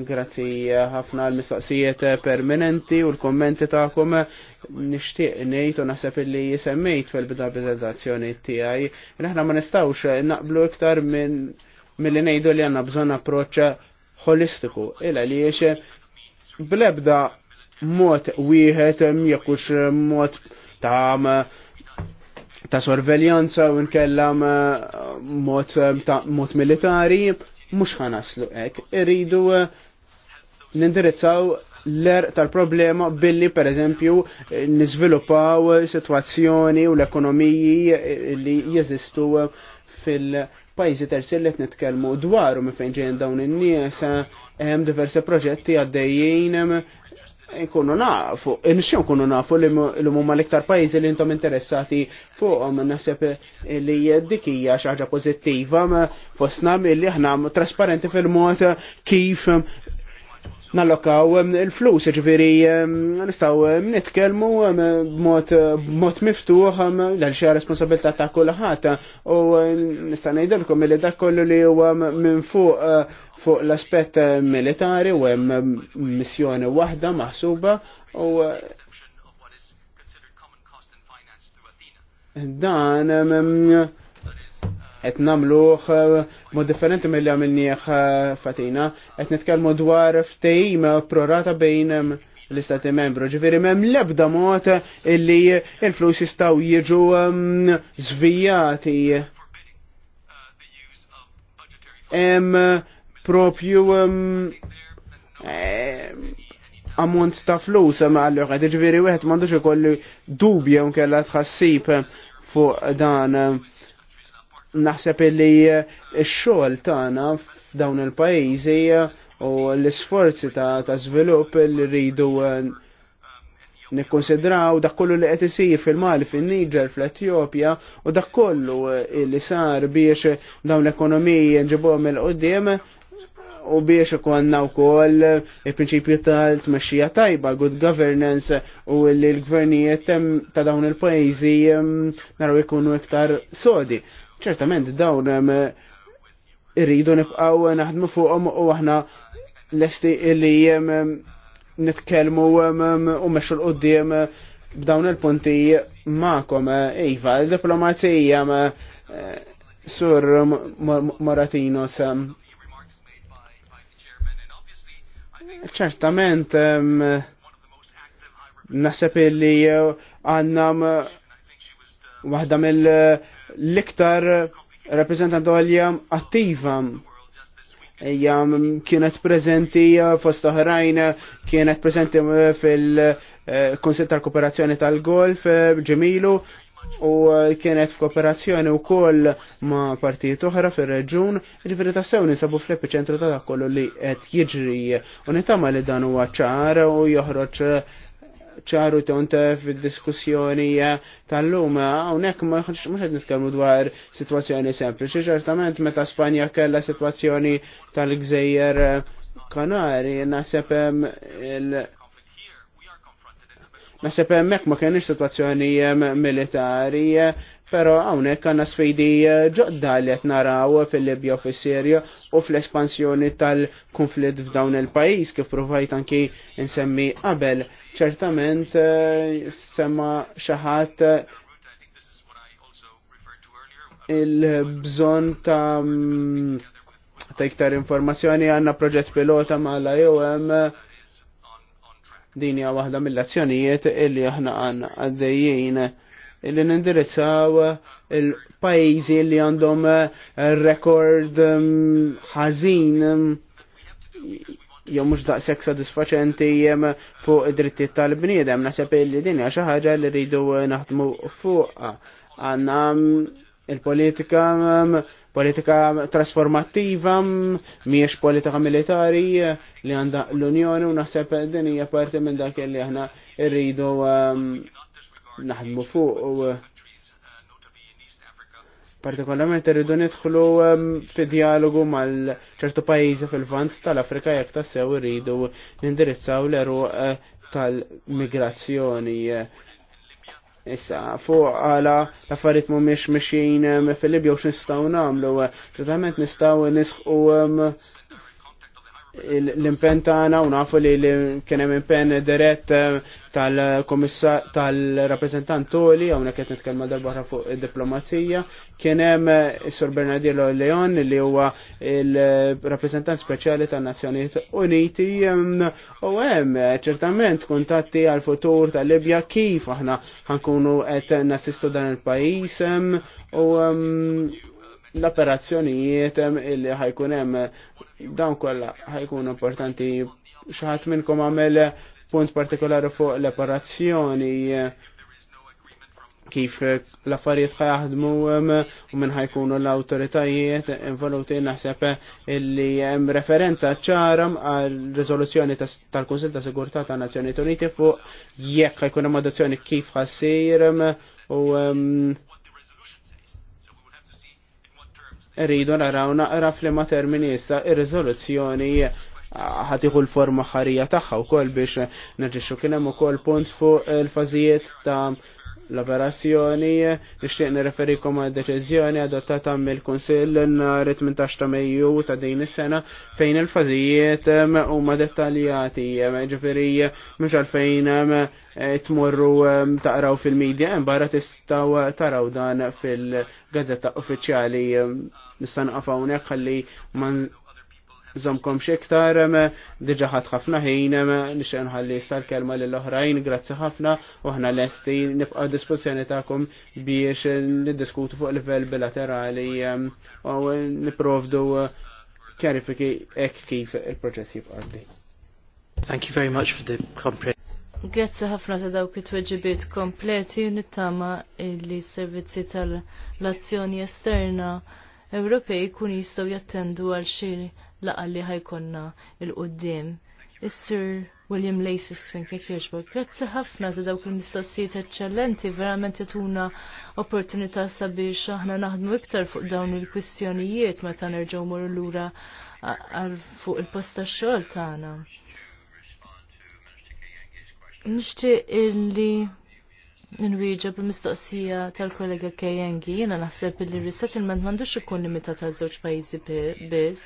grazzi ħafna l-mistoqsijiet permanenti u l-kommenti ta'kom nishtiq nejt u nasab li jisemmejt fil-bida prezentazzjoni tiegħi. Naħna ma nistawx naqblu iktar minn mill-li nejdu li għanna bżon approċċa holistiku. Illa li jiex blebda mod wieħed jekkux mod ta' ta' sorveljanza u nkellam eh, eh, mod militari, mux ħanaslu ek. Irridu eh, nindirizzaw l-er tal-problema billi per eżempju nizviluppaw situazzjoni u l-ekonomiji li jeżistu fil-pajzi terzi li t-netkelmu dwaru me fejn ġejn dawn in-nies hemm diversi proġetti għaddejjin nkunu nafu, nxie nkunu nafu li l mal iktar pajizi li intom interessati fuqhom naħseb eh, li dikija xaġa xi ħaġa pożittiva fostna milli aħna trasparenti fil-mod kif nallokaw il-flus, ġviri nistaw nitkelmu b-mot miftuħ l-ħalxie responsabilità ta' kulħadd u nista' ngħidilkom li dak kollu li huwa minn fuq fuq l-aspett militari u hemm missjoni waħda maħsuba u dan qed namluħ eh, mod differenti milli għamilnieh eh, fatina, qed nitkellmu dwar ftehim prorata bejn l-istati membru. Ġifieri m'hemm l-ebda mod illi il-flus jistgħu jiġu zvijati. Hemm propju ammont ta' flus ma' għallura, ġviri wieħed m'għandux ikollu dubja nkella tħassib fuq dan naħseb li eh, x-xogħol tagħna f'dawn il-pajjiżi eh, u l-isforzi ta' żvilupp li rridu eh, nikkonsidraw dak kollu li qed isir fil-Mali, fin-Niġer, fl-Etjopja u dak kollu li sar biex dawn l-ekonomiji nġibhom il-qudiem u biex ikonna wkoll il-prinċipju tal-tmexxija tajba, good governance u li l-gvernijiet ta' dawn il-pajjiżi naraw ikunu iktar sodi ċertament dawn irridu nibqaw naħdmu fuqhom u aħna lesti illi nitkellmu u mexxu l qudiem b'dawn il-punti ma'kom. Iva, diplomazija sur Moratinos. ċertament naħseb li għandna waħda mill- l-iktar rappresentant għalja attiva hija kienet prezenti eh, fost oħrajn eh, kienet prezenti eh, fil-Kunsill tal-Kooperazzjoni tal-Golf ġemilu u kienet f'kooperazzjoni wkoll ma' partijiet oħra fir-reġun, ta' tassew ninsabu fl-epiċentru ta' kollu li qed jiġri u nitama li dan huwa ċar u joħroġ ċaru tonta fil-diskussjoni eh, tal-lum, għonek eh, ma mux għed nitkellmu dwar situazzjoni sempliċi, ċertament meta Spanja kella situazzjoni tal-gżejjer eh, Kanari, nasepem il- Nasib hemmhekk ma kienx situazzjoni militari, però hawnhekk għandna sfidi ġodda li qed naraw fil-Libja u fis-Sirja u fl-espansjoni tal-konflitt f'dawn il-pajjiż kif provajt anki nsemmi qabel ċertament eh, semma xaħat eh, il-bżon ta' mm, ta' iktar informazzjoni għanna proġett pilota ma' la jowem dinja waħda mill-azzjonijiet illi aħna għanna għaddejjien illi nindirizzaw il pajzi li għandhom eh, rekord mm, ħażin jew mhux daqshekk sodisfaċenti fuq id-drittijiet tal-bniedem. Naħseb li din hija xi ħaġa li rridu naħdmu fuqha. Għandna mm, il-politika mm, politika trasformattiva miex mm, politika militari eh, li għandha l-Unjoni u naħseb din hija parti minn dak li aħna rridu eh, naħdmu fuq eh, Partikolarment irridu nidħlu ehm, fi dialogu mal ċertu pajjiżi fil-vant tal-Afrika jekk tassew irridu nindirizzaw l-eru eh, tal-migrazzjoni. Issa, fuq għala l-affarijiet mhumiex mixin eh, fil-Libja u x'nistgħu nagħmlu, ċertament eh, nistgħu nisħu ehm, l-impen tagħna u nafu li kien hemm impenn dirett eh, tal-komissar tal-rappreżentant Toli hawnhekk qed nitkellma darba fuq id-diplomazija. Kien hemm is-Sur eh, Bernardino Leon li huwa il-rappreżentant speċjali tan-Nazzjonijiet Uniti ehm, u hemm eh, ċertament kuntatti għal futur tal-Libja kif aħna ħankunu qed nassistu dan il-pajjiż ehm, u ehm, l-operazzjonijiet illi ħajkun hemm dawn kollha ħajkun importanti xi ħadd minnkom għamel punt partikolari fuq l-operazzjoni kif l-affarijiet ħajaħdmu u minn ħajkunu l-autoritajiet involuti naħseb illi hemm referenza ċaram għal riżoluzzjoni tal-Kunsil ta' Sigurtà ta' Nazzjonijiet Uniti fuq jekk ħajkun hemm adozzjoni kif ħassir u rridu naraw naqra f'liema termini issa ir-riżoluzzjoni ħatiħu l-forma ħarija tagħha wkoll biex naġixxu kien hemm ukoll punt fuq il-fażijiet ta' l-operazzjoni nixtieq nirreferikom għad deċiżjoni adottata mill-Kunsill nhar 18 ta' Mejju ta' din is-sena fejn il-fażijiet huma dettaljati jiġifieri mhux għalfejn tmorru taqraw fil-medja imbagħad tistgħu taraw dan fil-gazzetta uffiċjali nistan għafawnek għalli man zomkom xiektar, diġa ħat ħafna ħin, nixen ħalli sal-kelma l-oħrajn, grazzi ħafna, u ħna l-esti nibqa dispozizjoni ta'kom biex niddiskutu fuq livell bilaterali u niprovdu kjarifiki ek kif il-proċess
jibqaddi. Thank you very much for the comprehensive.
Grazzi ħafna ta' dawk it-tweġibiet kompleti u nittama li servizzi tal-azzjoni esterna Ewropej kun jistgħu jattendu għal xi laqal li ħajkonna il qoddim Is-Sir William Lacey Swin kif jogħġbok. Grazzi ħafna ta' dawk il-mistoqsijiet eċċellenti, verament jatuna opportunità sabiex aħna naħdmu iktar fuq dawn il-kwistjonijiet meta nerġgħu morru lura fuq il posta tax-xogħol tagħna. Nixtieq illi Nirriġa bil-mistoqsija tal-kollega Kajengi, jena naħseb li resettlement mandux ikun limitat għal żewġ pajjiżi biss.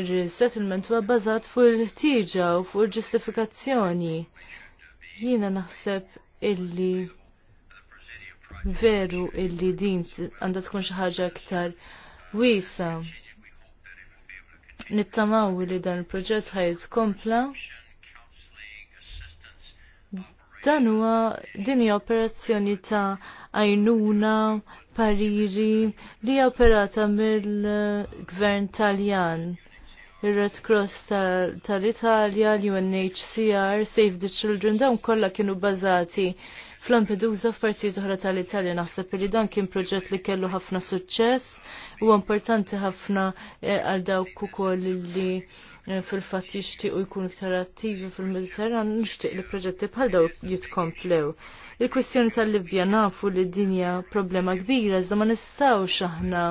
Ir-resettlement huwa bbażat fuq il-ħtieġa u fuq il-ġustifikazzjoni. Jiena naħseb illi veru illi din għandha tkun xi ħaġa aktar wiesa. Nittamaw li dan il-proġett ħajt kompla. Dan huwa din hija operazzjoni ta' għajnuna pariri li hija operata mill-Gvern Taljan. Ir-Red Cross tal-Italja, ta l-UNHCR, Save the Children, dawn kollha kienu bażati f'Lampedusa f'partijiet oħra tal-Italja naħseb li dan kien proġett li kellu ħafna suċċess u importanti ħafna eh, għal dawk ukoll li eh, fil-fatt jixtiequ jkunu iktar attivi fil-Mediterran nixtieq li proġetti bħal dawk jitkomplew. Il-kwistjoni tal-Libja nafu li dinja problema kbira iżda ma nistgħux aħna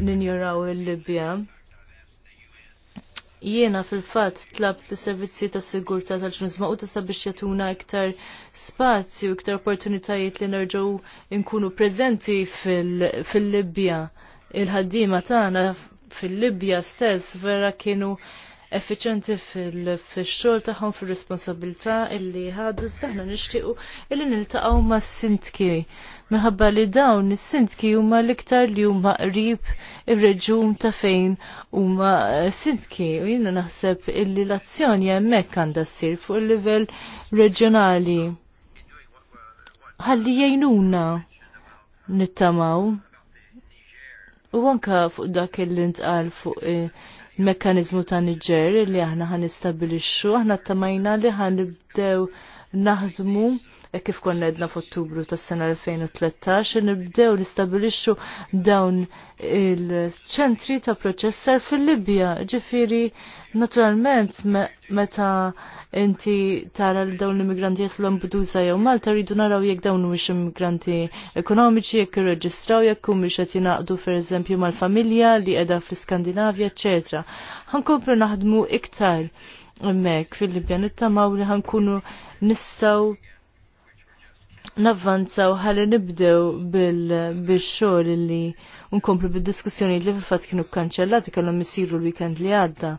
ninjoraw il-Libja Jiena fil-fatt tlab li servizzi ta' sigurtà tal-ġnus ma' ta' sabiex jatuna iktar spazju, iktar opportunitajiet li nerġgħu nkunu prezenti fil-Libja. Il-ħaddiema tagħna fil-Libja stess vera kienu effiċenti fil fisċol taħħom fil-responsabilta illi ħadu zdaħna nishtiqu illi niltaqaw ma s sintki. Meħabba li dawn is-sintki huma l-iktar li huma qrib ir-reġum ta' fejn huma sintki u jiena naħseb illi l-azzjoni hemmhekk għandha ssir fuq il-livell reġjonali. Ħalli jgħinuna nittamaw. U anka fuq dak il-intqal fuq eh, il-mekanizmu ta' Niġer li aħna ħan istabilixxu, aħna tamajna li ħan nibdew naħdmu E kif konna edna f'Ottubru tas-sena 2013 nibdew nistabilixxu dawn il-ċentri ta' proċessar fil-Libja. Ġifieri naturalment meta inti tara l dawn l-immigranti jaslu b'duża jew Malta rridu naraw jekk dawn mhux immigranti ekonomiċi jekk irreġistraw jekk humiex qed jingħaqdu pereżempju mal-familja li qiegħda fl-Iskandinavja, eċetera. Ħankomplu naħdmu iktar mek fil-Libja nittamaw li ħankunu nistgħu navvanzaw ħalli nibdew bil xol li nkomplu bid-diskussjoni li fil fat kienu kkanċellati kellhom isiru l-weekend li għadda.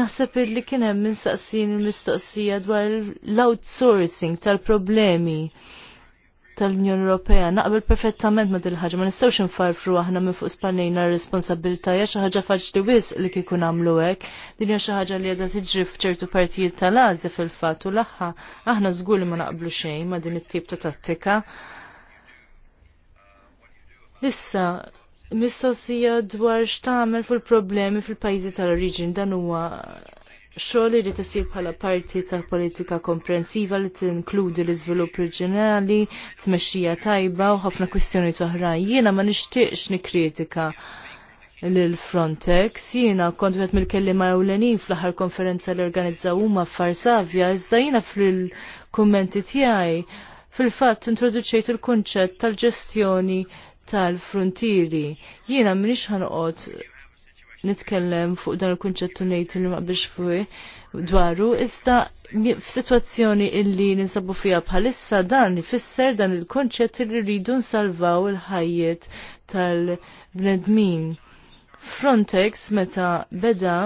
Naħseb li kien hemm minn saqsin mistoqsija dwar l-outsourcing tal-problemi tal-Unjoni Ewropea. Naqbel perfettament ma dil ħaġa ma nistgħux infarfru aħna minn fuq spallejna r-responsabilità hija xi ħaġa faċli wisq li kieku nagħmlu hekk. Din hija xi ħaġa li qiegħda tiġri f'ċertu partijiet tal-Asja fil-fatt u l-aħħa aħna żgur li ma naqblu xejn ma din it-tip ta' tattika. Issa, mistoqsija dwar x'tagħmel fil-problemi fil-pajjiżi tal-oriġin dan huwa xoli li tisib bħala parti ta' politika komprensiva li tinkludi l-iżvilupp t tmexxija tajba u ħafna kwistjoni oħra. Jiena ma nixtieqx nikkritika l Frontex, jiena kont wieħed mill-kellima ewlenin fl-aħħar konferenza li organizzaw huma f'Varsavja, iżda jiena fil-kummenti tiegħi fil-fatt introduċejt il-kunċett tal-ġestjoni tal-frontieri. Jiena m'iniex ħanqod nitkellem fuq dan il-kunċettu ngħid li ma biex fuq dwaru, iżda f'sitwazzjoni illi ninsabu fiha bħalissa dan ifisser dan il kunċett li rridu nsalvaw il-ħajjiet tal-bnedmin. Frontex meta beda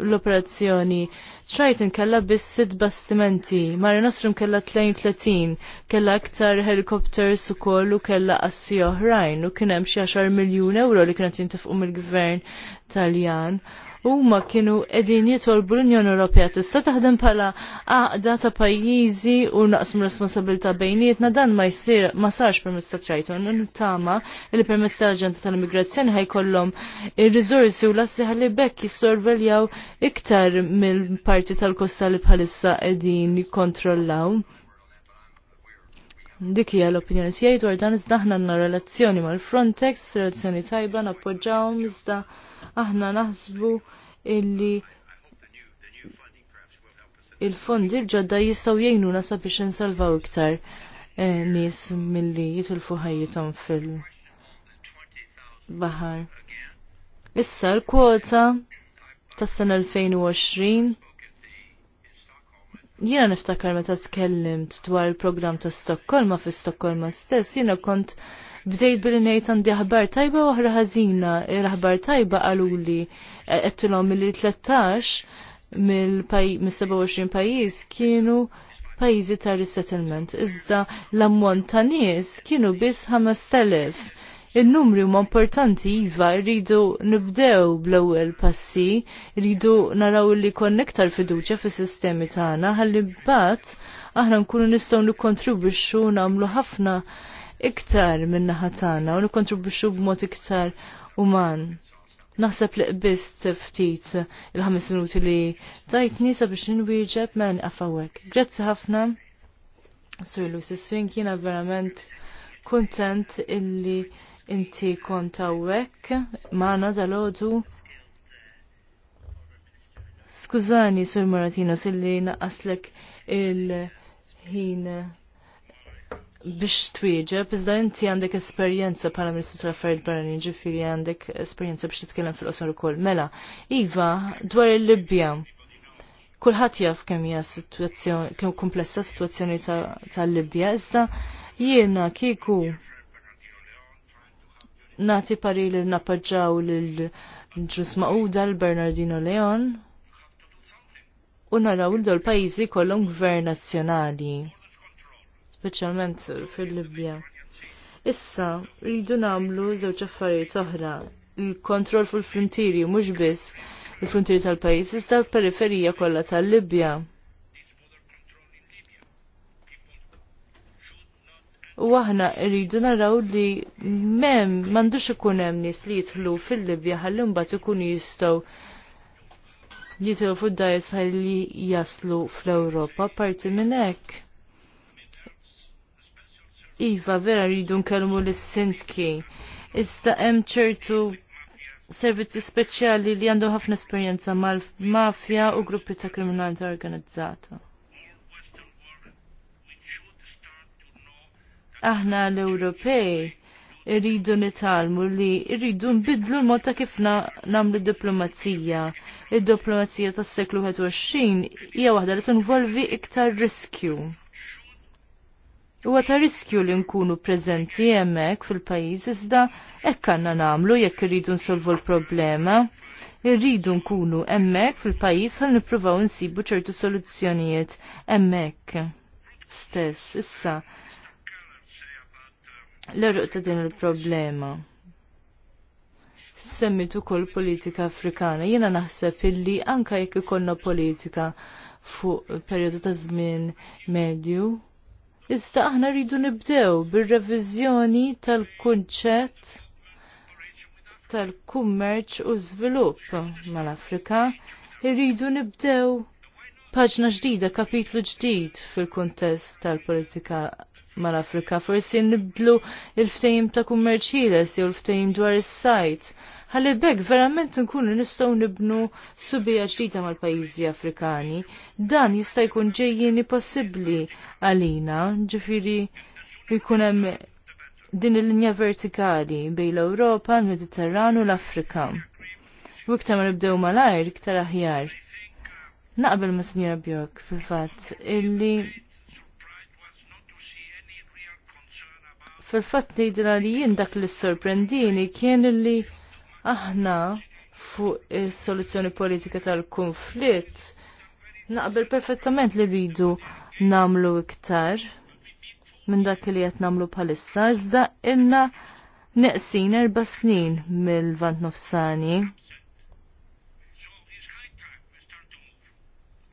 l-operazzjoni Trajt nkella biss sid bastimenti, mar nasrum kella 32, kella aktar helikopters u kollu kella assi oħrajn u kien hemm xi 10 miljun euro li kienet jintifqu mill-gvern Taljan. Huma kienu qegħdin jitolbu l-Unjoni Ewropea tista' taħdem bħala għaqda ta' pajjiżi u naqsmu responsabilità bejnietna dan ma jsir ma sarx permezz ta' Triton tama li permezz tal-Aġenda tal-Immigrazzjoni ħajkollhom ir-riżorsi u l-assi ħalli bekk jissorveljaw iktar mill-parti parti tal-kosta li bħalissa edin jikkontrollaw. Dik hija l-opinjoni tiegħi dwar dan iżda aħna għandna relazzjoni mal-Frontex, relazzjoni tajba nappoġġawhom iżda aħna naħsbu illi il-fondi l-ġodda jistgħu jgħinuna sabiex insalvaw iktar eh, nies milli jitilfu ħajjithom fil-baħar. Issa l-kwota tas-sena 2020 jiena niftakar meta tkellimt dwar il-programm ta' Stokkolma fi Stokkolma stess, jiena kont bdejt billi ngħid għandi aħbar tajba oħra ħażina, l-aħbar tajba qaluli qedtilhom mill-13 mill-27 pajjiż kienu pajjiżi ta' resettlement. Iżda l-ammont ta' nies kienu biss 5000 Il-numri huma importanti iva, rridu nibdew bl-ewwel passi, rridu naraw li konnektar fiduċja fis-sistemi tagħna ħalli mbagħad aħna nkunu nistgħu nikkontribwixxu nagħmlu ħafna iktar minn naħa tagħna u nikkontribwixxu b'mod iktar uman. Naħseb li qbist ftit il-ħames minuti li tajtni sabiex biex nwieġeb ma nqafawek. Grazzi ħafna. Sir Lucy Swing jiena verament kontent illi inti kont hawnhekk magħna dal Skużani, Sur Maratina, silli naqaslek il-ħin biex twieġeb, iżda inti għandek esperjenza bħala Ministru tal-Affarijiet Barranin, ġifieri għandek esperjenza biex titkellem fil-qosor ukoll. Mela, iva, dwar il-Libja. Kulħadd jaf kemm hija sitwazzjoni kemm komplessa sitwazzjoni tal-Libja, iżda jiena kieku nati pari li napagġaw l-ġus maquda l-Bernardino Leon u naraw l-dol pajizi gvern nazjonali, specialment fil-Libja. Issa, rridu namlu zewċ affarijiet oħra, il-kontroll fil frontiri mhux biss il frontiri tal-pajjiż, iżda l-periferija kollha tal-Libja. u aħna rridu naraw li mem m'għandux ikun hemm nies li jidħlu fil-Libja ħalli mbagħad ikunu jistgħu jitilu fuq dajs ħalli jaslu fl-Ewropa parti minn hekk. Iva, vera rridu nkellmu l-sintki. Iżda hemm ċertu servizzi speċjali li għandu ħafna esperjenza mal-mafja u gruppi ta' kriminalità organizzata. aħna l-Ewropej irridu nitalmu li irridu nbidlu l-mod ta' kif namlu diplomazija. Id-diplomazija tas-seklu 21 hija waħda li tinvolvi iktar riskju. Huwa ta' riskju li nkunu preżenti hemmhekk fil-pajjiż iżda hekk għandna nagħmlu jekk irridu nsolvu l-problema. Irridu nkunu hemmhekk fil-pajjiż ħal nippruvaw insibu ċertu soluzzjonijiet hemmhekk. Stess, issa, l erruq ta' din il-problema Semmitu kol politika Afrikana. Jiena naħseb illi anka jekk ikollna politika fuq perjodu ta' żmien medju. Iżda aħna rridu nibdew bir-reviżjoni tal-kunċett tal-kummerċ u żvilupp mal-Afrika. Irridu nibdew paġna ġdida, kapitlu ġdid fil-kuntest tal-politika mal-Afrika. Forsi nibdlu il-ftejim ta' kummerċ ħieles jew il-ftejim dwar is-sajt. Ħalli bekk verament nkunu nistgħu nibnu subija ġdida mal-pajjiżi Afrikani. Dan jista' jkun ġejjieni possibbli għalina, ġifieri jkun hemm din il-linja vertikali bejn l-Ewropa, l-Mediterran u l-Afrika. U iktar ma nibdew mal-ajr, iktar aħjar. Naqbel ma' Sinjora Bjork fil-fatt illi Fil-fatt nidra li jien dak li sorprendini kien li aħna fuq is-soluzzjoni politika tal-konflitt naqbel perfettament li rridu namlu iktar minn dak li qed namlu bħalissa iżda ilna neqsin erba' snin mill-vant nofsani.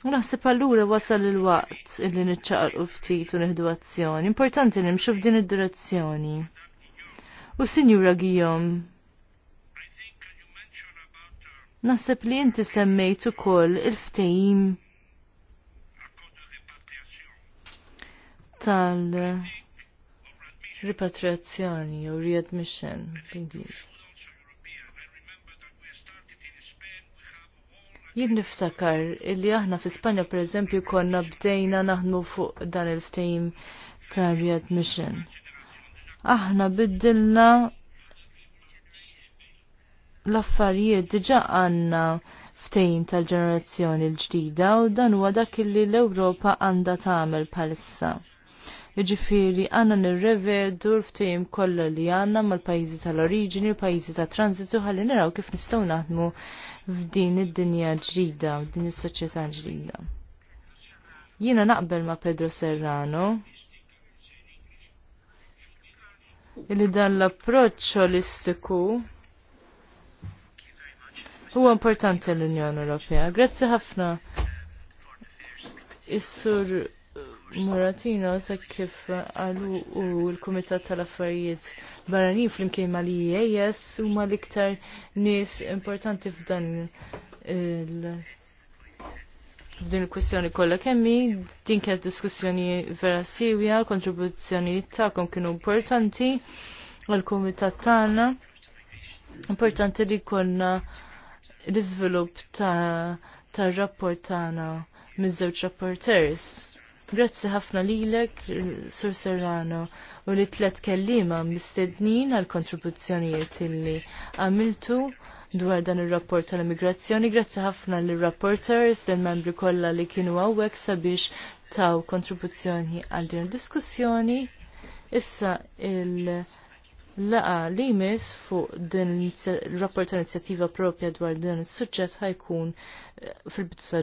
U naħseb allura wasal il-waqt illi niċċaqalqu ftit u nieħdu azzjoni. Importanti li nimxu f'din id-direzzjoni. U Sinjura Gijom, naħseb li inti semmejt ukoll il-ftehim tal-ripatriazzjoni u readmission fl-Ingliż. Jien niftakar illi aħna fi Spanja pereżempju konna bdejna naħdmu fuq dan il-ftehim ta' Mission. Aħna biddilna l-affarijiet diġa għanna ftejn tal-ġenerazzjoni l-ġdida u dan huwa dak li l-Ewropa għandha tagħmel bħalissa. Iġifiri għanna nirrevedu l-ftejim kollha li għanna mal-pajjiżi tal origini l-pajjiżi ta' transitu ħalli naraw kif nistgħu naħdmu f'din id-dinja ġrida, f'din is-soċjetà ġrida. Jiena naqbel ma' Pedro Serrano li dan l-approċċ holistiku huwa importanti l-Unjoni Ewropea. Grazzi ħafna. Is-sur Muratino sa kif għalu u l-Komitat tal-Affarijiet barranin fl-imkien ma li ias u ma l-iktar nis importanti f'dan il- f'din il-kwestjoni kollha kemmi, din kienet diskussjoni vera sirja, kontribuzzjoni tagħkom kienu importanti għal-Kumitat tagħna. Importanti li konna l-iżvilupp ta' tar-rapport tagħna miż-żewġ rapporters Grazzi ħafna lilek, Sur Serrano, u li tlet kellima mistednin għal kontribuzzjonijiet illi għamiltu dwar dan il-rapport tal-immigrazzjoni. Grazzi ħafna l-rapporters, l-membri kollha li kienu għawek sabiex taw kontribuzzjoni għal din il-diskussjoni. Issa il-laqa li jmiss fuq din il-rapport tal-inizjattiva propja dwar din il-suġġett ħajkun eh, fil bidu